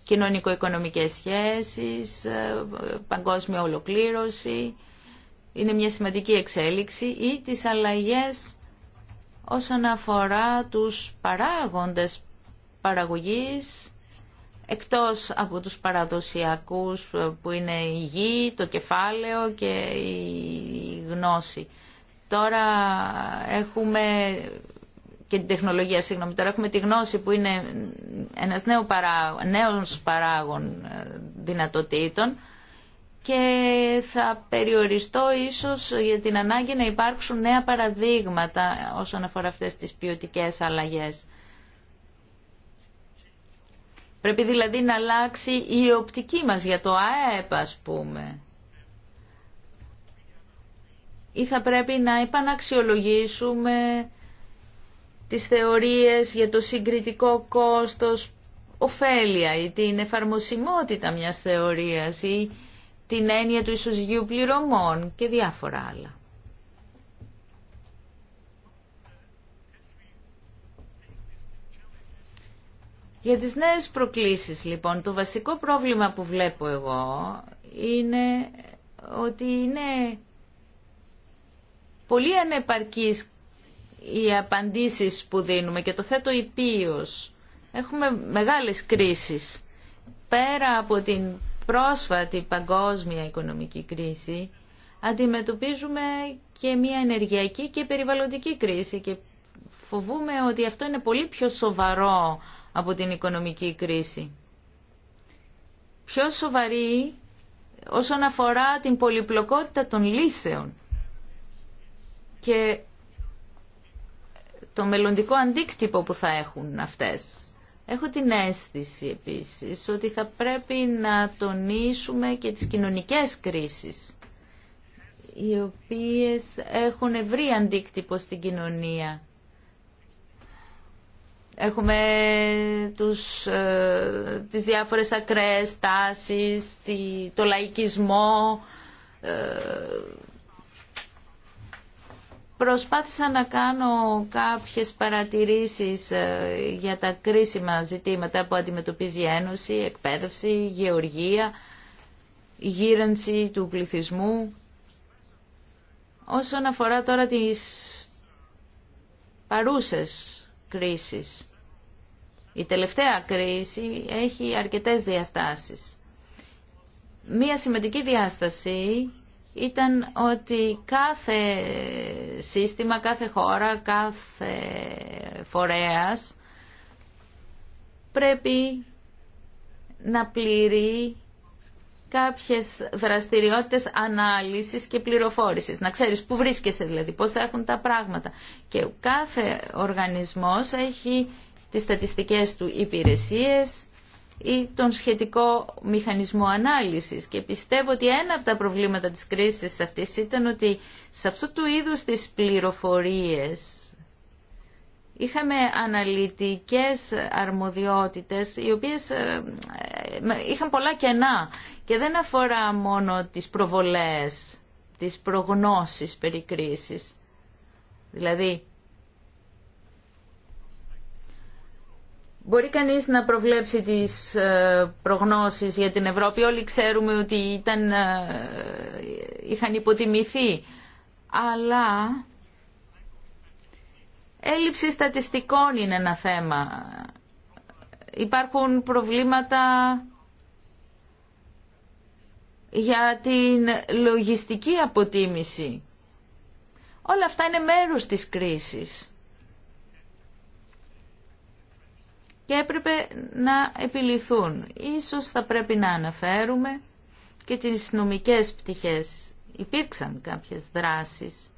κοινωνικο-οικονομικές σχέσεις, ε, παγκόσμια ολοκλήρωση. Είναι μια σημαντική εξέλιξη ή τις αλλαγές όσον αφορά τους παράγοντες παραγωγής εκτός από τους παραδοσιακούς που είναι η γη, το κεφάλαιο και η γνώση τώρα έχουμε και την τεχνολογία, συγγνώμη, τώρα έχουμε τη γνώση που είναι ένας νέο παρά, νέος παράγων ε, δυνατοτήτων και θα περιοριστώ ίσως για την ανάγκη να υπάρξουν νέα παραδείγματα όσον αφορά αυτές τις ποιοτικέ αλλαγές. Πρέπει δηλαδή να αλλάξει η οπτική μας για το ΑΕΠ, ας πούμε ή θα πρέπει να επαναξιολογήσουμε τις θεωρίες για το συγκριτικό κόστος ωφέλεια ή την εφαρμοσιμότητα μιας θεωρίας ή την έννοια του ισοζυγίου πληρωμών και διάφορα άλλα. Για τις νέες προκλήσεις λοιπόν, το βασικό πρόβλημα που βλέπω εγώ είναι ότι είναι πολύ ανεπαρκείς οι απαντήσεις που δίνουμε και το θέτω υπείως. Έχουμε μεγάλες κρίσεις. Πέρα από την πρόσφατη παγκόσμια οικονομική κρίση, αντιμετωπίζουμε και μια ενεργειακή και περιβαλλοντική κρίση και φοβούμε ότι αυτό είναι πολύ πιο σοβαρό από την οικονομική κρίση. Πιο σοβαρή όσον αφορά την πολυπλοκότητα των λύσεων και το μελλοντικό αντίκτυπο που θα έχουν αυτές. Έχω την αίσθηση επίσης ότι θα πρέπει να τονίσουμε και τις κοινωνικές κρίσεις, οι οποίες έχουν ευρύ αντίκτυπο στην κοινωνία. Έχουμε τους, ε, τις διάφορες ακραίες τάσεις, τη, το λαϊκισμό, ε, Προσπάθησα να κάνω κάποιες παρατηρήσεις ε, για τα κρίσιμα ζητήματα που αντιμετωπίζει η Ένωση, εκπαίδευση, γεωργία, γύρανση του πληθυσμού. Όσον αφορά τώρα τις παρούσες κρίσεις, η τελευταία κρίση έχει αρκετές διαστάσεις. Μία σημαντική διάσταση ήταν ότι κάθε σύστημα, κάθε χώρα, κάθε φορέας πρέπει να πληρεί κάποιες δραστηριότητες ανάλυσης και πληροφόρησης. Να ξέρεις πού βρίσκεσαι δηλαδή, πώς έχουν τα πράγματα. Και κάθε οργανισμός έχει τις στατιστικές του υπηρεσίες, ή τον σχετικό μηχανισμό ανάλυσης. Και πιστεύω ότι ένα από τα προβλήματα της κρίσης αυτή ήταν ότι σε αυτού του είδους τις πληροφορίες είχαμε αναλυτικές αρμοδιότητες οι οποίες ε, ε, ε, είχαν πολλά κενά και δεν αφορά μόνο τις προβολές, τις προγνώσεις περί κρίσης. Δηλαδή, Μπορεί κανείς να προβλέψει τις ε, προγνώσεις για την Ευρώπη. Όλοι ξέρουμε ότι ήταν, ε, είχαν υποτιμηθεί. Αλλά έλλειψη στατιστικών είναι ένα θέμα. Υπάρχουν προβλήματα για την λογιστική αποτίμηση. Όλα αυτά είναι μέρος της κρίσης. και έπρεπε να επιληθούν. Ίσως θα πρέπει να αναφέρουμε και τις νομικές πτυχές. Υπήρξαν κάποιες δράσεις,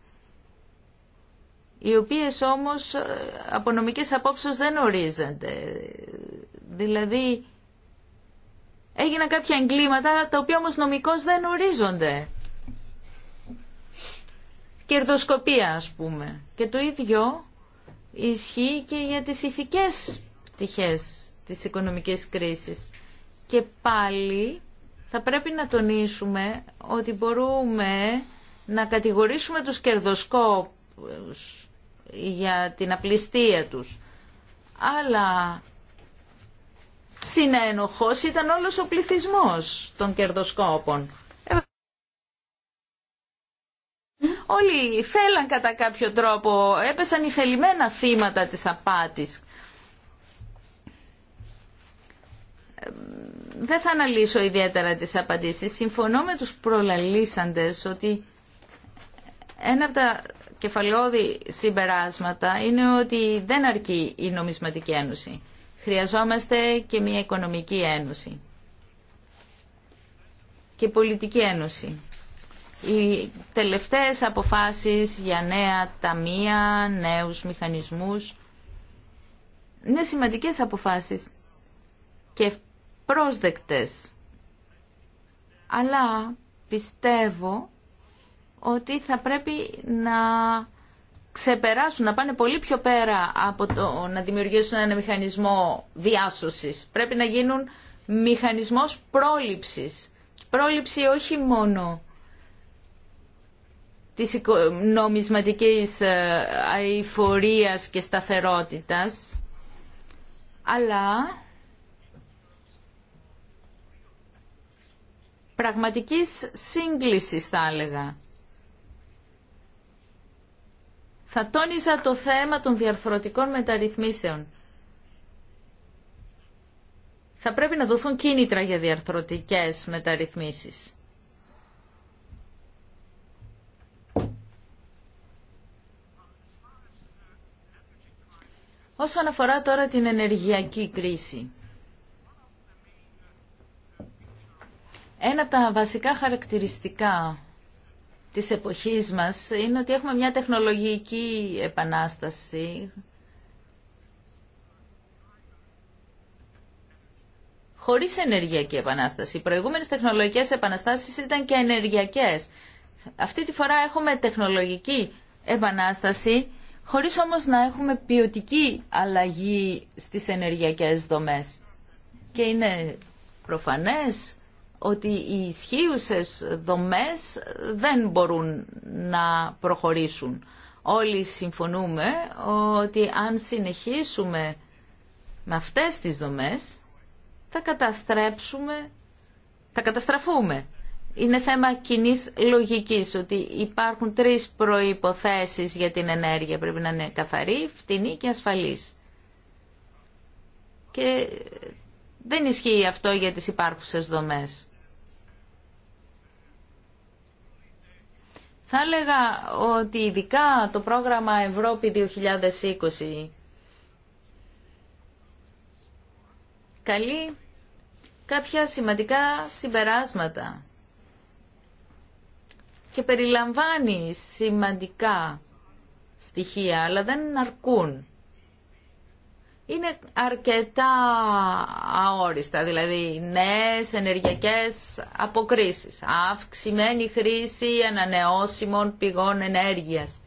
οι οποίες όμως ε, από νομικές απόψεις δεν ορίζονται. Δηλαδή έγιναν κάποια εγκλήματα τα οποία όμως νομικώς δεν ορίζονται. Κερδοσκοπία ας πούμε. Και το ίδιο ισχύει και για τις ηθικές πτυχές της οικονομικής κρίσης. Και πάλι θα πρέπει να τονίσουμε ότι μπορούμε να κατηγορήσουμε τους κερδοσκόπους για την απληστία τους. Αλλά συνένοχος ήταν όλος ο πληθυσμός των κερδοσκόπων. Όλοι θέλαν κατά κάποιο τρόπο, έπεσαν οι θελημένα θύματα της απάτης. δεν θα αναλύσω ιδιαίτερα τις απαντήσεις. Συμφωνώ με τους προλαλήσαντες ότι ένα από τα κεφαλώδη συμπεράσματα είναι ότι δεν αρκεί η νομισματική ένωση. Χρειαζόμαστε και μια οικονομική ένωση και πολιτική ένωση. Οι τελευταίες αποφάσεις για νέα ταμεία, νέους μηχανισμούς είναι σημαντικές αποφάσεις και πρόσδεκτες. Αλλά πιστεύω ότι θα πρέπει να ξεπεράσουν, να πάνε πολύ πιο πέρα από το να δημιουργήσουν ένα μηχανισμό διάσωσης. Πρέπει να γίνουν μηχανισμός πρόληψης. Πρόληψη όχι μόνο της νομισματικής ε, αηφορίας και σταθερότητας, αλλά πραγματικής σύγκλησης θα έλεγα. Θα τόνιζα το θέμα των διαρθρωτικών μεταρρυθμίσεων. Θα πρέπει να δοθούν κίνητρα για διαρθρωτικές μεταρρυθμίσεις. Όσον αφορά τώρα την ενεργειακή κρίση. Ένα από τα βασικά χαρακτηριστικά της εποχής μας είναι ότι έχουμε μια τεχνολογική επανάσταση χωρίς ενεργειακή επανάσταση. Οι προηγούμενες τεχνολογικές επαναστάσεις ήταν και ενεργειακές. Αυτή τη φορά έχουμε τεχνολογική επανάσταση χωρίς όμως να έχουμε ποιοτική αλλαγή στις ενεργειακές δομές. Και είναι προφανές ότι οι ισχύουσε δομές δεν μπορούν να προχωρήσουν. Όλοι συμφωνούμε ότι αν συνεχίσουμε με αυτές τις δομές θα καταστρέψουμε, θα καταστραφούμε. Είναι θέμα κοινή λογικής ότι υπάρχουν τρεις προϋποθέσεις για την ενέργεια. Πρέπει να είναι καθαρή, φτηνή και ασφαλής. Και δεν ισχύει αυτό για τις υπάρχουσες δομές. Θα έλεγα ότι ειδικά το πρόγραμμα Ευρώπη 2020 καλεί κάποια σημαντικά συμπεράσματα και περιλαμβάνει σημαντικά στοιχεία, αλλά δεν αρκούν είναι αρκετά αόριστα, δηλαδή νέες ενεργειακές αποκρίσεις, αυξημένη χρήση ανανεώσιμων πηγών ενέργειας,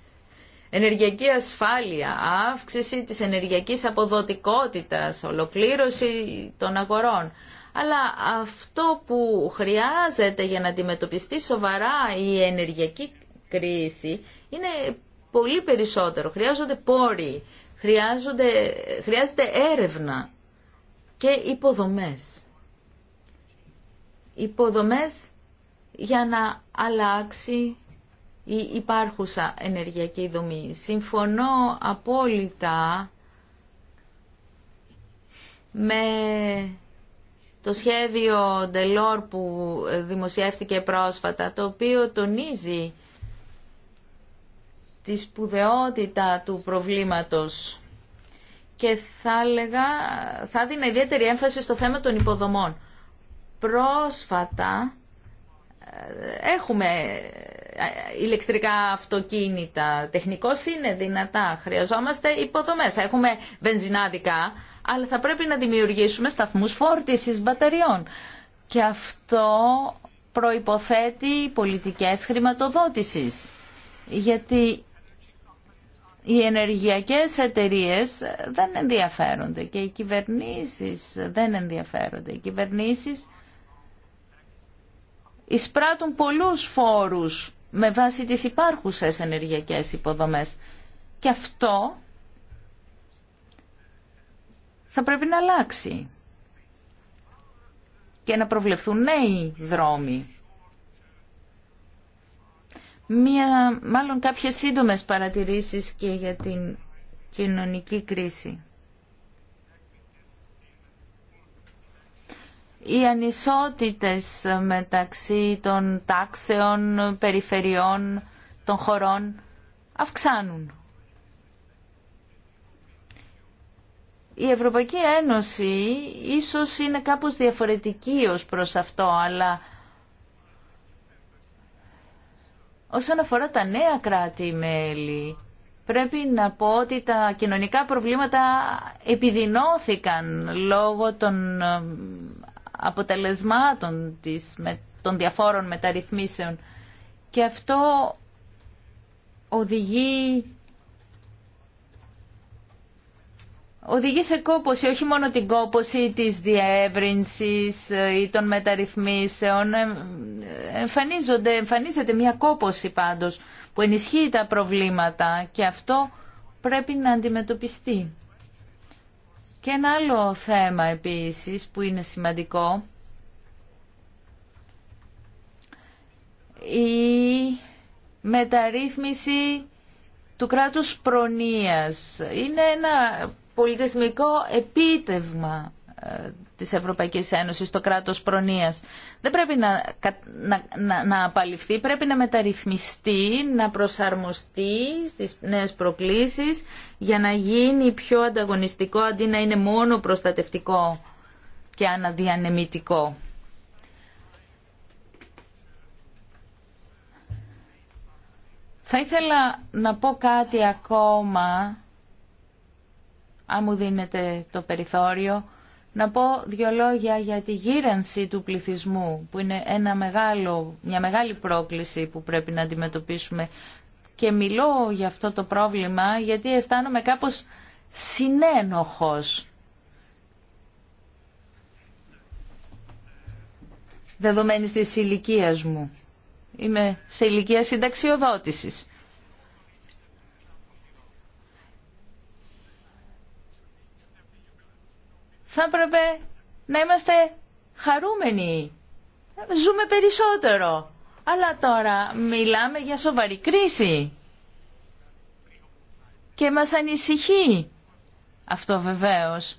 ενεργειακή ασφάλεια, αύξηση της ενεργειακής αποδοτικότητας, ολοκλήρωση των αγορών. Αλλά αυτό που χρειάζεται για να αντιμετωπιστεί σοβαρά η ενεργειακή κρίση είναι πολύ περισσότερο. Χρειάζονται πόροι Χρειάζονται, χρειάζεται έρευνα και υποδομές. Υποδομές για να αλλάξει η υπάρχουσα ενεργειακή δομή. Συμφωνώ απόλυτα με το σχέδιο Delors που δημοσιεύτηκε πρόσφατα, το οποίο τονίζει τη σπουδαιότητα του προβλήματος και θα έλεγα, θα δίνει ιδιαίτερη έμφαση στο θέμα των υποδομών. Πρόσφατα ε, έχουμε ε, ηλεκτρικά αυτοκίνητα, Τεχνικό είναι δυνατά, χρειαζόμαστε υποδομές. Έχουμε βενζινάδικα, αλλά θα πρέπει να δημιουργήσουμε σταθμούς φόρτισης μπαταριών. Και αυτό προϋποθέτει πολιτικές χρηματοδότησης. Γιατί οι ενεργειακές εταιρείες δεν ενδιαφέρονται και οι κυβερνήσεις δεν ενδιαφέρονται. Οι κυβερνήσεις εισπράττουν πολλούς φόρους με βάση τις υπάρχουσες ενεργειακές υποδομές. Και αυτό θα πρέπει να αλλάξει και να προβλεφθούν νέοι δρόμοι μία, μάλλον κάποιες σύντομες παρατηρήσεις και για την κοινωνική κρίση. Οι ανισότητες μεταξύ των τάξεων, περιφερειών, των χωρών αυξάνουν. Η Ευρωπαϊκή Ένωση ίσως είναι κάπως διαφορετική ως προς αυτό, αλλά Όσον αφορά τα νέα κράτη-μέλη, πρέπει να πω ότι τα κοινωνικά προβλήματα επιδεινώθηκαν λόγω των ε, αποτελεσμάτων της, των διαφόρων μεταρρυθμίσεων. Και αυτό οδηγεί οδηγεί σε κόπωση, όχι μόνο την κόποση της διεύρυνσης ε, ή των μεταρρυθμίσεων. Ε, εμφανίζονται, εμφανίζεται μια κόποση πάντως που ενισχύει τα προβλήματα και αυτό πρέπει να αντιμετωπιστεί. Και ένα άλλο θέμα επίσης που είναι σημαντικό η μεταρρύθμιση του κράτους προνοίας. Είναι ένα πολιτισμικό επίτευγμα ε, της Ευρωπαϊκής Ένωσης, το κράτος προνοίας. Δεν πρέπει να, να, να, απαλληφθεί, πρέπει να μεταρρυθμιστεί, να προσαρμοστεί στις νέες προκλήσεις για να γίνει πιο ανταγωνιστικό αντί να είναι μόνο προστατευτικό και αναδιανεμητικό. Θα ήθελα να πω κάτι ακόμα αν μου δίνετε το περιθώριο, να πω δύο λόγια για τη γύρανση του πληθυσμού, που είναι ένα μεγάλο, μια μεγάλη πρόκληση που πρέπει να αντιμετωπίσουμε. Και μιλώ για αυτό το πρόβλημα γιατί αισθάνομαι κάπως συνένοχος. Δεδομένης της ηλικία μου. Είμαι σε ηλικία συνταξιοδότησης. θα έπρεπε να είμαστε χαρούμενοι. Ζούμε περισσότερο. Αλλά τώρα μιλάμε για σοβαρή κρίση. Και μας ανησυχεί αυτό βεβαίως.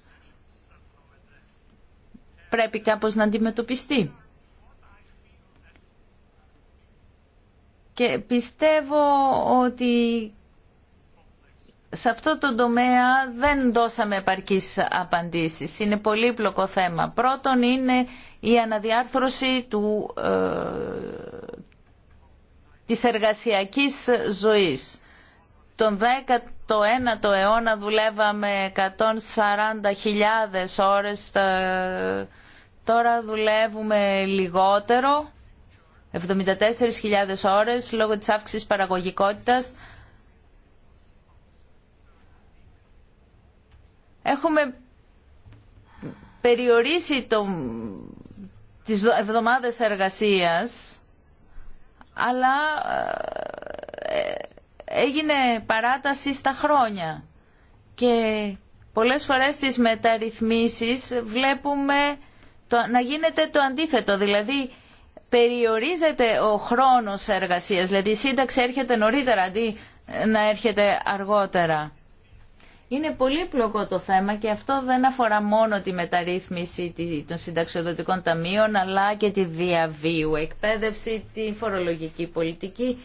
Πρέπει κάπως να αντιμετωπιστεί. Και πιστεύω ότι σε αυτό το τομέα δεν δώσαμε επαρκείς απαντήσεις. Είναι πολύπλοκο θέμα. Πρώτον είναι η αναδιάρθρωση του, ε, της εργασιακής ζωής. Τον 19ο αιώνα δουλεύαμε 140.000 ώρες, τώρα δουλεύουμε λιγότερο, 74.000 ώρες λόγω της αύξησης παραγωγικότητας Έχουμε περιορίσει το, τις εβδομάδες εργασίας, αλλά ε, ε, έγινε παράταση στα χρόνια. Και πολλές φορές τις μεταρρυθμίσεις βλέπουμε το, να γίνεται το αντίθετο, δηλαδή περιορίζεται ο χρόνος εργασίας, δηλαδή η σύνταξη έρχεται νωρίτερα αντί να έρχεται αργότερα. Είναι πολύ πολύπλοκο το θέμα και αυτό δεν αφορά μόνο τη μεταρρύθμιση των συνταξιοδοτικών ταμείων αλλά και τη διαβίου εκπαίδευση, τη φορολογική πολιτική.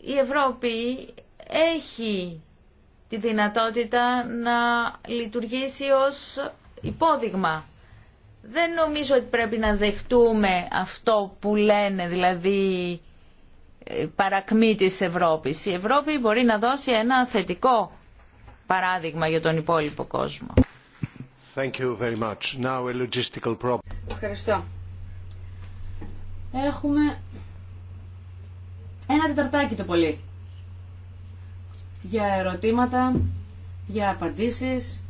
Η Ευρώπη έχει τη δυνατότητα να λειτουργήσει ως υπόδειγμα δεν νομίζω ότι πρέπει να δεχτούμε αυτό που λένε, δηλαδή ε, παρακμή της Ευρώπης. Η Ευρώπη μπορεί να δώσει ένα θετικό παράδειγμα για τον υπόλοιπο κόσμο. Thank you Now a logistical problem. Ευχαριστώ. Έχουμε ένα τεταρτάκι το πολύ για ερωτήματα, για απαντήσεις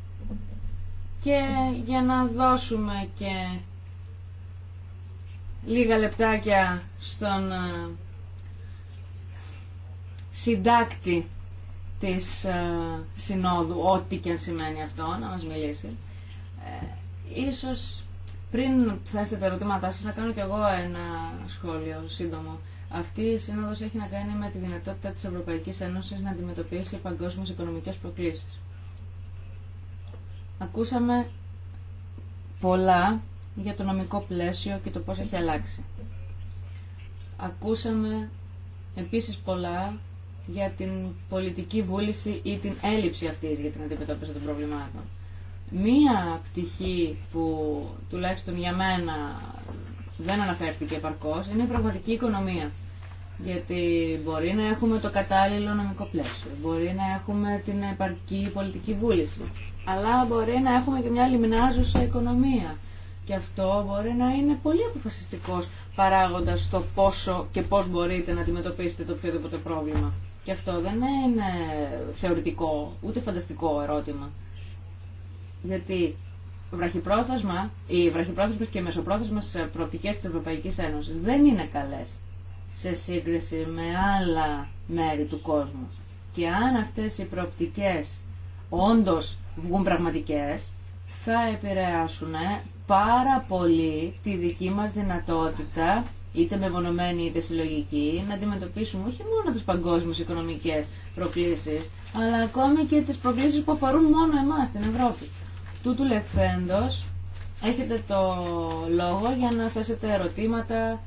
και για να δώσουμε και λίγα λεπτάκια στον ε, συντάκτη της ε, συνόδου, ό,τι και αν σημαίνει αυτό, να μας μιλήσει. Ε, ίσως πριν θέσετε τα ερωτήματά σας, να κάνω κι εγώ ένα σχόλιο σύντομο. Αυτή η σύνοδος έχει να κάνει με τη δυνατότητα της Ευρωπαϊκής Ένωσης να αντιμετωπίσει παγκόσμιες οικονομικές προκλήσεις. Ακούσαμε πολλά για το νομικό πλαίσιο και το πώς έχει αλλάξει. Ακούσαμε επίσης πολλά για την πολιτική βούληση ή την έλλειψη αυτής για την αντιμετώπιση των προβλημάτων. Μία πτυχή που τουλάχιστον για μένα δεν αναφέρθηκε επαρκώς είναι η πραγματική οικονομία. Γιατί μπορεί να έχουμε το κατάλληλο νομικό πλαίσιο, μπορεί να έχουμε την επαρκή πολιτική βούληση, αλλά μπορεί να έχουμε και μια λιμνάζουσα οικονομία. Και αυτό μπορεί να είναι πολύ αποφασιστικό παράγοντα στο πόσο και πώ μπορείτε να αντιμετωπίσετε το οποιοδήποτε πρόβλημα. Και αυτό δεν είναι θεωρητικό, ούτε φανταστικό ερώτημα. Γιατί βραχυπρόθεσμα, οι βραχυπρόθεσμες και οι μεσοπρόθεσμες προοπτικές της Ευρωπαϊκής Ένωσης δεν είναι καλές σε σύγκριση με άλλα μέρη του κόσμου. Και αν αυτές οι προοπτικές όντως βγουν πραγματικές, θα επηρεάσουν ε, πάρα πολύ τη δική μας δυνατότητα, είτε μεμονωμένη είτε συλλογική, να αντιμετωπίσουμε όχι μόνο τις παγκόσμιες οικονομικές προκλήσεις, αλλά ακόμη και τις προκλήσεις που αφορούν μόνο εμάς, την Ευρώπη. Τούτου λεφθέντος έχετε το λόγο για να θέσετε ερωτήματα,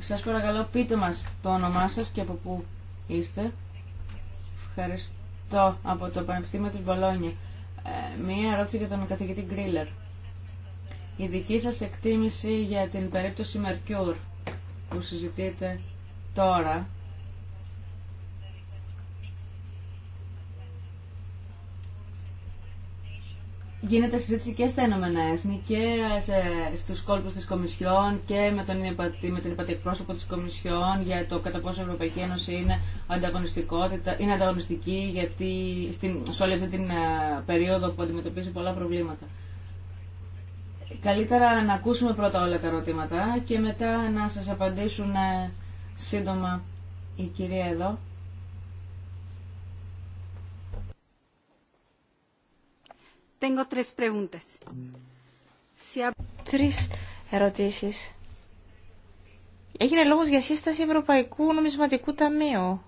σας παρακαλώ πείτε μας το όνομά σας και από πού είστε. Ευχαριστώ από το Πανεπιστήμιο της Μπολόνια. Ε, μία ερώτηση για τον καθηγητή Γκρίλερ. Η δική σας εκτίμηση για την περίπτωση Μερκιούρ που συζητείτε τώρα γίνεται συζήτηση και στα Ηνωμένα Έθνη και στους κόλπους της Κομισιόν και με τον, με τον υπατή εκπρόσωπο της Κομισιόν για το κατά πόσο η Ευρωπαϊκή Ένωση είναι, ανταγωνιστικότητα, είναι ανταγωνιστική γιατί στην, σε όλη αυτή την ε, περίοδο που αντιμετωπίζει πολλά προβλήματα. Καλύτερα να ακούσουμε πρώτα όλα τα ερωτήματα και μετά να σας απαντήσουν ε, σύντομα η κυρία εδώ Tengo tres Τρεις ερωτήσεις. Έγινε λόγος για σύσταση Ευρωπαϊκού Νομισματικού Ταμείου.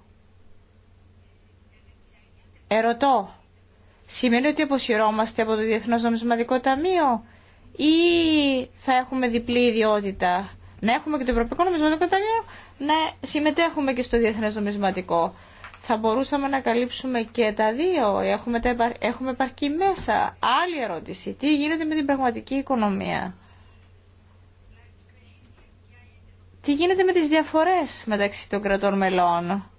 Ερωτώ. Σημαίνει ότι αποσυρώμαστε από το Διεθνές Νομισματικό Ταμείο ή θα έχουμε διπλή ιδιότητα. Να έχουμε και το Ευρωπαϊκό Νομισματικό Ταμείο, να συμμετέχουμε και στο Διεθνές Νομισματικό θα μπορούσαμε να καλύψουμε και τα δύο. Έχουμε, έχουμε επαρκή μέσα. Άλλη ερώτηση. Τι γίνεται με την πραγματική οικονομία. Τι γίνεται με τις διαφορές μεταξύ των κρατών μελών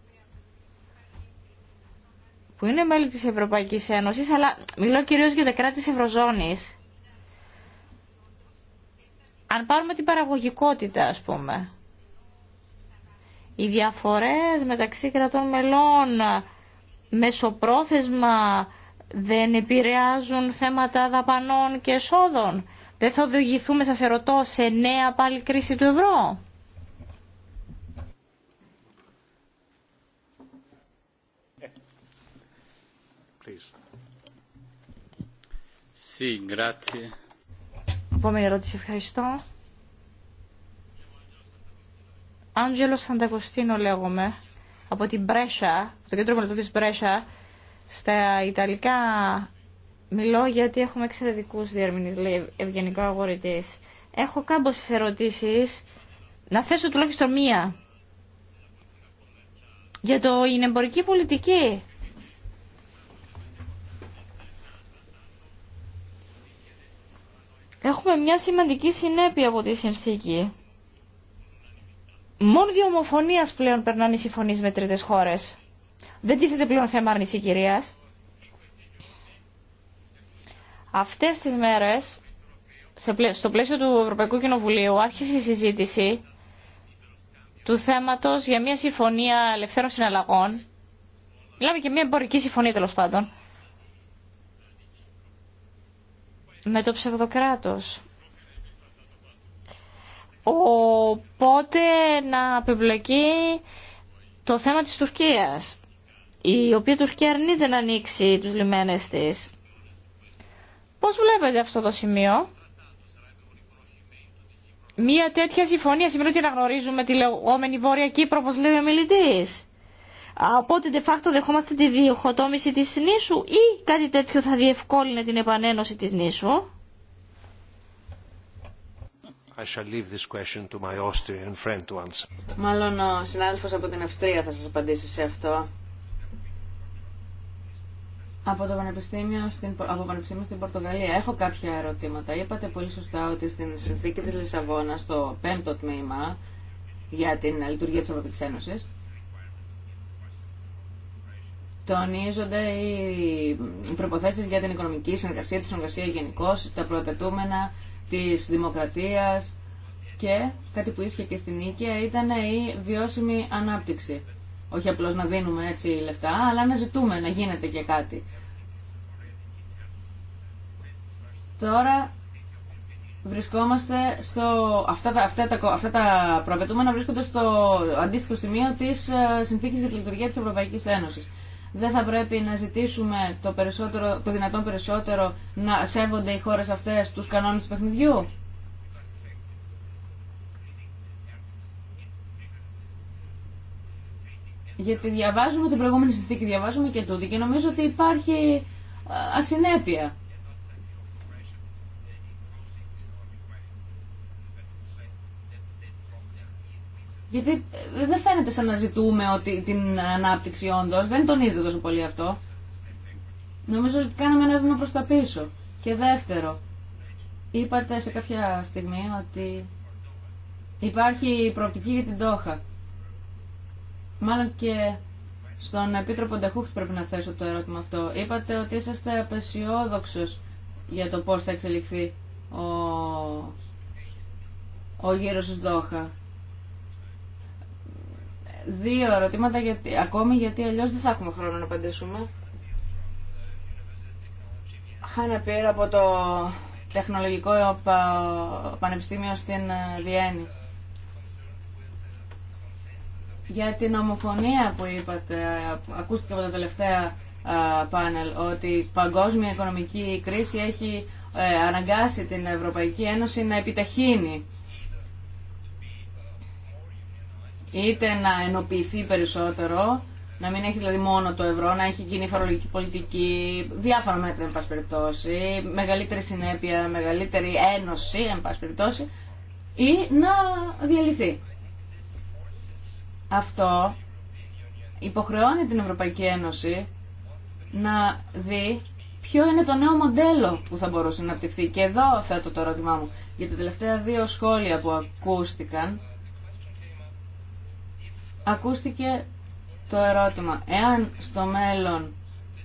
που είναι μέλη της Ευρωπαϊκής Ένωσης, αλλά μιλώ κυρίως για τα κράτη της Ευρωζώνης. Αν πάρουμε την παραγωγικότητα, ας πούμε, οι διαφορές μεταξύ κρατών μελών μεσοπρόθεσμα δεν επηρεάζουν θέματα δαπανών και εσόδων. Δεν θα οδηγηθούμε, σας ερωτώ, σε νέα πάλι κρίση του ευρώ. Επόμενη ερώτηση, ευχαριστώ. Άντζελο Σαντακοστίνο λέγομαι, από την Μπρέσα, από το κέντρο μελετών της Μπρέσα. Στα Ιταλικά μιλώ γιατί έχουμε εξαιρετικού διερμηνείς, λέει ευγενικό αγορητής. Έχω κάμποσε ερωτήσεις, να θέσω τουλάχιστον μία. Για το είναι εμπορική πολιτική. Έχουμε μια σημαντική συνέπεια από τη συνθήκη μόνο δύο ομοφωνία πλέον περνάνε οι συμφωνίε με τρίτε χώρες. Δεν τίθεται πλέον θέμα άρνηση κυρίας. Αυτές τις μέρες, στο πλαίσιο του Ευρωπαϊκού Κοινοβουλίου, άρχισε η συζήτηση του θέματος για μια συμφωνία ελευθέρων συναλλαγών. Μιλάμε και μια εμπορική συμφωνία τέλο πάντων. Με το ψευδοκράτος οπότε να επιβλακεί το θέμα της Τουρκίας, η οποία Τουρκία αρνείται να ανοίξει τους λιμένες της. Πώς βλέπετε αυτό το σημείο? Μία τέτοια συμφωνία σημαίνει ότι αναγνωρίζουμε τη λεγόμενη Βόρεια Κύπρο, όπως λέει ο μιλητής. Οπότε, de facto, δεχόμαστε τη διοχοτόμηση της νήσου ή κάτι τέτοιο θα διευκόλυνε την επανένωση της νήσου. I shall leave this question to my Austrian friend to answer. Μάλλον ο συνάδελφος από την Αυστρία θα σας απαντήσει σε αυτό. Από το Πανεπιστήμιο στην, από Πανεπιστήμιο στην Πορτογαλία έχω κάποια ερωτήματα. Είπατε πολύ σωστά ότι στην συνθήκη της Λισαβόνας, στο πέμπτο τμήμα για την λειτουργία της Ευρωπαϊκής Ένωσης, τονίζονται οι προποθέσεις για την οικονομική συνεργασία, τη συνεργασία γενικώ, τα προαπαιτούμενα της δημοκρατίας και κάτι που ίσχυε και στην Ίκαια ήταν η βιώσιμη ανάπτυξη. Όχι απλώς να δίνουμε έτσι λεφτά, αλλά να ζητούμε να γίνεται και κάτι. Τώρα βρισκόμαστε στο... Αυτά τα, αυτά τα, αυτά τα προαπαιτούμενα βρίσκονται στο αντίστοιχο σημείο της ε, Συνθήκης για τη Λειτουργία της Ευρωπαϊκής Ένωσης δεν θα πρέπει να ζητήσουμε το, περισσότερο, το δυνατόν περισσότερο να σέβονται οι χώρες αυτές τους κανόνες του παιχνιδιού. Γιατί διαβάζουμε την προηγούμενη συνθήκη, διαβάζουμε και τούτη και νομίζω ότι υπάρχει ασυνέπεια. Γιατί ε, δεν φαίνεται σαν να ζητούμε ότι την ανάπτυξη όντω, δεν τονίζεται τόσο πολύ αυτό. Νομίζω ότι κάναμε ένα βήμα προ τα πίσω. Και δεύτερο, είπατε σε κάποια στιγμή ότι υπάρχει προοπτική για την Τόχα. Μάλλον και στον Επίτροπο Ντεχούχτ πρέπει να θέσω το ερώτημα αυτό. Είπατε ότι είσαστε απεσιόδοξο για το πώ θα εξελιχθεί ο, ο γύρος της Δόχα δύο ερωτήματα γιατί, ακόμη γιατί αλλιώ δεν θα έχουμε χρόνο να απαντήσουμε. Χάνα πήρε από το Τεχνολογικό Πανεπιστήμιο στην ε, Βιέννη. Για την ομοφωνία που είπατε, ακούστηκε από τα τελευταία ε, πάνελ, ότι η παγκόσμια οικονομική κρίση έχει ε, αναγκάσει την Ευρωπαϊκή Ένωση να επιταχύνει είτε να ενοποιηθεί περισσότερο, να μην έχει δηλαδή μόνο το ευρώ, να έχει η φορολογική πολιτική, διάφορα μέτρα, εν πάση περιπτώσει, μεγαλύτερη συνέπεια, μεγαλύτερη ένωση, εν πάση περιπτώσει, ή να διαλυθεί. Αυτό υποχρεώνει την Ευρωπαϊκή Ένωση να δει ποιο είναι το νέο μοντέλο που θα μπορούσε να πτυχθεί. Και εδώ θέτω το ερώτημά μου. Για τα τελευταία δύο σχόλια που ακούστηκαν, ακούστηκε το ερώτημα εάν στο μέλλον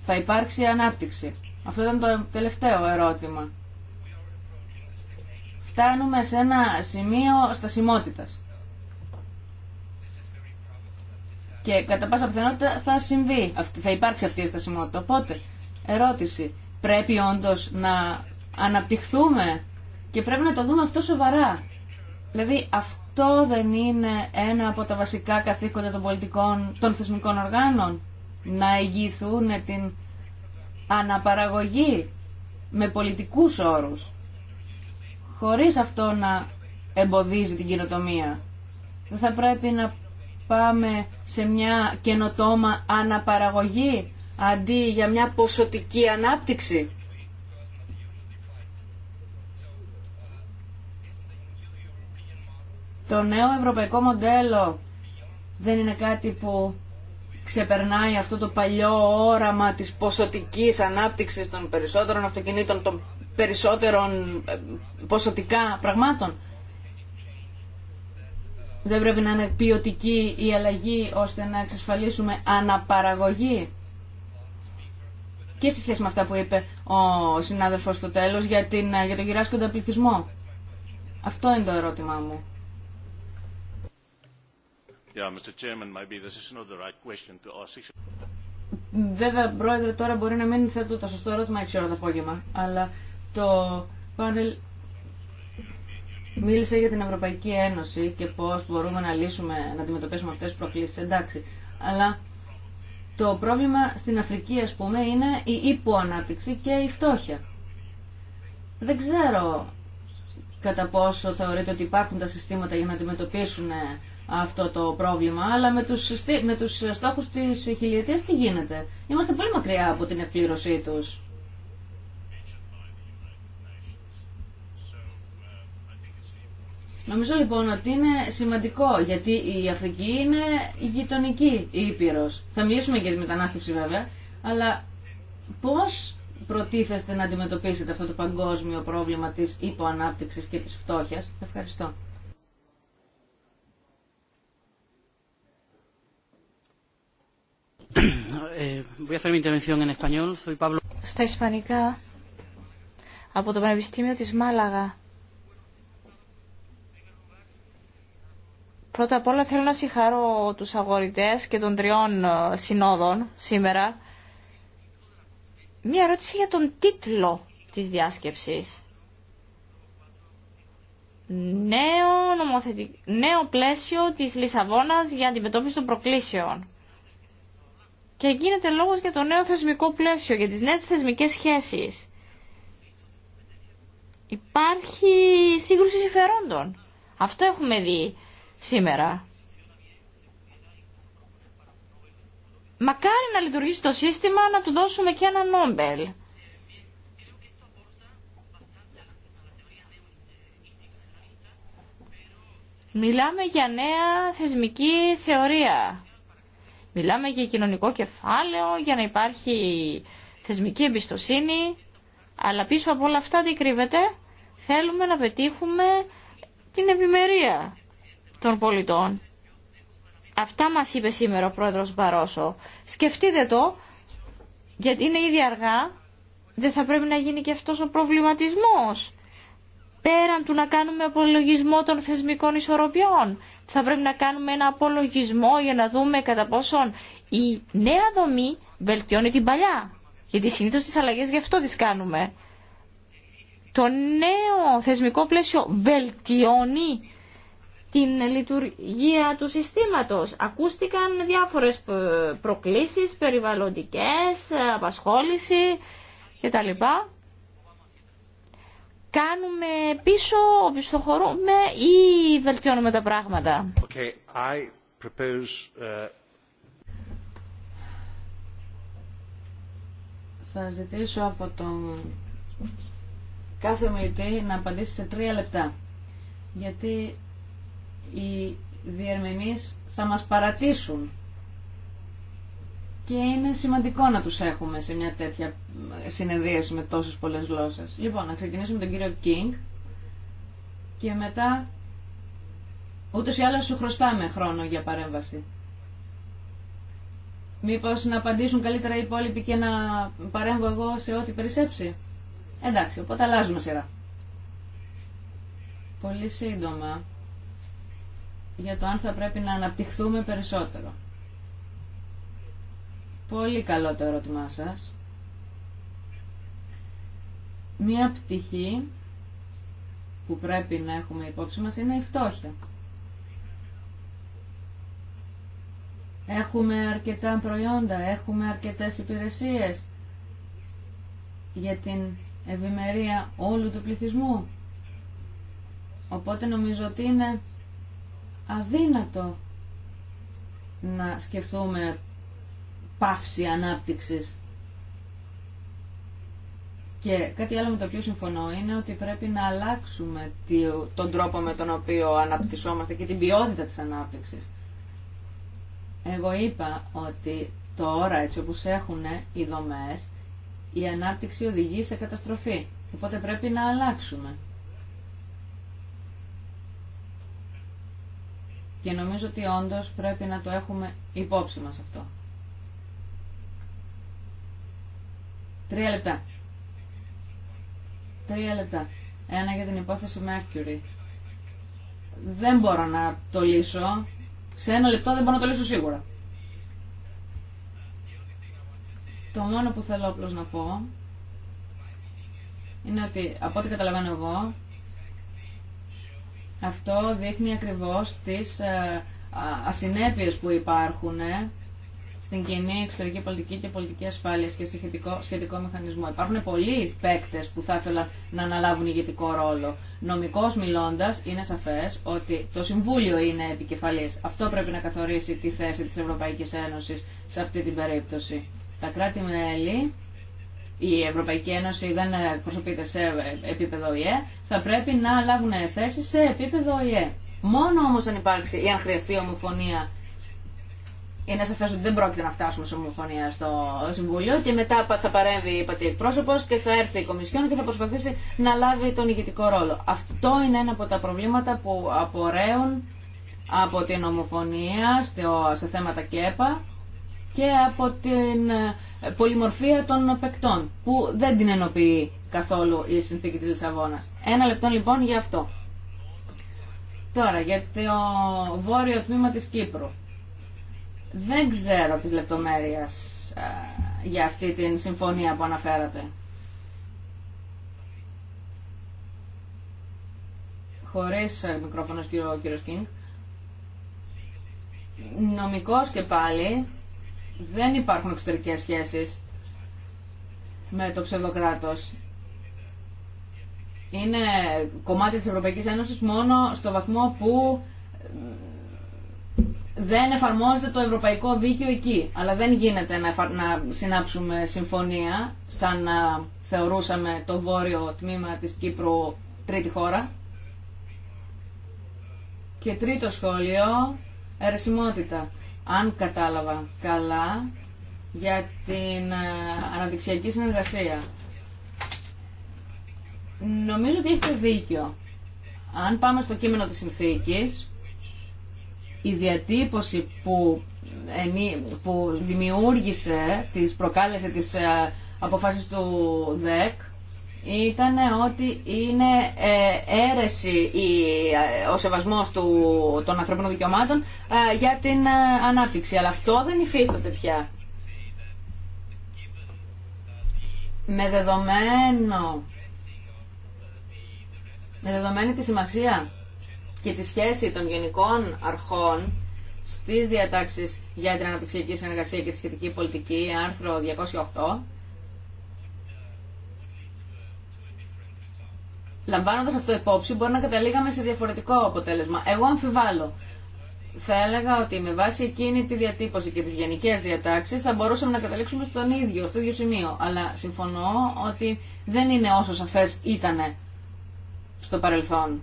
θα υπάρξει ανάπτυξη. Αυτό ήταν το τελευταίο ερώτημα. Φτάνουμε σε ένα σημείο στασιμότητας. Και κατά πάσα πιθανότητα θα συμβεί, θα υπάρξει αυτή η στασιμότητα. Οπότε, ερώτηση, πρέπει όντως να αναπτυχθούμε και πρέπει να το δούμε αυτό σοβαρά. Δηλαδή, αυτό αυτό δεν είναι ένα από τα βασικά καθήκοντα των πολιτικών, των θεσμικών οργάνων, να εγγυηθούν την αναπαραγωγή με πολιτικούς όρους, χωρίς αυτό να εμποδίζει την κοινοτομία. Δεν θα πρέπει να πάμε σε μια καινοτόμα αναπαραγωγή αντί για μια ποσοτική ανάπτυξη. το νέο ευρωπαϊκό μοντέλο δεν είναι κάτι που ξεπερνάει αυτό το παλιό όραμα της ποσοτικής ανάπτυξης των περισσότερων αυτοκινήτων, των περισσότερων ε, ποσοτικά πραγμάτων. Δεν πρέπει να είναι ποιοτική η αλλαγή ώστε να εξασφαλίσουμε αναπαραγωγή. Και σε σχέση με αυτά που είπε ο συνάδελφος στο τέλος για, την, ε, για τον πληθυσμό. Αυτό είναι το ερώτημά μου. Βέβαια, πρόεδρε, τώρα μπορεί να μην θέτω το σωστό ερώτημα 6 ώρα το απόγευμα, αλλά το πάνελ μίλησε για την Ευρωπαϊκή Ένωση και πώς μπορούμε να λύσουμε, να αντιμετωπίσουμε αυτές τις προκλήσεις, εντάξει. Αλλά το πρόβλημα στην Αφρική, ας πούμε, είναι η υποανάπτυξη και η φτώχεια. Δεν ξέρω κατά πόσο θεωρείτε ότι υπάρχουν τα συστήματα για να αντιμετωπίσουν αυτό το πρόβλημα, αλλά με τους, με τους στόχους της χιλιετίας τι γίνεται. Είμαστε πολύ μακριά από την εκπλήρωσή τους. Νομίζω λοιπόν ότι είναι σημαντικό γιατί η Αφρική είναι η γειτονική ήπειρος. Θα μιλήσουμε για τη μετανάστευση βέβαια, αλλά πώς προτίθεστε να αντιμετωπίσετε αυτό το παγκόσμιο πρόβλημα της υποανάπτυξης και της φτώχειας. Ευχαριστώ. Στα Ισπανικά από το Πανεπιστήμιο της Μάλαγα. Πρώτα απ' όλα θέλω να συγχαρώ τους αγορητές και των τριών ε, συνόδων σήμερα. Μία ερώτηση για τον τίτλο της διάσκεψης. Νέο, Νέο πλαίσιο της Λισαβόνας για αντιμετώπιση των προκλήσεων και γίνεται λόγος για το νέο θεσμικό πλαίσιο, για τις νέες θεσμικές σχέσεις. Υπάρχει σύγκρουση συμφερόντων. Αυτό έχουμε δει σήμερα. Μακάρι να λειτουργήσει το σύστημα να του δώσουμε και ένα νόμπελ. Μιλάμε για νέα θεσμική θεωρία. Μιλάμε για κοινωνικό κεφάλαιο, για να υπάρχει θεσμική εμπιστοσύνη, αλλά πίσω από όλα αυτά τι κρύβεται. Θέλουμε να πετύχουμε την ευημερία των πολιτών. Αυτά μας είπε σήμερα ο πρόεδρος Μπαρόσο. Σκεφτείτε το, γιατί είναι ήδη αργά, δεν θα πρέπει να γίνει και αυτός ο προβληματισμός. Πέραν του να κάνουμε απολογισμό των θεσμικών ισορροπιών θα πρέπει να κάνουμε ένα απολογισμό για να δούμε κατά πόσον η νέα δομή βελτιώνει την παλιά. Γιατί συνήθως τις αλλαγές γι' αυτό τις κάνουμε. Το νέο θεσμικό πλαίσιο βελτιώνει την λειτουργία του συστήματος. Ακούστηκαν διάφορες προκλήσεις περιβαλλοντικές, απασχόληση κτλ κάνουμε πίσω, οπισθοχωρούμε ή βελτιώνουμε τα πράγματα. Okay, I propose, uh, Θα ζητήσω από τον κάθε μιλητή να απαντήσει σε τρία λεπτά. Γιατί οι διερμηνείς θα μας παρατήσουν και είναι σημαντικό να τους έχουμε σε μια τέτοια συνεδρίαση με τόσες πολλές γλώσσες. Λοιπόν, να ξεκινήσουμε τον κύριο Κίνγκ και μετά ούτως ή άλλως σου χρωστάμε χρόνο για παρέμβαση. Μήπως να απαντήσουν καλύτερα οι υπόλοιποι και να παρέμβω εγώ σε ό,τι περισσέψει. Εντάξει, οπότε αλλάζουμε σειρά. Πολύ σύντομα για το αν θα πρέπει να αναπτυχθούμε περισσότερο. Πολύ καλό το ερώτημά σας. Μία πτυχή που πρέπει να έχουμε υπόψη μας είναι η φτώχεια. Έχουμε αρκετά προϊόντα, έχουμε αρκετές υπηρεσίες για την ευημερία όλου του πληθυσμού. Οπότε νομίζω ότι είναι αδύνατο να σκεφτούμε πάυση ανάπτυξης. Και κάτι άλλο με το οποίο συμφωνώ είναι ότι πρέπει να αλλάξουμε τον τρόπο με τον οποίο αναπτυσσόμαστε και την ποιότητα της ανάπτυξης. Εγώ είπα ότι τώρα, έτσι όπως έχουν οι δομές, η ανάπτυξη οδηγεί σε καταστροφή. Οπότε πρέπει να αλλάξουμε. Και νομίζω ότι όντως πρέπει να το έχουμε υπόψη μας αυτό. Τρία λεπτά. Τρία λεπτά. Ένα για την υπόθεση Mercury. Δεν μπορώ να το λύσω. Σε ένα λεπτό δεν μπορώ να το λύσω σίγουρα. Το μόνο που θέλω απλώς να πω είναι ότι από ό,τι καταλαβαίνω εγώ αυτό δείχνει ακριβώς τις ε, ασυνέπειες που υπάρχουν στην κοινή εξωτερική πολιτική και πολιτική ασφάλεια και σχετικό, σχετικό μηχανισμό. Υπάρχουν πολλοί παίκτε που θα ήθελαν να αναλάβουν ηγετικό ρόλο. Νομικώ μιλώντα, είναι σαφέ ότι το Συμβούλιο είναι επικεφαλή. Αυτό πρέπει να καθορίσει τη θέση τη Ευρωπαϊκή Ένωση σε αυτή την περίπτωση. Τα κράτη-μέλη η Ευρωπαϊκή Ένωση δεν προσωπείται σε επίπεδο ΙΕ, θα πρέπει να λάβουν θέση σε επίπεδο ΙΕ. Μόνο όμω αν υπάρξει ή αν χρειαστεί ομοφωνία είναι σαφές ότι δεν πρόκειται να φτάσουμε σε ομοφωνία στο Συμβούλιο και μετά θα παρέμβει η εκπρόσωπο και θα έρθει η Κομισιόν και θα προσπαθήσει να λάβει τον ηγετικό ρόλο. Αυτό είναι ένα από τα προβλήματα που απορρέουν από την ομοφωνία σε θέματα ΚΕΠΑ και από την ε, πολυμορφία των παικτών που δεν την ενοποιεί καθόλου η συνθήκη της Λισαβόνας. Ένα λεπτό λοιπόν για αυτό. Τώρα για το βόρειο τμήμα της Κύπρου. Δεν ξέρω τις λεπτομέρειες ε, για αυτή την συμφωνία που αναφέρατε. Χωρίς ε, μικρόφωνο κύριο, κύριος Κίνγκ. Νομικός και πάλι δεν υπάρχουν εξωτερικές σχέσεις με το ψευδοκράτος. Είναι κομμάτι της Ευρωπαϊκής Ένωσης μόνο στο βαθμό που δεν εφαρμόζεται το ευρωπαϊκό δίκαιο εκεί. Αλλά δεν γίνεται να, συνάψουμε συμφωνία σαν να θεωρούσαμε το βόρειο τμήμα της Κύπρου τρίτη χώρα. Και τρίτο σχόλιο, αιρεσιμότητα. Αν κατάλαβα καλά, για την ε, αναπτυξιακή συνεργασία. Νομίζω ότι έχετε δίκιο. Αν πάμε στο κείμενο της συνθήκης, η διατύπωση που, που δημιούργησε, τις προκάλεσε τις ε, αποφάσεις του ΔΕΚ, ήταν ότι είναι ε, αίρεση ε, ο σεβασμός του, των ανθρωπίνων δικαιωμάτων για την ανάπτυξη. Αλλά αυτό δεν υφίσταται πια. Με δεδομένο με δεδομένη τη σημασία και τη σχέση των γενικών αρχών στις διατάξεις για την αναπτυξιακή συνεργασία και τη σχετική πολιτική, άρθρο 208, Λαμβάνοντα αυτό υπόψη, μπορεί να καταλήγαμε σε διαφορετικό αποτέλεσμα. Εγώ αμφιβάλλω. Θα έλεγα ότι με βάση εκείνη τη διατύπωση και τι γενικέ διατάξει θα μπορούσαμε να καταλήξουμε στον ίδιο, στο ίδιο σημείο. Αλλά συμφωνώ ότι δεν είναι όσο σαφέ ήταν στο παρελθόν.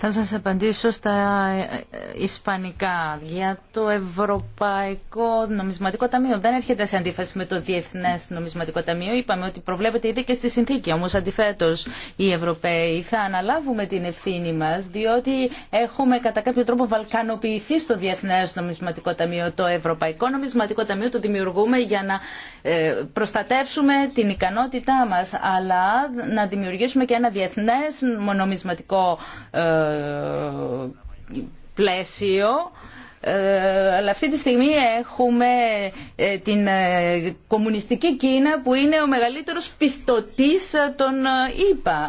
Θα σας απαντήσω στα ε, ισπανικά. Για το Ευρωπαϊκό Νομισματικό Ταμείο δεν έρχεται σε αντίφαση με το Διεθνές Νομισματικό Ταμείο. Είπαμε ότι προβλέπεται ήδη και στη συνθήκη. Όμως αντιθέτως οι Ευρωπαίοι θα αναλάβουμε την ευθύνη μας διότι έχουμε κατά κάποιο τρόπο βαλκανοποιηθεί στο Διεθνές Νομισματικό Ταμείο. Το Ευρωπαϊκό Νομισματικό Ταμείο το δημιουργούμε για να ε, προστατεύσουμε την ικανότητά μας αλλά να δημιουργήσουμε και ένα διεθνές νόμιμο νομισματικό ε, πλαίσιο ε, αλλά αυτή τη στιγμή έχουμε ε, την κομμουνιστική Κίνα που είναι ο μεγαλύτερος πιστωτής των ΗΠΑ.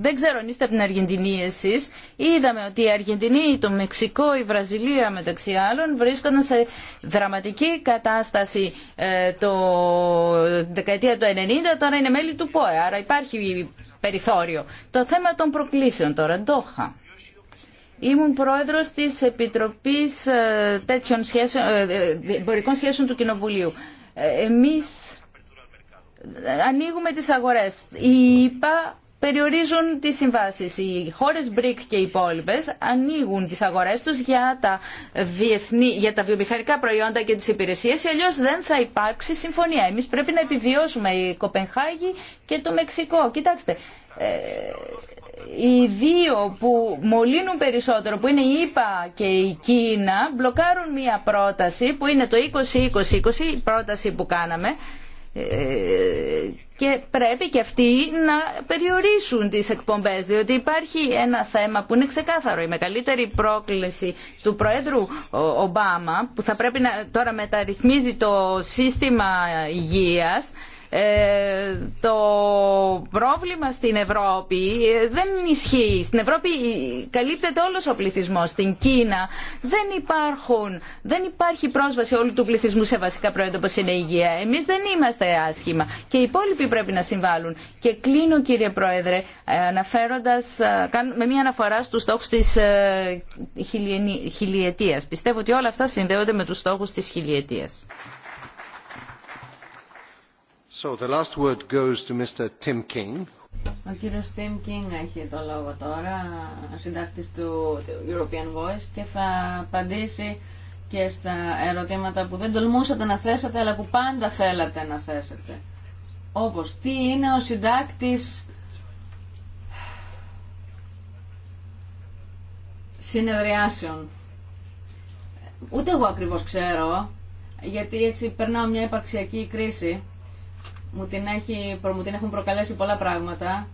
Δεν ξέρω αν είστε από την Αργεντινή εσείς. Είδαμε ότι η Αργεντινή, το Μεξικό, η Βραζιλία μεταξύ άλλων βρίσκονταν σε δραματική κατάσταση το δεκαετία του 90, τώρα είναι μέλη του ΠΟΕ. Άρα υπάρχει περιθώριο. Το θέμα των προκλήσεων τώρα, Ντόχα. Ήμουν πρόεδρος της Επιτροπής ε, τέτοιων σχέσεων, ε, ε, σχέσεων του Κοινοβουλίου. Εμείς ανοίγουμε τις αγορές. Η περιορίζουν τις συμβάσεις. Οι χώρες BRIC και οι υπόλοιπε ανοίγουν τις αγορές τους για τα, διεθνή, για τα βιομηχανικά προϊόντα και τις υπηρεσίες, αλλιώς δεν θα υπάρξει συμφωνία. Εμείς πρέπει να επιβιώσουμε η Κοπενχάγη και το Μεξικό. Κοιτάξτε, ε, οι δύο που μολύνουν περισσότερο, που είναι η ΙΠΑ και η Κίνα, μπλοκάρουν μία πρόταση που είναι το 2020-20, πρόταση που κάναμε, ε, και πρέπει και αυτοί να περιορίσουν τις εκπομπές διότι υπάρχει ένα θέμα που είναι ξεκάθαρο η μεγαλύτερη πρόκληση του Προέδρου Ομπάμα που θα πρέπει να τώρα μεταρρυθμίζει το σύστημα υγείας ε, το πρόβλημα στην Ευρώπη δεν ισχύει. Στην Ευρώπη καλύπτεται όλος ο πληθυσμός. Στην Κίνα δεν, υπάρχουν, δεν υπάρχει πρόσβαση όλου του πληθυσμού σε βασικά προϊόντα όπως είναι η υγεία. Εμείς δεν είμαστε άσχημα και οι υπόλοιποι πρέπει να συμβάλλουν. Και κλείνω κύριε Πρόεδρε αναφέροντας, ε, με μια αναφορά στους στόχους της ε, χιλιετίας. Πιστεύω ότι όλα αυτά συνδέονται με τους στόχους της χιλιετίας. King. Ο κύριο Tim King έχει το λόγο τώρα, συντάκτης του European Voice και θα απαντήσει και στα ερωτήματα που δεν τολμούσατε να θέσετε αλλά που πάντα θέλατε να θέσετε. Όπως τι είναι ο συντάκτης συνεδριάσεων. Ούτε εγώ ακριβώς ξέρω, γιατί έτσι περνάω μια υπαρξιακή κρίση μου την, έχει, μου την έχουν προκαλέσει πολλά πράγματα.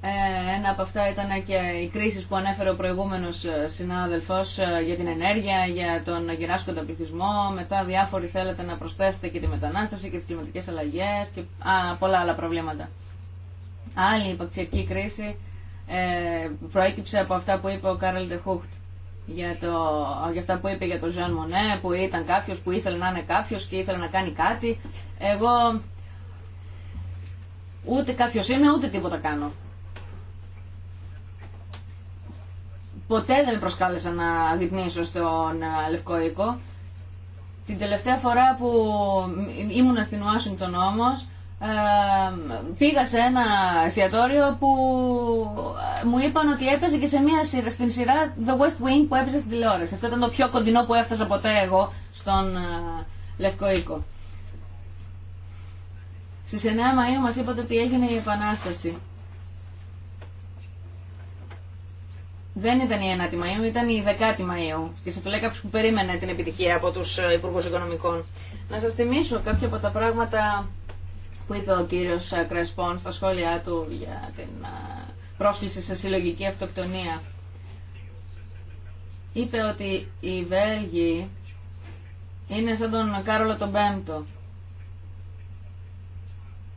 Ε, ένα από αυτά ήταν και οι κρίσεις που ανέφερε ο προηγούμενος ε, συνάδελφος ε, για την ενέργεια, για τον γυράσκοντα πληθυσμό, μετά διάφοροι θέλετε να προσθέσετε και τη μετανάστευση και τις κλιματικές αλλαγές και πολλά άλλα προβλήματα. Άλλη υπαξιακή κρίση προέκυψε από αυτά που είπε ο Κάρελ Ντεχούχτ για, το, για αυτά που είπε για τον Ζαν Μονέ, που ήταν κάποιο, που ήθελε να είναι κάποιο και ήθελε να κάνει κάτι. Εγώ ούτε κάποιο είμαι, ούτε τίποτα κάνω. Ποτέ δεν με προσκάλεσα να δείπνήσω στον ε, Λευκό Οίκο. Την τελευταία φορά που ήμουνα στην Ουάσιγκτον όμως, πήγα σε ένα εστιατόριο που ε, μου είπαν ότι έπαιζε και σε μια σειρά, στην σειρά The West Wing που έπαιζε στην τηλεόραση. Αυτό ήταν το πιο κοντινό που έφτασα ποτέ εγώ στον ε, Λευκό Οίκο. Στις 9 Μαΐου μας είπατε ότι έγινε η Επανάσταση. Δεν ήταν η 9η Μαΐου, ήταν η 10η Μαΐου. Και σε το λέει κάποιος που περίμενε την επιτυχία από τους ε, Υπουργούς Οικονομικών. Να σας θυμίσω κάποια από τα πράγματα που είπε ο κύριος ε, Κρεσπόν στα σχόλιά του για την ε, πρόσκληση σε συλλογική αυτοκτονία. Είπε ότι οι Βέλγοι είναι σαν τον Κάρολο τον Πέμπτο.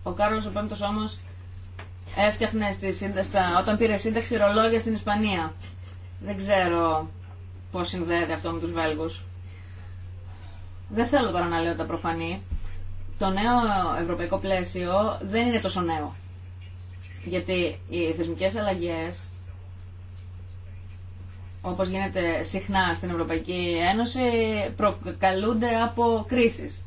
Ο Κάρολος ο Πέμπτος όμως έφτιαχνε στη όταν πήρε σύνταξη ρολόγια στην Ισπανία. Δεν ξέρω πώς συνδέεται αυτό με τους Βέλγους. Δεν θέλω τώρα να λέω τα προφανή, το νέο ευρωπαϊκό πλαίσιο δεν είναι τόσο νέο. Γιατί οι θεσμικές αλλαγές, όπως γίνεται συχνά στην Ευρωπαϊκή Ένωση, προκαλούνται από κρίσεις.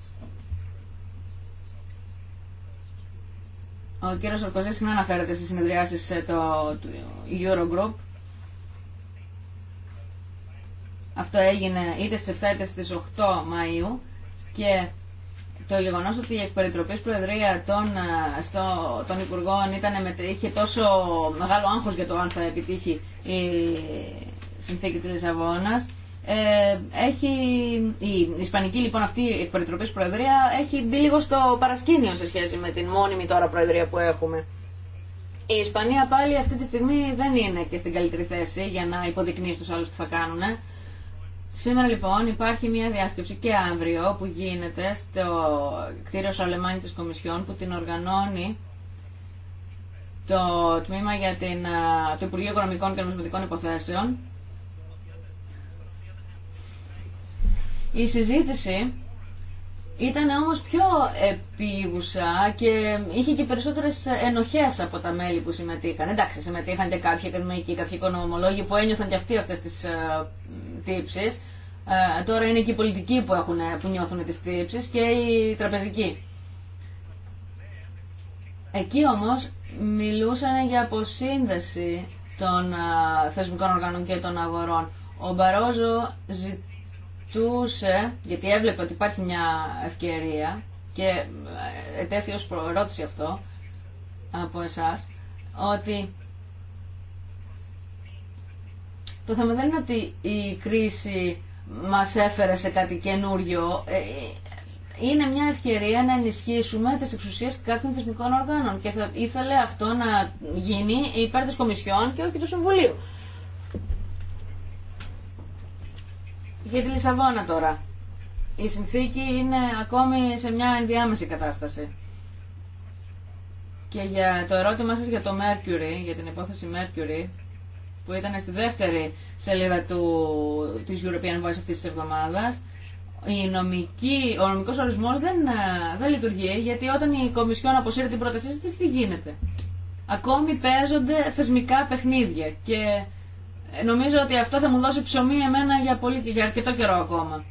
Ο κύριος Σαρκοζή συχνά αναφέρεται στις συνεδριάσεις ε, του Eurogroup. Αυτό έγινε είτε στις 7 είτε στις 8 Μαΐου και το γεγονό ότι η εκπεριτροπή Προεδρία των, ε, στο, των Υπουργών ήταν, είχε τόσο μεγάλο άγχο για το αν θα επιτύχει η συνθήκη τη Λισαβόνα. Ε, έχει, η Ισπανική λοιπόν αυτή η εκπεριτροπή Προεδρία έχει μπει λίγο στο παρασκήνιο σε σχέση με την μόνιμη τώρα Προεδρία που έχουμε. Η Ισπανία πάλι αυτή τη στιγμή δεν είναι και στην καλύτερη θέση για να υποδεικνύει στους άλλους τι θα κάνουν. Σήμερα λοιπόν υπάρχει μια διάσκεψη και αύριο που γίνεται στο κτίριο Σαλεμάνι της Κομισιόν που την οργανώνει το τμήμα για την, το Υπουργείο Οικονομικών και Νομισματικών Υποθέσεων. Η συζήτηση ήταν όμως πιο επίγουσα και είχε και περισσότερες ενοχές από τα μέλη που συμμετείχαν. Εντάξει, συμμετείχαν και κάποιοι ακαδημαϊκοί, κάποιοι οικονομολόγοι που ένιωθαν και αυτοί αυτές τις ε, τύψεις. Ε, τώρα είναι και οι πολιτικοί που, έχουν, που νιώθουν τις τύψεις και οι τραπεζικοί. Εκεί όμως μιλούσαν για αποσύνδεση των ε, θεσμικών οργάνων και των αγορών. Ο Μπαρόζο ζητούσε γιατί έβλεπε ότι υπάρχει μια ευκαιρία και ετέθη ως προερώτηση αυτό από εσάς, ότι το θέμα δεν είναι ότι η κρίση μας έφερε σε κάτι καινούριο. Ε, είναι μια ευκαιρία να ενισχύσουμε τις εξουσίες κάποιων θεσμικών οργάνων και θα ήθελε αυτό να γίνει υπέρ της Κομισιόν και όχι του Συμβουλίου. Για τη Λισαβόνα τώρα. Η συνθήκη είναι ακόμη σε μια ενδιάμεση κατάσταση. Και για το ερώτημά σας για το Mercury, για την υπόθεση Mercury, που ήταν στη δεύτερη σελίδα του, της European Voice αυτής της εβδομάδας, η νομική, ο νομικός ορισμός δεν, ε, δεν λειτουργεί, γιατί όταν η Κομισιόν αποσύρει την πρότασή της, τι γίνεται. Ακόμη παίζονται θεσμικά παιχνίδια και νομίζω ότι αυτό θα μου δώσει ψωμί εμένα για, πολύ, για αρκετό καιρό ακόμα.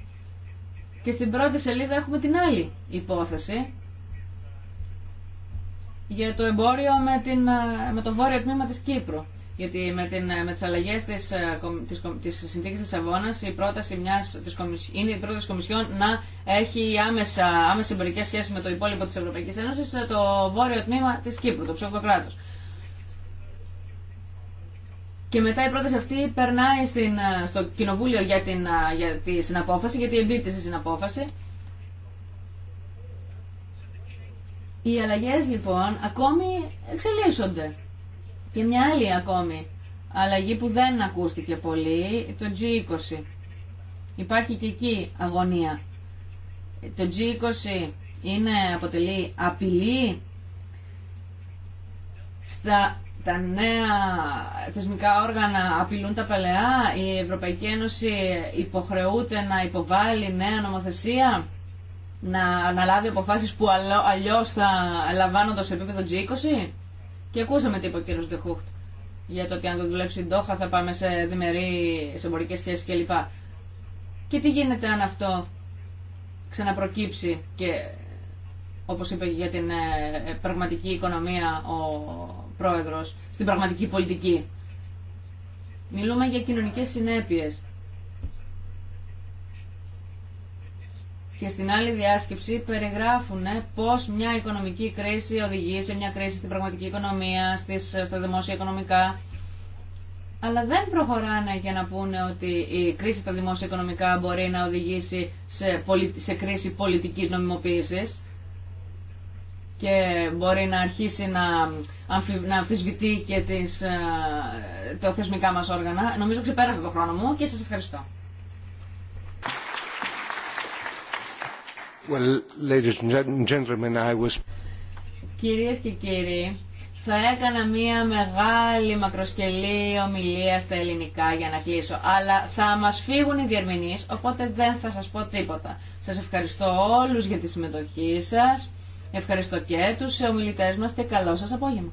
Και στην πρώτη σελίδα έχουμε την άλλη υπόθεση για το εμπόριο με, την, με το βόρειο τμήμα της Κύπρου. Γιατί με, την, με τις αλλαγές της, της, της συνθήκης της Αβώνας η πρόταση μιας, της είναι η πρόταση της Κομισιόν να έχει άμεσα, άμεσα εμπορικές σχέσεις με το υπόλοιπο της Ευρωπαϊκής Ένωσης ε, το βόρειο τμήμα της Κύπρου, το ψευδοκράτος. Και μετά η πρόταση αυτή περνάει στην, ε, στο κοινοβούλιο για την, ε, για τη συναπόφαση, γιατί εμπίπτει στη συναπόφαση. Οι αλλαγέ λοιπόν ακόμη εξελίσσονται. Και μια άλλη ακόμη αλλαγή που δεν ακούστηκε πολύ, το G20. Υπάρχει και εκεί αγωνία. Το G20 είναι, αποτελεί απειλή στα τα νέα θεσμικά όργανα απειλούν τα παλαιά, η Ευρωπαϊκή Ένωση υποχρεούται να υποβάλει νέα νομοθεσία, να αναλάβει αποφάσεις που αλλιώς θα λαμβάνονται σε επίπεδο G20. Και ακούσαμε τι είπε ο κύριος Δεχούχτ για το ότι αν δεν δουλέψει η Ντόχα θα πάμε σε διμερεί, σε εμπορικές σχέσεις κλπ. Και τι γίνεται αν αυτό ξαναπροκύψει και όπως είπε για την ε, πραγματική οικονομία ο στην πραγματική πολιτική. Μιλούμε για κοινωνικέ συνέπειε. Και στην άλλη διάσκεψη περιγράφουν πώ μια οικονομική κρίση οδηγεί σε μια κρίση στην πραγματική οικονομία, στις, στα δημόσια οικονομικά. Αλλά δεν προχωράνε για να πούνε ότι η κρίση στα δημόσια οικονομικά μπορεί να οδηγήσει σε, πολι... σε κρίση πολιτική νομιμοποίηση και μπορεί να αρχίσει να, αμφι, αμφισβητεί και τις, ε, το θεσμικά μας όργανα. Νομίζω ξεπέρασε το χρόνο μου και σας ευχαριστώ. Well, Κυρίες και κύριοι, θα έκανα μία μεγάλη μακροσκελή ομιλία στα ελληνικά για να κλείσω, αλλά θα μας φύγουν οι διερμηνείς, οπότε δεν θα σας πω τίποτα. Σας ευχαριστώ όλους για τη συμμετοχή σας. Ευχαριστώ και τους ομιλητές μας και καλό σας απόγευμα.